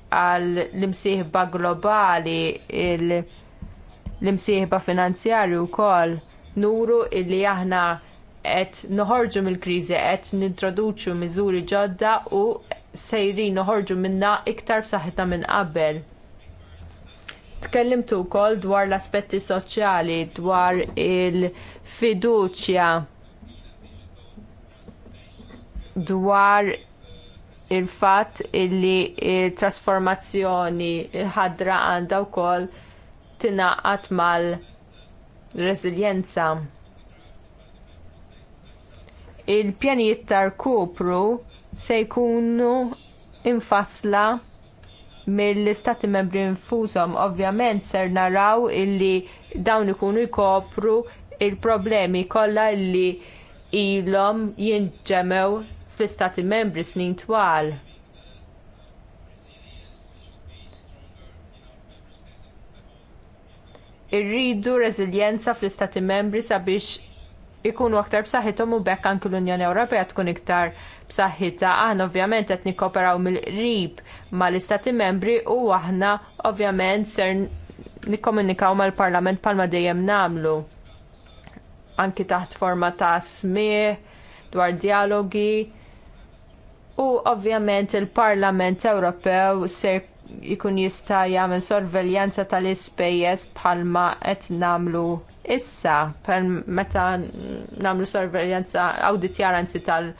għal l-imsieħba globali l-imsieħba finanzjarju wkoll nuru illi aħna qed noħorġu mill-kriżi qed nintroduċu miżuri ġodda u sejrin noħorġu minnha iktar b'saħħitna minn qabel. Tkellimtu wkoll dwar l-aspetti soċjali, dwar il-fiduċja, dwar il-fatt illi t trasformazzjoni ħadra għandha wkoll tingħaqad mal-reżiljenza. Il-pjanijiet tar-kupru se jkunu infasla mill-istati membri infushom ovvjament ser naraw illi dawn ikunu jkopru l problemi kollha li ilhom jinġemew fl-istati membri snin twal. Irridu reżiljenza fl-istati membri sabiex ikunu aktar b'saħħithom u bekk anki l-Unjoni Ewropea tkun iktar b'saħħitha. Aħna ovvjament qed nikkoperaw mill-qrib mal-istati membri u aħna ovvjament ser nikkomunikaw mal-Parlament palma dejjem nagħmlu. Anki taħt forma ta' smieħ dwar dialogi u ovvjament il-Parlament Ewropew ser jkun jista' jagħmel sorveljanza tal-ispejjeż bħalma qed nagħmlu issa per meta nagħmlu sorveljanza awditjar jaranzi tal-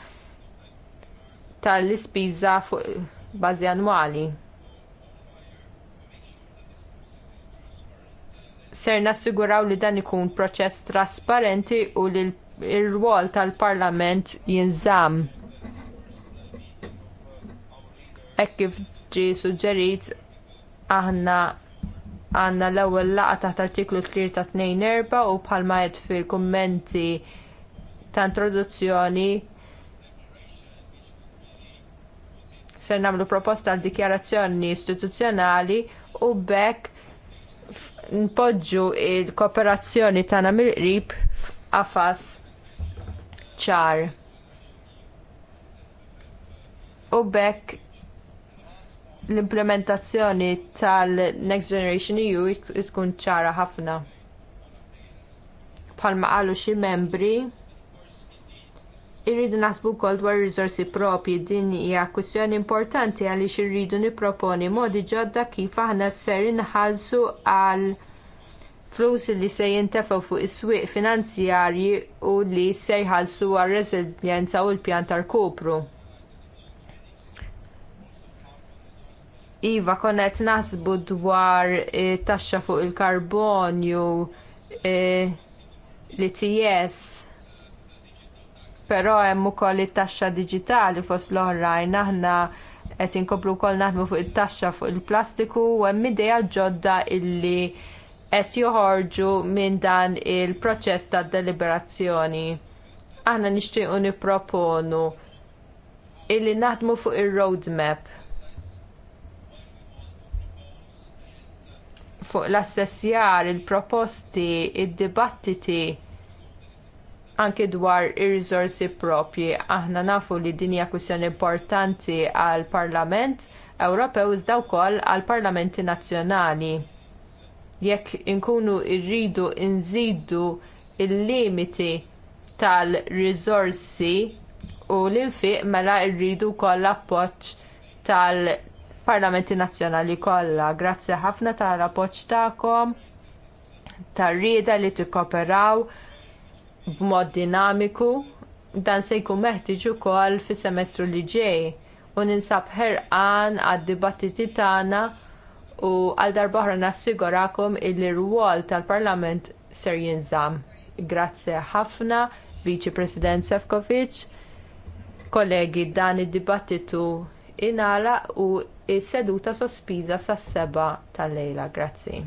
tal-ispiża fuq bażi annwali. Ser nassiguraw li dan ikun proċess trasparenti u li r-rwol tal-Parlament jinżamm hekk kif ġie suġġerit aħna għandna l-ewwel laqgħa taħt artiklu 3 ta' tnejn erba' u bħalma qed fil-kummenti ta' introduzzjoni ser nagħmlu proposta għal dikjarazzjoni istituzzjonali u bekk npoġġu l kooperazzjoni tagħna mill-qrib f'qafas ċar. U bekk l-implementazzjoni tal-Next Generation EU tkun ċara ħafna. Bħalma qalu xi membri irridu naħsbu wkoll dwar riżorsi propji din hija kwistjoni importanti għaliex irridu nipproponi modi ġodda kif aħna ser inħallsu għal flus li se jintefgħu fuq is-swieq finanzjarji u li se jħallsu għar reżiljenza u l-pjan tar-kopru. Iva, konna qed naħsbu dwar eh, taxxa fuq il-karbonju eh, l-ITS, però hemm ukoll it-taxxa diġitali fost l-oħrajn aħna qed inkopru wkoll naħdmu fuq it-taxxa fuq il-plastiku u hemm idea ġodda illi qed joħorġu minn dan il-proċess tad deliberazzjoni. Aħna nixtiequ nipproponu illi naħdmu fuq ir il roadmap fuq l-assessjar, il-proposti, id-dibattiti anke dwar ir-riżorsi propji. Aħna nafu li din hija kwistjoni importanti għall Parlament Ewropew iżda wkoll għall parlamenti nazzjonali. Jekk inkunu rridu nżidu l limiti tal-riżorsi u l-infiq mela rridu wkoll l-appoġġ tal parlamenti Nazzjonali kollha. Grazzi ħafna tal-appoġġ tagħkom tar-rieda li tikkoperaw b'mod dinamiku dan se jkun meħtieġ ukoll fis-semestru li ġej u ninsab ħerqan għad-dibattiti tagħna u għal oħra nassigurakom il-rwol tal-Parlament ser jinżamm. Grazzi ħafna, Viċi President Sefcovic, kollegi dan id-dibattitu ingħalaq u s-seduta sospiża sas-seba' tal-lejla. Grazzi.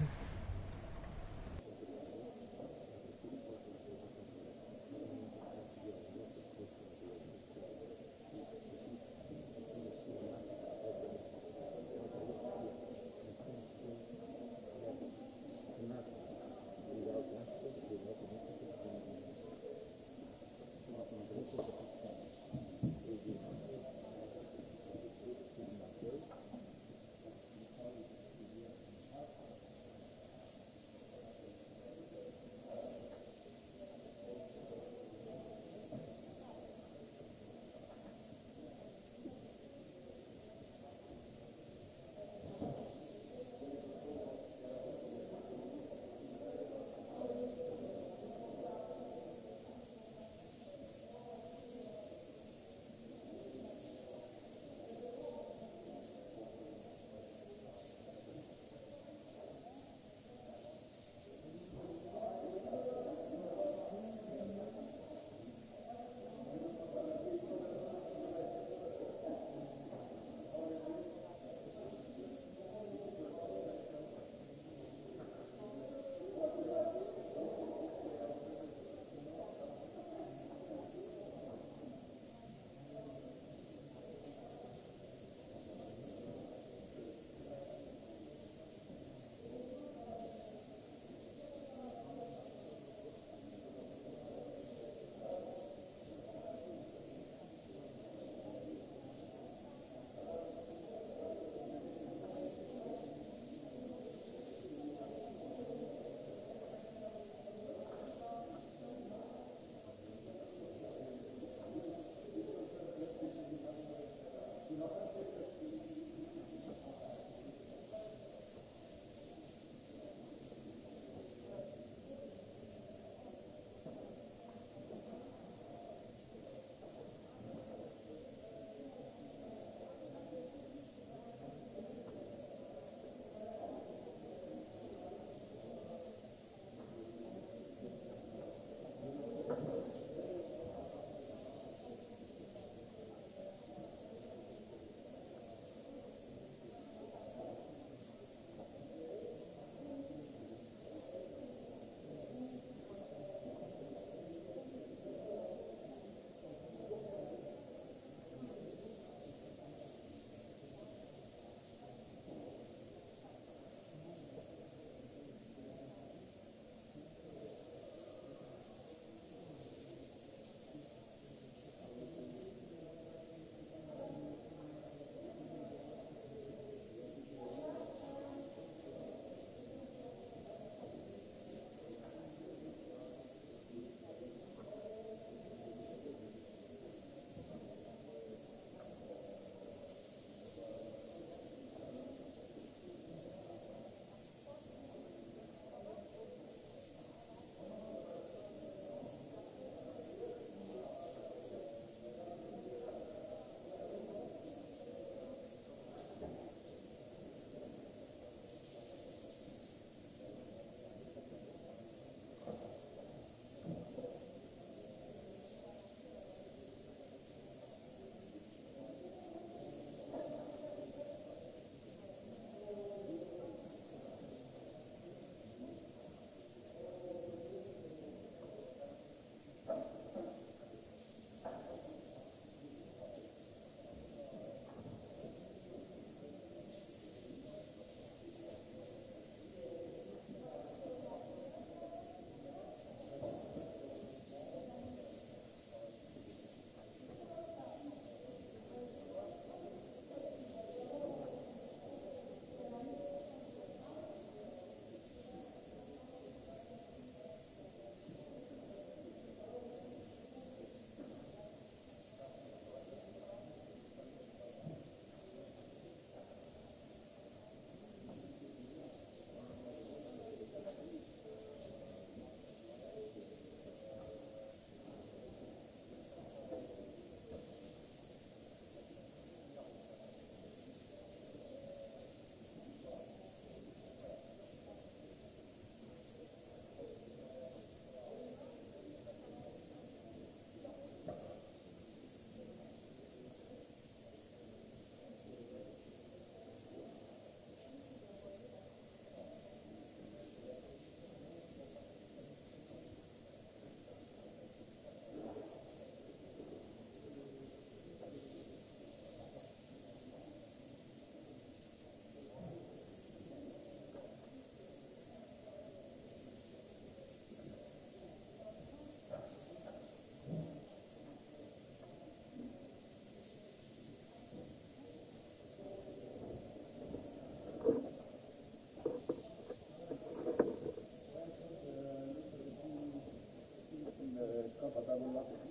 Grazie.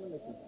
minna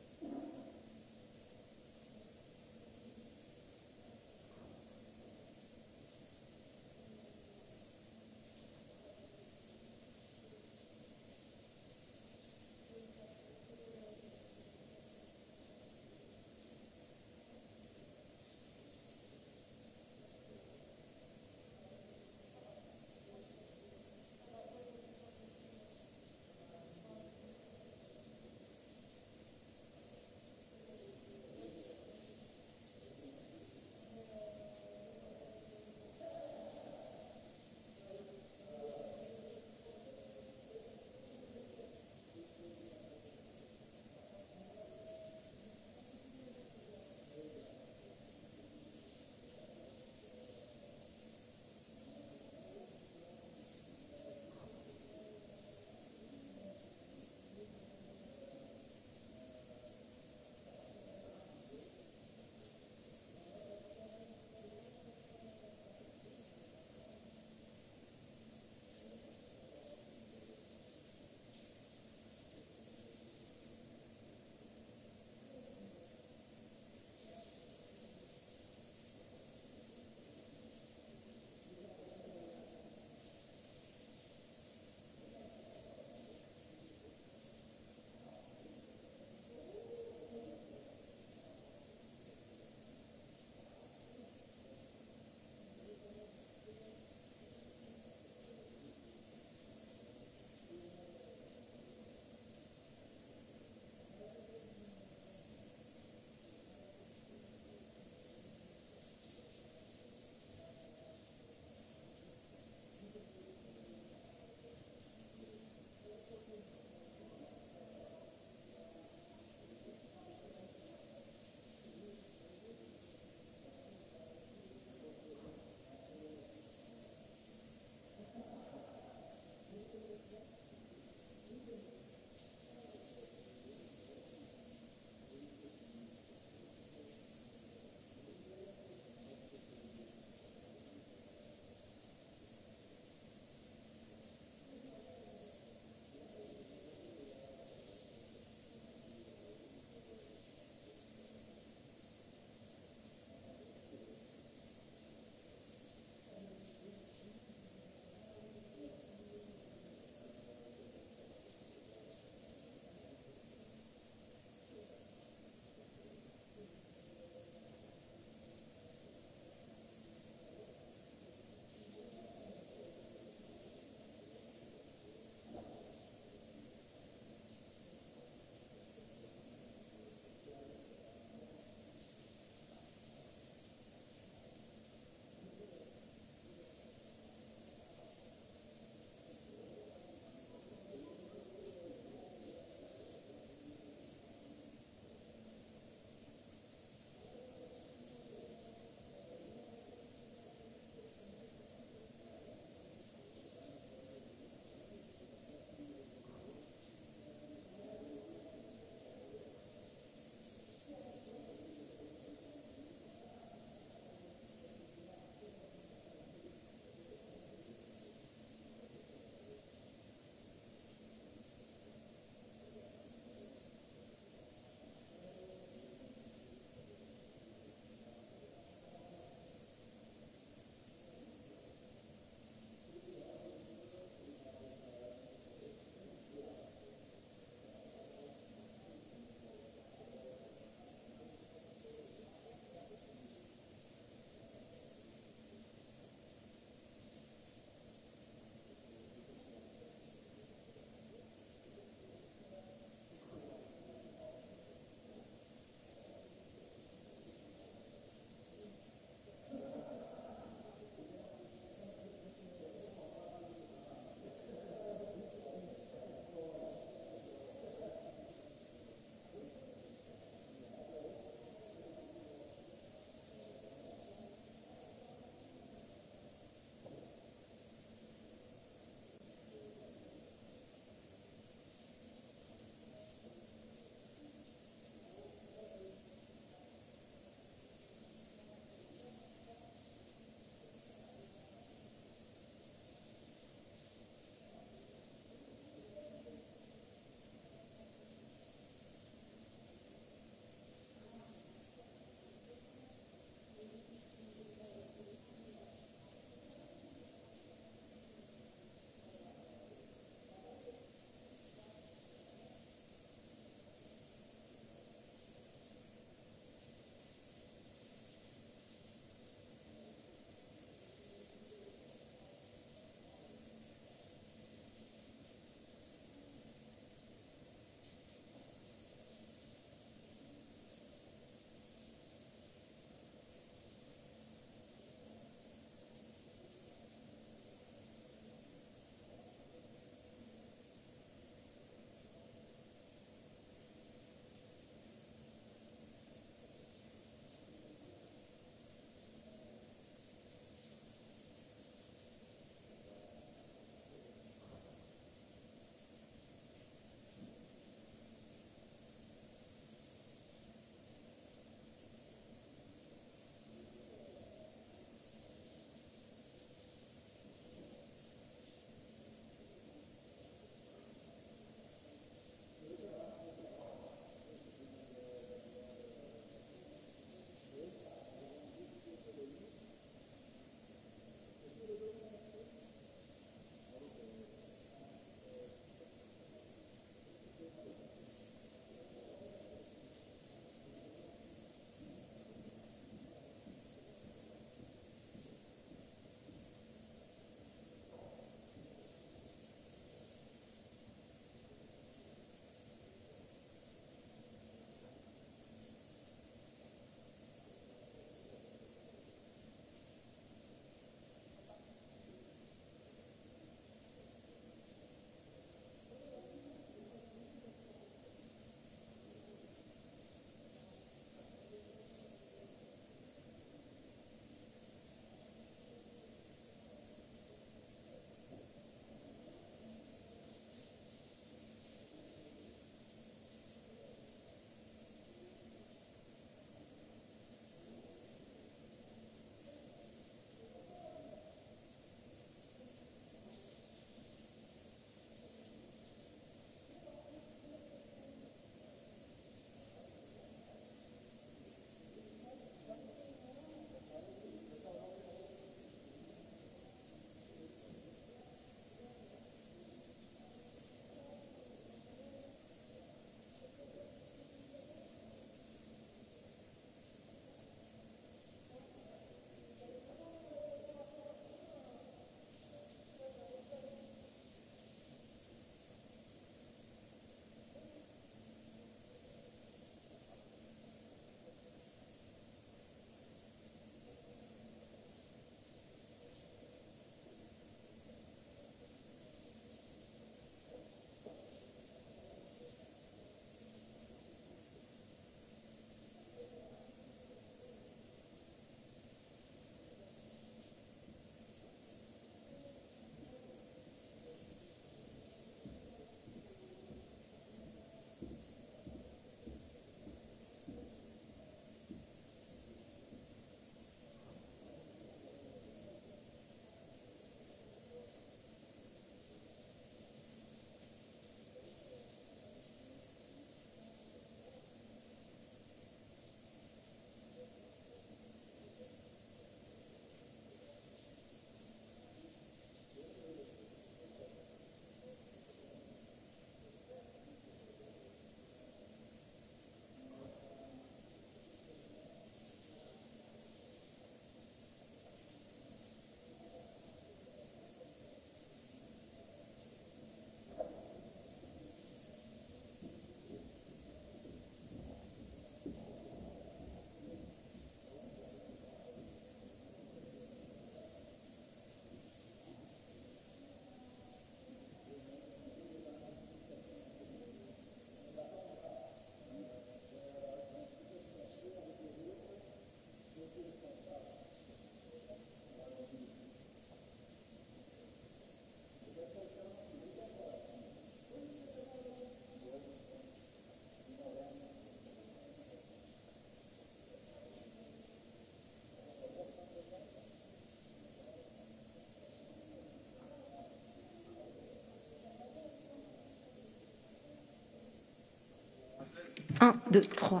1, 2, 3.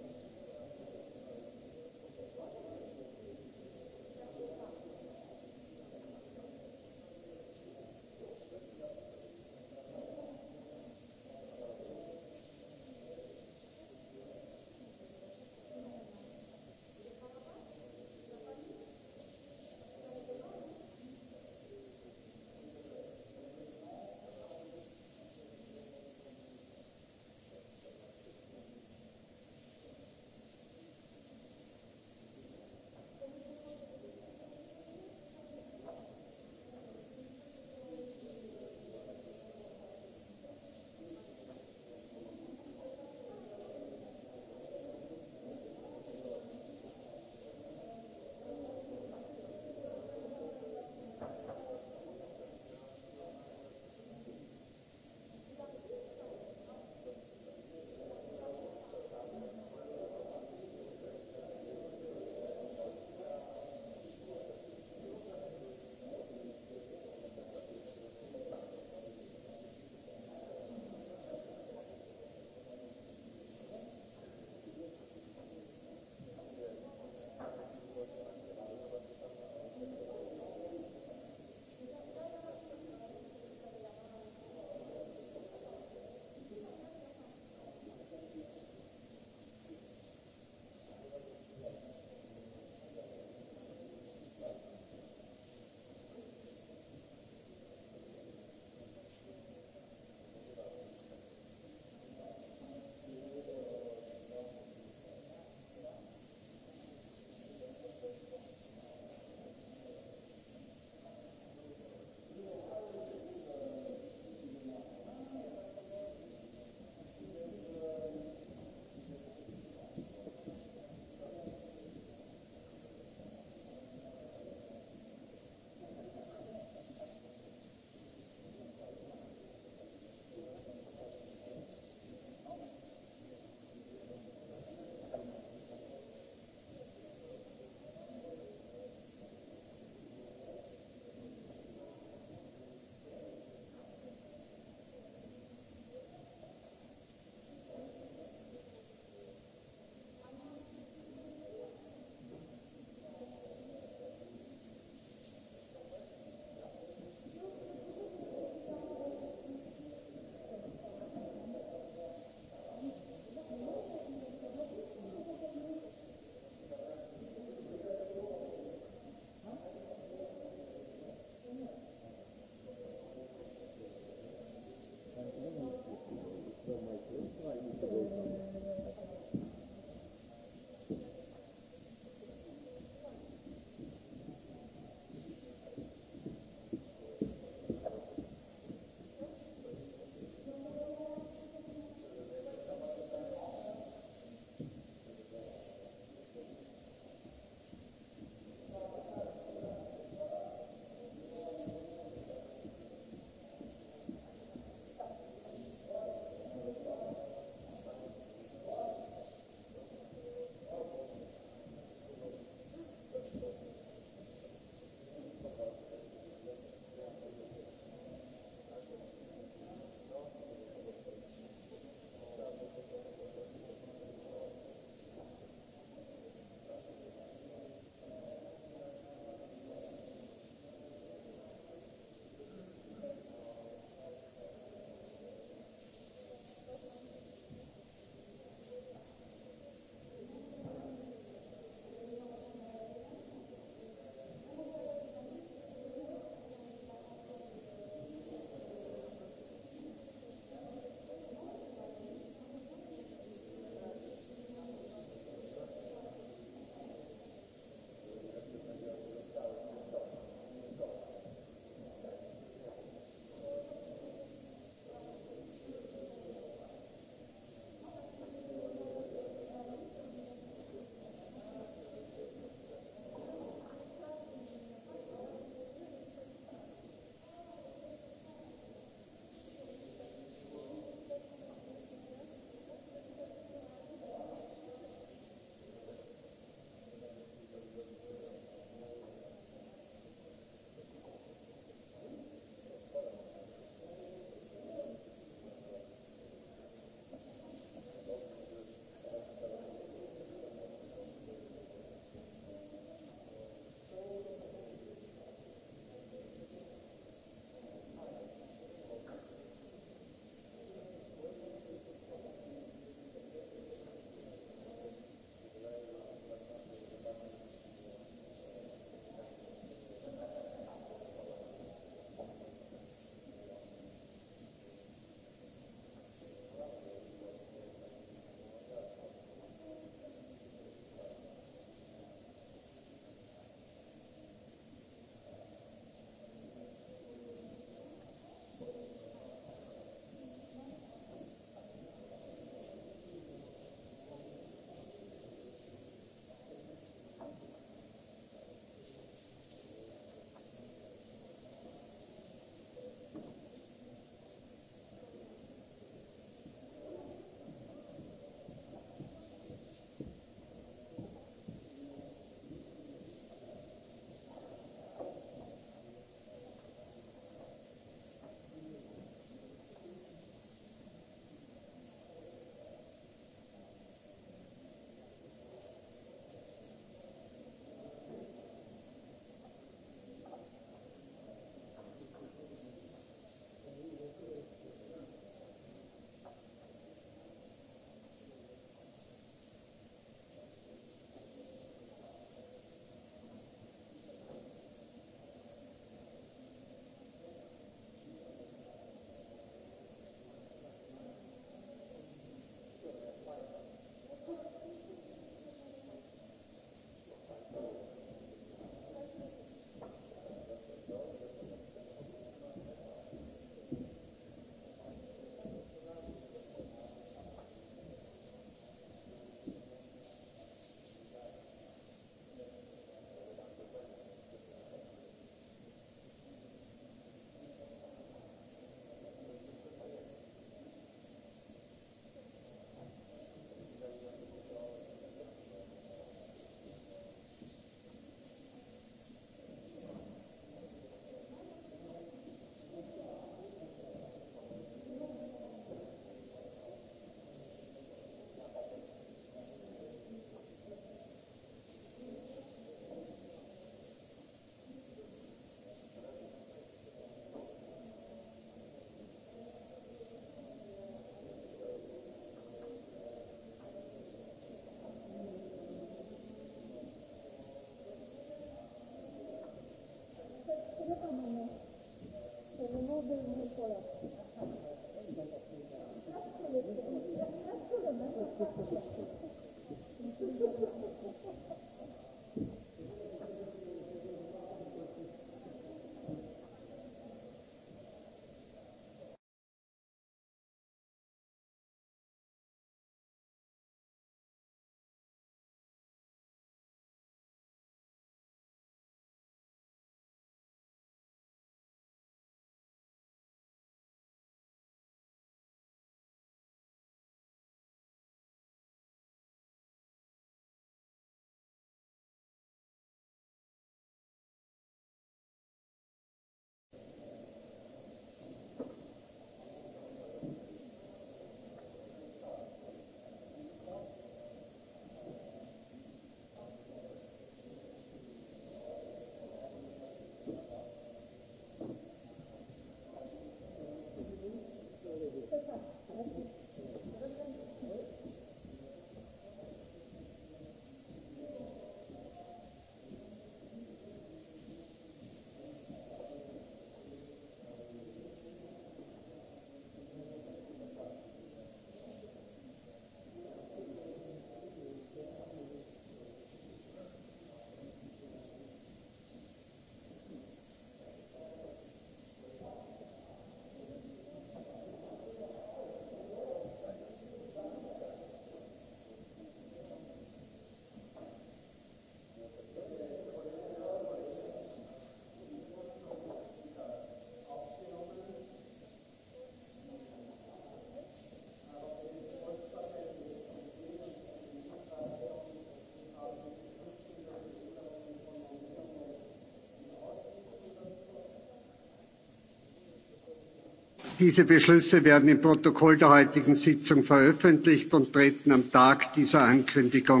Diese Beschlüsse werden im Protokoll der heutigen Sitzung veröffentlicht und treten am Tag dieser Ankündigung.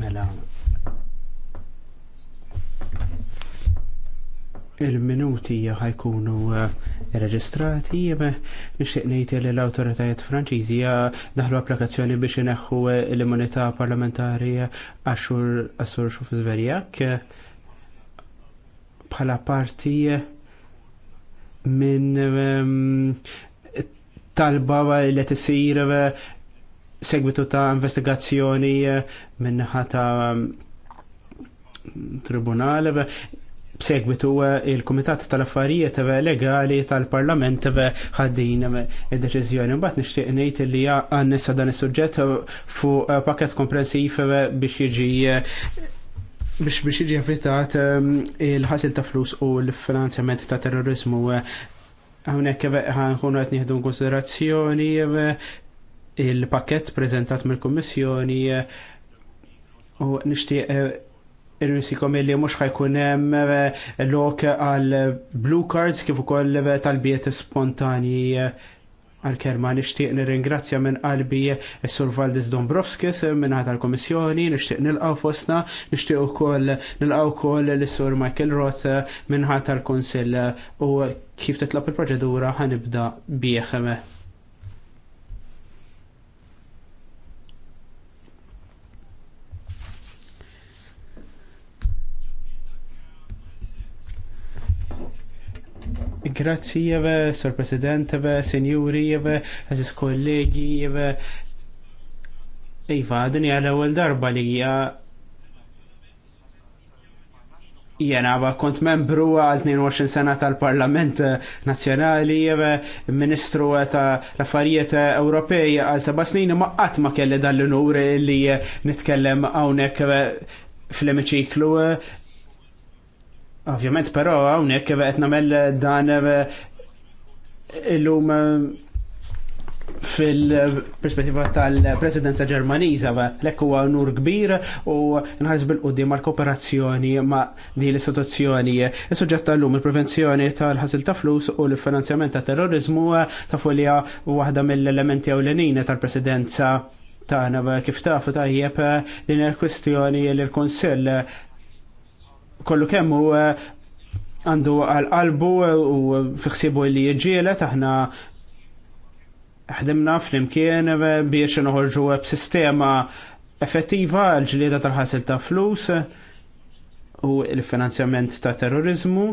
Mela. Il-minuti ħajkunu eh, nixtieq ngħid li l-awtoritajiet Franċiżi eh, daħlu applikazzjoni biex ineħħu eh, l-immunità parlamentari għaxur għasur bħala parti minn ehm, talba li tisir ehm, segwitu ta' investigazzjoni ehm, minn ħata tribunale b'segwitu il-Kumitat tal-Affarijiet Legali tal-Parlament ħaddin id-deċiżjoni. Mbagħad nixtieq ngħid li għannessa dan is-suġġett fuq eh, pakket komprensiv biex jiġi biex biex iġi għafritat ehm, il-ħasil ta' flus u l-finanzjament ta' terrorizmu għawnek għanħunu għet nieħdu konsiderazzjoni ehm, il-pakket prezentat mill-Kommissjoni u il eh, irrisikom li mux ħajkun hemm eh, lok għal blue cards kif ukoll eh, talbiet spontani għal kerma nishtiq nir ingrazzja minn qalbi s-Sur Valdis Dombrovskis minn għata l-Komissjoni, nishtiq nil-għaw fosna, nishtiq u koll nil-għaw koll l-Sur Michael Roth minn għata l-Konsil u kif titlab il proġedura ħanibda bieħeme. Grazzi jeve, Sor President jeve, Senjuri jeve, Aziz kollegi jeve. Iva, din hija l-ewwel darba li hija Jena ba kont membru għal 22 sena tal-Parlament Nazzjonali, Ministru ta' l-Affarijiet Ewropej għal seba' snin ma' qatt ma' kelli dan l-unur li nitkellem hawnhekk fl-emiċiklu Ovvjament, però hawnhekk qed nagħmel eh, dan eh, illum eh, fil-perspettiva tal-presidenza ġermaniza, l ekku huwa nur kbir u nħares bil qudiem mal kooperazzjoni ma' din l-istituzzjoni. Is-suġġett tal-lum il-prevenzjoni tal-ħasil ta' flus u l-finanzjament ta' terrorizmu ta' folja waħda mill-elementi ewlenin tal-presidenza tagħna kif tafu tajjeb din il-kwistjoni li l-Kunsill kollu kemm u eh, għandu għal-qalbu eh, u eh, fiħsibu li jġielet aħna ħdimna fl-imkien biex nħorġu b'sistema effettiva l-ġlieda tal-ħasil ta' flus u l-finanzjament ta' terrorizmu.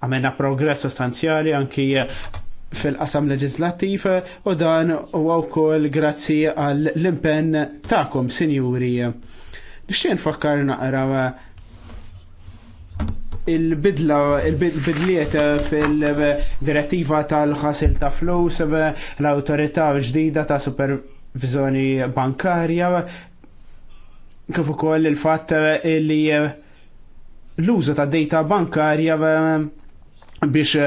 Għamena progress sostanzjali anki fil-qasam leġislattiv u dan u għaw kol grazzi għall-impenn ta'kom, sinjuri. Nixtieq nfakkar naqra il-bidla, il-bidliet fil-direttiva tal-ħasil ta' flus, l awtorità ġdida ta' supervizjoni bankarja, kif ukoll il-fatt li l-użu ta' data bankarja biex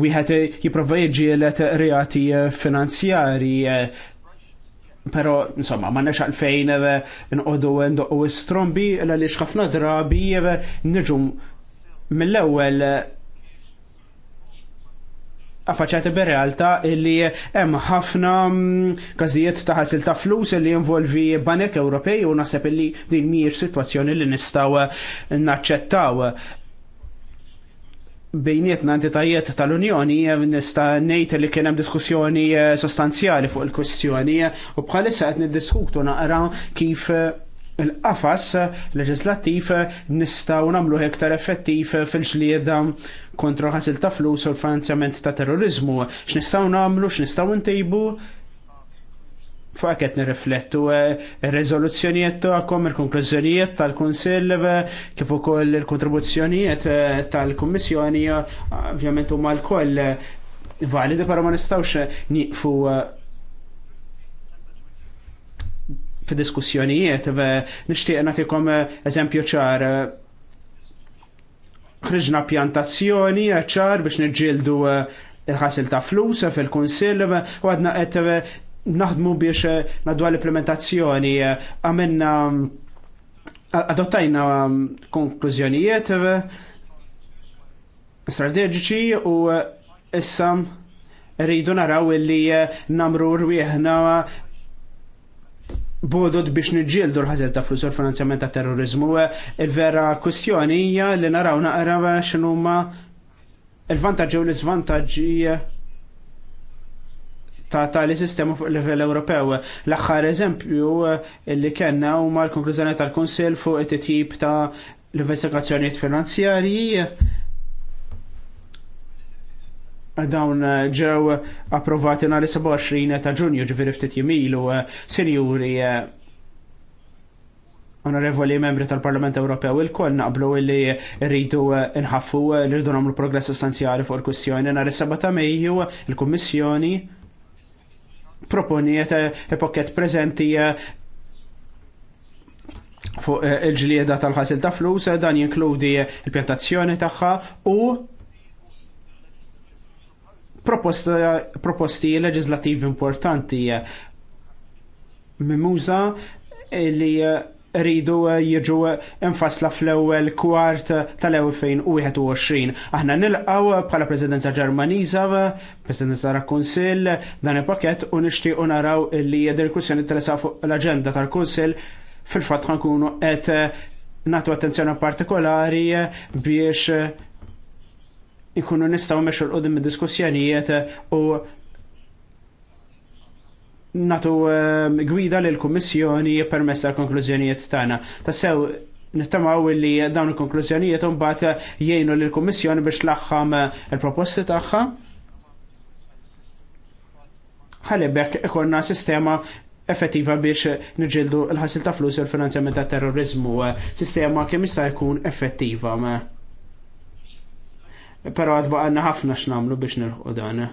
wieħed jipprova jiġi reati finanzjari Pero, insomma, ma nex għalfejn eh, nqodu eh, ndoqqu strombi għaliex ħafna drabi eh, nġum mill-ewwel affaċċati bir-realtà illi hemm ħafna mm, każijiet ta' ħasil ta' flus illi jinvolvi banek Ewropej u naħseb illi din mhijiex sitwazzjoni li nistgħu naċċettaw bejnietna entitajiet tal-Unjoni eh, nista' ngħid li kien hemm diskussjoni eh, sostanzjali fuq il-kwestjoni eh, u bħalissa qed niddiskutu naqra kif il-qafas leġislattiv nistgħu nagħmlu iktar effettiv fil-ġlieda kontra ħasil ta' flus u l-finanzjament ta' terrorizmu. X'nistgħu nagħmlu, x'nistgħu ntejbu Faket nirriflettu eh, il-rezoluzzjonijiet tagħkom, il-konklużjonijiet tal-Kunsill, eh, kif ukoll il-kontribuzzjonijiet eh, tal-Kummissjoni, ovvjament huma l-koll validi, però ma nistgħux nieqfu f'diskussjonijiet, nixtieq nagħtikom eżempju ċar ħriġna pjantazzjoni ċar biex niġġieldu il-ħasil ta' flus fil-kunsill u għadna qed naħdmu biex eh, naddu l implementazzjoni eh, għamenna eh, adottajna mm, konklużjonijiet strateġiċi u issa rridu naraw illi namru rwieħna bodod biex nġildu l-ħazel ta' flusur finanzjament ta' terrorizmu. Il-vera kwestjoni hija li naraw naqra xinuma il-vantaġġi u l-iżvantaġġi ta' tali sistema fuq livell Ewropew. L-aħħar eżempju eh, li kellna huma l-konklużjoni tal-Kunsill fuq it-tip ta' l-investigazzjonijiet finanzjarji dawn eh, ġew approvati nhar 27 ta' Ġunju ġifieri ftit jimilu eh, sinjuri onorevoli membri tal-Parlament Ewropew il-koll naqblu li rridu nħaffu rridu nagħmlu progress sostanzjali fuq il-kwistjoni nhar is-7 ta' Mejju il-Kummissjoni il kummissjoni proponiet epoket eh, prezenti eh, fuq eh, il-ġlieda tal-ħasil ta' flus, dan jinkludi il-pjantazzjoni tagħha u proposti leġislativi importanti mimuża li rridu eh, jiġu infasla fl-ewwel kwart tal-2021. Aħna nilqaw bħala Presidenza Ġermaniża, Presidenza tal-Kunsill dan il-pakett u nixtiequ naraw li dil-kwissjoni telesa fuq l-aġenda tal-Kunsill fil-fatt ħankunu qed eh, natu attenzjoni partikolari biex ikunu nistaw meċu l-qodim diskussjonijiet u natu ehm, gwida l kummissjoni permess tal-konklużjonijiet tagħna. Tassew nittamaw li dawn il-konklużjonijiet mbagħad jgħinu l kummissjoni biex tlaħħam eh, il-proposti tagħha. Ħalibek ikonna sistema effettiva biex niġildu l-ħasil ta' flus u l-finanzjament ta' terrorizmu, eh, sistema kemm jista' jkun effettiva. Pero għadba għanna ħafna x'namlu biex nilħu dan.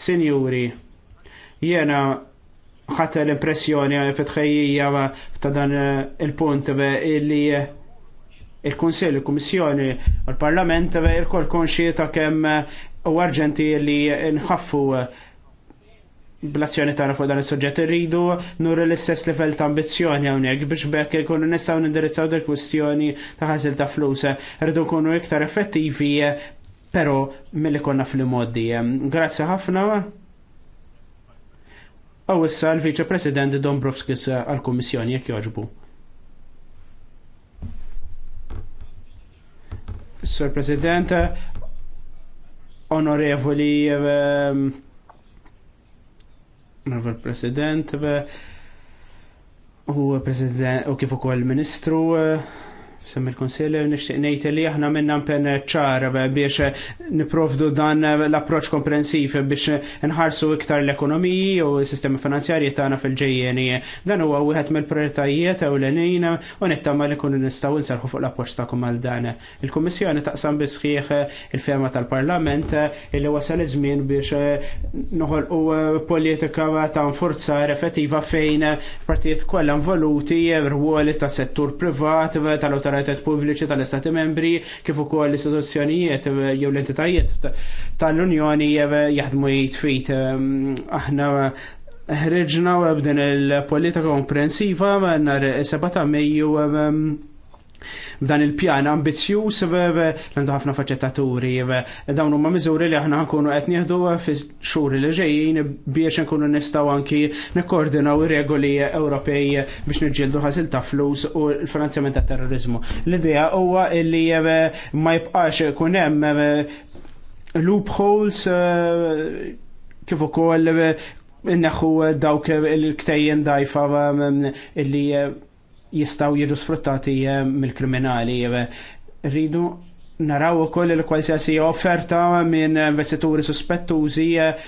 Sinjuri, jena ħadd l-impressjoni fitħejjija ta' dan eh, il-punt eh, illi eh, il-Kunsill, il-Kummissjoni, il-Parlament il-kol konxi ta' kemm u arġenti li nħaffu blazzjoni ta' fuq dan is-suġġett irridu nur l-istess livell ta' ambizzjoni hawnhekk biex bekk ikunu nistgħu nindirizzaw dil kwistjoni ta' ħazil ta' flus. rridu kunu iktar effettivi pero mill-li konna fil-moddi. Grazzi ħafna. Aw issa l vice President Dombrovskis eh, għal-Kummissjoni jekk joġbu. Sir President, onorevoli Onorevoli President u President u kif ukoll Ministru eh, Sem il-konsiljer nishtiq ngħid li aħna minna mpen ċar biex niprofdu dan l-approċ komprensif biex nħarsu iktar l-ekonomiji u s sistema finanzjarji tagħna fil-ġejjeni. Dan huwa wieħed mill-prioritajiet ewlenin u nittama li kunu nistgħu nserħu fuq l-approċ ta' għal dan. Il-Kummissjoni taqsam bi sħiħ il-fema tal-Parlament illi wasal iż-żmien biex noħolqu politika ta' forza effettiva fejn partijiet kollha involuti rwoli ta' settur privat tal l-autoritet pubbliċi tal-Istati membri kif ukoll l-istituzzjonijiet eh, jew l-entitajiet tal-Unjoni eh, jaħdmu jitfit ehm, aħna ħreġna u b'din il-politika komprensiva nhar 7 ta' Mejju ehm, B'dan il-pjan ambizzjuż eh, eh, għandu ħafna faċettaturi, eh, dawn huma miżuri li aħna nkunu qed nieħdu fix-xhur li ġejjin biex nkunu nistgħu anki nikkoordinaw ir-regoli Ewropej biex niġġieldu ħasil ta' flus u l-finanzjament tat terrorizmu. L-idea huwa li ma jibqax ikun hemm loopholes kif ukoll inneħħu dawk il-ktejjen dajfa illi jistaw jiġu sfruttati eh, mill-kriminali. Eh, rridu naraw ukoll il kwalsiasi offerta minn investituri suspettużi eh,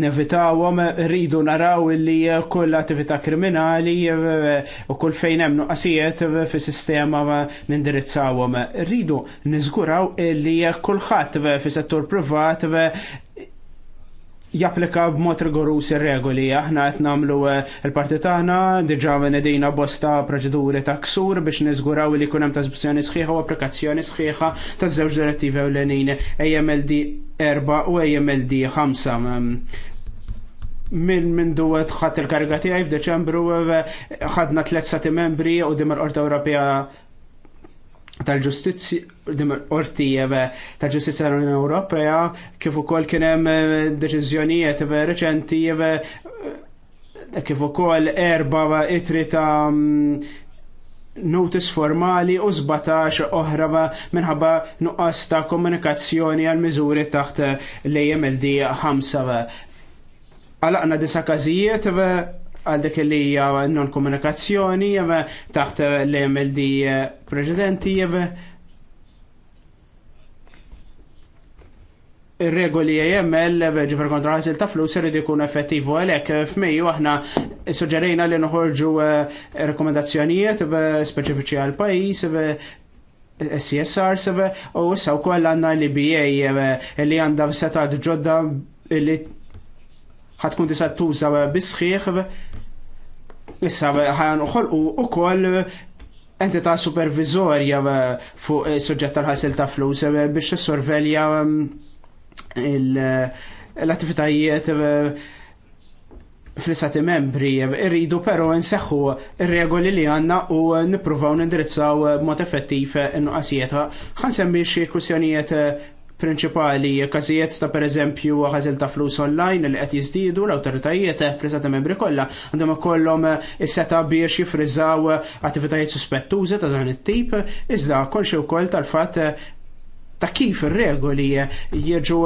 nevitawhom rridu naraw li kull attività kriminali u kull fejn hemm nuqqasijiet fis-sistema nindirizzawhom. Rridu niżguraw li kulħadd fis-settur privat japplika b'mod rigorus ir-regoli. Aħna qed nagħmlu eh, l-parti tagħna diġà nedina bosta proċeduri ta' ksur biex niżguraw li jkun hemm tasbizzjoni sħiħa u applikazzjoni sħiħa taż-żewġ direttivi ewlenin AMLD 4 u AMLD 5 min minn duwet ħadd il karigati tiegħi f'Deċembru eh, ħadna tlet sati membri u dimmer Qorta Ewropea tal-ġustizzi orti tal-ġustizja tal unjoni Ewropea kif ukoll kien hemm eh, deċiżjonijiet reċenti eh, kif ukoll erba' eh, itri ta' mm, notice formali u 17 oħra minħabba nuqqas ta' komunikazzjoni għal miżuri taħt l-AMLD 5. Għalaqna disa każijiet għal dik li hija non-komunikazzjoni taħt l-MLD eh, preċedenti regoli AML eh, ġifir kontra għazil ta' flus irrid ikun effettivu għalhekk eh, f'Mejju aħna suġġerejna li nħorġu rekomendazzjonijiet speċifiċi għal pajjiż CSR sebe u issa wkoll għandna l-IBA li għandha setat ġodda li ħatkun tisa' tuża bisħiħ issa uħol u ukoll entità supervizorja fuq suġġett tal-ħasil ta' flus biex sorvelja um, l-attivitajiet uh, fl-istati membri irridu pero nseħħu ir-regoli li għanna u nippruvaw nindirizzaw mod effettiv in-nuqqasijiet. Ħansemmi xi kwistjonijiet uh, prinċipali każijiet ta' pereżempju għazil ta' flus online li qed jiżdiedu l-awtoritajiet preżati membri kollha għandhom ikollhom is-seta biex jifriżaw attivitajiet suspettużi ta' dan it-tip iżda xi wkoll tal-fatt ta' kif ir-regoli jiġu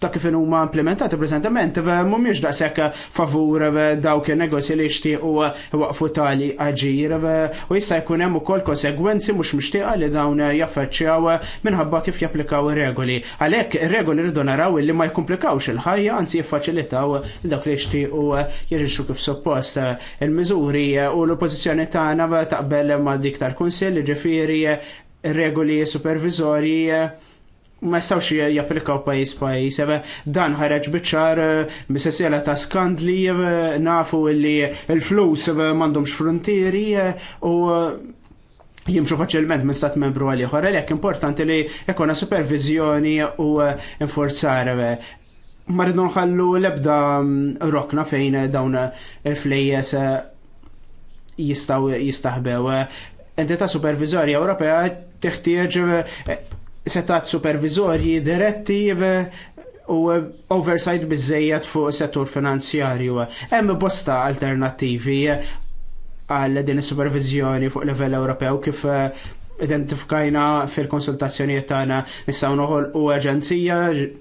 ta' kif huma implementati preżentament eh, mhumiex daqshekk favur eh, dawk in-negozji li jixtiequ eh, waqfu tali aġir u jista' jkun hemm ukoll konsegwenzi mhux mixtieqa li dawn jaffaċċjaw minħabba kif japplikaw ir-regoli. Għalhekk ir-regoli rridu naraw li ma jkomplikawx il-ħajja anzi jiffaċilitaw dak li jixtiequ jirixxu kif suppost il-miżuri u l-oppożizzjoni tagħna taqbel ma' dik tal-Kunsill ġifieri regoli supervizori ma jistawx japplikaw pajis pajis, ebe dan ħareġ bieċar eh, mis-sessiela ta' skandli, eh, nafu li il-flus eh, mandomx frontieri u jimxu faċilment minn stat membru għal ieħor għalhekk importanti li jekona supervizjoni u inforzar ma nħallu l-ebda mm, rokna fejn dawn il-flejjes jistaw jistaħbew. Entità supervizorja Ewropea teħtieġ setat supervizorji diretti u oversight bizzejjed fuq settur finanzjarju. Hemm bosta alternattivi għal din is-supervizjoni fuq livell Ewropew kif eh, identifikajna fil-konsultazzjonijiet tagħna nistgħu u aġenzija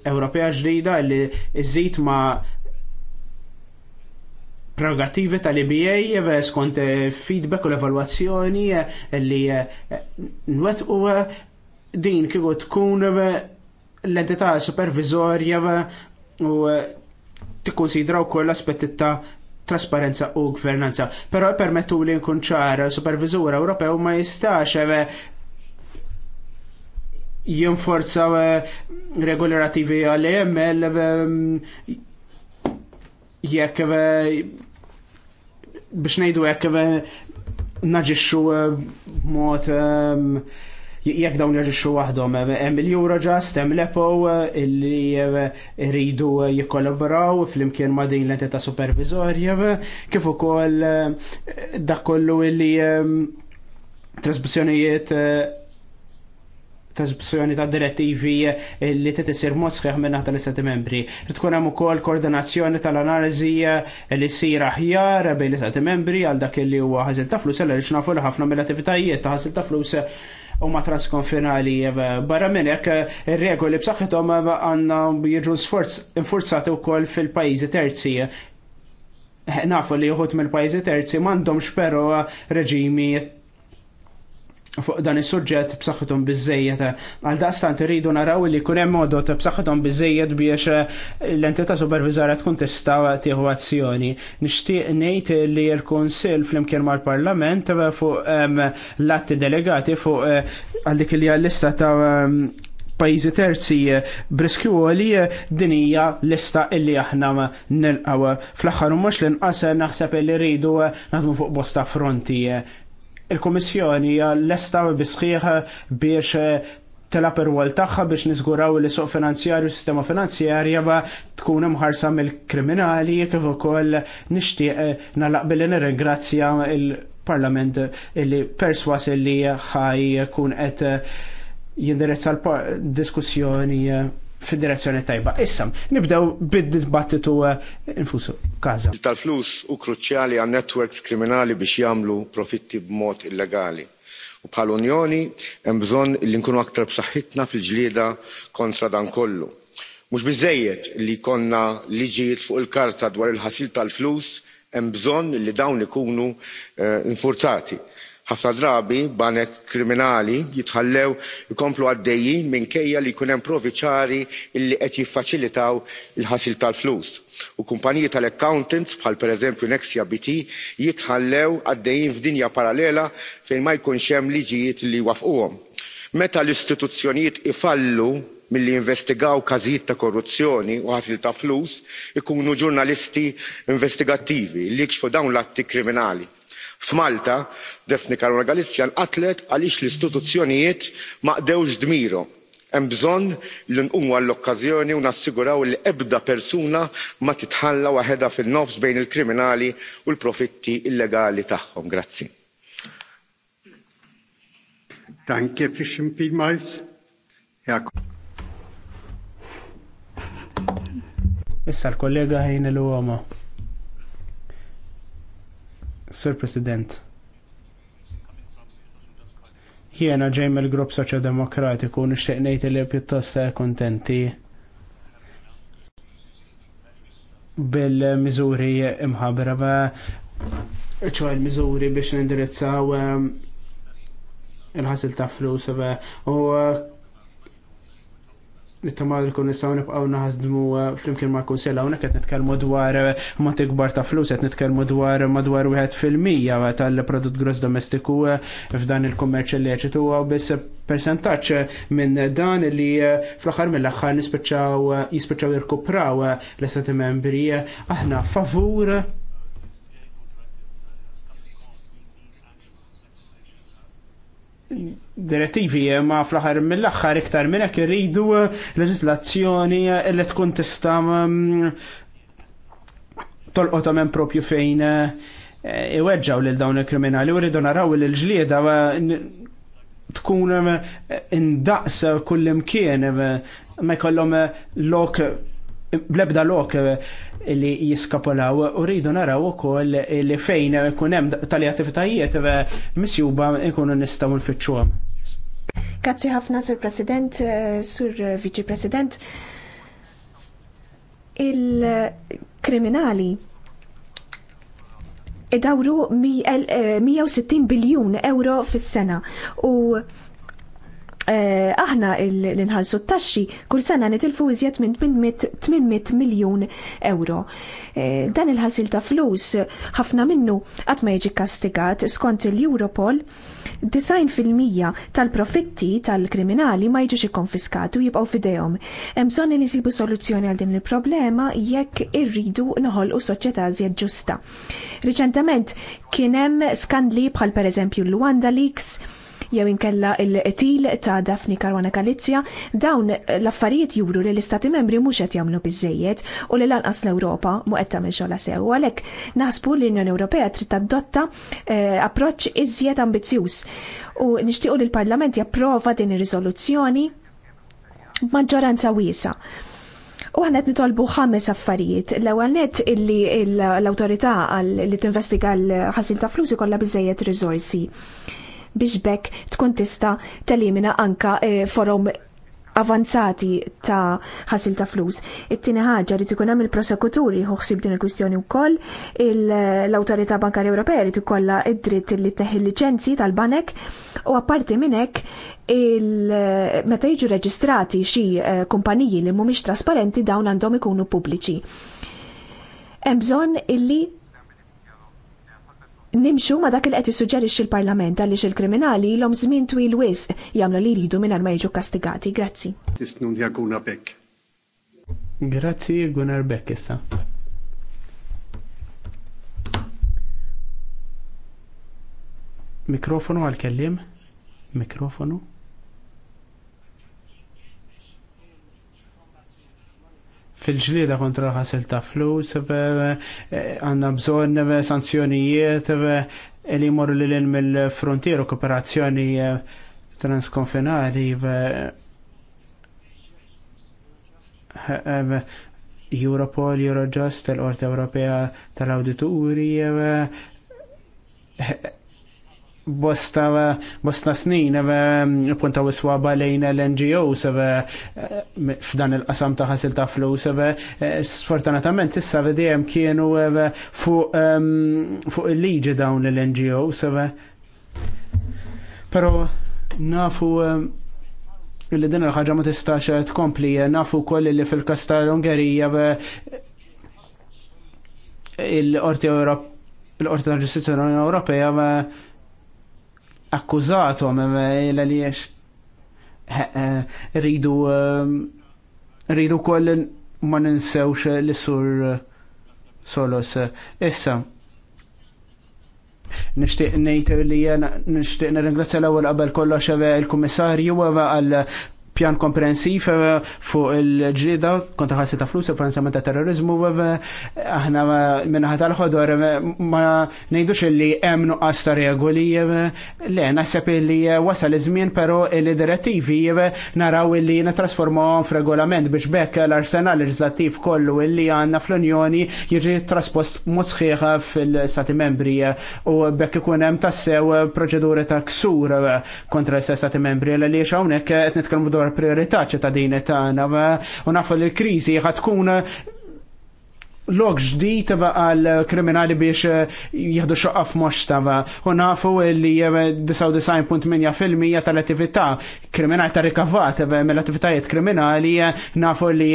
Ewropea ġdida li żżid ma' prerogativi tal-IBA eh, skont eh, feedback u l-evalwazzjoni li nwet u din kiko tkun l-entità supervizorja u konsidraw wkoll aspetti ta' trasparenza u gvernanza. Però permettu li nkun ċar, supervizur Ewropew ma jistax eh, jinforza eh, regoli għal-EML eh, jekk biex ngħidu hekk naġixxu mod jekk dawn jaġixxu waħdhom eh, hemm il-Eurojust, hemm l-EPO eh, illi rridu eh, jikkollaboraw flimkien ma' din l-entità supervizorja, kif ukoll dak kollu illi trasmissjonijiet trasmissjoni ta' direttivi li t isir mosħiħ minna tal istati membri. Tkun hemm ukoll koordinazzjoni tal-analiżi li sir aħjar bejn l istati membri għal dak li huwa ħażil ta' flus, għal li xnafu li ħafna mill-attivitajiet ta' ħażil ta' flus u ma transkonfinali eh, barra minn hekk eh, ir-regoli b'saħħithom eh, għandna jiġu infurzati wkoll fil-pajjiżi terzi. Nafu li juħut mill-pajjiżi terzi m'għandhomx però reġimi fuq dan is-suġġett b'saħħithom biżejjed. Għal daqstant irridu naraw li jkun hemm għodot b'saħħithom biżejjed biex eh, l-entità supervizara tkun tista' tieħu azzjoni. Nixtieq ngħid li l-Kunsill flimkien mal-Parlament fuq ehm, l-atti delegati fuq eh, għal dik li għall-lista ta' ehm, pajjiżi terzi eh, briskju li dinija lista illi aħna nil-għawa. Fl-axħar mux l-inqas naħseb illi rridu naħdmu fuq bosta fronti il-Komissjoni l-esta bisħiħa biex telab ir-rwol tagħha biex niżguraw li suq finanzjarju sistema finanzjarja ba tkun imħarsam il kriminali kif ukoll nixtieq eh, nalaq billi nirringrazzja il-Parlament illi perswas illi ħaj kun qed eh, jindirizza l-diskussjoni fid-direzzjoni tajba. Issa, nibdew bid-dibattitu eh, infusu kaza. Tal-flus u kruċjali għan networks kriminali biex jagħmlu profitti b'mod illegali. U bħal Unjoni hemm bżonn li nkunu aktar b'saħħitna fil-ġlieda kontra dan kollu. Mhux biżejjed li konna liġijiet fuq il-karta dwar il-ħasil tal-flus, hemm bżonn li dawn ikunu eh, infurzati ħafna drabi banek kriminali jitħallew ikomplu għaddejjin minkejja li jkun hemm provi ċari qed jiffaċilitaw il-ħasil tal-flus u kumpaniji tal-accountants bħal pereżempju nexia bt jitħallew għaddejjin f'dinja parallela fejn ma jkunx hemm liġijiet li jwaffquhom. Meta l-istituzzjonijiet ifallu milli jinvestigaw każijiet ta' korruzzjoni u ħasil ta' flus ikunu ġurnalisti investigattivi li jikxfu dawn l-atti kriminali. F'Malta, Defni Karona Galizja nqatlet għaliex l-istituzzjonijiet ma qdewx dmirhom. Hemm bżonn li nqumu għall-okkażjoni u nassiguraw li ebda persuna ma titħalla waħedha fin-nofs bejn il-kriminali u l-profitti illegali tagħhom. Grazzi. Danke fischen vielmals. Herr Issa l-kollega ħin l Sir President. Jiena ġej mill-grupp Soċjodemokratiku nixtieq ngħid li pjuttost kuntenti bil-miżuri imħabbra ċo il-miżuri biex nindirizzaw um, il-ħasil ta' flus u nittamaw li kun nistaw nibqaw naħazdmu eh, fl-imkien ma' kun sela unek nitkelmu dwar eh, ma' tikbar ta' flus, għet nitkelmu dwar eh, madwar 1% tal-prodott gross domestiku f'dan il-kommerċ li għet u biss percentaċ minn dan li fl-axar mill-axar nispeċaw jispiċaw jirkupraw l-estati membri aħna favur direttivi eh, ma fl-axar mill-axar iktar minn hekk eh, leġislazzjoni eh, li tkun tista' mm, tolqota minn propju fejn iweġġaw lil dawn il-kriminali u rridu naraw li l-ġlieda tkun indaqs kull imkien ma jkollhom lok blebda lok li jiskapolaw u rridu naraw ukoll li fejn ikun hemm tali attivitajiet misjuba ikunu nistgħu nfittxuhom. Grazzi ħafna sur President, eh, sur Viċi President. Il-kriminali idawru 160 eh, biljun euro fis-sena u Eh, aħna l-inħalsu t-taxxi kull sena nitilfu iżjed minn 800 miljun euro. Eh, dan il-ħasil ta' flus ħafna minnu qatt ma jiġi kastigat skont il-Europol 90% tal-profitti tal-kriminali ma jiġux ikkonfiskatu jibqgħu fidejhom. Hemm bżonn li nsibu soluzzjoni għal din il-problema jekk irridu u soċieta zjed ġusta. Riċentement kien hemm skandli bħal pereżempju l wanda Leaks jew inkella il-qtil ta' Dafni Karwana Galizja, dawn l-affarijiet juru li l-Istati membri mhux qed jagħmlu biżejjed u li lanqas l-Ewropa mu qed tagħmel xogħla sew. Għalhekk naħsbu li l-Unjoni Ewropea trid tadotta eh, approċċ iżjed ambizzjuż u nixtiequ li l-Parlament japprova din ir-riżoluzzjoni b'maġġoranza wiesa'. U għanet nitolbu ħames affarijiet. L-ewwel net illi l-awtorità li tinvestiga l-ħasil ta' flus ikollha biżejjed riżorsi biex bekk tkun tista' telimina anka e, forum avanzati ta' ħasil ta' flus. It-tieni ħaġa li ikun hemm il-prosekuturi ħoħsib din il-kwistjoni wkoll, l-Awtorità Bankarja Ewropea li ikollha id-dritt li tneħħi liċenzji tal-banek u apparti minn hekk meta jiġu reġistrati xi e, kumpaniji li mhumiex trasparenti dawn għandhom ikunu pubbliċi. Hemm bżonn illi nimxu ma dak il qed jissuġġerixxi il parlament għaliex il-kriminali ilhom żmien twil wisq jagħmlu li jridu mingħajr ma jiġu kastigati. Grazzi. Isnun jaguna bekk. Grazzi Gunnar Bekk issa. Mikrofonu għal-kellim? Mikrofonu? fil-ġlida kontra l-ħasil ta' flus, e, għanna bżon sanzjonijiet e li jmorru li l-in mill-frontier u kooperazzjoni e, transkonfinali Europol, Eurojust, l qorti Ewropea tal-Awdituri, bosta, bosta snin punta wiswa lejn l-NGO sebe f'dan il-qasam ta' ħasil ta' flus sebe sfortunatament issa dejjem kienu fuq il-liġi dawn l-NGO sebe pero nafu li din il-ħagġa ma tistax tkompli nafu koll li fil-kastar Ungerija il-Qorti Ewropea il-Qorti ta' Ġustizja Ewropea akkużatom e, l-għaliex e, rridu e, rridu koll ma ninsewx li sur solos. Issa, nishtiq nejt li jena nishtiq nirringrazzja l-ewwel qabel kollox il-kummissarju għal pjan komprensiv eh, fuq il-ġrida kontra ħassi ta' flus il finanzjament ta' terrorizmu eh, eh, aħna minna ħat ħodor ma ngħidux li hemm nuqqas regoli le naħseb li wasal iż-żmien pero il-direttivi naraw li natrasformawhom f'regolament biex bekk l-arsenal legislativ kollu li għandna fl-Unjoni jiġi traspost mod fil-Stati membri u bekk ikun hemm tassew proċeduri ta' ksur kontra l-Stati membri għaliex hawnhekk qed nitkellmu dwar l-ikbar priorità ċittadini tagħna u nafu li l-kriżi ħatkun log ġdijt għal kriminali biex eh, jihdu xoqqa f'mox tava. U nafu li 99.8% eh, tal-attività kriminali ta' rikavat eh, mill-attivitajiet kriminali nafu li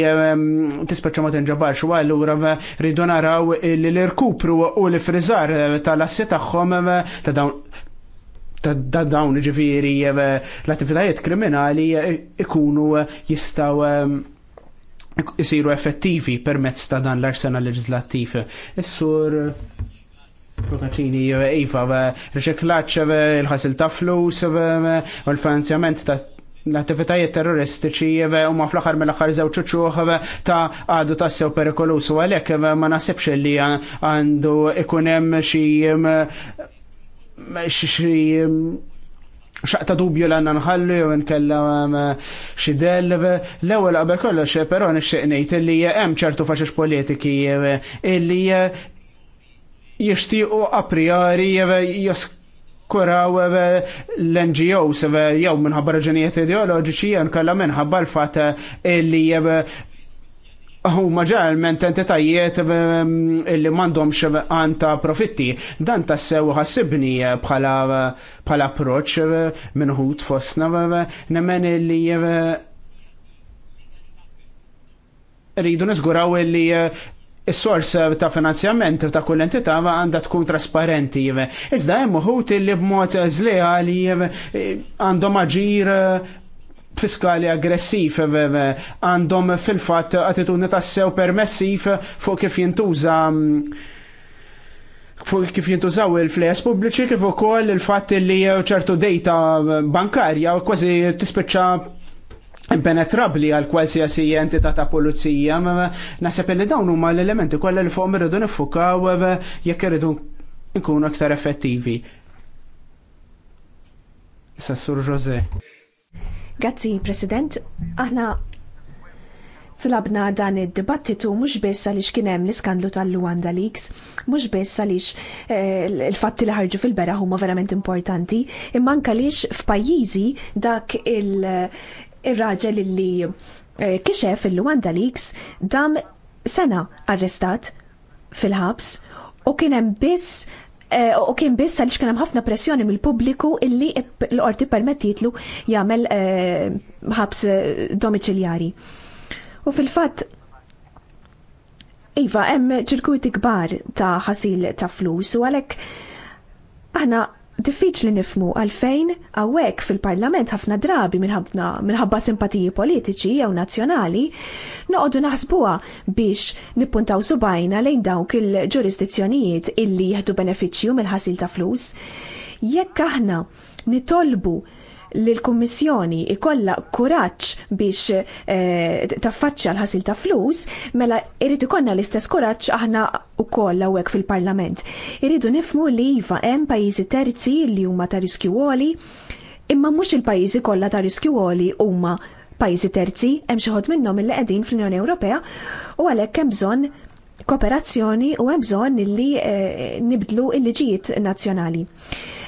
tispeċa ma tinġabarx u għallura rridu naraw li l-irkupru u l-frizar tal-assi tagħhom ta' dawn ta' dawn ġifiri eh, l-attivitajiet kriminali eh, ikunu eh, jistaw jisiru ehm, effettivi permezz ta' dan l arsena leġislattiv. Is-sur Prokaċini, Iva, riċeklaċ, il-ħasil ta' flus, u l-finanzjament ta' l-attivitajiet terroristiċi u ma fl-axar mill-axar zewċu ta' għadu ta' sew perikolus u għalek ma nasibx li għandu ikunem xie xi mm, xaqta dubju l-għanna nħallu jew nkella mm, xi delb. L-ewwel qabel kollox però nixtieq ngħid illi hemm ċertu faċex politiki eh, illi eh, jixtiequ a priori eh, jaskuraw l-NGOs jew minħabba raġunijiet ideoloġiċi nkella minħabba l-fatt illi Hu maġalment entitajiet ehm, li mandom xeban ta' profitti. Dan ta' sew ħassibni bħala proċ ehm, minnħut fosna ehm, nemmen li rridu nizguraw li il sors ta' finanzjament ta' kull entità għandha tkun trasparenti. Iżda hemm uħut li b'mod zleali għandhom aġir fiskali aggressiv eh, eh, eh, għandhom fil-fat attitudni tassew permessiv fuq kif jintuża mm, fuq kif jintużaw il-flejes pubbliċi kif ukoll il-fatt li ċertu data bankarja kważi tispiċċa impenetrabli għal kwalsiasi entità ta' pulizija. Naħseb li dawn huma l-elementi kollha li fuqhom irridu nifukaw jekk irridu nkunu aktar effettivi. Sassur Jose. Grazzi, President. Aħna tlabna dan id-dibattitu mhux biss għaliex kien hemm l-iskandlu tal-Luanda Leaks, mhux biss għaliex il eh, fatti li ħarġu fil-bera huma verament importanti, imma anke għaliex f'pajjiżi dak il-raġel illi eh, kixef il-Luanda Leaks dam sena arrestat fil-ħabs u kien hemm biss Eh, u kien biss għaliex kien hemm ħafna pressjoni mill-pubbliku illi l-qorti permettitlu jagħmel eh, ħabs eh, domiċiljari. U fil-fatt Iva, hemm ċirkwiti kbar ta' ħasil ta' flus u għalhekk aħna diffiċli nifmu għalfejn għawek fil-parlament ħafna drabi minħabba simpatiji politiċi jew nazzjonali noqogħdu naħsbuha biex nippuntaw subajna lejn dawk il-ġurisdizzjonijiet illi jieħdu benefiċċju mill-ħasil ta' flus. Jekk aħna nitolbu li l-Kummissjoni ikolla kuraġġ biex eh, taffaċċja l-ħasil ta' flus, mela irrid ikollna l-istess kuraġġ aħna wkoll għawek fil-Parlament. Irridu nifmu li iva hemm pajjiżi terzi li huma ta' riskju għoli, imma mhux il-pajjiżi kollha ta' riskju għoli huma pajjiżi terzi, hemm xi ħodd minnhom li qegħdin fl-Unjoni Ewropea u għalhekk hemm bżonn kooperazzjoni u hemm bżonn li eh, nibdlu l-liġijiet nazzjonali.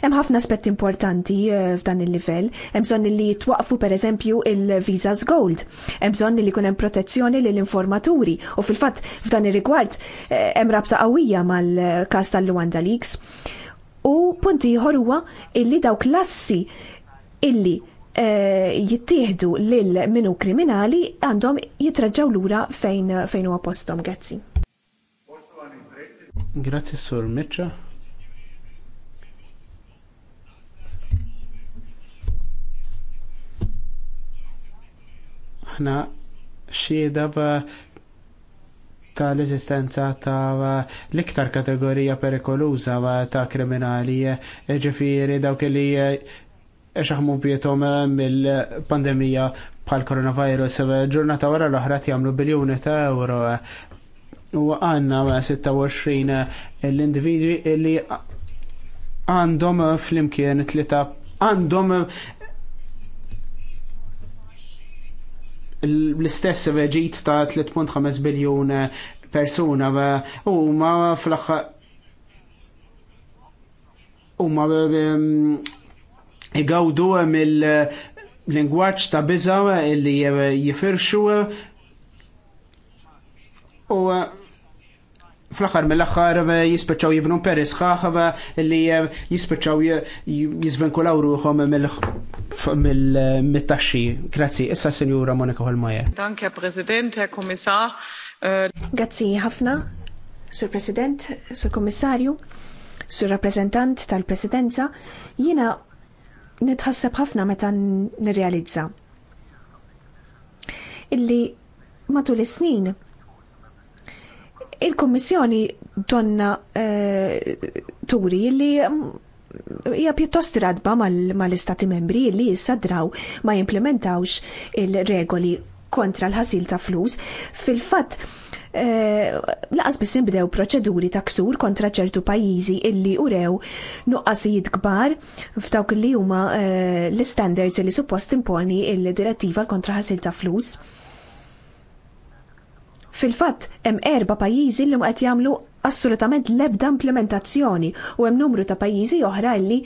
Hemm ħafna aspetti importanti eh, f'dan il-livell, hemm bżonn li twaqfu pereżempju il-visas gold, hemm bżonn li jkun hemm protezzjoni lill informaturi u fil-fatt f'dan ir-rigward eh, hemm rabta qawwija mal-każ tal-Luanda Leaks. U punti ieħor huwa illi dawk klassi illi eh, jittieħdu lil minu kriminali għandhom jitraġġaw lura fejn fejn huwa postom grazzi. Grazzi Sur Mitra. aħna xieda ta' l-eżistenza ta' l-iktar kategorija perikoluża ta' kriminali, ġifiri dawk li xaħmu eh, bietom eh, mill-pandemija bħal koronavirus, eh, ġurnata wara l-oħra jagħmlu biljuni ta' euro. U għanna 26 l-individwi li għandhom flimkien tlita għandhom l-istess reġit ta' 3.5 biljon eh, persuna u ma fl u ma igawdu mill-lingwaċ ta' biza li eh, jifirxu u eh, fl-axar mill-axar eh, jispeċaw jibnu peris xaħħa eh, li eh, jispeċaw jizvenkulaw ruħom mill mittaxi Grazzi, issa senjura Monika Holmajer. Danke, President, Herr Kommissar. Äh, Grazzi ħafna, Sur President, Sur Kommissarju, Sur Rappresentant tal-Presidenza, jina nitħasseb ħafna meta nirrealizza illi matul is-snin Il-Kommissjoni donna eh, turi li mm, hija pjuttost radba mal-istati membri li issa draw ma jimplementawx il-regoli kontra l-ħasil ta' flus. Fil-fatt, eh, laqas biss inbdew proċeduri ta' ksur kontra ċertu pajjiżi illi urew nuqqasijiet kbar f'dawk li huma eh, l istandards li suppost imponi il-direttiva kontra ħasil ta' flus. Fil-fatt, hemm erba' pajjiżi li qed jagħmlu assolutament l-ebda implementazzjoni u hemm numru ta' pajjiżi oħra li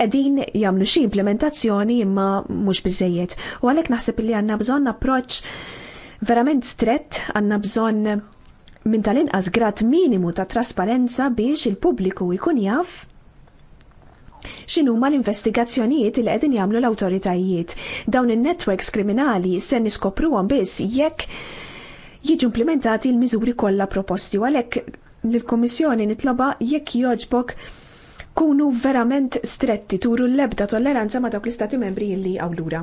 qegħdin jagħmlu xi implementazzjoni imma mhux biżejjed. U għalhekk naħseb li għandna bżonn approċċ verament strett għandna bżonn minn tal-inqas grad minimu ta' trasparenza biex il-pubbliku jkun jaf x'inhuma l-investigazzjonijiet li qegħdin jagħmlu l-awtoritajiet. Dawn in-networks kriminali se niskopruhom biss jekk jiġu implementati l-miżuri kollha proposti u għalhekk l kummissjoni nitloba jekk jogħġbok kunu verament stretti turu l-ebda tolleranza ma dawk l-istati membri illi għawlura.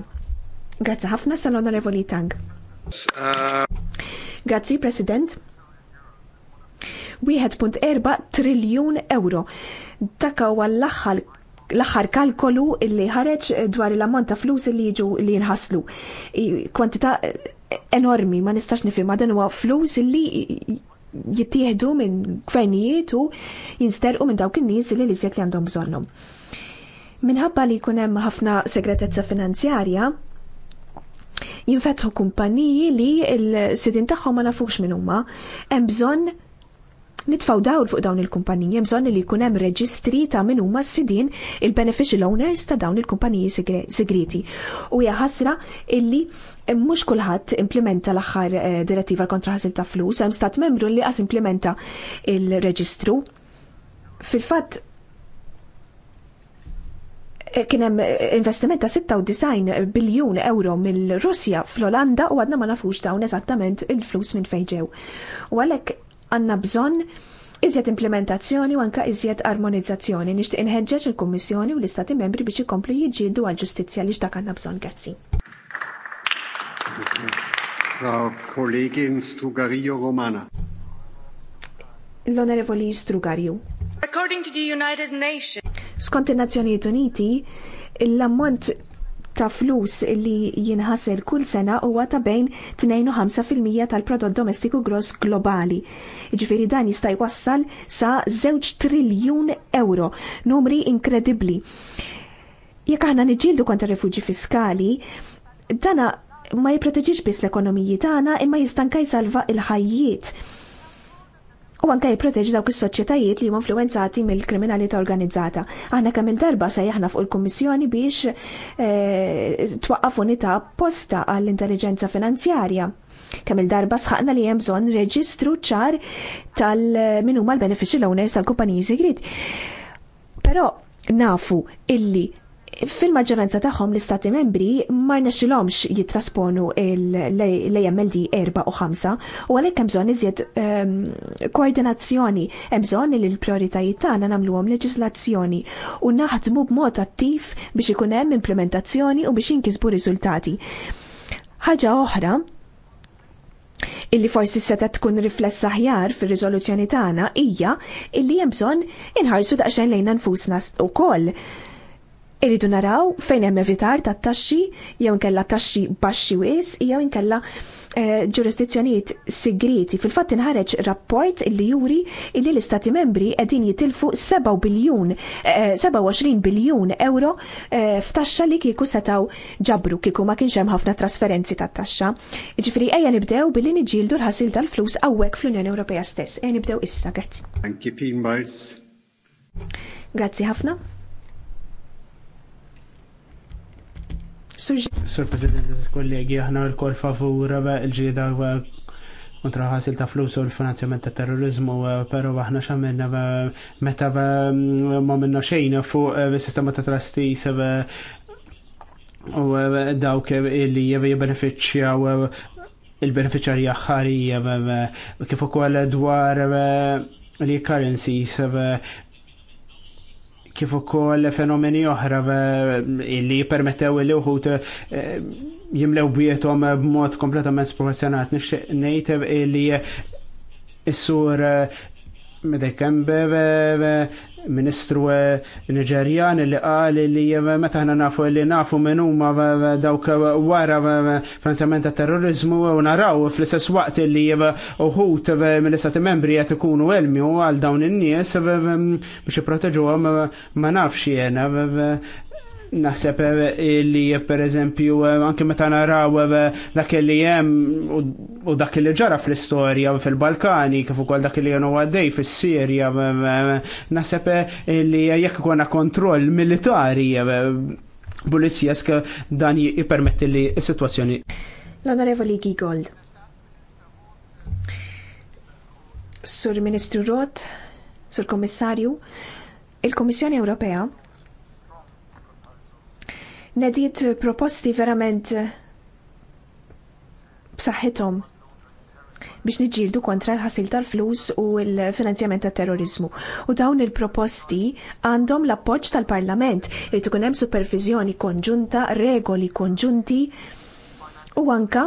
Grazzi ħafna sal-Onorevoli Tang. Grazzi, President. 1.4 triljun euro. Taka huwa l-aħħar l kalkolu illi ħareġ dwar l-ammont ta' flus li jiġu li jinħaslu. Kwantità enormi, ma nistax nifim, dan huwa flus li jittieħdu minn gvernijiet u jinsterqu minn dawk in-nies li li li għandhom bżonnhom. Minħabba li jkun hemm ħafna segretezza finanzjarja, jinfetħu kumpaniji li l-sidin tagħhom ma nafux minn huma, hemm bżonn nitfaw dawl fuq dawn il-kumpaniji bżonn li jkun hemm reġistri ta' min huma s-sidin il-beneficial owners ta' dawn il-kumpaniji segreti. U hija ħasra illi mhux kulħadd implementa l-aħħar eh, direttiva kontra ħasil ta' flus, hemm stat membru li qas implementa il-reġistru. Fil-fatt eh, kien hemm eh, investiment ta' 96 biljun euro mill-Russja fl-Olanda u għadna ma nafux dawn eżattament il-flus minn fejn ġew. U għalhekk għanna bżonn iżjed implementazzjoni u anka iżjed armonizzazzjoni. Nixtieq inħeġġeġ il-Kummissjoni u l-Istati membri biex ikomplu jiġġieldu għall-ġustizzja li x'dak għandna bżonn grazzi. L-Onorevoli Strugario. According to the United Nations. Skont in-Nazzjonijiet Uniti, l-ammont ta' flus li jinħasel kull sena huwa ta' bejn 2.5% tal-prodott domestiku gross globali. Ġifiri dan jista' jwassal sa' 2 triljun euro, numri inkredibbli. Jekk aħna niġġieldu kontra rifuġi fiskali, dana ma jipproteġiġ biss l-ekonomiji tagħna imma jistanka jsalva il-ħajjiet u anke jipproteġi dawk is-soċjetajiet li huma influenzati mill-kriminalità organizzata. Aħna kemm il-darba se jaħna fuq il-Kummissjoni biex eh, twaqqaf unità apposta għall-intelligenza finanzjarja. Kemm il-darba sħaqna li hemm bżonn reġistru ċar tal-min huma l-beneficial owners tal-kumpaniji sigrit. Però nafu illi fil-maġġoranza tagħhom l-istati membri ma rnexxilhomx jitrasponu l-AMLD 4 u 5 u għalhekk hemm bżonn iżjed ehm, koordinazzjoni, hemm bżonn li l-prijoritajiet tagħna nagħmluhom leġislazzjoni u naħdmu b'mod attiv biex ikun hemm implementazzjoni u biex jinkisbu riżultati. Ħaġa oħra illi forsi seta tkun riflessa ħjar fir-riżoluzzjoni tagħna hija illi hemm bżonn inħarsu daqsxejn lejna nfusna wkoll Iridu naraw fejn hemm evitar ta' taxxi jew inkella taxxi baxxi wis jew inkella eh, ġurisdizzjonijiet sigriti. Fil-fatt inħareġ rapport li juri li l-Istati membri qegħdin jitilfu 7 biljun 27 eh, biljun euro eh, f'taxxa li kieku setgħu ġabru kieku ma kienx hemm ħafna trasferenzi tat-taxxa. Jiġifieri ejja nibdew billi niġġieldu l-ħasil tal-flus hawnhekk fl-Unjoni Ewropea stess. Ejja nibdew issa, grazzi. Grazzi ħafna. Sur President, kollegi, aħna l-kol favur eh, il-ġida eh, kontra ħasil ta' flus u l-finanzjament ta' terrorizmu, eh, pero aħna xamenna meta ma minna xejn fuq sistema ta' trastis u dawk li u il-beneficjarja ħarija kif ukoll dwar li currencies kif ukoll fenomeni oħra eh, li permettew li uħut eh, jimlew bietom b'mod kompletament sproporzjonat. Nixtieq ngħid li s-sur eh, Medekem ministru eh, Niġerjan li qal li meta ħna nafu li nafu minn huma dawk wara finanzjament ta' terrorizmu u naraw fl-istess waqt li uħut mill-istati membri qed ikunu elmi u għal dawn in-nies biex jipproteġuhom ma nafx jiena Naħseb eh, li per eżempju eh, anke meta naraw eh, dak li hemm u dak li ġara fl-istorja fil-Balkani kif ukoll dak li jenu għaddej fis-Sirja naħseb li jekk ikunna kontroll militari pulizija dan jippermetti li s-sitwazzjoni. L-Onorevoli Gigold. Sur Ministru Roth, Sur Kommissarju, il-Kommissjoni Ewropea nedijiet proposti verament b'saħħithom biex niġġieldu kontra l-ħasil tal-flus u l-finanzjament tat terrorizmu. U dawn il-proposti għandhom l-appoġġ tal-Parlament li tkun hemm supervizjoni konġunta, regoli konġunti u anka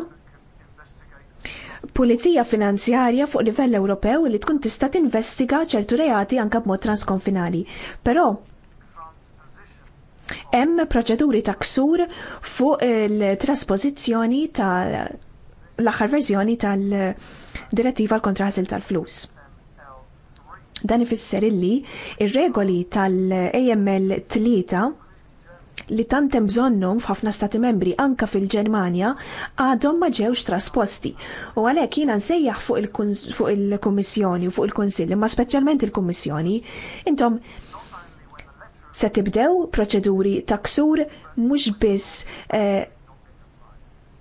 pulizija finanzjarja fuq livell Ewropew li tkun tista' tinvestiga ċertu reati anke b'mod transkonfinali. Però Hemm proċeduri ta' ksur fuq il traspożizzjoni ta' l-aħħar verżjoni tal-direttiva l-kontraħsil tal-flus. Dan ifisser illi ir-regoli tal-AML tlieta li tant hemm bżonnhom f'ħafna stati membri anka fil-Ġermanja għadhom ma ġewx trasposti u għalhekk jiena nsejjaħ fuq il-Kummissjoni u fuq il-Kunsill, imma speċjalment il-Kummissjoni, intom se tibdew proċeduri ta' ksur mhux biss eh,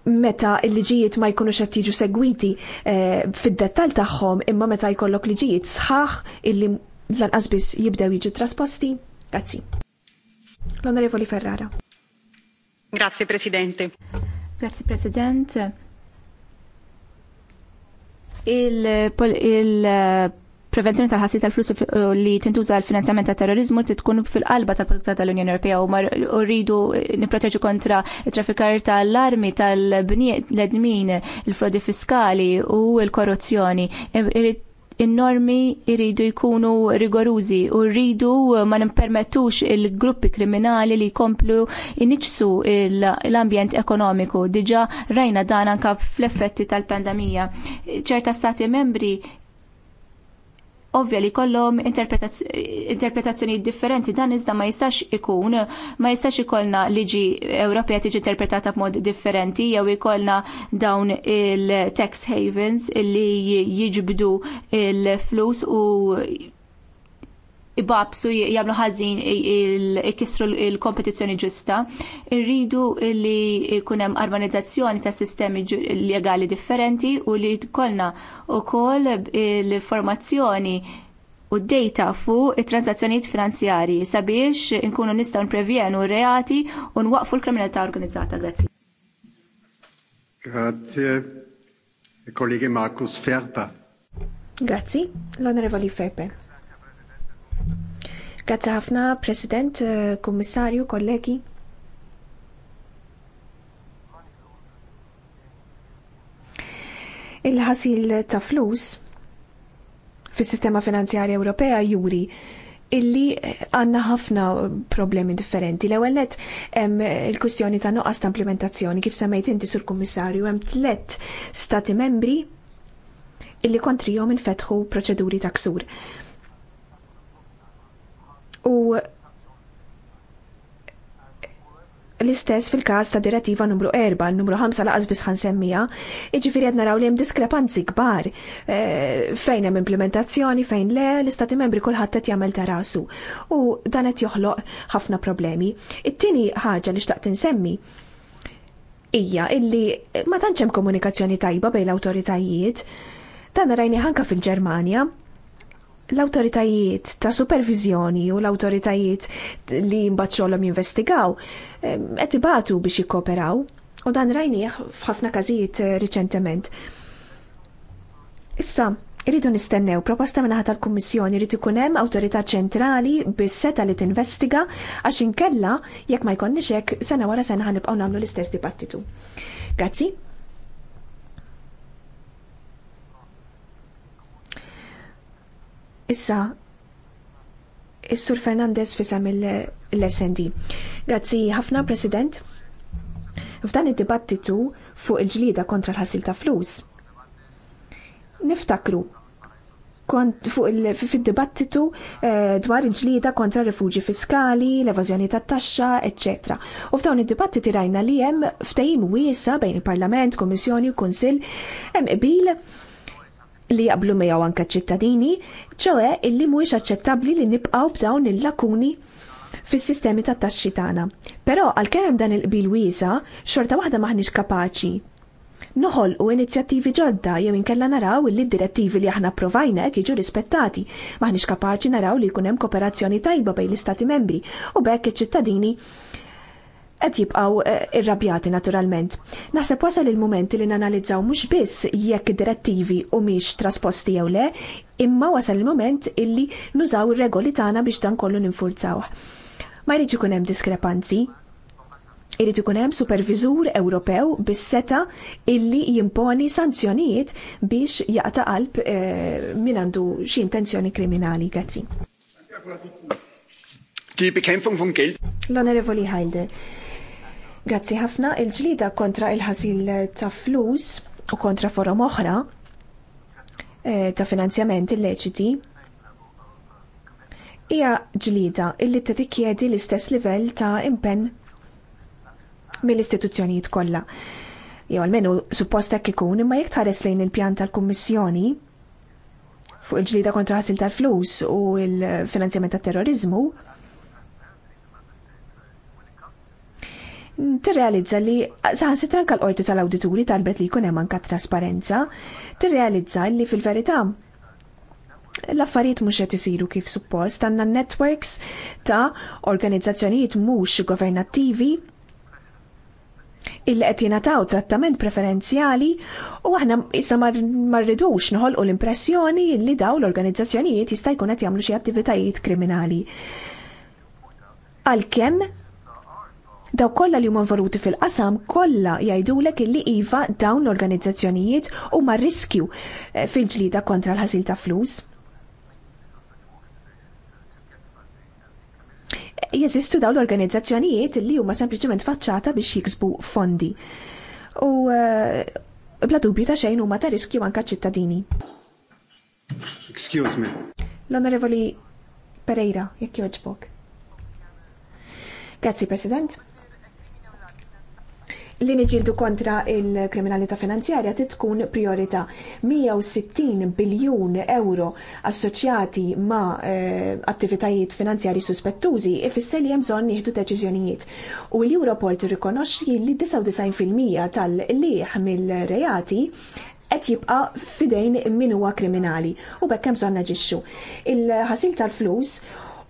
meta l-liġijiet ma jkunux qed jiġu segwiti eh, fid-dettall tagħhom imma meta jkollok liġijiet sħaħ illi lanqas biss jibdew jiġu trasposti. Grazzi. L-Onorevoli Ferrara. Grazie Presidente. Grazie President. Il, il eh, prevenzjoni tal-ħassi tal-flus li tintuża l-finanzjament ta' terrorizmu tkun fil-qalba tal-politika tal-Unjoni Ewropea u rridu nipproteġu kontra traffikar tal-armi tal-bniedmin, il-frodi fiskali u l-korruzzjoni. In-normi rridu jkunu rigorużi u rridu ma nimpermettux il-gruppi kriminali li jkomplu iniċsu l-ambjent ekonomiku. Diġa rajna dan anka fl-effetti tal-pandemija. ċerta stati membri ovvja li kollhom interpretazzjoni differenti dan iżda ma jistax ikun, ma jistax ikollna liġi Ewropea tiġi interpretata b'mod differenti jew ikollna dawn il-tax havens li jiġbdu il-flus u ibabsu jagħmlu ħażin ikissru l-kompetizzjoni ġusta. Irridu li jkun hemm armonizzazzjoni ta' sistemi legali differenti u li tkollna wkoll l-informazzjoni u d-data fuq it-transazzjonijiet finanzjarji sabiex inkunu nistgħu nprevjenu reati u nwaqfu l-kriminalità organizzata. Grazzi. Grazie. Kollegi Markus Ferpa. Grazzi, l-Onorevoli Ferber. Grazzi ħafna, President, eh, Kummissarju, kollegi. il-ħasil ta' flus fis sistema finanzjarja Ewropea juri illi għanna ħafna problemi differenti. L-ewwel net il-kwistjoni ta' nuqqas ta' implementazzjoni kif semmejt inti sur kummissarju hemm tliet stati membri illi kontrihom infetħu proċeduri ta' ksur u L-istess fil-każ ta' direttiva numru 4, numru 5 laqas biss ħansemmija, iġifiri għedna naraw li hemm diskrepanzi kbar eh, fejn hemm implementazzjoni, fejn le l-istati membri kulħadd qed jagħmel ta' rasu u dan qed joħloq ħafna problemi. It-tieni ħaġa li xtaqt insemmi hija illi ma tantx hemm komunikazzjoni tajba bejn l-awtoritajiet. Dan rajni ħanka fil-Ġermanja, l-autoritajiet ta' supervizjoni u l-autoritajiet li mbaċċolhom jinvestigaw qed ibatu biex jikkoperaw u dan rajnieh f'ħafna każijiet riċentement. Issa, irridu nistennew proposta minna tal-Kummissjoni irid ikun hemm awtorità ċentrali bis-seta li tinvestiga għax inkella jekk ma jkollniex hekk sena wara sena ħanibqgħu nagħmlu l-istess dibattitu. Grazzi, Issa, Is-Sur Fernandez fisam il-SND. Grazzi ħafna, President. F'dan id-dibattitu fuq il-ġlida kontra l-ħasil ta' flus. Niftakru fuq fid-dibattitu eh, dwar il-ġlida kontra rifugi fiskali, l-evażjoni tat-taxxa, etc. U f'dawn id-dibattiti rajna li hemm ftehim wiesa bejn il-Parlament, Kummissjoni u Kunsill hemm qbil li jaqblu mejaw anka ċittadini, ċoħe illi mhuwiex aċċettabbli li nibqgħu b'dawn il-lakuni fis-sistemi tat taxxi tagħna. Però għalkemm hemm dan il-qbil wiesa, xorta waħda maħniex kapaċi. Noħolqu inizjattivi ġodda jew inkella naraw li d-direttivi li aħna provajna qed jiġu rispettati, maħniex kapaċi naraw li jkun hemm kooperazzjoni tajba bejn l-Istati membri u bekk iċ-ċittadini qed jibqgħu eh, irrabjati naturalment. Naħseb wasal il-mument li nanalizzaw mhux biss jekk direttivi u miex trasposti jew le, imma wasal il-mument illi nużaw ir-regoli tagħna biex dan kollu ninfurzaw. Ma jrid ikun hemm diskrepanzi. Irid ikun hemm superviżur Ewropew bis-seta illi jimponi sanzjonijiet biex jaqta' qalb eh, min għandu xi intenzjoni kriminali. Grazzi. Die Bekämpfung von Geld. L'onorevoli Grazzi ħafna il-ġlida kontra il-ħasil ta' flus u kontra forom oħra eh, ta' finanzjament illeċiti hija ġlida illi tirrikjedi l-istess livell ta' impenn mill-istituzzjonijiet kollha. Jew almenu suppost hekk ikun imma jekk tħares lejn il-pjan tal-Kummissjoni fuq il-ġlida kontra ħasil tal-flus u l-finanzjament tat-terrorizmu, tirrealizza li saħansi sitran l-qorti tal-awdituri talbet li jkun hemm anka trasparenza, tirrealizza li fil-verità l-affarijiet mhux qed isiru kif suppost għandna networks ta' organizzazzjonijiet mhux governattivi illi qed jingħataw trattament preferenzjali u aħna issa ma rridux noħolqu l-impressjoni li daw l-organizzazzjonijiet jista' jkun qed jagħmlu xi attivitajiet kriminali. Għalkemm Daw kollha li huma involuti fil-qasam kollha jgħidulek illi iva dawn l-organizzazzjonijiet huma riskju eh, fil-ġlida kontra l-ħasil ta' flus. Jeżistu dawn l-organizzazzjonijiet li huma sempliċement faċċata biex jiksbu fondi. U eh, bla dubju ta' xejn huma ta' riskju anke ċittadini. Excuse me. L-Onorevoli Pereira, jekk joġbok. Grazzi, President li niġildu kontra il-kriminalità finanzjarja titkun priorità. 160 biljun euro assoċjati ma' eh, attivitajiet finanzjarji suspettużi ifisser li hemm bżonn nieħdu deċiżjonijiet. U l-Europol tirrikonoxxi li 99% tal-liħ mill-reati qed jibqa' fidejn min huwa kriminali u bekk hemm bżonn naġixxu. Il-ħasil tal-flus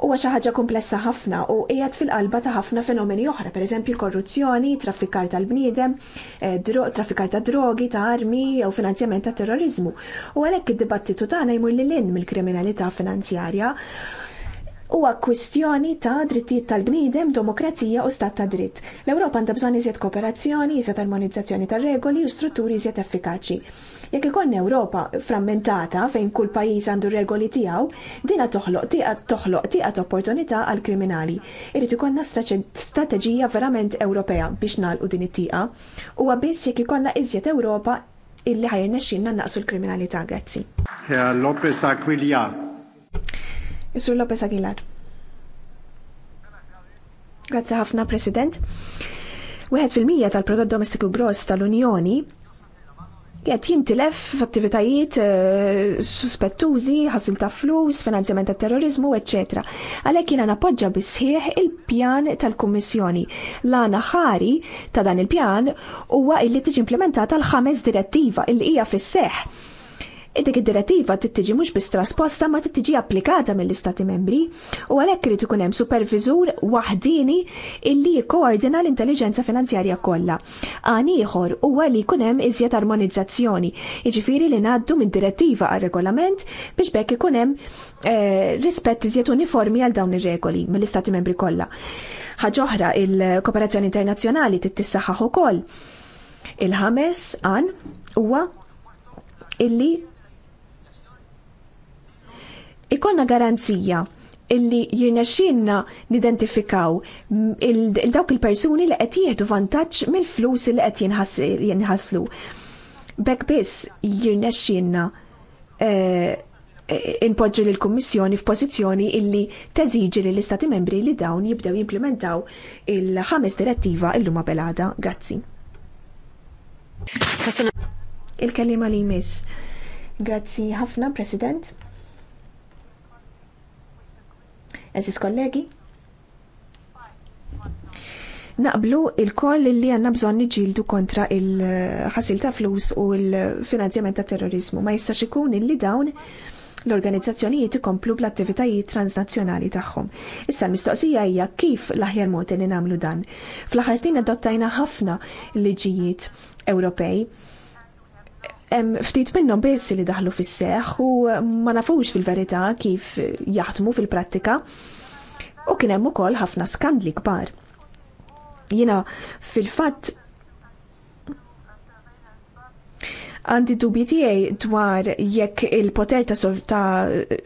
huwa xi ħaġa komplessa ħafna u qiegħed fil-qalba ta' ħafna fenomeni oħra, pereżempju eżempju korruzzjoni traffikar tal-bniedem, eh, traffikar ta' drogi, ta' armi u finanzjament ta' terrorizmu. U għalhekk id-dibattitu tagħna jmur lil lin mill-kriminalità finanzjarja huwa kwistjoni ta' drittijiet tal-bniedem, demokrazija u stat ta' dritt. L-Ewropa għandha bżonn iżjed kooperazzjoni, iżjed armonizzazzjoni tar regoli u strutturi iżjed effikaċi. Jekk ikollna Ewropa frammentata fejn kull pajjiż għandu regoli tiegħu, dina toħloq tieqa toħloq tieqa' opportunità għal kriminali. Irid ikollna strateġija verament Ewropea biex nagħlqu din it-tieqa. Huwa biss jekk ikollna iżjed Ewropa illi ħajrna xinna naqsu l-kriminalità, grazzi. Lopez Aquilia. Isur Lopez Aguilar. Grazzi ħafna, President. Wieħed fil-mija tal-prodott domestiku gross tal-Unjoni qed jintilef f'attivitajiet eh, suspettużi, ħasil ta' flus, finanzjament ta' terrorizmu, ecc. Għalhekk jiena nappoġġa bisħieħ il-pjan tal-Kummissjoni. L-għana ħari ta' dan il-pjan huwa illi tiġi implementata l-ħames direttiva il ija fis dik id-direttiva tittiġi mhux biss trasposta ma tittiġi applikata mill-Istati membri u għalhekk irid ikun hemm superviżur waħdini illi koordina l-intelligenza finanzjarja kollha. Għan ieħor huwa li jkun hemm iżjed armonizzazzjoni, jiġifieri li ngħaddu minn direttiva għal regolament biex bekk ikun hemm eh, rispett iżjed uniformi għal dawn ir-regoli mill-Istati membri kollha. Ħaġa oħra, il-kooperazzjoni internazzjonali tittissaħħaħ ukoll. Il-ħames għan huwa illi Ikollna garanzija illi jirnexxinna nidentifikaw il-dawk il-persuni li qed jieħdu vantaġġ mill-flus li qed jinħaslu. Bek biss jirnexxinna eh, inpoġġu l kummissjoni f'pożizzjoni illi teżiġi lill istati membri li dawn jibdew jimplementaw il-ħames direttiva illuma belada. Grazzi. Il-kellima li jmiss. Grazzi ħafna, President. Eżis kollegi? Naqblu il-koll li għanna bżon niġildu kontra il-ħasil ta' flus u l-finanzjament ta' terrorizmu. Ma jistax ikun illi dawn l-organizzazzjonijiet ikomplu bl-attivitajiet transnazzjonali tagħhom. Issa l-mistoqsija hija kif l-aħjar mod li nagħmlu dan. Fl-aħħar snin adottajna ħafna liġijiet Ewropej ftit minnhom biss li daħlu fis-seħħ u eh, ma nafux fil-verità kif jaħdmu fil-prattika u kien hemm ukoll ħafna skandli kbar. Jiena fil-fatt għandi dubji tiegħi dwar jekk il-poter ta', sor ta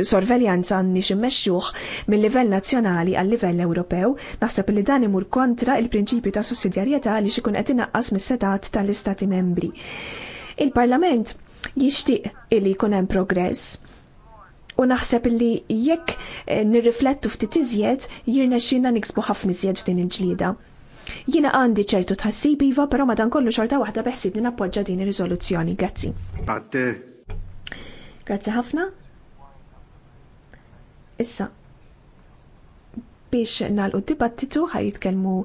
sorveljanza għandniex immexxuh mill-livell nazzjonali għal livell Ewropew, naħseb li dan imur kontra il-prinċipju ta' sussidjarjetà li xikun qed inaqqas mis-setat tal-Istati membri. Il-Parlament jixtieq il jkun hemm progress u naħseb li jekk eh, nirriflettu ftit iżjed jirna xina niksbu ħafna iżjed f'din il-ġlieda. Jina għandi ċertu tħassib iva, però kollu xorta waħda beħsibni nappoġġa din ir-riżoluzzjoni. Grazzi. Grazzi ħafna. Issa, biex nalqu dibattitu ħaj jitkellmu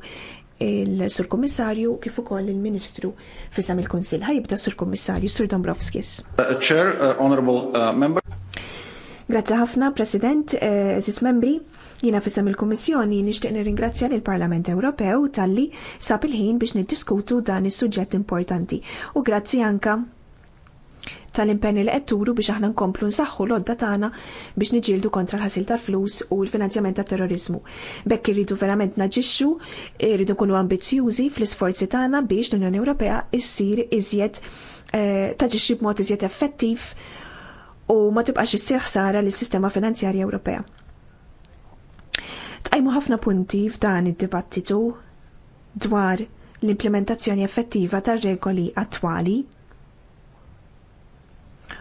il-Sur Kommissarju kif ukoll il-Ministru fisam il kunsil Ħajibda Sur Kommissarju Sur Dombrovskis. Uh, Chair, uh, Honorable uh, Member. Grazzi ħafna, President, eżis membri, jina fissam il-Kommissjoni nixtieq nirringrazzja lill parlament Ewropew talli sab il-ħin biex niddiskutu dan is-suġġett importanti. U grazzi anka tal-impenni li qed biex aħna nkomplu nsaħħu l-odda tagħna biex niġildu kontra l-ħasil tal-flus u l-finanzjament tat-terrorizmu. Bekk irridu verament naġixxu, irridu nkunu ambizzjużi fl-isforzi tagħna biex l-Unjoni Ewropea issir iżjed eh, taġixxi b'mod iżjed effettiv u ma tibqax issir ħsara lis sistema finanzjarja Ewropea. Tqajmu ħafna punti f'dan id-dibattitu dwar l-implementazzjoni effettiva tar regoli attwali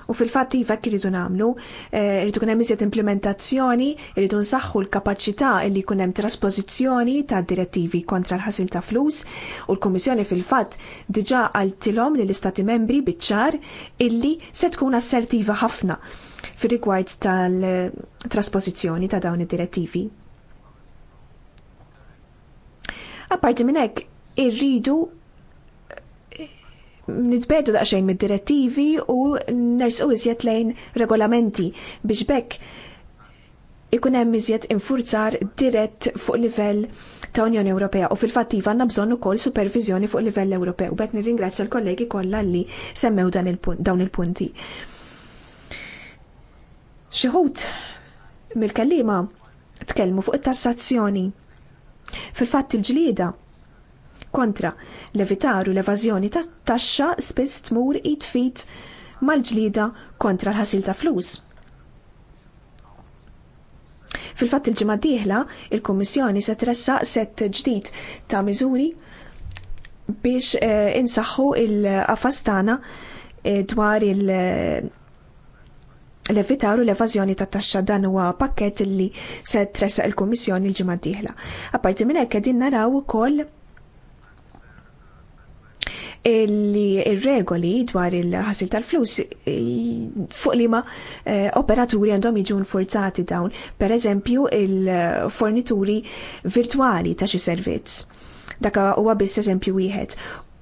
u fil-fatt iva kiridu nagħmlu, eh, irridu kunem iżjed implementazzjoni, rridu nsaħħu l-kapaċità li kunem traspożizzjoni ta' direttivi kontra l-ħasil ta' flus u l-Kummissjoni fil-fatt diġà għaltilhom li l-Istati membri biċ-ċar illi se tkun assertiva ħafna fir-rigward tal-traspożizzjoni ta' dawn id-direttivi. Apparti minn hekk irridu nitbedu daqsxejn mid-direttivi u nersu iżjed lejn regolamenti biex bekk ikun hemm iżjed infurzar dirett fuq livell ta' Unjoni Ewropea u fil-fatt iva għandna bżonn ukoll supervizjoni fuq livell Ewropew. Bekk nirringrazzja l-kollegi kollha li semmew dawn il-punti. Xi ħut mill-kellima tkellmu fuq it-tassazzjoni. Fil-fatt il-ġlieda kontra. Levitaru l-evażjoni ta' taxxa spiss tmur it fit mal-ġlida kontra l-ħasil ta' flus. Fil-fatt il-ġimgħa dieħla, il-Kummissjoni se tressaq set ġdid ta' miżuri biex eh, insaħħu il-qafastana eh, dwar il- l-evitaru l-evażjoni ta' taxxa dan huwa pakkett li se tressaq il-Kummissjoni l-ġimgħa dieħla. Apparti minn hekk qegħdin naraw ukoll illi il-regoli dwar il-ħasil tal-flus fuq li ma eh, operaturi għandhom jiġu nfurzati dawn, per eżempju il-fornituri virtuali ta' xi servizz. Daka huwa biss eżempju wieħed.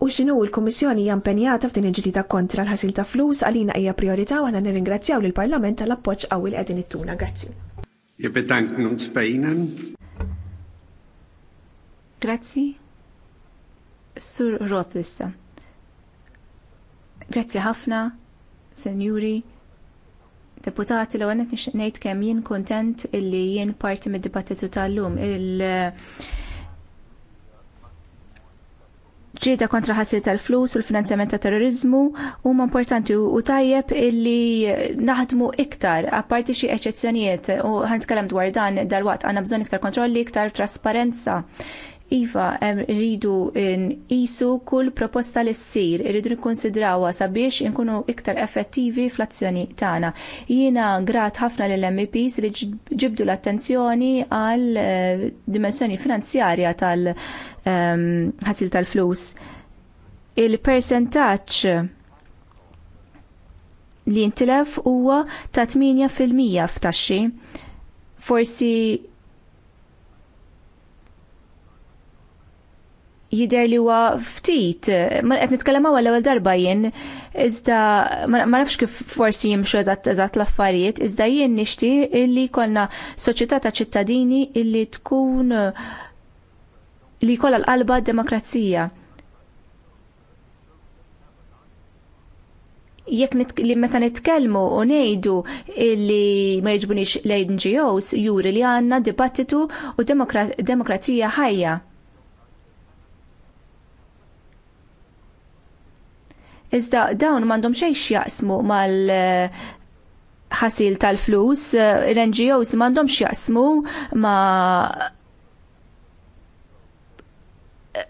U xinu l komissjoni hija impenjata f'din il-ġdida kontra l-ħasil ta' flus għalina hija priorità u aħna nirringrazzjaw lill parlament tal-appoġġ qawwi qegħdin ittuna. Grazzi. Jibbetank nun spejnen. Grazzi. Sur Roth issa. Grazzi ħafna, senjuri, deputati, l għanet nixtieq ngħid kemm jien kuntent illi jien parti mid-dibattitu tal-lum. Il kontra ħassi tal-flus u l-finanzjament ta' terrorizmu huma importanti u tajjeb illi naħdmu iktar apparti xi eċċezzjonijiet u ħantkellem dwar dan dal-waqt għandna bżonn iktar kontrolli, iktar trasparenza, Iva, rridu nqisu kull proposta li ssir, iridu nikkonsidrawha sabiex inkunu iktar effettivi fl-azzjoni tagħna. Jiena grat ħafna lill MEPs li ġibdu l-attenzjoni għal eh, dimensjoni finanzjarja tal-ħasil tal-flus. Il-percentaċ li jintilef huwa ta' 8% f'taxxi. Forsi jider li huwa ftit, ma qed nitkellem għal ewwel darba jien, iżda ma nafx kif forsi jimxu eżatt eżatt l-affarijiet, iżda jien nixti illi jkollna soċjetà ta' ċittadini illi tkun li jkollha l-qalba demokrazija. Jekk li meta nitkellmu u ngħidu li ma jiġbunix l-NGOs juri li għandna dibattitu u demokrazija ħajja. Iżda dawn m'għandhom xejn jaqsmu mal ħasil tal-flus, l-NGOs m'għandhom jaqsmu ma'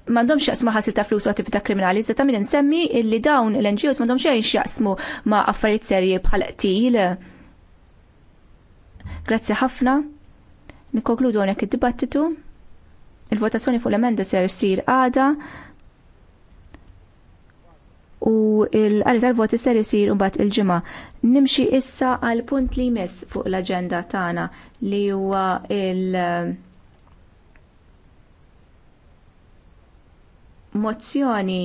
m'għandhom xaqsmu ħasil ta' flus u attività kriminali, iżda ta' min insemmi illi dawn l-NGOs m'għandhom xejn xjaqsmu ma' affarijiet serji bħal qtil. Grazzi ħafna. Nikkonkludu hawnhekk id-dibattitu. Il-votazzjoni fuq l-emenda ser sir għada u l-qari tal-voti ser u imbagħad il-ġimgħa. Nimxi issa għal punt li jmiss fuq l-aġenda tagħna li huwa il- mozzjoni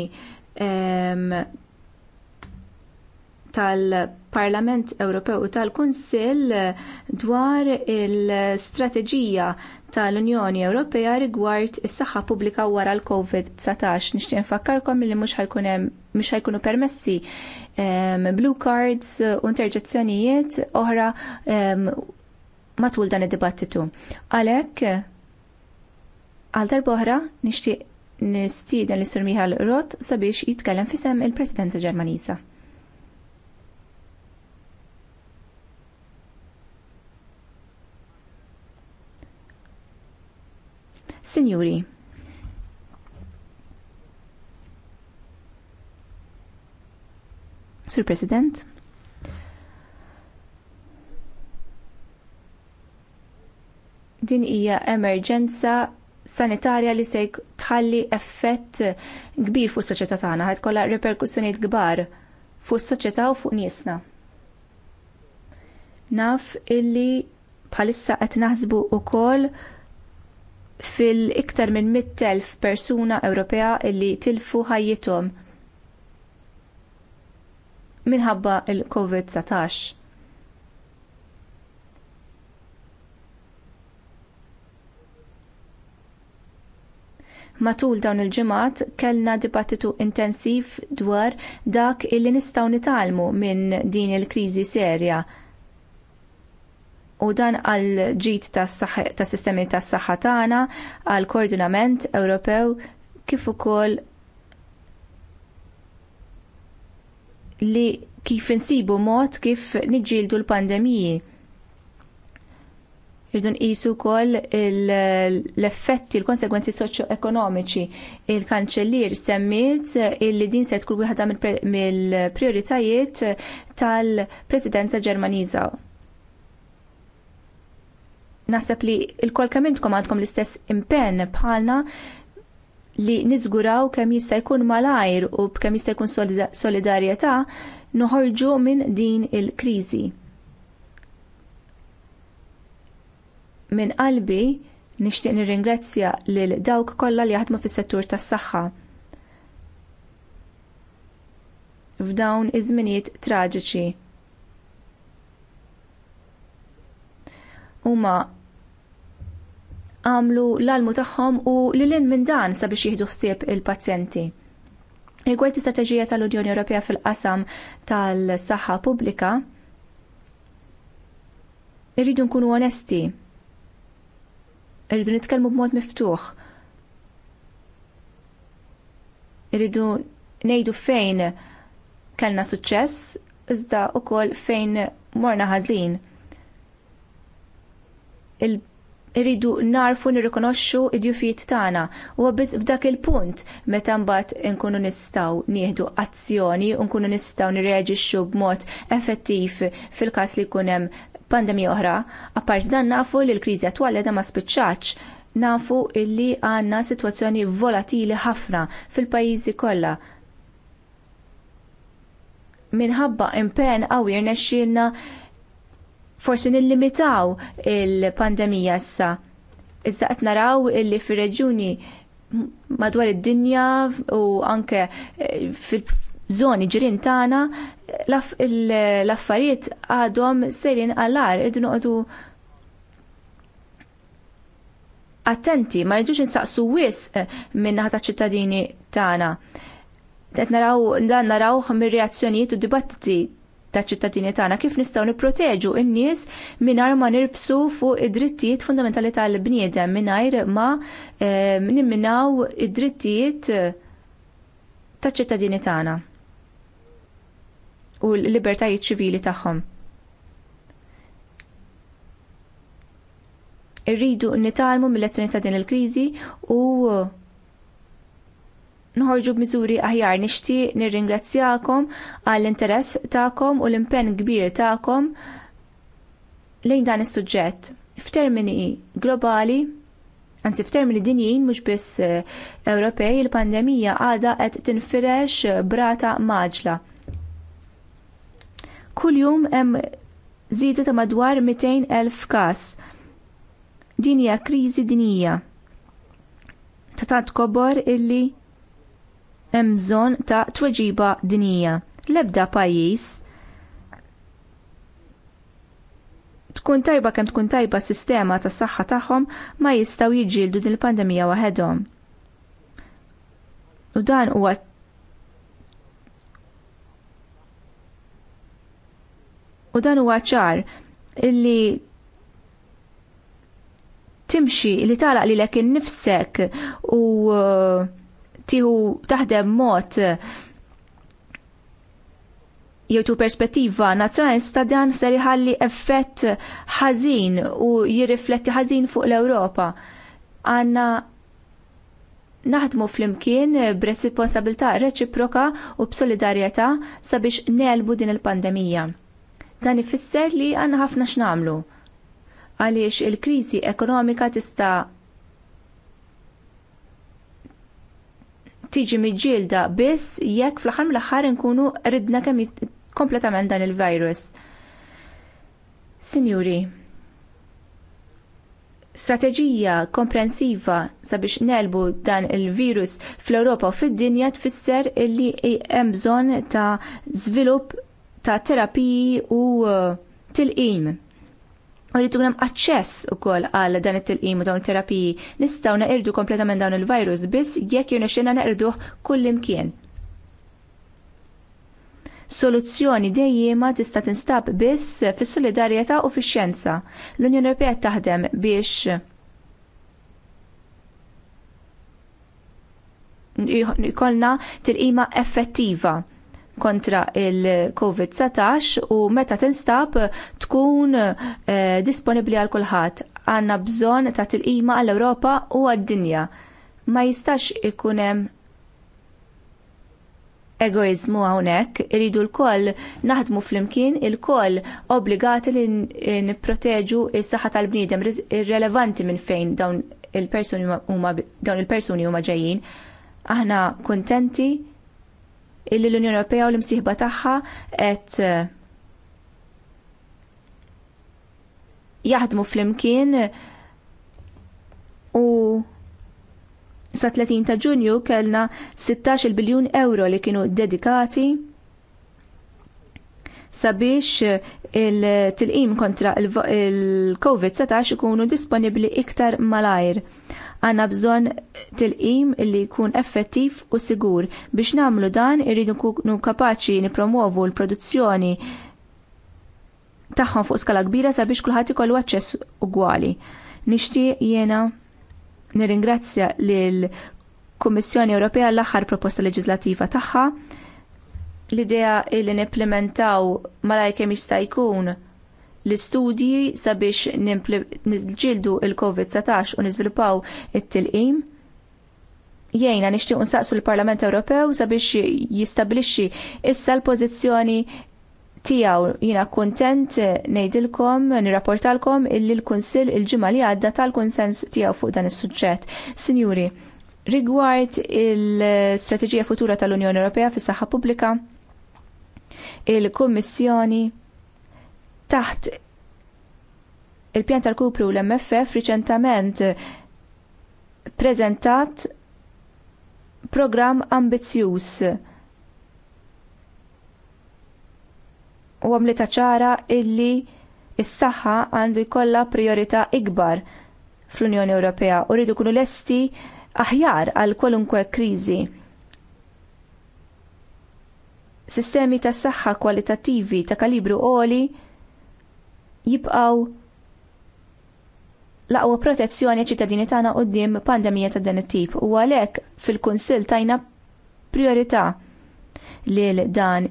tal tal-Parlament Ewropew u tal-Kunsill dwar il-strateġija tal-Unjoni Ewropea rigward is-saħħa pubblika wara l-COVID-19. Nixtieq nfakkarkom li mhux ħajkun hemm mhux ħajkunu permessi ehm, blue cards u interġezzjonijiet oħra ehm, matul dan id-dibattitu. Għalhekk għal oħra nixtieq nistieden li Sur Miħal Rot sabiex jitkellem fisem il-Presidenza Ġermaniża. Signori. Sur President. Din hija emerġenza sanitarja li se tħalli effett kbir fuq is-soċjetà tagħna, ħad kollha reperkussjonijiet kbar fuq is-soċjetà u fuq niesna. Naf illi bħalissa qed naħsbu wkoll fil-iktar minn 100.000 persuna Ewropea li tilfu ħajjithom minħabba l covid 19 Matul dawn il-ġimgħat kellna dibattitu intensiv dwar dak illi nistgħu nitalmu minn din il-kriżi serja u dan għal ġid tas sistemi tas saħħa tagħna għal koordinament Ewropew kif ukoll li kif insibu mod kif niġġieldu l-pandemiji. Irdu nqisu wkoll l-effetti, l konsegwenzi soċjo-ekonomiċi. Il-kanċellier semmiet illi din se tkun wieħed mill-prijoritajiet tal-Presidenza Ġermaniża Naħseb li il-kol kemm għandkom l-istess impenn bħalna li niżguraw kemm jista' jkun malajr u b'kemm jista' jkun solidarjetà noħorġu minn din il-kriżi. Minn qalbi nixtieq nirringrazzja lil dawk kollha li jaħdmu fis-settur tas-saħħa. F'dawn iż-żminijiet traġiċi. Huma għamlu l-almu tagħhom u lilin minn dan sabiex jieħdu ħsieb il-pazjenti. Rigward istrateġija tal-Unjoni Ewropea fil-qasam tal-saħħa pubblika, irridu nkunu onesti, irridu nitkellmu b'mod miftuħ, irridu ngħidu fejn kellna suċċess, iżda wkoll fejn morna ħażin. il irridu narfu nirrikonoxxu id-djufijiet tagħna u biss f'dak il-punt meta mbagħad inkunu nistgħu nieħdu azzjoni u nkunu nistgħu nirreaġixxu b'mod effettiv fil-każ li jkun hemm pandemija oħra, apparti dan nafu li l-kriżi attwali da ma spiċċax nafu illi għandna sitwazzjoni volatili ħafna fil-pajjiżi kollha minħabba impenn qawwi rnexxielna forsi nillimitaw il-pandemija issa. Iżda qed naraw illi fir-reġjuni madwar id-dinja u anke eh, fil-żoni ġirien tagħna l-affarijiet għadhom sejrin għallar id noqdu attenti ma rridux insaqsu wisq eh, min-naħa taċ ċittadini tagħna. Qed naraw dan narawh mir-reazzjonijiet u dibattiti ta' ċittadini tagħna kif nistgħu nipproteġu n-nies mingħajr ma nirbsu fuq id-drittijiet fundamentali tal-bniedem mingħajr ma eh, nimminaw id-drittijiet eh, taċ ċittadini tagħna u l-libertajiet ċivili tagħhom. Irridu nitalmu mill-lezzjoni ta' din il-kriżi u nħorġu b'miżuri aħjar nixtieq nirringrazzjakom għall-interess tagħkom u l-impenn kbir tagħkom lejn dan is-suġġett. F'termini globali, anzi f'termini dinjin mhux biss eh, Ewropej, il-pandemija għadha qed tinfirex brata maġla. Kuljum hemm żieda ta' madwar 200,000 każ. Din hija kriżi dinija ta' tant kobor illi hemm bżonn ta' tweġiba dinija. L-ebda pajjiż tkun tajba kemm tkun tajba s sistema tas saħħa tagħhom ma jistgħu jiġġieldu din il-pandemija waħedhom. U dan huwa u dan huwa ċar illi timxi li tagħlaq lilek innifsek u uh, tiħu taħdem mod jew tu perspettiva nazzjonalista dan ser jħalli effett ħażin u jirrifletti ħażin fuq l-Ewropa. Għanna naħdmu flimkien b'responsabilità reċiproka u b'solidarjetà sabiex nelbu din il-pandemija. Dan ifisser li għandna ħafna x'namlu. Għaliex il-kriżi ekonomika tista' tiġi miġġielda biss jekk fl-aħħar mill-aħħar inkunu ridna kemm kompletament dan il-virus. Sinjuri, strateġija komprensiva sabiex nelbu dan il-virus fl-Ewropa u fid-dinja tfisser li hemm bżonn ta' żvilupp ta' terapiji u uh, tilqim. Rritu għem aċċess ukoll għal dan it-tilqim u dawn terapiji nistgħu naqirdu kompletament dawn il-virus biss jekk jirnexxina naqirduh kullimkien. Soluzzjoni dejjima tista' tinstab biss fis-solidarjetà u fix-xjenza. L-Unjoni Ewropea taħdem biex ikollna tilqima effettiva kontra il-COVID-19 u meta tinstab tkun eh, disponibbli għal kulħadd. Għandna bżonn ta' tilqima għall-Ewropa u għad-dinja. Ma jistax ikun hemm egoizmu hawnhekk, iridu lkoll naħdmu flimkien il-koll obbligati li nipproteġu s-saħħa tal-bniedem irrelevanti minn fejn dawn il-persuni huma ġejjin. Aħna kuntenti illi l-Unjoni Ewropea u l-imsieħba tagħha qed eh, jaħdmu flimkien u sa 30 ta' Ġunju kellna 16 biljun euro li kienu dedikati sabiex il-tilqim kontra il-COVID-19 ikunu disponibbli iktar malajr. Għanna bżonn tilqim li jkun effettiv u sigur. Biex nagħmlu dan irridu nkunu kapaċi nipromovu l-produzzjoni tagħhom fuq skala kbira sabiex kulħadd ikollu aċċess ugwali. Nixtieq jiena nirringrazzja lil Kummissjoni Ewropea l-aħħar proposta leġislattiva tagħha l-idea li nipplementaw malajr kemm jista' jkun l-istudji sabiex nġildu il-COVID-19 u niżviluppaw it-tilqim. Jgħina nixtiequ nsaqsu l-Parlament Ewropew sabiex jistabbilixxi issa l-pożizzjoni tiegħu jiena kuntent ngħidilkom nirrapportalkom illi l-Kunsill il-ġimgħa li għadda tal-kunsens tiegħu fuq dan is-suġġett. Sinjuri, rigward il-strateġija futura tal-Unjoni Ewropea fis-saħħa pubblika, il-Kummissjoni Taħt il-pjan tal-kupru l-MFF riċentament prezentat programm ambizzjuż u għamlita ċara illi s saħħa għandu jkollha priorità ikbar fl-Unjoni Ewropea u rridu kunu lesti aħjar għal kwalunkwe kriżi. Sistemi tas saħħa kwalitattivi ta' kalibru għoli jibqgħu laqwa protezzjoni ċittadini tagħna quddiem pandemija ta' dan it-tip u għalhekk fil-Kunsill tajna priorità lil dan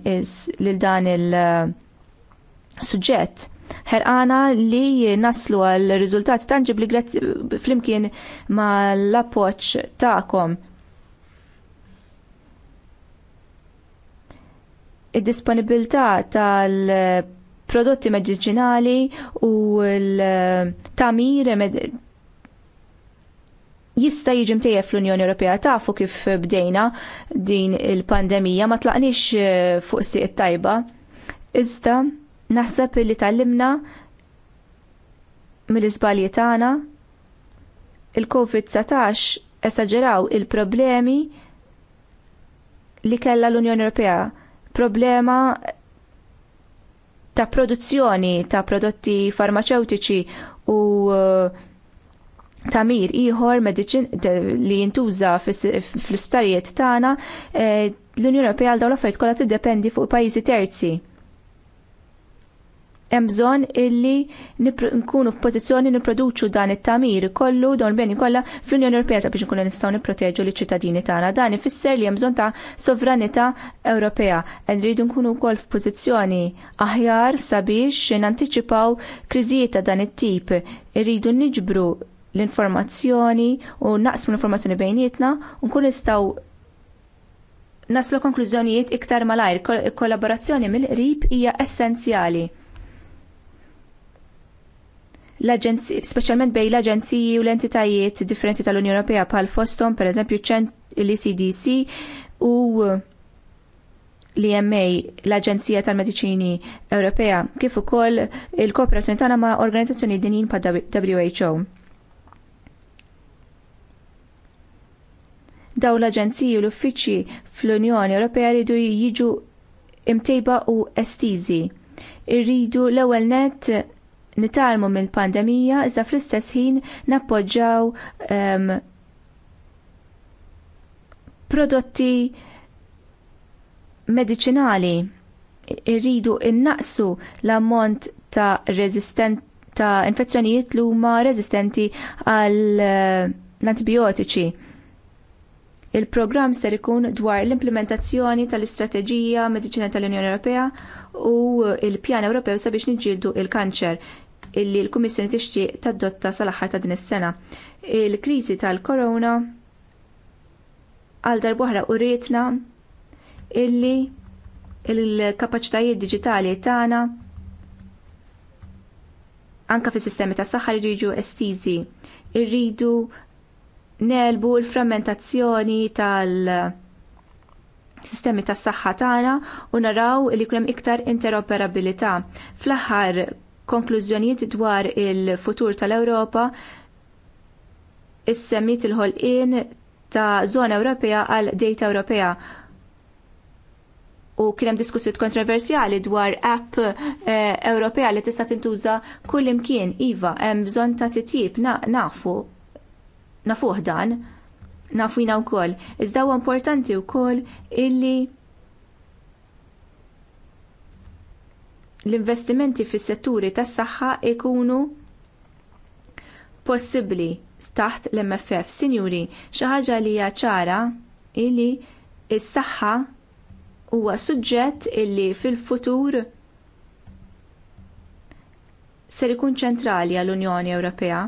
lil dan il-suġġett. Uh, Ħerqana li naslu għal riżultati tangibli flimkien mal appoġġ tagħkom. Id-disponibilità tal- prodotti medicinali u l-tamir jista' jiġi mtejjeb fl-Unjoni Ewropea tafu kif bdejna din il-pandemija ma tlaqniex eh, fuq siq tajba. Iżda naħseb li tallimna mill-iżbalji tagħna il-COVID-19 esaġeraw il-problemi li kellha l-Unjoni Ewropea problema ta' produzzjoni ta' prodotti farmaceutiċi u uh, tamir ieħor medicin li jintuża fl-isptarijiet tagħna eh, l-Unjoni Ewropea għal dawn l-affarijiet kollha tiddependi fuq pajjiżi terzi hemm bżonn illi nkunu f'pożizzjoni nipproduċu dan it-tamir kollu dawn beni kollha fl-Unjoni Ewropea biex nkunu nistgħu nipproteġu liċ-ċittadini tagħna. Dan ifisser li hemm bżonn ta' sovranità Ewropea. Nridu nkunu wkoll f'pożizzjoni aħjar sabiex nantiċipaw kriżijiet ta' dan it-tip. Irridu niġbru l-informazzjoni u naqsmu l-informazzjoni bejnietna u nkunu nistgħu naslu konklużjonijiet iktar malajr. Kollaborazzjoni mill-qrib hija essenzjali specialment bej l-aġenziji u l-entitajiet differenti tal-Unjoni Ewropea bħal fostom, per eżempju, l-ECDC u eh, l-EMA, l-Aġenzija tal-Mediċini Ewropea, kif ukoll il-kooperazzjoni tagħna ma' organizzazzjoni dinin pa' WHO. Daw l-aġenziji u l-uffiċċji fl-Unjoni Ewropea jridu jiġu imtejba u estiżi. Irridu l-ewwel net nitalmu mill-pandemija iżda fl-istess ħin nappoġġaw um, prodotti medicinali irridu innaqsu l-ammont ta' resistent ta' infezzjonijiet li huma resistenti għall eh, antibiotiċi. Il-programm ser ikun dwar l-implementazzjoni tal-istrateġija mediċina tal-Unjoni Ewropea u l pjan Ewropew sabiex niġġieldu l kanċer illi l-Kummissjoni tixtieq tadotta sal-aħħar ta' din is-sena. Il-kriżi tal-korona għal darb'oħra urietna illi il-kapaċitajiet diġitali tagħna anke fis-sistemi tas-saħħa jridu estiżi, irridu nelbu l-frammentazzjoni tal- sistemi tas saħħa tagħna u naraw li hemm iktar interoperabilità. Fl-aħħar konklużjonijiet dwar il-futur tal-Ewropa issemmit il-ħolqien ta' żona Ewropea għal data Ewropea u kien hemm diskussijiet kontroversjali dwar app eh, Ewropea li tista' tintuża kull imkien iva hemm bżonn ta' titjib nafu nafuh dan nafu jina wkoll. Iżda huwa importanti wkoll illi l-investimenti fis-setturi tas-saħħa jkunu possibbli taħt l-MFF. Sinjuri, xi ħaġa li hija ċara illi s-saħħa huwa suġġett illi fil-futur ser ikun ċentrali għall-Unjoni Ewropea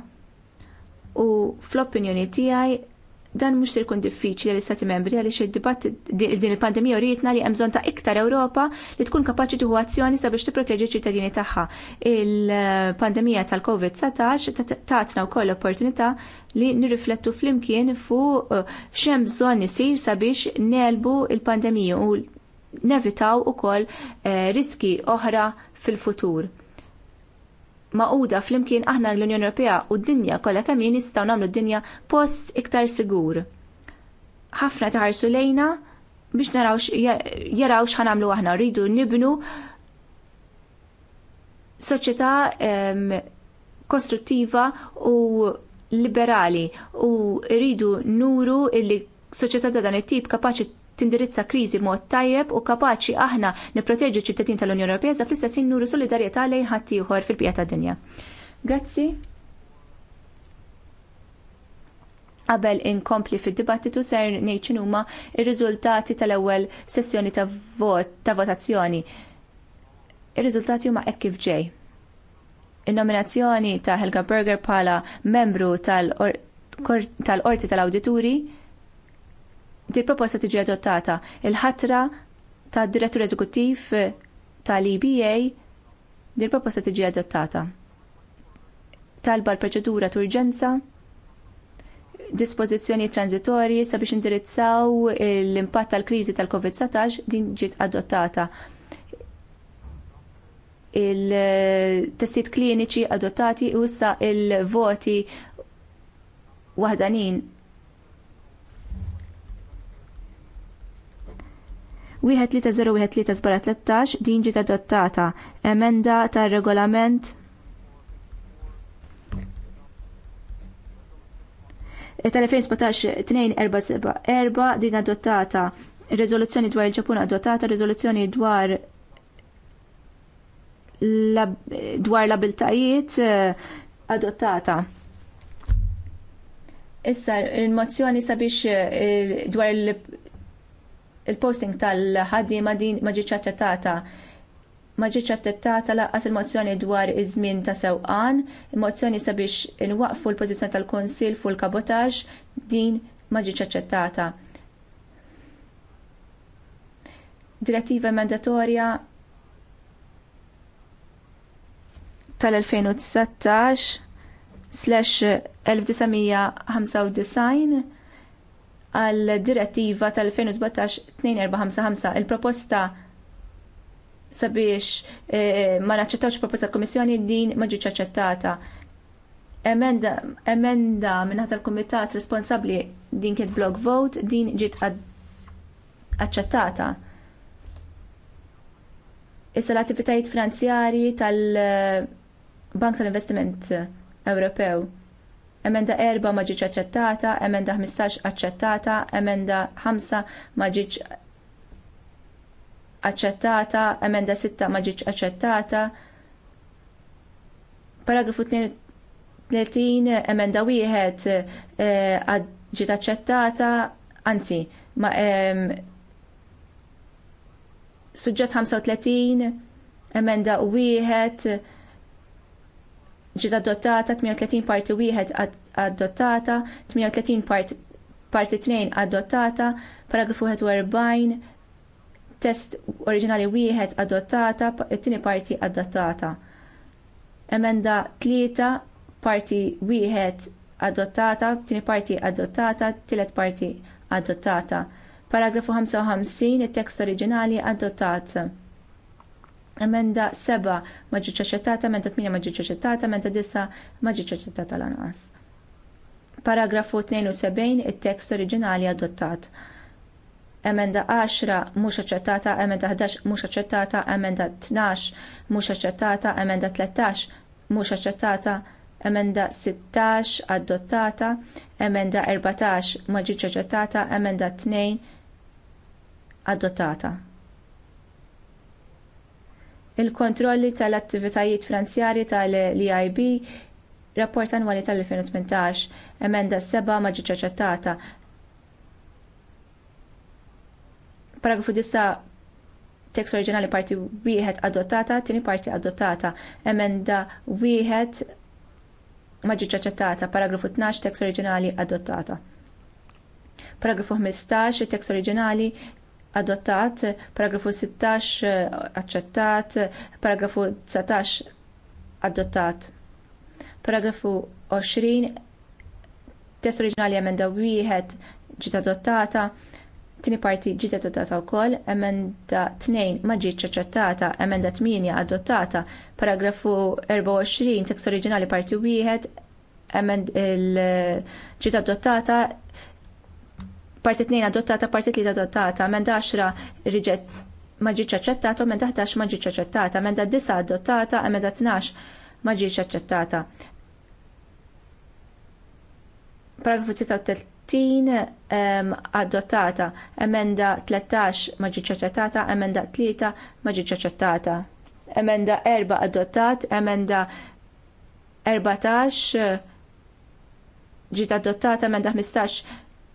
u fl-opinjoni tiegħi Dan mhux se jkun diffiċli li stati membri għaliex id din il-pandemija rietna li hemm bżonn ta' iktar Ewropa li tkun kapaċi tieħu azzjoni sabiex tipproteġi ċ-ċittadini tagħha. Il-pandemija tal-COVID-19 tatna wkoll opportunità li nirriflettu flimkien fuq uh, x'hemm bżonn isir sabiex nelbu l pandemija u nevitaw ukoll uh, riski oħra fil-futur maquda flimkien aħna l-Unjoni Ewropea u d-dinja kollha kemm jien nistgħu nagħmlu d-dinja post iktar sigur. Ħafna taħarsu lejna biex narawx jaraw x'ħanamlu aħna rridu nibnu soċjetà kostruttiva u liberali u rridu nuru illi soċjetà ta' dan it-tip kapaċi tindirizza kriżi mod tajjeb u kapaċi aħna nipproteġu ċittadin tal-Unjoni Ewropea za fl-istess nuru solidarjetà lejn ħadd ieħor fil-bqija tad-dinja. Grazzi. Qabel inkompli fid-dibattitu ser ngħid x'inhuma r-riżultati tal-ewwel sessjoni ta' vot ta' votazzjoni. Ir-riżultati huma hekk kif ġej. In-nominazzjoni ta' Helga Berger bħala membru tal-Qorti tal-Awdituri tal Di proposta tiġi adottata il-ħatra ta' direttur eżekuttiv tal-EBA di proposta tiġi adottata. Talba l-proċedura turġenza dispożizzjoni transitorji sabiex indirizzaw l-impatt tal-kriżi tal-COVID-19 din ġiet adottata. Il-testijiet kliniċi adottati u issa il-voti waħdanin 1301 din ġiet adottata emenda tar regolament tal-2017-2474 din adottata riżoluzzjoni dwar il-ġapun adottata riżoluzzjoni dwar lab, dwar l-abiltajiet eh, adottata. Issa, il-mozzjoni sabiex eh, dwar il-b il-posting tal-ħaddiema din ma ġietx aċċettata ma ġietx aċċettata lanqas il-mozzjoni dwar iż-żmien ta' sewqan, il-mozzjoni sabiex inwaqfu l-pożizzjoni tal-Kunsill fuq il-kabotaġġ din ma ġietx aċċettata. Direttiva mandatorja tal-2019 1995 għal direttiva tal-2017-2455 il-proposta sabiex eh, ma naċċettawx proposta l-Komissjoni din ma ġietx aċċettata. Emenda, emenda minn ħadd il-Kumitat responsabbli din kiet blog vote din ġiet aċċettata. Issa l-attivitajiet finanzjarji tal-Bank eh, tal-Investiment Ewropew emenda erba ma ġietx aċċettata, emenda 15 aċċettata, emenda 5 ma ġietx aċċettata, emenda 6 ma ġietx aċċettata. Paragrafu 30, emenda wieħed eh, ġiet aċċettata, anzi, ma suġġett 35 emenda wieħed ġiet adottata 38 parti wieħed adottata, 38 part, parti 2 adottata, paragrafu 41 test oriġinali wieħed adottata, it-tieni parti adottata. Emenda 3 parti wieħed adottata, tieni parti adottata, tielet parti adottata. Paragrafu 55 it-tekst oriġinali adottat emenda 7 maġġi ġietx emenda 8 maġġi ġietx emenda 10 maġġi ġietx aċċettata lanqas. Paragrafu 72 il tekst oriġinali adottat. Emenda 10 mhux aċċettata, emenda 11 mhux aċċettata, emenda 12 mhux aċċettata, emenda 13 mhux aċċettata, emenda 16 adottata, emenda 14 maġġi ġietx emenda 2 adottata il-kontrolli tal-attivitajiet finanzjarji tal-EIB rapport annwali tal-2018 emenda 7 ma ġietx aċċettata. Paragrafu 9 tekst oriġinali parti wieħed adottata, tieni parti adottata, emenda wieħed ma ġietx aċċettata, paragrafu 12 tekst oriġinali adottata. Paragrafu 15 tekst oriġinali adottat, paragrafu 16 eh, aċċettat, paragrafu 19 adottat. Paragrafu 20 test oriġinali emenda wieħed ġiet adottata, tieni parti ġiet adottata wkoll, emenda tnejn ma ġietx aċċettata, emenda 8 adottata, paragrafu 24 tekst oriġinali parti wieħed, emend il ġiet adottata parti 2 adottata, parti 3 adottata, menda 10 riġett ma ġietx aċċettata, emenda 11 ma ġietx aċċettata, menda 9 adottata, emenda 12 ma ġietx aċċettata. Paragrafu 36 adottata, emenda 13 ma ġietx aċċettata, emenda 3 ma ġietx aċċettata. Emenda 4 adottat, emenda 14 eh, ġiet adottata, emenda 15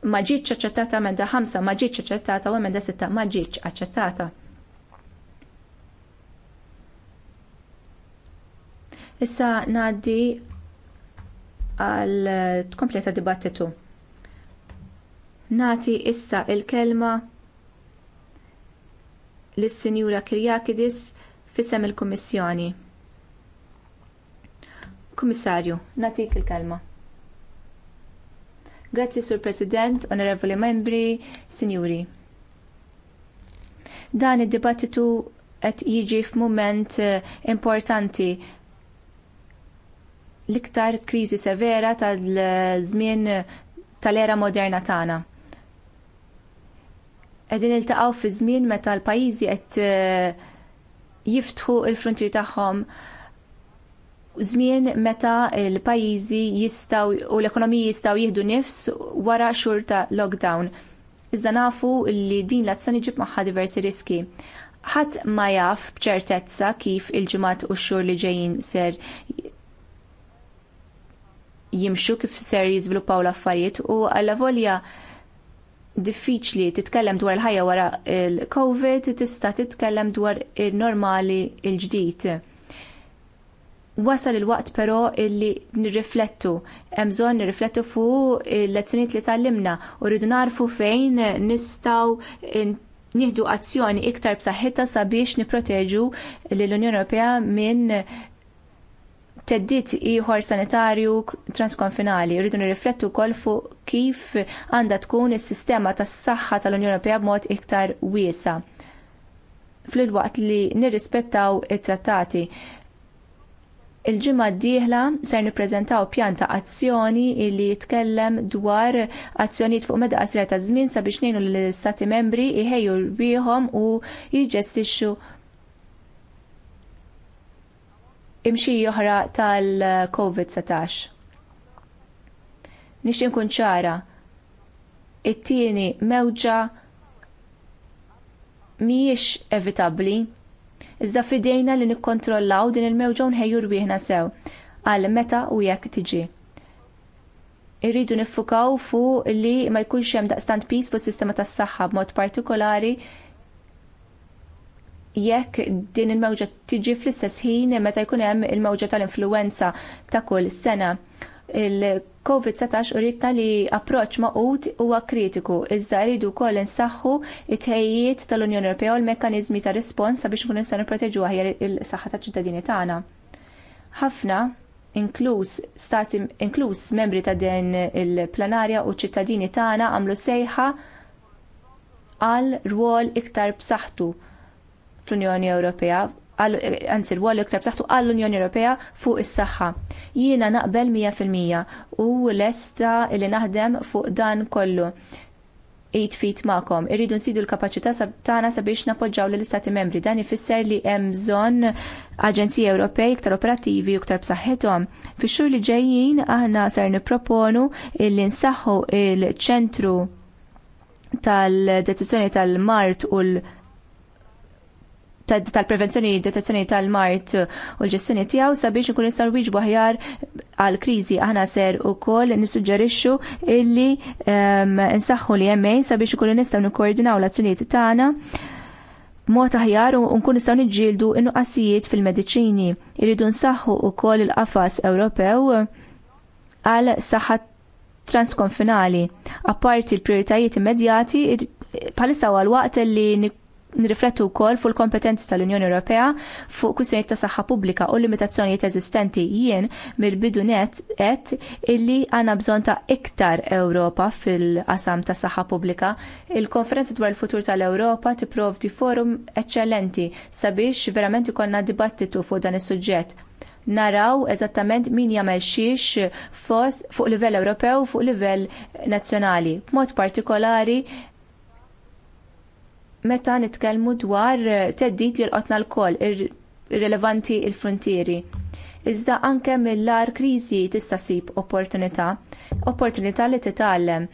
ma ġietx aċċettata emenda 5, ma ġietx aċċettata u emenda 6 ma ġietx aċċettata. Issa ngħaddi għal tkompleta dibattitu. Nati issa l kelma lis sinjura Kirjakidis fissem il-Kummissjoni. Kummissarju, natik il-kelma. Grazzi, Sur President, Onorevoli Membri, Signori. Dan id-dibattitu qed jiġi f'mument eh, importanti l-iktar kriżi severa tal-żmien tal-era moderna tagħna. Qegħdin iltaqgħu fi żmien meta l-pajjiżi qed eh, jiftħu l frontier tagħhom żmien meta l-pajjiżi jistgħu u l-ekonomiji jistgħu jieħdu nifs wara xhur ta' lockdown. Iżda nafu li din l-azzjoni ġib magħha diversi riski. Ħadd ma jaf b'ċertezza kif il-ġimgħat u x-xhur li ġejjin ser jimxu kif ser jiżviluppaw l-affarijiet u għalla volja diffiċli titkellem dwar il-ħajja wara il-COVID tista' titkellem dwar il-normali il-ġdid. in normali l il normali il ġdid Wasal il-waqt però illi nirriflettu, hemm bżonn nirriflettu fuq il-lezzjonijiet li tallimna u rridu narfu fejn nistgħu nieħdu azzjoni iktar b'saħħitha sabiex nipproteġu l-Unjoni Ewropea minn teddit ieħor sanitarju transkonfinali. Rridu nirriflettu wkoll fuq kif għandha tkun is-sistema tas-saħħa tal-Unjoni Ewropea b'mod iktar wiesa' fl waqt li nirrispettaw it-trattati. Il-ġimgħa d-dieħla ser nippreżentaw pjan ta' azzjoni li jitkellem dwar azzjonijiet fuq meda qasira ta' żmien sabiex ngħinu lill istati membri jħejju rwieħhom u jiġġestixxu imxi oħra tal-COVID-19. Nixtieq nkun ċara, it-tieni mewġa mhijiex evitabbli iżda fidejna li nikkontrollaw din il-mewġa nħejju rwieħna sew għal meta u jekk tiġi irridu niffukaw fuq li ma jkunx hemm daqstant pis fuq sistema tas-saħħa b'mod partikolari jekk din il-mewġa tiġi fl-istess ħin meta jkun hemm il-mewġa tal-influwenza ta' kull sena. il COVID-19 uritna li approċċ maqut huwa kritiku, iżda rridu wkoll insaħħu it-tejjiet tal-Unjoni Ewropea u l-mekkaniżmi ta' rispons sabiex nkunu nistgħu nipproteġu aħjar il-saħħa taċ-ċittadini tagħna. Ħafna inkluż stati inkluż membri ta' din il-planarja u ċittadini tagħna għamlu sejħa għal rwol iktar b'saħħtu fl-Unjoni Ewropea anzi l-għal iktar b'saħħtu għall-Unjoni Ewropea fuq is-saħħa. Jiena naqbel 100% u lesta li naħdem fuq dan kollu. 8 feet ma'kom. Irridu nsidu l-kapacità tagħna sabiex napoġġaw lill istati membri. Dan ifisser li hemm bżonn aġenziji Ewropej iktar operattivi u iktar b'saħħithom. Fix-xhur li ġejjin aħna ser nipproponu li nsaħħu il-ċentru tal-detezzjoni tal-mart u l- tal-prevenzjoni detezzjoni tal-mart u l-ġestjoni tiegħu sabiex ikun nistgħu wieġbu aħjar għal kriżi aħna ser ukoll nissuġġerixxu illi ehm, nsaħħu li MA sabiex ikun nistgħu nikkoordinaw l-azzjonijiet tagħna mod aħjar u nkun nistgħu niġġieldu n-nuqqasijiet fil-mediċini. Irridu nsaħħu wkoll il-qafas Ewropew għal saħħa transkonfinali. Apparti l-prijoritajiet immedjati, bħalissa għal waqt li nirriflettu wkoll fuq il-kompetenzi tal-Unjoni Ewropea fuq kwistjonijiet ta' saħħa pubblika u limitazzjonijiet eżistenti jien mill-bidu net għedt illi għandna bżonn ta' iktar Ewropa fil-qasam ta' saħħa pubblika. Il-konferenza dwar il-futur tal-Ewropa tipprovdi forum eċċellenti sabiex verament ikollna dibattitu fuq dan is-suġġett naraw eżattament min jagħmel xiex fuq livell Ewropew fuq livell nazzjonali. B'mod partikolari meta nitkellmu dwar eh, teddit li l-qotna l-koll irrelevanti il frontieri Iżda anke mill-lar kriżi tista' sib opportunità, opportunità li titgħallem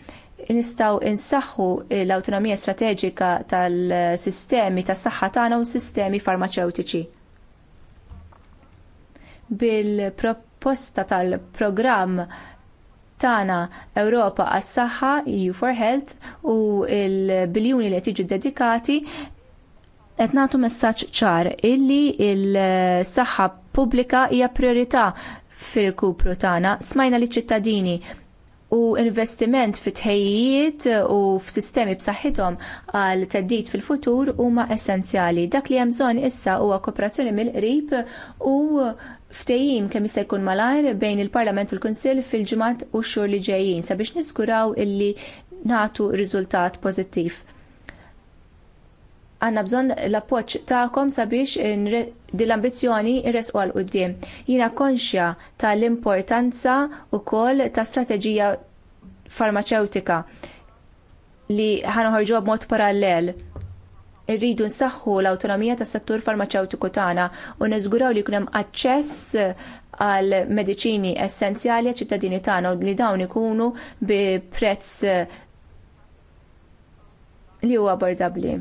nistgħu insaħħu l-awtonomija strateġika tal-sistemi tas-saħħa tagħna u s-sistemi farmaceutiċi. Bil-proposta tal-programm tagħna Ewropa għas-saħħa EU for Health u l-biljuni li tiġu dedikati qed nagħtu messaġġ ċar illi s saħħa pubblika hija priorità fir-kupru tagħna. Smajna li ċittadini u investiment fi tħejjijiet u f'sistemi b'saħħithom għal teddit fil-futur huma essenzjali. Dak li hemm bżonn issa huwa kooperazzjoni mill-qrib u ftejjim kemm jista' jkun malajr bejn il-Parlament u l-Kunsill fil-ġimgħat u x-xhur li ġejjin sabiex niżguraw illi nagħtu riżultat pożittiv. Għanna bżonn l-appoġġ tagħkom sabiex din l-ambizzjoni nresqu għal quddiem. Jiena konxja tal-importanza wkoll ta' strateġija farmaceutika li ħanħorġu b'mod parallel rridu nsaħħu l-awtonomija tas-settur farmaceutiku tagħna u niżguraw li jkun hemm aċċess għal mediċini essenzjali għal ċittadini tagħna u li dawn ikunu bi prezz eh, li huwa abordabbli.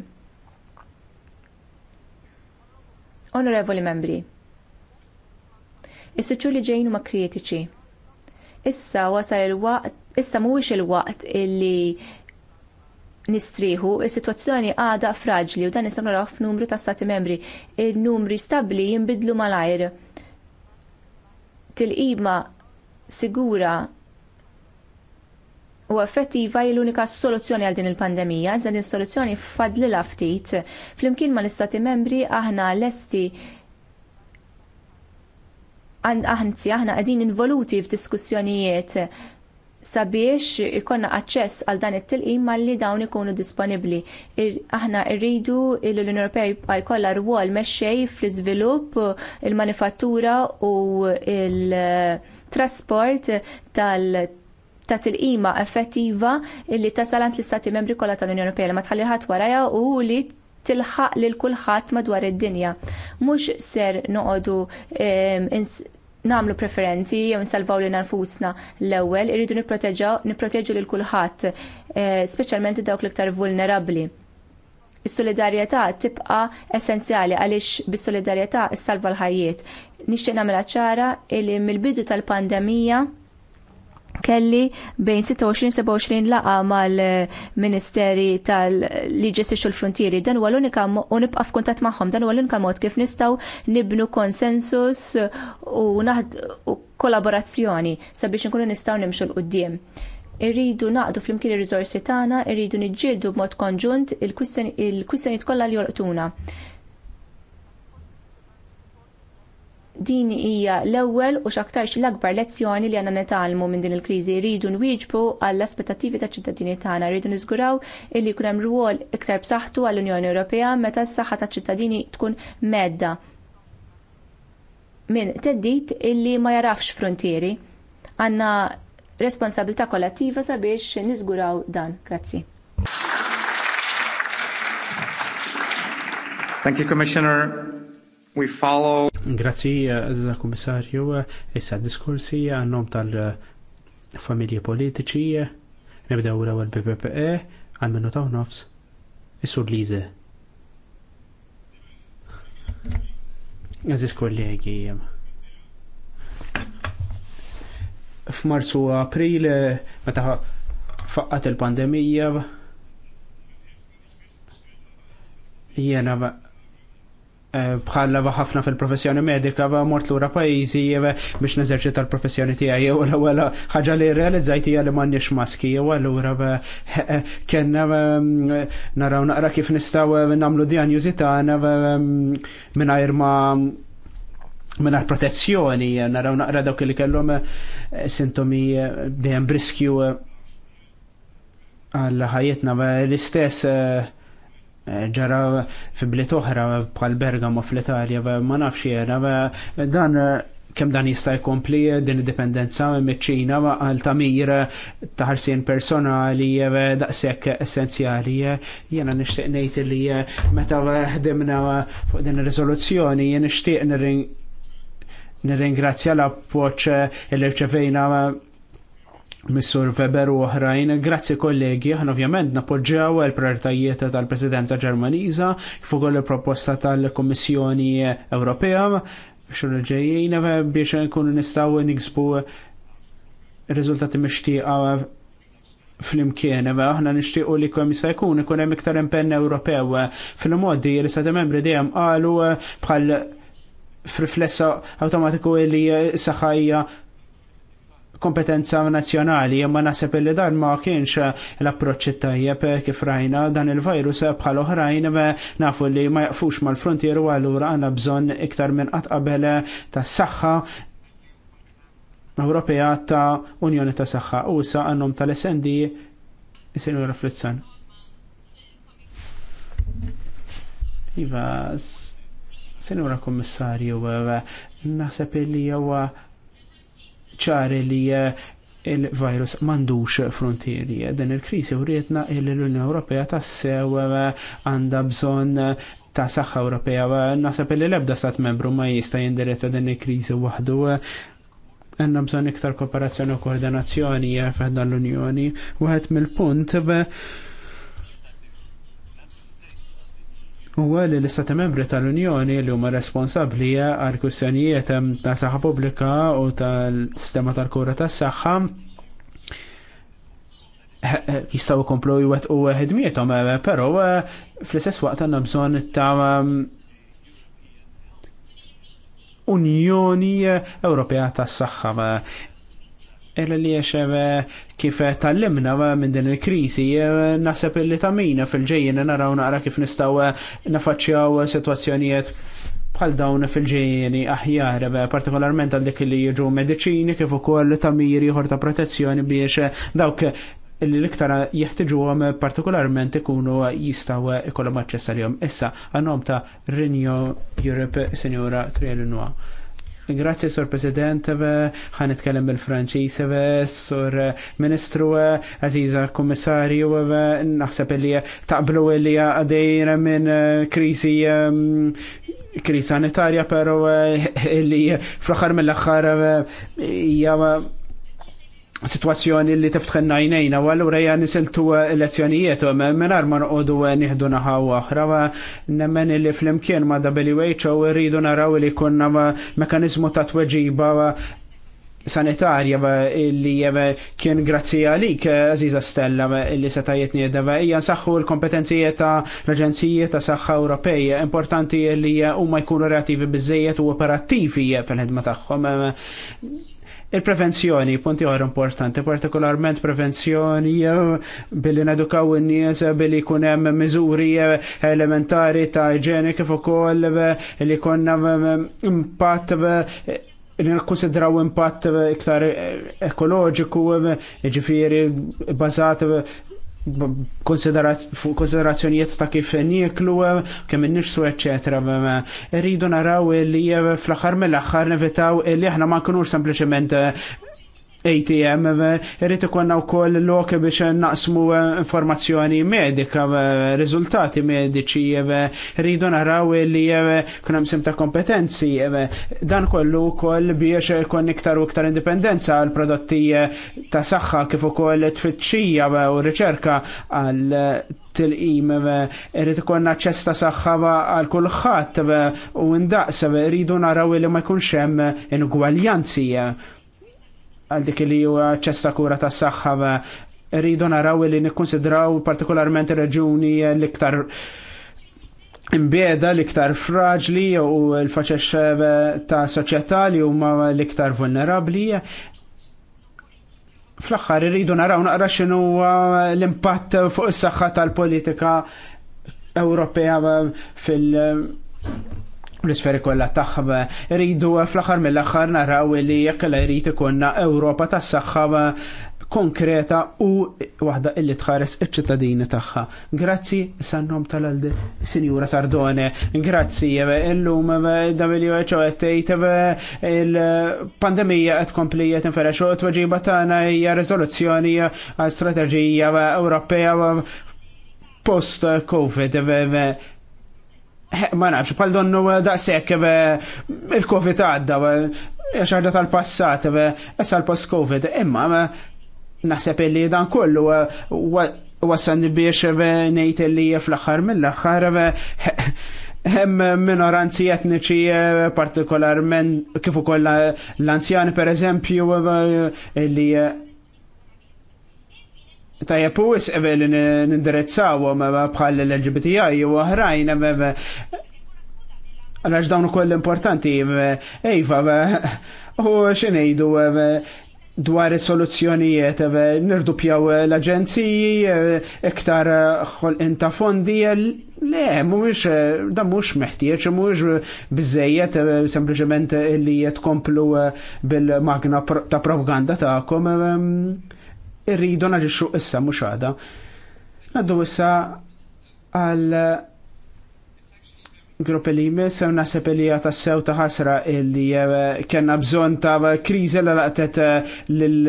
Onorevoli membri, is-siċċur li ġejn huma kritiċi. Issa wasal il-waqt, issa mhuwiex il-waqt illi nistrieħu is-sitwazzjoni għadha fraġli u dan nistgħu naraw f'numru ta' stati membri. Il-numri stabbli jinbidlu malajr. Tilqima sigura u effettiva hi l-unika soluzzjoni għal din il-pandemija, iżda din soluzzjoni fadlilha ftit. Flimkien mal istati membri aħna lesti anzi aħna qegħdin involuti f'diskussjonijiet sabiex ikonna aċċess għal dan it-tilqim malli dawn ikunu disponibbli. Aħna rridu l-Unjoni Ewropea jibqa' jkollha rwol mexxej fl-iżvilupp il-manifattura u il-trasport tal ta' tilqima effettiva li tasalant l-istati membri kollha tal-Unjoni Ewropea li ma tħalli ħadd waraja u li tilħaq lil kulħadd madwar id-dinja. Mhux ser noqogħdu namlu preferenzi jew nsalvaw lil nanfusna l-ewwel irridu nipproteġu lil kulħadd, eh, speċjalment dawk l-iktar vulnerabbli. Is-solidarjetà tibqa' essenzjali għaliex bis-solidarjetà issalva l-ħajjiet. Nixtieq nagħmilha ċara li mill-bidu tal-pandemija kelli bejn 26-27 laqa mal-Ministeri tal-li ġestixxu l-frontieri. Dan huwa l-unika u nibqa' f'kuntatt magħhom, dan huwa l-unika mod kif nistgħu nibnu konsensus u, u kollaborazzjoni sabiex inkunu nistgħu nimxu l-qudiem irridu naqdu flimkien ir-riżorsi tagħna, irridu niġġieldu b'mod konġunt il-kwistjonijiet kollha li jolqtuna. Din hija l-ewwel u x'aktarx l-akbar lezzjoni li għandna nitalmu minn din il-kriżi rridu nwieġbu għall-aspettattivi taċ-ċittadini tagħna, rridu niżguraw illi jkun hemm rwol iktar b'saħħtu għall-Unjoni Ewropea meta s-saħħa taċ-ċittadini tkun medda minn teddit illi ma jarafx frontieri. għandna responsabilità kollettiva sabiex niżguraw dan. Grazzi. Thank you, Commissioner. We follow. Grazzi, għazza eh, kummissarju, issa diskursi eh, għannom tal-familji politiċi, nibda raw l PPPE, għal minnu taw nofs, issur Lize. Għaziz kollegi, f'Marzu April, eh, meta faqqat il-pandemija, jiena Eh, bħalla ħafna fil-professjoni medika ba mort lura pajjiżi eh, biex neżerċi tal-professjoni tiegħi u l-ewwel ħaġa li realizzajt hija li m'għandniex maski u allura eh, kena mm, naraw naqra kif nistaw nagħmlu dijanjużi tagħna mm, mingħajr ma minna protezzjoni, naraw naqra dawk li kellhom sintomi dijan briskju għal ħajjetna l-istess ġara fi bliet oħra bħal Bergamo fl-Italja, ma nafx jena, dan kem dan jista' jkompli din id-dipendenza miċ-Ċina għal tamir ta' ħarsien personali daqshekk essenzjali. Jiena nixtieq ngħid li meta ħdimna fuq din ir-riżoluzzjoni jien nixtieq nirringrazzja l-appoġġ li rċevejna Missur Weber u oħrajn, grazzi kollegi, ħan ovvjament napoġġaw il-prioritajiet tal-Presidenza Ġermaniża kif ukoll il-proposta tal-Kommissjoni Ewropea xogħol ġejjin biex nkunu nistgħu niksbu riżultati mixtieqa fl-imkien, aħna nixtiequ li kwa jista' jkun ikun hemm iktar impenn Ewropew. Fil-modi li sa membri dejjem qalu bħal friflessa awtomatiku li saħħajja kompetenza nazzjonali, jemma nasib li dan ma kienx l-approċċ tajjeb kif rajna dan il-virus bħal oħrajn nafu li ma jaqfux mal-frontier u allura għanna bżonn iktar minn qatt qabel tas saħħa Ewropea ta' Unjoni ta' Saħħa u sa' għannum tal-SND jisilu riflizzan. Iva, Senjora Kommissarju, naħseb li huwa ċari li eh, il-virus mandux frontieri. Dan il-krisi u rietna l-Unjoni Ewropea tassew eh, għanda bżon eh, ta' saħħa Ewropea. Nasab li l-ebda stat membru ma jista' jindiretta din il-kriżi waħdu. Għanna bżon iktar kooperazzjoni u koordinazzjoni f'dan l-Unjoni. Waħed mill-punt huwa li l-istati membri tal-Unjoni li huma responsabbli għal kwistjonijiet ta' saħħa pubblika u tal-sistema tal-kura tas-saħħa jistaw komplu jwet u ħidmietom, eh, pero eh, fl-istess waqt għanna bżon ta' Unjoni Ewropea tas saħħa eh. Illa li jaxem eh, kif eh, tal-limna eh, minn din il-krizi, nasab li tamina fil ġejjen naraw naqra kif nistaw nafacċjaw situazzjonijiet bħal dawn fil-ġejjeni aħjar, partikolarment għal dik li jiġu mediċini kif ukoll tamiri jħor ta' protezzjoni biex dawk li l-iktar jeħtiġuhom partikolarment ikunu jistaw ikollu maċċessarjom. Issa għandhom ta' Renew Europe Senjora Trielinua. Grazzi, Sur President, għan eh, itkellem bil-Franċis, eh, Sur eh, Ministru, Aziza Kommissarju, naħseb li taqblu li għadejra minn krizi kriz sanitarja, pero li fl-axar mill-axar hija situazzjoni li tiftħenna jnejna, u għallura jgħan nisiltu eh, elezzjonijiet, minar ma nqodu eh, nieħdu naħaw u oħra, nemmen li fl-imkien ma WHO rridu naraw li konna mekanizmu ta' tweġiba sanitarja li eh, kien grazzi għalik, Aziza Stella, li setajiet njedeva, hija saħħu l-kompetenzijiet ta' l-Aġenzijiet ta' Saħħa Ewropej, importanti li huma jkunu reattivi bizzejiet u operattivi fil ħedma tagħhom Il-prevenzjoni, punti għor importanti, partikolarment prevenzjoni eh, billi nadukaw n-nies eh, billi kunem mizuri eh, elementari ta' ġeni kif ukoll li konna impatt li nakkonsidraw impatt iktar ekoloġiku, ġifiri bazat konsiderazzjonijiet ta' kif nieklu, eh, kemm innifsu, eccetera. Rridu naraw li eh, fl-axar mill-axar nevitaw li aħna ma nkunux sempliċement eh, ATM, eh, irrit ikonna u koll l-ok biex naqsmu eh, informazzjoni medika, eh, rizultati medici, rridu naraw li kunem simta kompetenzi, dan kollu koll biex kon iktar u iktar indipendenza għal prodotti ta' saħħa kif ukoll tfittxija u riċerka għal til-im, irrit ikonna ċesta saħħa għal kulħadd u ndaqsa, rridu naraw li ma jkunx hemm ingwaljanzi għal dik li huwa ċesta kura tas saħħa rridu naraw li nikkonsidraw partikolarment reġuni l-iktar imbieda l-iktar fraġli u l-faċex eh, ta' soċjetà li huma l-iktar vulnerabbli fl-axħar irridu naraw naqra x'inhu l-impatt fuq is-saħħa tal-politika Ewropea eh, fil- l-isferi kollha taħħa rridu fl-aħħar mill-aħħar naraw li jekk la jrid ikunna Ewropa tas-saħħa konkreta u waħda illi tħares iċ-ċittadini tagħha. Grazzi sannom tal-għaldi Sinjura Sardone, grazzi illum WHO qed tgħid il-pandemija qed komplijiet inferex u t-tweġiba tagħna hija riżoluzzjoni għal strateġija Ewropea post-COVID Eh, ma nafx, pal donnu da eh, daqsek eh, il-Covid għadda, xaħġa tal-passat, essa l-post-Covid, imma naħseb li dan kollu wasan biex nejt li fl-axar mill-axar hemm minoranzi etniċi partikolarment kif ukoll l-anzjani per eżempju li tajja u isqbel nindirizzaw bħal l-LGBTI u għahrajn għax dawn ukoll importanti ejfa iva, u xinejdu dwar soluzzjonijiet nirdu pjaw l-aġenziji iktar ta' fondi le mux da mux meħtieċ mux bizzejiet sempliciment li jitkomplu bil-magna ta' propaganda ta'kom irridu naġixxu issa mux għada. Naddu issa għal grupp li jmiss sew nasib li għata sew ta' ħasra illi eh, kena bżonn ta' kriżi li laqtet eh, lil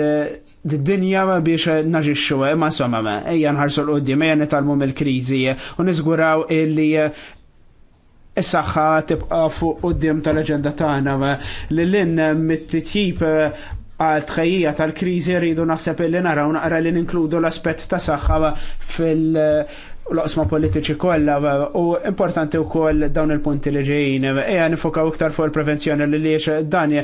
dinja biex naġiċu, eh, ma somma ma, ejja nħarsu l-qoddim, ejja nitalmu mill-krizi, u nizguraw illi s-saxħa tibqa fuq qoddim tal-agenda tagħna l inn mit-tip għal tħejjija tal-kriżi rridu naħseb illi naraw naqra li ninkludu l-aspett ta' saħħa fil- l-oqsma politiċi kollha u importanti wkoll dawn il-punti li ġejjin. Eja nifokaw iktar fuq il-prevenzjoni li liex dan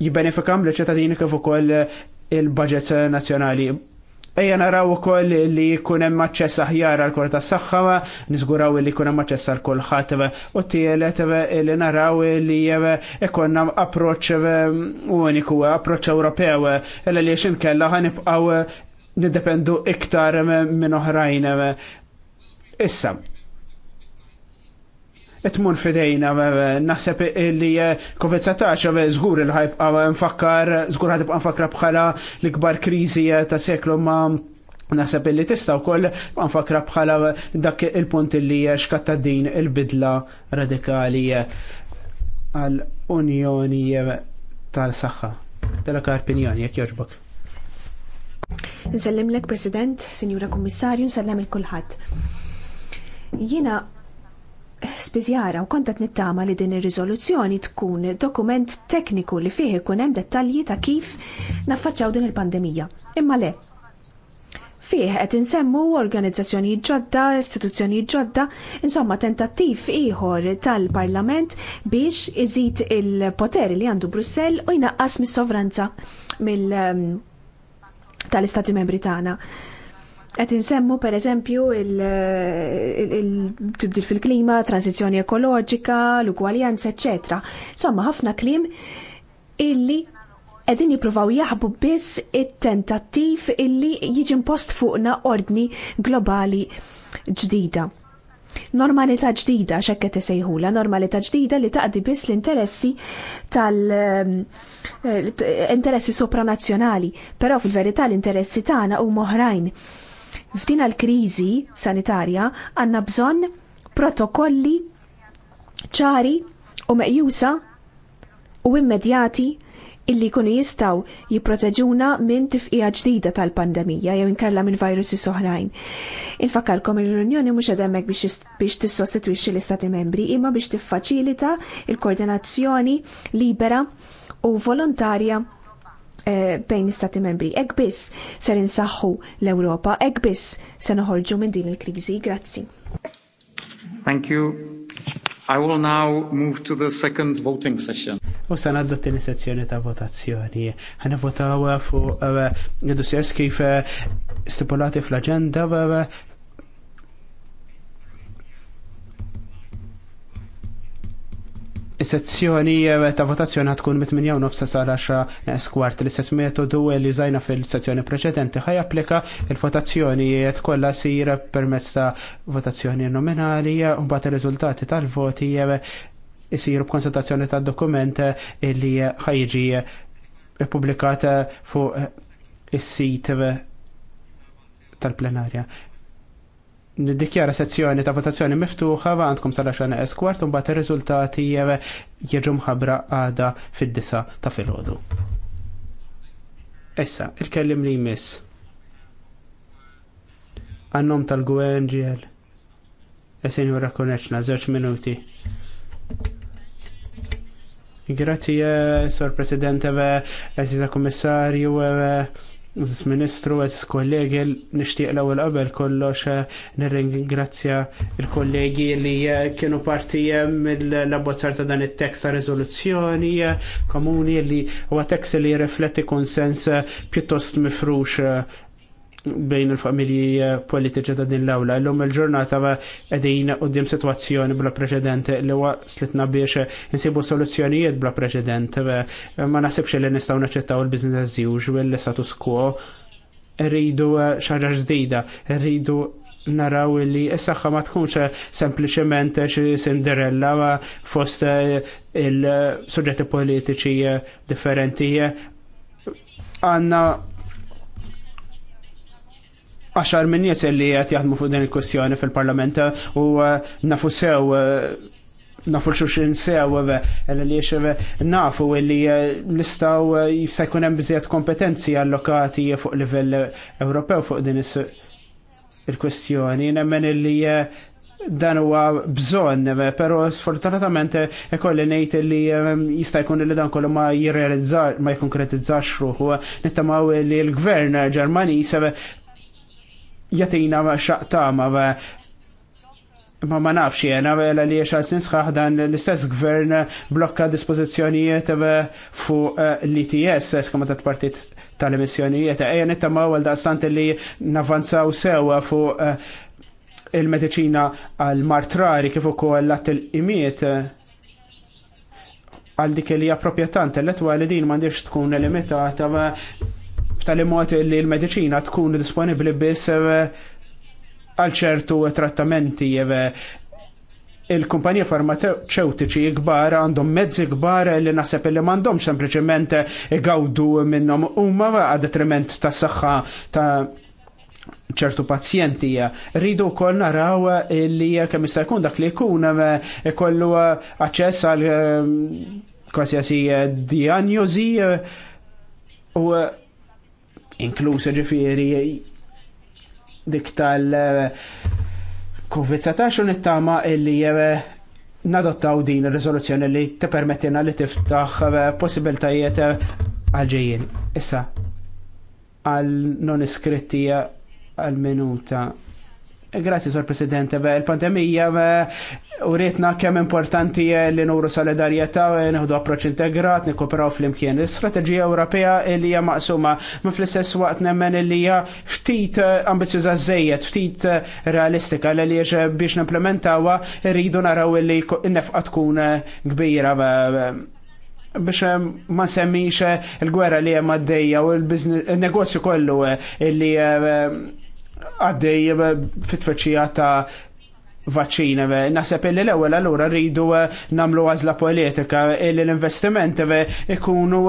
jibbenefika mliċ ċittadini kif ukoll il-budget nazzjonali. Ejja naraw ukoll li jkun hemm ħjar aħjar għal kura tas-saħħa, niżguraw li jkun hemm għal għal kulħadd u tielet li naraw li ikonna approċċ uniku, approċċ Ewropew, illa li xinkella ħanibqgħu nidependu iktar minn oħrajn. Issa, etmur fidejna, naħseb li COVID-19 zgur il-ħajbqa nfakkar, zgur ħadibqa nfakkar bħala l-ikbar krizi eh, ta' seklu ma' naħseb li tista' wkoll nfakkra bħala eh, dak il-punt li eh, xkatta din il-bidla radikali għal-Unjoni tal-Saħħa. Tela karpinjoni, jek joġbok. ek President, Sinjura Komissarju, nsellem il-kulħadd. Jiena spiżjara u kontat nittama li din ir-riżoluzzjoni tkun dokument tekniku li fih ikun hemm dettalji ta' kif naffaċċaw din il-pandemija. Imma le, fih qed insemmu organizzazzjoni ġodda, istituzzjoni ġodda, insomma tentattiv ieħor tal-Parlament biex iżid il-poteri li għandu Brussell u jnaqqas mis-sovranza mill- um, tal-Istati Membri tagħna. Qed insemmu pereżempju il-tibdil fil-klima, transizzjoni ekoloġika, l-ugwaljanza, eċetera. Somma ħafna kliem illi qegħdin jippruvaw jaħbu biss it-tentattiv illi jiġi impost fuqna ordni globali ġdida. Normalità ġdida xekket isejħula, normalità ġdida li taqdi biss l-interessi tal-interessi ehm, eh, sopranazzjonali, però fil-verità l-interessi tagħna huma oħrajn F'din għal-kriżi sanitarja għandna bżonn protokolli ċari u meqjusa u immedjati illi jkunu jistaw jipproteġuna minn tifqija ġdida tal-pandemija jew inkella minn virusi soħrajn. Infakkarkom il-Unjoni mhux qed hemmhekk biex tissostitwixxi l-Istati membri imma biex tiffaċilita l koordinazzjoni libera u volontarja Eh, bejn istati membri. Ek biss ser insaħħu l-Ewropa, ek biss se noħorġu minn din il krizi Grazzi. Thank you. I will now move to the second voting session. U sa d t-tini sezzjoni ta' votazzjoni. Għana votaw fuq għadu eh, dossiers kif eh, stipulati fl-agenda Is-sezzjoni eh, ta' votazzjoni tkun mit 8 nofsa sar 10 skwart l-istess metodu eh, li żajna fil-sezzjoni preċedenti ħaj applika il-votazzjoni qed eh, kollha sir permezz ta' votazzjoni nominali u mbagħad ir-riżultati tal-voti isiru b'konsultazzjoni tad-dokument li ħajġi pubblikat fuq is-sit tal-plenarja. Niddikjara sezzjoni ta' votazzjoni miftuħa għandkom sal-10 eskwart un bat il-rizultati jieġu mħabra għada fid-disa ta' filgħodu. Issa, il-kellim li jmiss. Għannom tal-Gwen ġiel. Esin eh, jura rakoneċna, zewċ minuti. Grazie, eh, Sor Presidente, Eżiza eh, Kommissarju, Ministru, es kollegi, nishtiq l ewwel qabel kollox eh, nirringrazzja il-kollegi li eh, kienu parti eh, mill-abbozzar ta' dan it-tekst ta' rezoluzzjoni komuni li huwa tekst li jirrifletti konsens pjuttost mifrux bejn il-familji eh, politiċi ta' din l-awla. L-lum il-ġurnata edin u dim situazzjoni bla preċedente li slitna biex nsibu soluzzjonijiet bla preċedente. Eh, ma nasibx li nistaw naċċettaw il-business as usual, l-status quo. Rridu eh, xaġa ġdida, rridu naraw li s-saxħa ma tkunx sempliciment xi Cinderella fost il-soġġetti politiċi differenti għanna għaxar minn nies li qed jaħdmu fuq din il-kwestjoni fil-Parlament u eh, nafu sew eh, nafu xuxin sew eh, li nafu li nistaw jista' jkun hemm biżejjed kompetenzi allokati fuq livell Ewropew fuq din il-kwestjoni. Nemmen li dan huwa bżonn, però sfortunatament ikolli ngħid li jista' jkun li dan kollu ma jirrealizzar ma jkonkretizzax ruħu nittamaw li l-gvern Ġermani jatina xaqta ma ma ma nafx jena vela li xal sinsħaħ dan l-istess gvern blokka dispozizjonijiet fuq eh, l-ITS eskoma eh, tat partit tal-emissjonijiet. Ejja ma għal da' stant li navanzaw sewa fuq eh, il-medicina għal-martrari kif ukoll l-attil imiet għal dik li hija proprjetà intellettwali din m'għandix tkun limitata tal mod li l-medicina tkun disponibli biss eh, għal ċertu trattamenti eh, il-kumpanija farmaceutiċi kbar għandhom mezzi kbar li naħseb li mandom sempliċement gawdu minnhom huma għad detriment tas saħħa ta' ċertu pazjenti Ridu wkoll naraw li kemm jista' jkun dak li jkun eh, ikollu aċċess għal kważjasi diagnosi u inklusa ġifiri dik tal COVID-19 u nittama illi eh, nadottaw din il-rizoluzzjoni li t-permettina li tiftaħ eh, possibiltajiet eh, għalġejjien. Issa, għal non iskritti għal minuta. Eh, Grazie, Sor eh, Beh, Il-pandemija eh, u rritna kemm importanti li nuru solidarjetà, neħdu approċ integrat, nikoperaw fl-imkien. L-istrateġija Ewropea li hija maqsuma ma fl-istess waqt nemmen li hija ftit ambizjuża żejjed, ftit realistika li li biex nimplementawha rridu naraw li n-nefqa tkun kbira biex ma semmix il-gwerra li hemm għaddejja u l-negozju kollu li għaddej eh, fit-tfeċija ta' vaċċina. Eh, Naseb illi l-ewwel allura rridu eh, namlu għażla politika illi l investimenti ikunu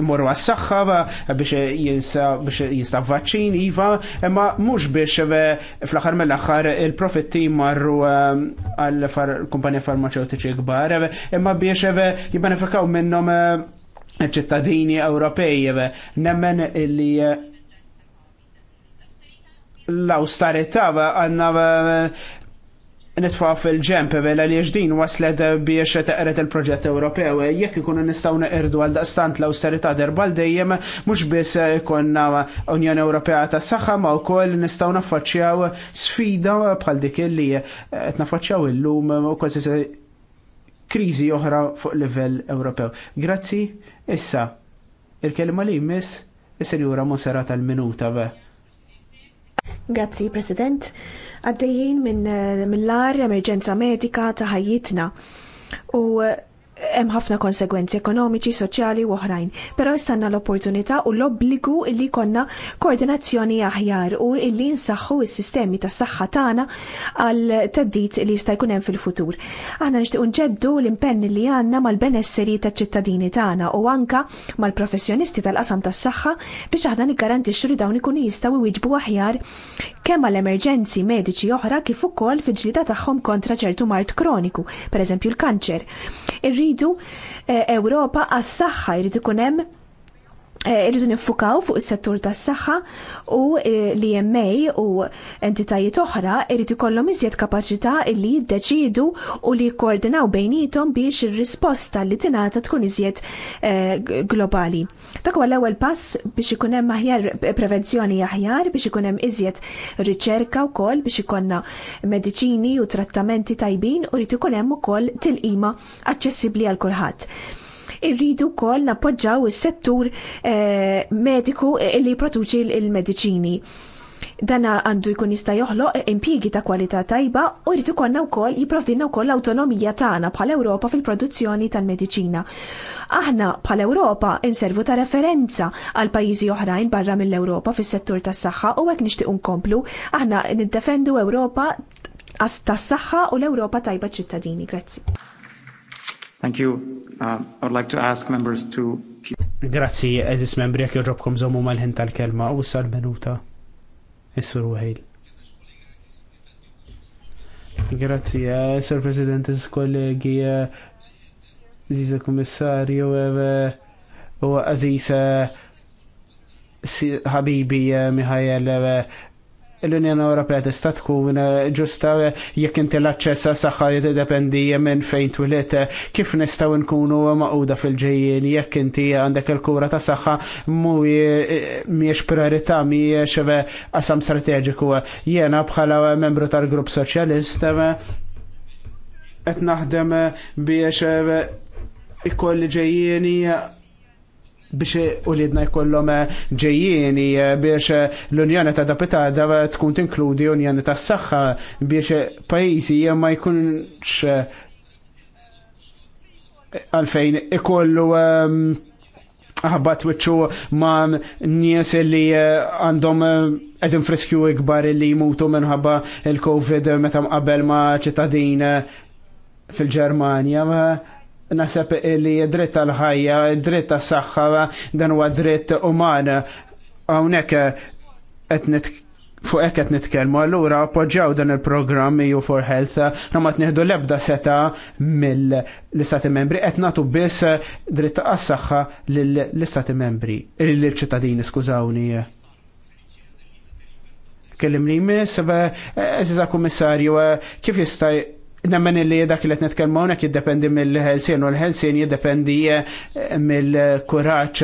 jmorru għas-saħħa biex jinsa vaċċin iva, imma mhux biex fl-aħħar mill-aħħar il-profitti marru għal kumpanija farmaceutiċi kbar, imma biex jibbenefikaw minnhom ċittadini Ewropej, nemmen illi l-austerità għanna nitfa fil-ġemp bella li ġdin waslet biex taqret il-proġett Ewropew. Jekk ikunu nistgħu neqirdu għal daqstant l-austerità derbal dejjem mhux biss ikunna Unjoni Ewropea tas saħħa ma wkoll nistgħu naffaċċjaw sfida bħal dik li qed naffaċċjaw illum u kważi kriżi oħra fuq livell Ewropew. Grazzi, issa il-kelma li jmiss is-senjura Monserrat tal-minuta be. Grazzi, President. Għaddejjien minn eh, l ar emerġenza medika ta' ħajjitna. U eh, hemm ħafna konsegwenzi ekonomiċi, soċjali u oħrajn. Però jistanna l-opportunità u l-obbligu illi konna koordinazzjoni aħjar u illi nsaħħu s-sistemi tas saħħa tagħna għal teddit li jista' jkun hemm fil-futur. Aħna nixtiequ nġeddu l-impenn li għandna mal-benesseri taċ-ċittadini tagħna u anka mal-professjonisti tal-qasam tas-saħħa biex aħna niggarantixxu li dawn ikunu jistgħu jwiġbu aħjar kemm għall emerġenzi mediċi oħra kif ukoll fil-ġlida tagħhom kontra ċertu mart kroniku, pereżempju l-kanċer jridu eh, Ewropa għas-saħħa, jrid ikun hemm Eh, irridu nifukaw fuq is-settur tas-saħħa u eh, l-EMA u entitajiet oħra irid ikollhom iżjed kapaċità li jiddeċidu u li jikkoordinaw bejnietom biex ir-risposta li tingħata tkun iżjed eh, globali. Dak huwa l-ewwel pass biex ikun hemm aħjar prevenzjoni aħjar biex ikun hemm iżjed riċerka wkoll biex ikollna mediċini u trattamenti tajbin u jrid ikun hemm ukoll tilqima aċċessibbli għal kulħadd irridu wkoll napoġġaw is-settur eh, mediku eh, li jipproduċi l-mediċini. Dana għandu jkun jista' joħloq impjiegi ta' kwalità tajba u jrid ikollna wkoll jipprovdilna wkoll l-awtonomija tagħna bħal Ewropa fil-produzzjoni tal-mediċina. Aħna bħal Ewropa inservu ta' referenza għal pajjiżi oħrajn barra mill-Ewropa fis-settur tas-saħħa u hekk nixtieq nkomplu aħna niddefendu Ewropa tas-saħħa u l-Ewropa tajba ċittadini. Grazzi. Thank you. Uh, I would like to ask members to keep... Grazzi, eżis membri, jek joġobkom zomu mal-ħin tal-kelma, u sal minuta. is uħil. Grazzi, eh, Sir President, eżis kollegi, eh, eżis komissarju, eh, u Aziza ħabibi Mihajl l-Unjoni Ewropea tista' tkun eh, ġusta jekk inti l-aċċess għas saħħa jiddependi minn fejn twilet kif nistgħu nkunu maquda fil-ġejjin jekk inti għandek il-kura ta' saħħa mhijiex eh, priorità mhijiex eh, qasam strateġiku. Jiena bħala membru tal-Grupp Soċjalist qed naħdem biex ikolli ġejjieni biex u jkollhom eh, ġejjieni eh, biex eh, l-Unjoni ta' Dapitada tkun tinkludi Unjoni ta' s-saxħa biex pajjiżi ma jkunx għalfejn ikollu ehm, ħabbat wiċċu ma' nies li għandhom għedin friskju ikbar li jmutu minħabba il-Covid meta mqabel ma' ċittadin fil-Germania Naħseb li dritt tal-ħajja, dritt tas-saħħa, dan huwa dritt uman. Hawnhekk etnet fuq hekk qed nitkellmu, allura appoġġjaw dan il-programm EU for Health, na ma tnieħdu l-ebda seta mill-istati membri, qed nagħtu biss dritt għas-saħħa lill-istati membri, lill-ċittadini, skużawni. Kellimni miss, eżiza kummissarju, kif jista' Nemmen li dak li t-netkelmu għonek jiddependi mill-ħelsin u l-ħelsin jiddependi eh, mill-kuraċ.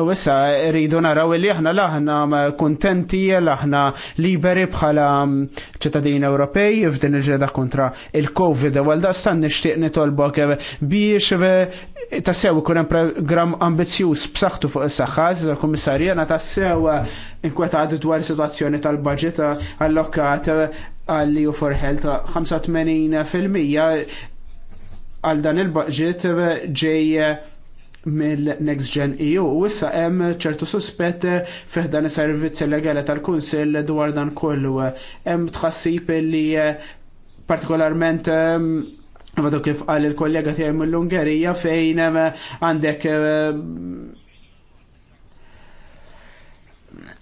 U issa rridu naraw li aħna laħna kontenti, laħna liberi bħala mm, ċittadini Ewropej f'din il-ġeda kontra il-Covid. Għal stan nishtiq nitolbok eh, biex eh, tassew ikun hemm programm ambizzjuż b'saħħtu fuq is-saħħa, kummissarja na tassew inkwetad dwar is-sitwazzjoni tal-baġit allokat għalli u forħel ta' 85% għal dan il-budget ġej mill-Next Gen EU u issa hemm ċertu suspett fih dan is-servizzi legali tal-Kunsill dwar dan kollu. Hemm tħassib li partikolarment Vadu ehm, kif qal il-kollega tiegħi mill-Ungerija fejn għandek ehm,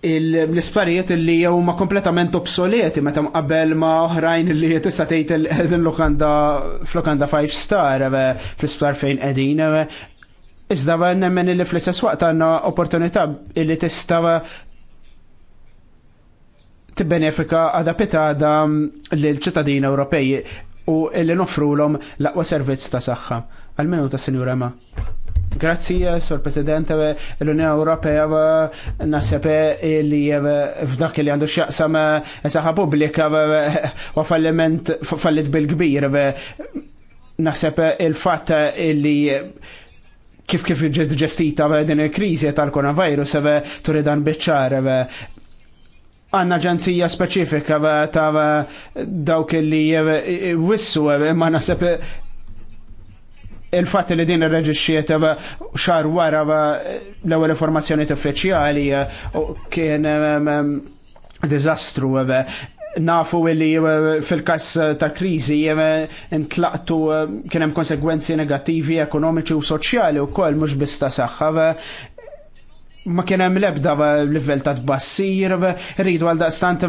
l-isparijiet li huma kompletament obsoleti meta qabel ma oħrajn li tista' tgħid qegħdin lokanda f'lokanda 5 star fl-isptar fejn qegħdin. Iżda nemmen li fl-istess waqt għandna opportunità li tista' tibbenefika għadha pitada l-ċittadini Ewropej u li nofrulhom l-aqwa servizz ta' saħħa. għal minuta ta' Sinjura Grazzi, Sor President, l-Unjoni Ewropea nasib li f'dak li għandu x'jaqsam saħa pubblika u falliment fallit bil-kbir. nasib il-fatt li kif kif ġestita din il krizi tal-coronavirus turidan biċċar għanna ġenzija speċifika ta' dawk li wissu imma nasib il fat li din irreġixxiet xar wara l-ewwel informazzjoni uffiċjali eh, kien eh, dizastru eh, nafu li fil-kas ta' kriżi intlaqtu kien hemm konsegwenzi negativi ekonomiċi u soċjali wkoll mhux mux bista saħħa ma kien hemm l-ebda livell ta' tbassir, rridu għal daqstant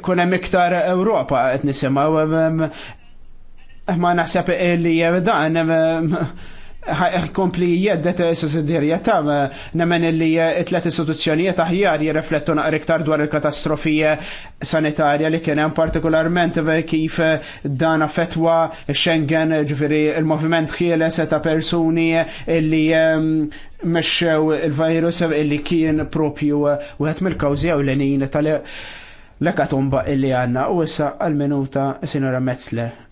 ikun hemm iktar Ewropa qed nisimgħu Eh, ma naħseb li dan kompli jeddet eh, s ta' nemmen li it-tlet eh, istituzzjonijiet aħjar jirreflettu naqra iktar dwar il-katastrofija sanitarja li kien hemm partikolarment kif dan fetwa Schengen, ġifiri il-moviment ħieles ta' persuni li mexxew il-virus illi kien propju wieħed mill l ewlenin tal-lekatumba illi għandna u issa għal-minuta sinora Metzler.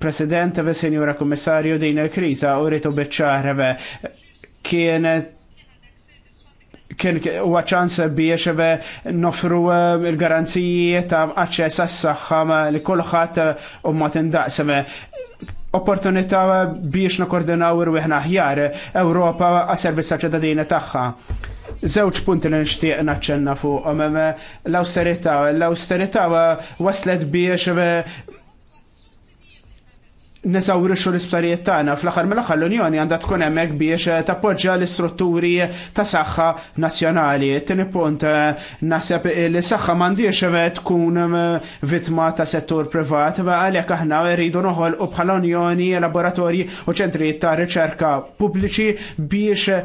President ve Senjura Kommissarju din il-kriza u rritu bieċar kienet kien huwa ċans biex nofru eh, il-garanziji ta' aċċess għas-saħħa li kulħadd eh, u ma tindaqsem opportunità biex nakordinaw irwieħna aħjar Ewropa għas-servizz ċittadini tagħha. Żewġ punti li nixtieq naċċenna fuq eh, l-awsterità. L-awsterità waslet biex nesawrixu l-isptarijiet tagħna fl-aħħar mill-aħħar l-Unjoni għandha tkun emmek biex eh, tappoġġja l-istrutturi ta' saħħa nazzjonali. Tini punt eh, naħseb li saħħa m'għandix eh, tkun vittma ta' settur privat, għalhekk aħna rridu u bħala Unjoni laboratorji u ċentri ta' riċerka pubbliċi biex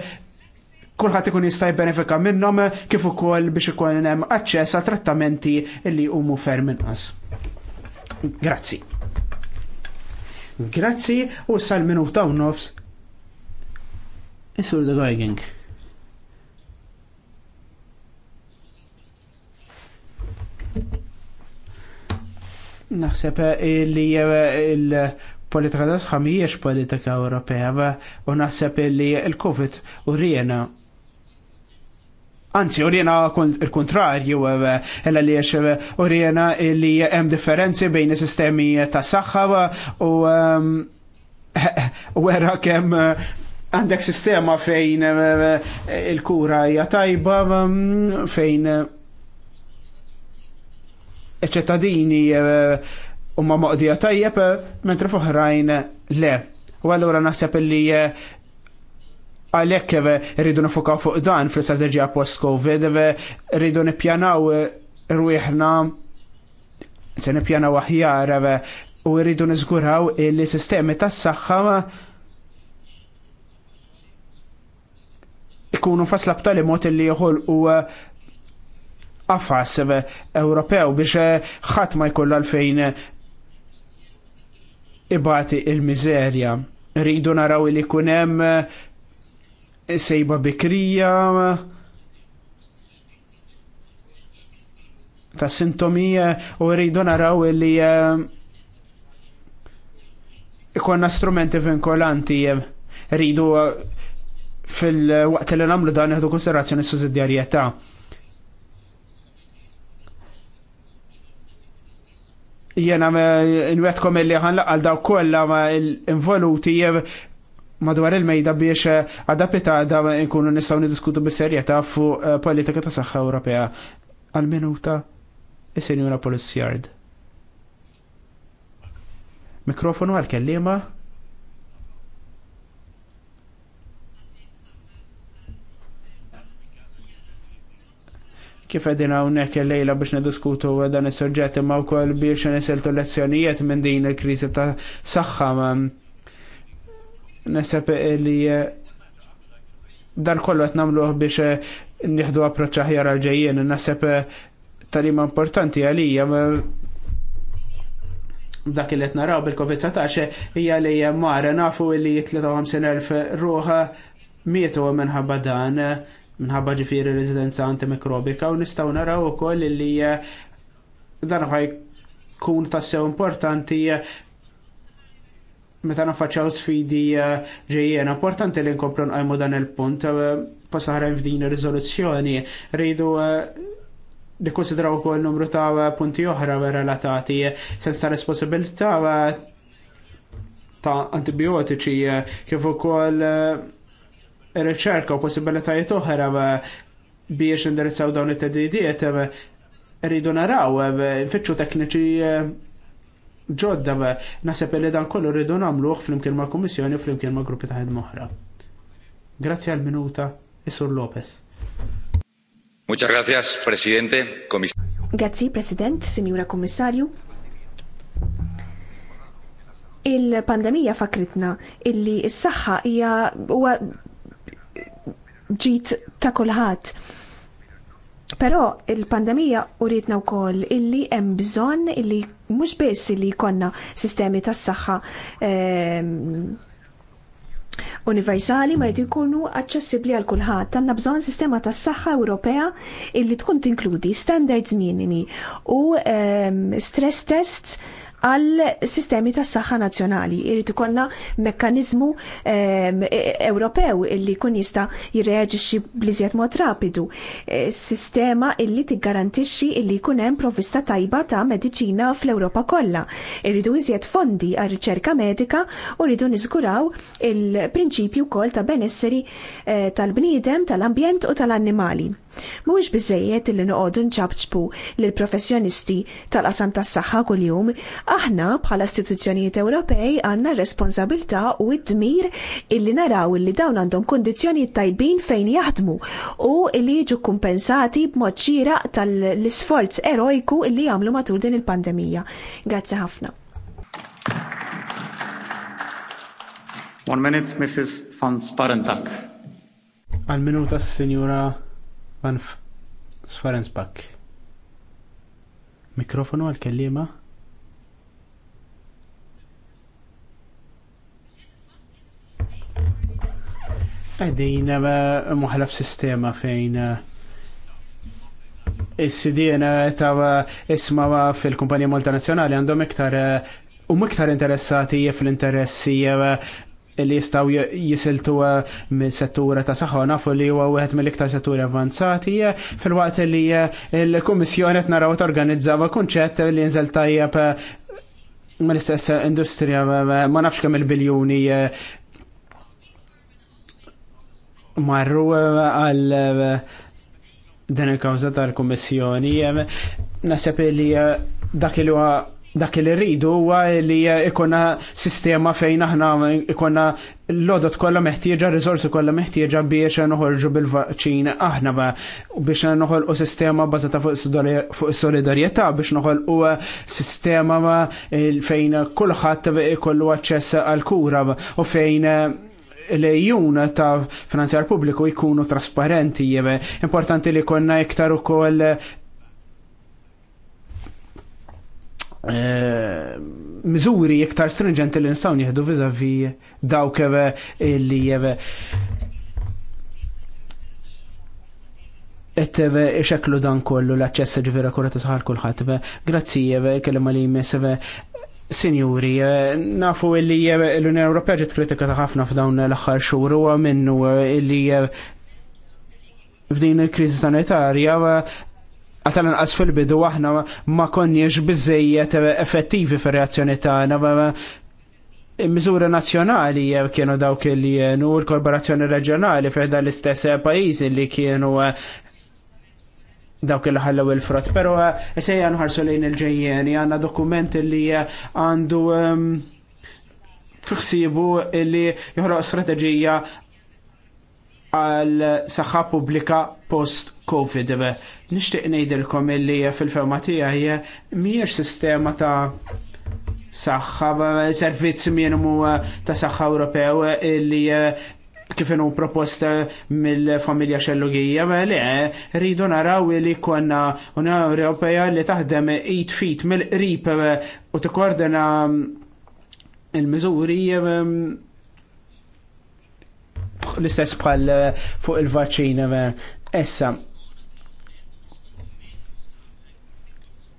kulħadd ikun jista' jbenefika minnhom kif ukoll biex ikun hemm aċċess għal trattamenti li huma ferm inqas. Grazzi. Grazzi u sal-minuta u nofs. Isur da gajging. Naħseb eh, li eh, il-politika ta' sħamijiex politika Ewropea eh, u naħseb li il-Covid u rjena Anzi, urjena il-kontrarju, illa eh, eh, li jiex urjena eh, li hemm differenzi bejn sistemi ta' saħħa u ehm, għera kem għandek sistema fejn il-kura hija tajba, ehm, fejn iċ-ċittadini huma maqdija tajjeb, mentre f'oħrajn le. U allura naħseb li Għalhekk rridu nifukaw fuq dan fl-istrateġija post-COVID, rridu nippjanaw eh, rwieħna se nippjanaw aħjar u rridu niżguraw il-sistemi tas-saħħa ikunu fasla b'tali mot li jħol u għafas eh, Ewropew biex eh, ħadd ma jkollha għalfejn ibati il-mizerja. Rridu naraw li kunem sejba bikrija ta' sintomi u rridu naraw li eh, ikonna strumenti vinkolanti eh, rridu eh, fil-waqt li namlu dan iħdu konsiderazzjoni sussidjarjetà. Jena n-wetkom illi ħanlaq laqal daw kollha ma involuti madwar il-mejda biex eh, adapita da nkunu nistaw nidiskutu bis-serjetà fuq eh, politika ta' saħħa Ewropea. Għal-minuta is-Sinjura Polizjard. Mikrofonu għal-kellima. kif għedin hawnhekk l lejla biex nediskutu dan is sorġet imma wkoll biex nisiltu lezzjonijiet minn din il-kriżi ta' saħħa nesep li eh, dan kollu qed nagħmluh biex eh, nieħdu approċċ ħjar għal nesep Naseb eh, talima importanti għalija dak li qed naraw bil-COVID-19 hija li mara nafu li 53,000 ruħa mietu minħabba dan minħabba ġifiri residenza antimikrobika u nistaw naraw ukoll li dan ħaj kun tassew importanti meta naffaċċaw sfidi eh, ġejjena, importanti li nkomplu nqajmu dan il-punt eh, pasaħra f'din ir-riżoluzzjoni. Rridu eh, nikkonsidraw ukoll numru ta' punti oħra relatati, sens ta' responsabilità ta' antibiotiċi kif ukoll riċerka u possibilitajiet oħra biex indirizzaw dawn it-tedidiet rridu naraw, nfittxu tekniċi ġodda naħseb li dan kollu rridu nagħmluh flimkien mal kummissjoni u flimkien mal gruppi ta' oħra. Grazzi għal minuta, Isur Lopez. Muchas gracias, Presidente. Comis Grazzi, President, Sinjura Kommissarju. Il-pandemija fakritna illi s-saħħa hija huwa ġit ta' kulħadd Però il-pandemija uritna wkoll illi hemm bżonn illi mhux biss illi jkollna sistemi tas-saħħa ehm, universali ma jrid ikunu aċċessibbli għal kulħadd. Għandna bżonn sistema tas-saħħa Ewropea illi tkun tinkludi standards minimi u ehm, stress tests għal sistemi tas saħħa nazzjonali. Irrid ikollna mekkaniżmu ehm, e-, e-, Ewropew illi jkun jista' jirreaġixxi bliżjed mod rapidu. E, sistema illi tiggarantixxi illi jkun hemm provvista tajba ta' mediċina fl-Ewropa kollha. Irridu iżjed fondi għar riċerka medika u rridu niżguraw il-prinċipju wkoll ta' benesseri tal-bniedem, tal-ambjent u tal-annimali. Mhuwiex biżejjed li noqogħdu nċabċbu lil professjonisti tal-qasam tas-saħħa kuljum, aħna bħala istituzzjonijiet Ewropej għandna responsabilità u d-dmir illi naraw illi dawn għandhom kundizzjonijiet tajbin fejn jaħdmu u illi jiġu kumpensati b'mod xieraq tal-isforz erojku illi jagħmlu matul din il-pandemija. Grazzi ħafna. One minute, Mrs. Fons Sparentak. Għal minuta, Signora Van Sfarensbak. Mikrofonu għal-kellima. Għedin eh, f sistema fejn eh, is-sidien eh, ta' isma fil-kumpanija multinazzjonali għandhom iktar u miktar interessati fl-interessi li jistaw jisiltu eh, minn settura ta' saħħa fu li huwa wieħed mill-iktar setturi avanzati eh, fil-waqt li eh, l-Kummissjoni qed naraw torganizzava kunċett li nżel tajjeb mill istess industrija ma nafx kemm il-biljuni marru għal din il-kawza tal-Kummissjoni. Naseb li dak li huwa dak li rridu huwa li ikonna sistema fejn aħna ikonna l-lodot kollha meħtieġa, riżorsi kollha meħtieġa biex noħorġu bil-vaċċin aħna ba biex noħolqu sistema bażata fuq solidarjetà biex noħolqu sistema fejn kulħadd ikollu aċċess għal kura u fejn l ta' finanzjar pubbliku jkunu trasparenti jeve. Importanti li konna iktar ukoll Eh, miżuri iktar stringenti li nistgħu nieħdu viżavi dawk eh, li eh, Etteve iċeklu dan kollu l-access ġvera kura tasħal kullħat. Grazzi, kellem li jmesseve Sinjuri, nafu illi l-Unjoni Ewropea ġiet kritika ta' ħafna f'dawn l-aħħar xhur huwa minnu illi f'din il-kriżi sanitarja għatalan għas fil-bidu għahna ma konniex bizzejiet effettivi fil reazzjoni tagħna Miżuri nazzjonali kienu dawk li jenu l-korporazzjoni reġjonali fejda l-istess pajjiżi li kienu eh, dawk li ħallew il-frott, pero eh, sejja nħarsu lejn il-ġejjeni, għanna dokument li eh, għandu ehm, fiħsibu li joħroq strateġija għal saħħa pubblika post-Covid. Nixtieq ngħidilkom illi fil fewma tiegħi mhijiex sistema ta' saħħa, servizz minimu eh, ta' saħħa Ewropew illi eh, kif inhu propost mill-familja xellugija, ma le, rridu naraw li konna Unjoni Ewropea li taħdem 8 feet mill-qrib eh, u tikkordina mm, il-miżuri mm, l-istess bħal eh, fuq il-vaċċina essa.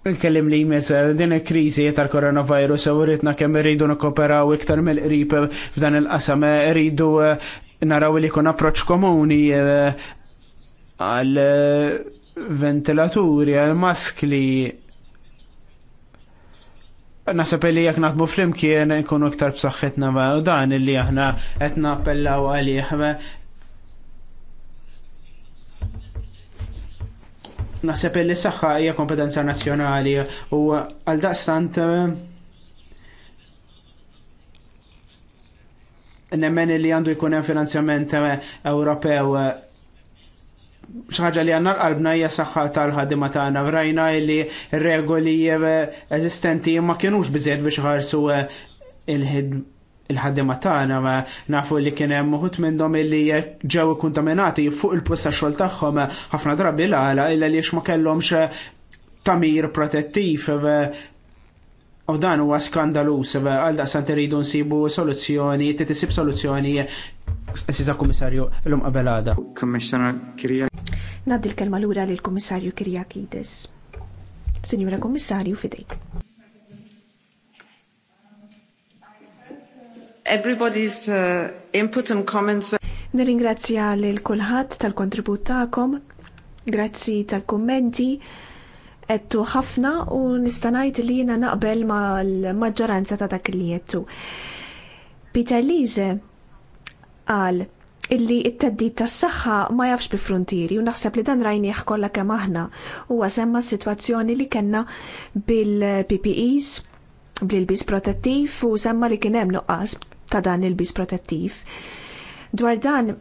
Nkellim li jmiss eh, din il-krizi tal-koronavirus eh, u rritna kemm rridu nkoperaw iktar mill-qrib f'dan il-qasam rridu naraw li kun approċ komuni għal ventilaturi, għal maskli Nasab li jek naħdmu flimkien nkunu iktar b'saħħitna ma' u dan illi aħna qed nappellaw għalih. Naħseb li s-saħħa hija kompetenza nazzjonali u għal daqstant eh, nemmen li għandu jkun hemm finanzjament eh, Ewropew eh, xaħġa li għanna l-qalbna hija saħħa tal-ħadima tagħna rajna li regoli eh, eżistenti ma kienux biżejjed biex ħarsu eh, il-ħadima tagħna ma nafu li kien hemm uħut minnhom illi eh, ġew ikkuntaminati fuq il-posta xogħol tagħhom ħafna drabi l-għala illa li ma kellhomx tamir protettiv U dan huwa skandalus għal daqs iridu nsibu soluzzjoni, titisib soluzzjoni Sisa Komissarju l um għabelada. Komissarju Kirja. Naddi l-kelma l-ura l-Komissarju Kirja Kides. Signora Komissarju, fidejk. Everybody's uh, input and comments. Nirringrazzja l-kulħat tal-kontribut ta'kom, grazzi tal-kommenti, ettu ħafna u nistanajt li jina naqbel ma l-maġġoranza ta' dak li jettu. Peter Lise, qal illi it-teddid tas saħħa ma jafx bi frontieri u naħseb li dan rajnieħ kollha kemm aħna huwa semma s-sitwazzjoni li kellna bil-PPEs bil bis protettiv u semma li kien hemm nuqqas ta' dan il-bis protettiv. Dwar dan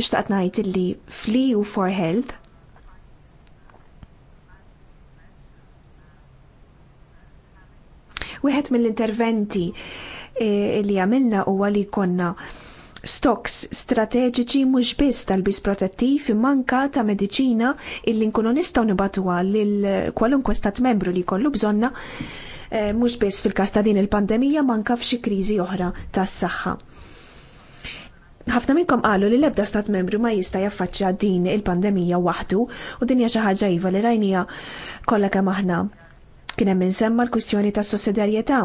xtaqt ngħid illi fli u for help Wieħed mill-interventi eh, li għamilna huwa li konna stoks strateġiċi mhux biss tal-biss protettiv manka ta' mediċina illi nkunu nistgħu nibatuha lil kwalunkwe stat membru li jkollu bżonna eh, mhux biss fil-każ ta' din il-pandemija manka f'xi kriżi oħra tas-saħħa ħafna minnkom qalu li l-ebda stat membru ma jista' jaffaċċja din il-pandemija waħdu u dinja xi ħaġa iva li rajnija kollha kemm aħna. Kien hemm insemma l-kwistjoni tas sussidjarjetà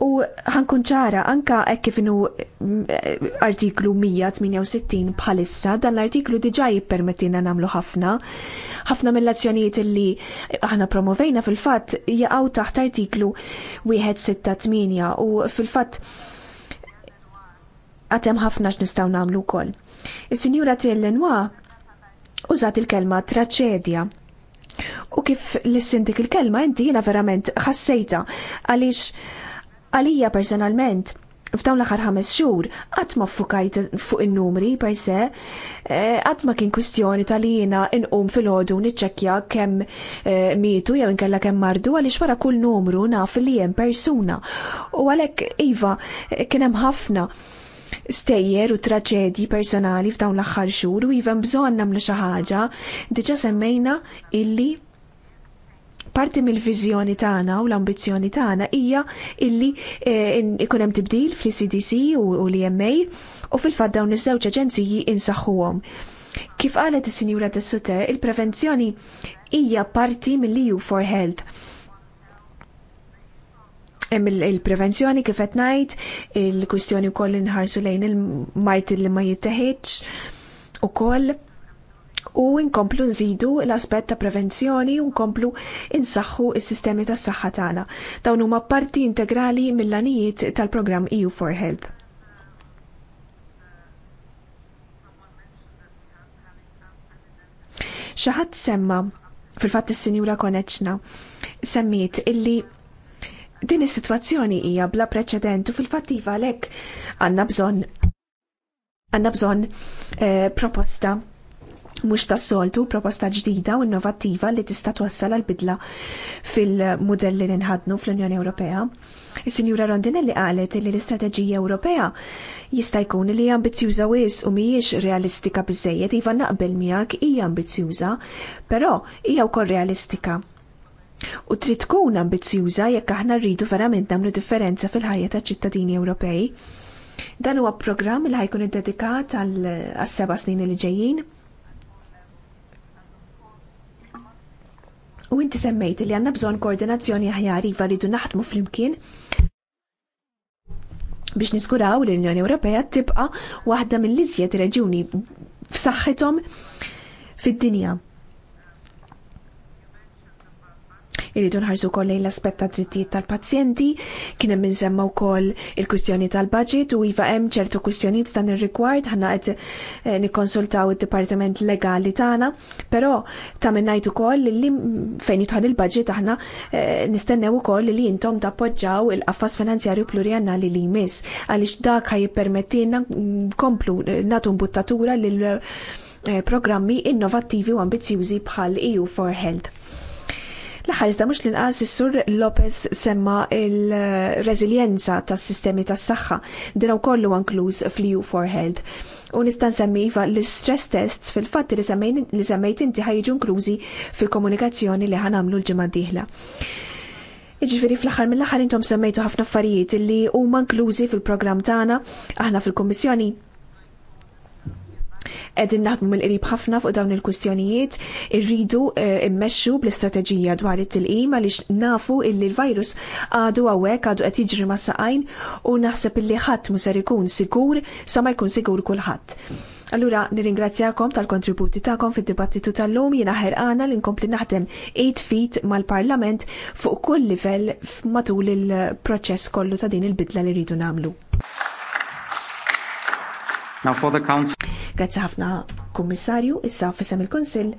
u ħankun ċara anka hekk kif mm, eh, artiklu 168 bħalissa dan l-artiklu diġà jippermettina nagħmlu ħafna. Ħafna mill-azzjonijiet li aħna promovejna fil-fatt jgħaw taħt artiklu 168 u fil-fatt għatem ħafna x'nistgħu nagħmlu wkoll. il sinjura Tillenwa użat il-kelma traċedja. U kif l sintik il-kelma inti jina verament ħassejta għaliex Għalija personalment, f'dawn l-aħħar ħames xhur qatt ma ffukajt fuq in-numri per se, eh, qatt ma kien kwistjoni tal jiena inqum fil-ħodu niċċekkja kemm eh, mietu jew inkella kemm mardu għaliex wara kull numru naf li hemm persuna. U għalhekk iva kien hemm ħafna stejjer u traċedji personali f'dawn l-aħħar xhur u iva bżonn nagħmlu xi ħaġa, diġà semmejna illi Parti mill-viżjoni tagħna u l-ambizzjoni tagħna hija illi eh, ikun hemm tibdil fl-CDC u l-EMA u fil-fatt dawn iż-żewġ aġenziji insaħħuhom. Kif qalet is-Sinjura Tessuter, il-prevenzjoni hija parti mill-EU for Health hemm il-prevenzjoni kif qed ngħid, il-kwistjoni wkoll inħarsu lejn il-marti li ma jitteħħitx ukoll u nkomplu nżidu l-aspett ta' prevenzjoni u nkomplu insaħħu s-sistemi tas saħħa tagħna. Dawn huma parti integrali mill-anijiet tal-programm EU for Health. Xaħat semma fil-fatt is-sinjura koneċna semmiet illi din is-sitwazzjoni hija bla preċedent u fil-fatt iva għalhekk għandna bżonn għanna bżonn eh, proposta mhux tas-soltu proposta ġdida u innovattiva li tista' twassal għal bidla fil mudell li nħadnu fl-Unjoni Ewropea. Is-Sinjura Rondinelli qalet li l-istrateġija Ewropea jista' jkun li hija ambizzjuża wis u mhijiex realistika biżejjed iva naqbel miegħek hija ambizzjuża, però hija wkoll realistika. U trid tkun ambizzjuża jekk aħna rridu verament nagħmlu differenza fil-ħajja taċ-ċittadini Ewropej. Dan huwa programm li ħajkun iddedikat għal seba' snin li ġejjin U inti semmejt li għandna bżonn koordinazzjoni aħjar iva rridu naħdmu flimkien biex niskuraw l-Unjoni Ewropea tibqa' waħda mill-iżjed reġuni f'saħħithom fid-dinja. Irridu nħarsu wkoll lejn l-aspett ta' drittijiet tal-pazjenti, kien hemm insemma wkoll il-kwistjoni tal-budget u iva hemm ċertu kwistjonijiet dan ir-rigward ħanna qed eh, nikkonsultaw id-dipartiment legali tagħna, però ta' minnajt ukoll li fejn jidħol il-budget aħna eh, nistennew ukoll li intom tappoġġaw il-qafas finanzjarju pluriannali li jmiss għaliex dak ħajippermettilna komplu eh, nagħtu mbuttatura lil programmi innovattivi u ambizzjużi bħal EU for Health. Fl-ħar mhux l-inqas is-sur Lopez semma il-reżiljenza tas-sistemi tas-saħħa din kollu inkluż fl-EU for Health. U nista' nsemmi iva l-stress tests fil-fatt li semmejt inti ħajġu inklużi fil-komunikazzjoni li ħanamlu l-ġimgħa d-dieħla. Iġifiri fl-axar mill-axar intom semmejtu ħafna affarijiet li huma inklużi fil-programm tagħna aħna fil-Kummissjoni Edin naħdmu mill-qrib ħafna fuq dawn il-kustjonijiet, irridu eh, immexxu bl-istrateġija dwar it-tilqim għaliex nafu illi l-virus għadu għawek għadu qed jiġri ma' saqajn u naħseb illi ħadd ser ikun sigur sa ma jkun sigur kulħadd. Allura nirringrazzjakom tal-kontributi tagħkom fid-dibattitu tal-lum jiena ħerqana li nkompli naħdem 8 fit mal-Parlament fuq kull livell matul il-proċess kollu ta' din il-bidla li rridu nagħmlu. Now for the Council. Grazzi ħafna kummissarju, issa fissam il-Konsil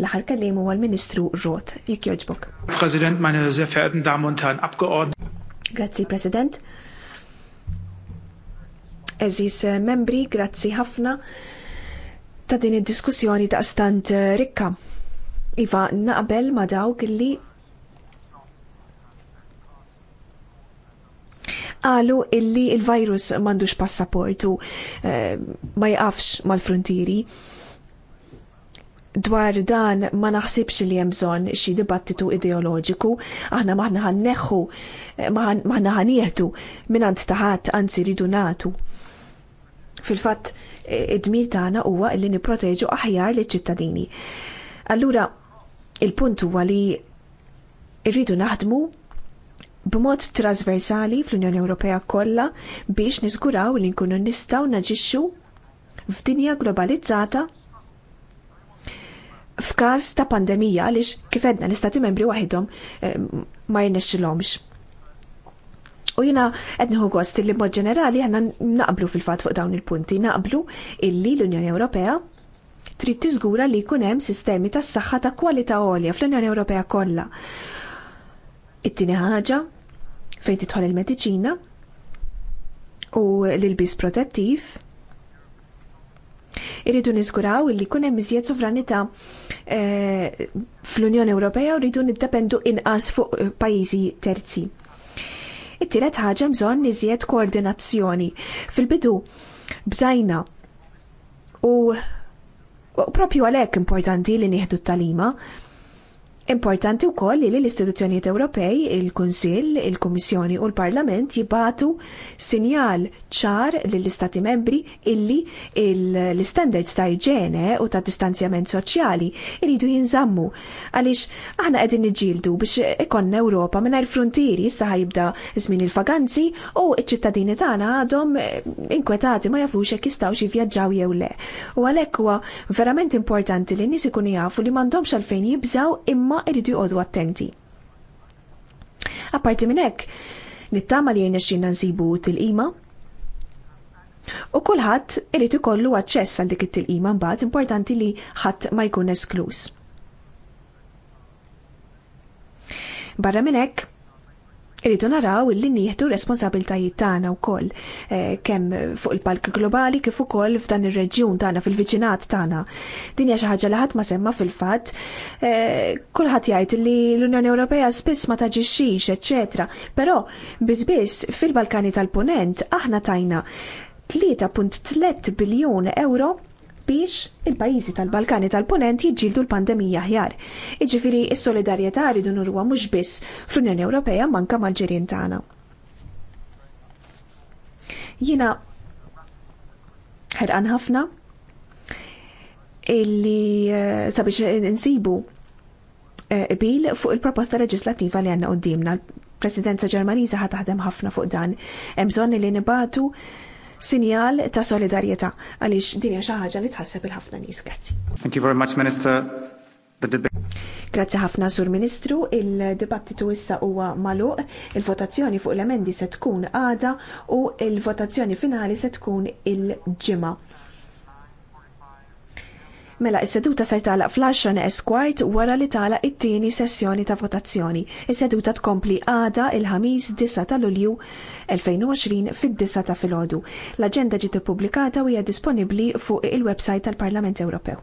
l-ħar kallimu għal-Ministru Roth. Jek joġbok. President, meine sehr verehrten Damen und Herren Abgeordneten. Grazzi, President. Eżis eh, membri, grazzi ħafna ta' din id-diskussjoni ta' stant eh, rikka. Iva, naqbel ma dawk li Għalu illi il-virus mandux passaportu eh, ma jqafx mal frontiri Dwar dan ma naħsibx li hemm bżonn xi dibattitu ideoloġiku, aħna maħna ħanneħħu, eh, maħna ħanieħdu mingħand taħat anzi ridu nagħtu. Fil-fatt eh, id-dmir tagħna huwa li nipproteġu aħjar liċ ċittadini Allura, il-punt huwa li rridu naħdmu b'mod trasversali fl-Unjoni Ewropea kollha biex niżguraw li nkunu nistgħu naġixxu f'dinja globalizzata f'każ ta' pandemija għaliex kif għedna l-istati membri waħedhom eh, ma jirnexxilhomx. U jina nieħu gost li mod ġenerali aħna naqblu fil fatt fuq dawn il-punti, naqblu illi l-Unjoni Ewropea trid tiżgura li jkun hemm sistemi tas-saħħa ta' kwalità għolja fl-Unjoni Ewropea kollha. It-tieni ħaġa fejn tidħol il-mediċina u l-ilbis protettiv irridu niżguraw li jkun hemm iżjed sovranità eh, fl-Unjoni Ewropea u rridu niddependu inqas fuq eh, pajjiżi terzi. It-tielet ħaġa bżonn niżjed koordinazzjoni. Fil-bidu bżajna u, u propju għalhekk importanti li nieħdu t-talima Importanti wkoll li l-istituzzjonijiet Ewropej, il-Kunsill, il-Kummissjoni u l-Parlament jibatu sinjal ċar lill-Istati membri illi l-standards ta' iġene u ta' distanzjament soċjali iridu jinżammu. Għaliex aħna qegħdin niġġieldu biex ikonna Ewropa mingħajr frontieri issa ħajibda żmien il faganzi u iċ ċittadini tagħna għadhom eh, inkwetati ma jafux jekk jistgħux jivvjaġġaw jew le. U għalhekk huwa verament importanti li n-nies ikunu jafu li m'għandhomx għalfejn jibżaw imma imma irridu attenti. Apparti minn hekk, nittama li jirnexxinna nsibu til-qima U kulħadd irid ikollu aċċess għal dik it-tilqima mbagħad importanti li ħadd ma jkun esklus. Barra minn hekk, Irridu naraw illi nieħdu responsabiltajiet tagħna wkoll eh, kemm fuq il-palk globali kif ukoll f'dan ir-reġjun tagħna fil-viċinat tagħna. Din hija xi ħaġa li ħadd ma semma fil-fatt eh, kulħadd jgħid li l-Unjoni Ewropea spiss ma taġixxix, eċċetera. Però biss fil-Balkani tal-Punent aħna tajna 3.3 biljun euro biex il-pajjiżi tal-Balkani tal-Punent jiġġieldu l-pandemija aħjar. Iġifieri s-solidarjetà rridu nurwa mhux biss fl-Unjoni Ewropea manka mal-ġirien tagħna. Jiena ħerqan ħafna illi eh, sabiex insibu eh, bil fuq il-proposta leġislativa li għanna qoddimna. Presidenza Ġermaniża ħa taħdem ħafna fuq dan. Hemm bżonn li nibatu sinjal ta' solidarjetà għaliex din hija xi ħaġa li tħasseb il-ħafna nies. Grazzi. Thank you very much, Minister. Grazzi ħafna sur Ministru, il-dibattitu issa huwa magħluq, il-votazzjoni fuq l-emendi se tkun għada u il-votazzjoni finali se tkun il ġimma Mela, is-seduta se tagħlaq fl-10 esquart wara li tagħlaq it-tieni sessjoni ta' votazzjoni. Is-seduta tkompli għada il-ħamis 9 ta' Lulju 2020 fid-9 ta' filgħodu. L-aġenda ġiet ippubblikata u hija disponibbli fuq il-website tal-Parlament Ewropew.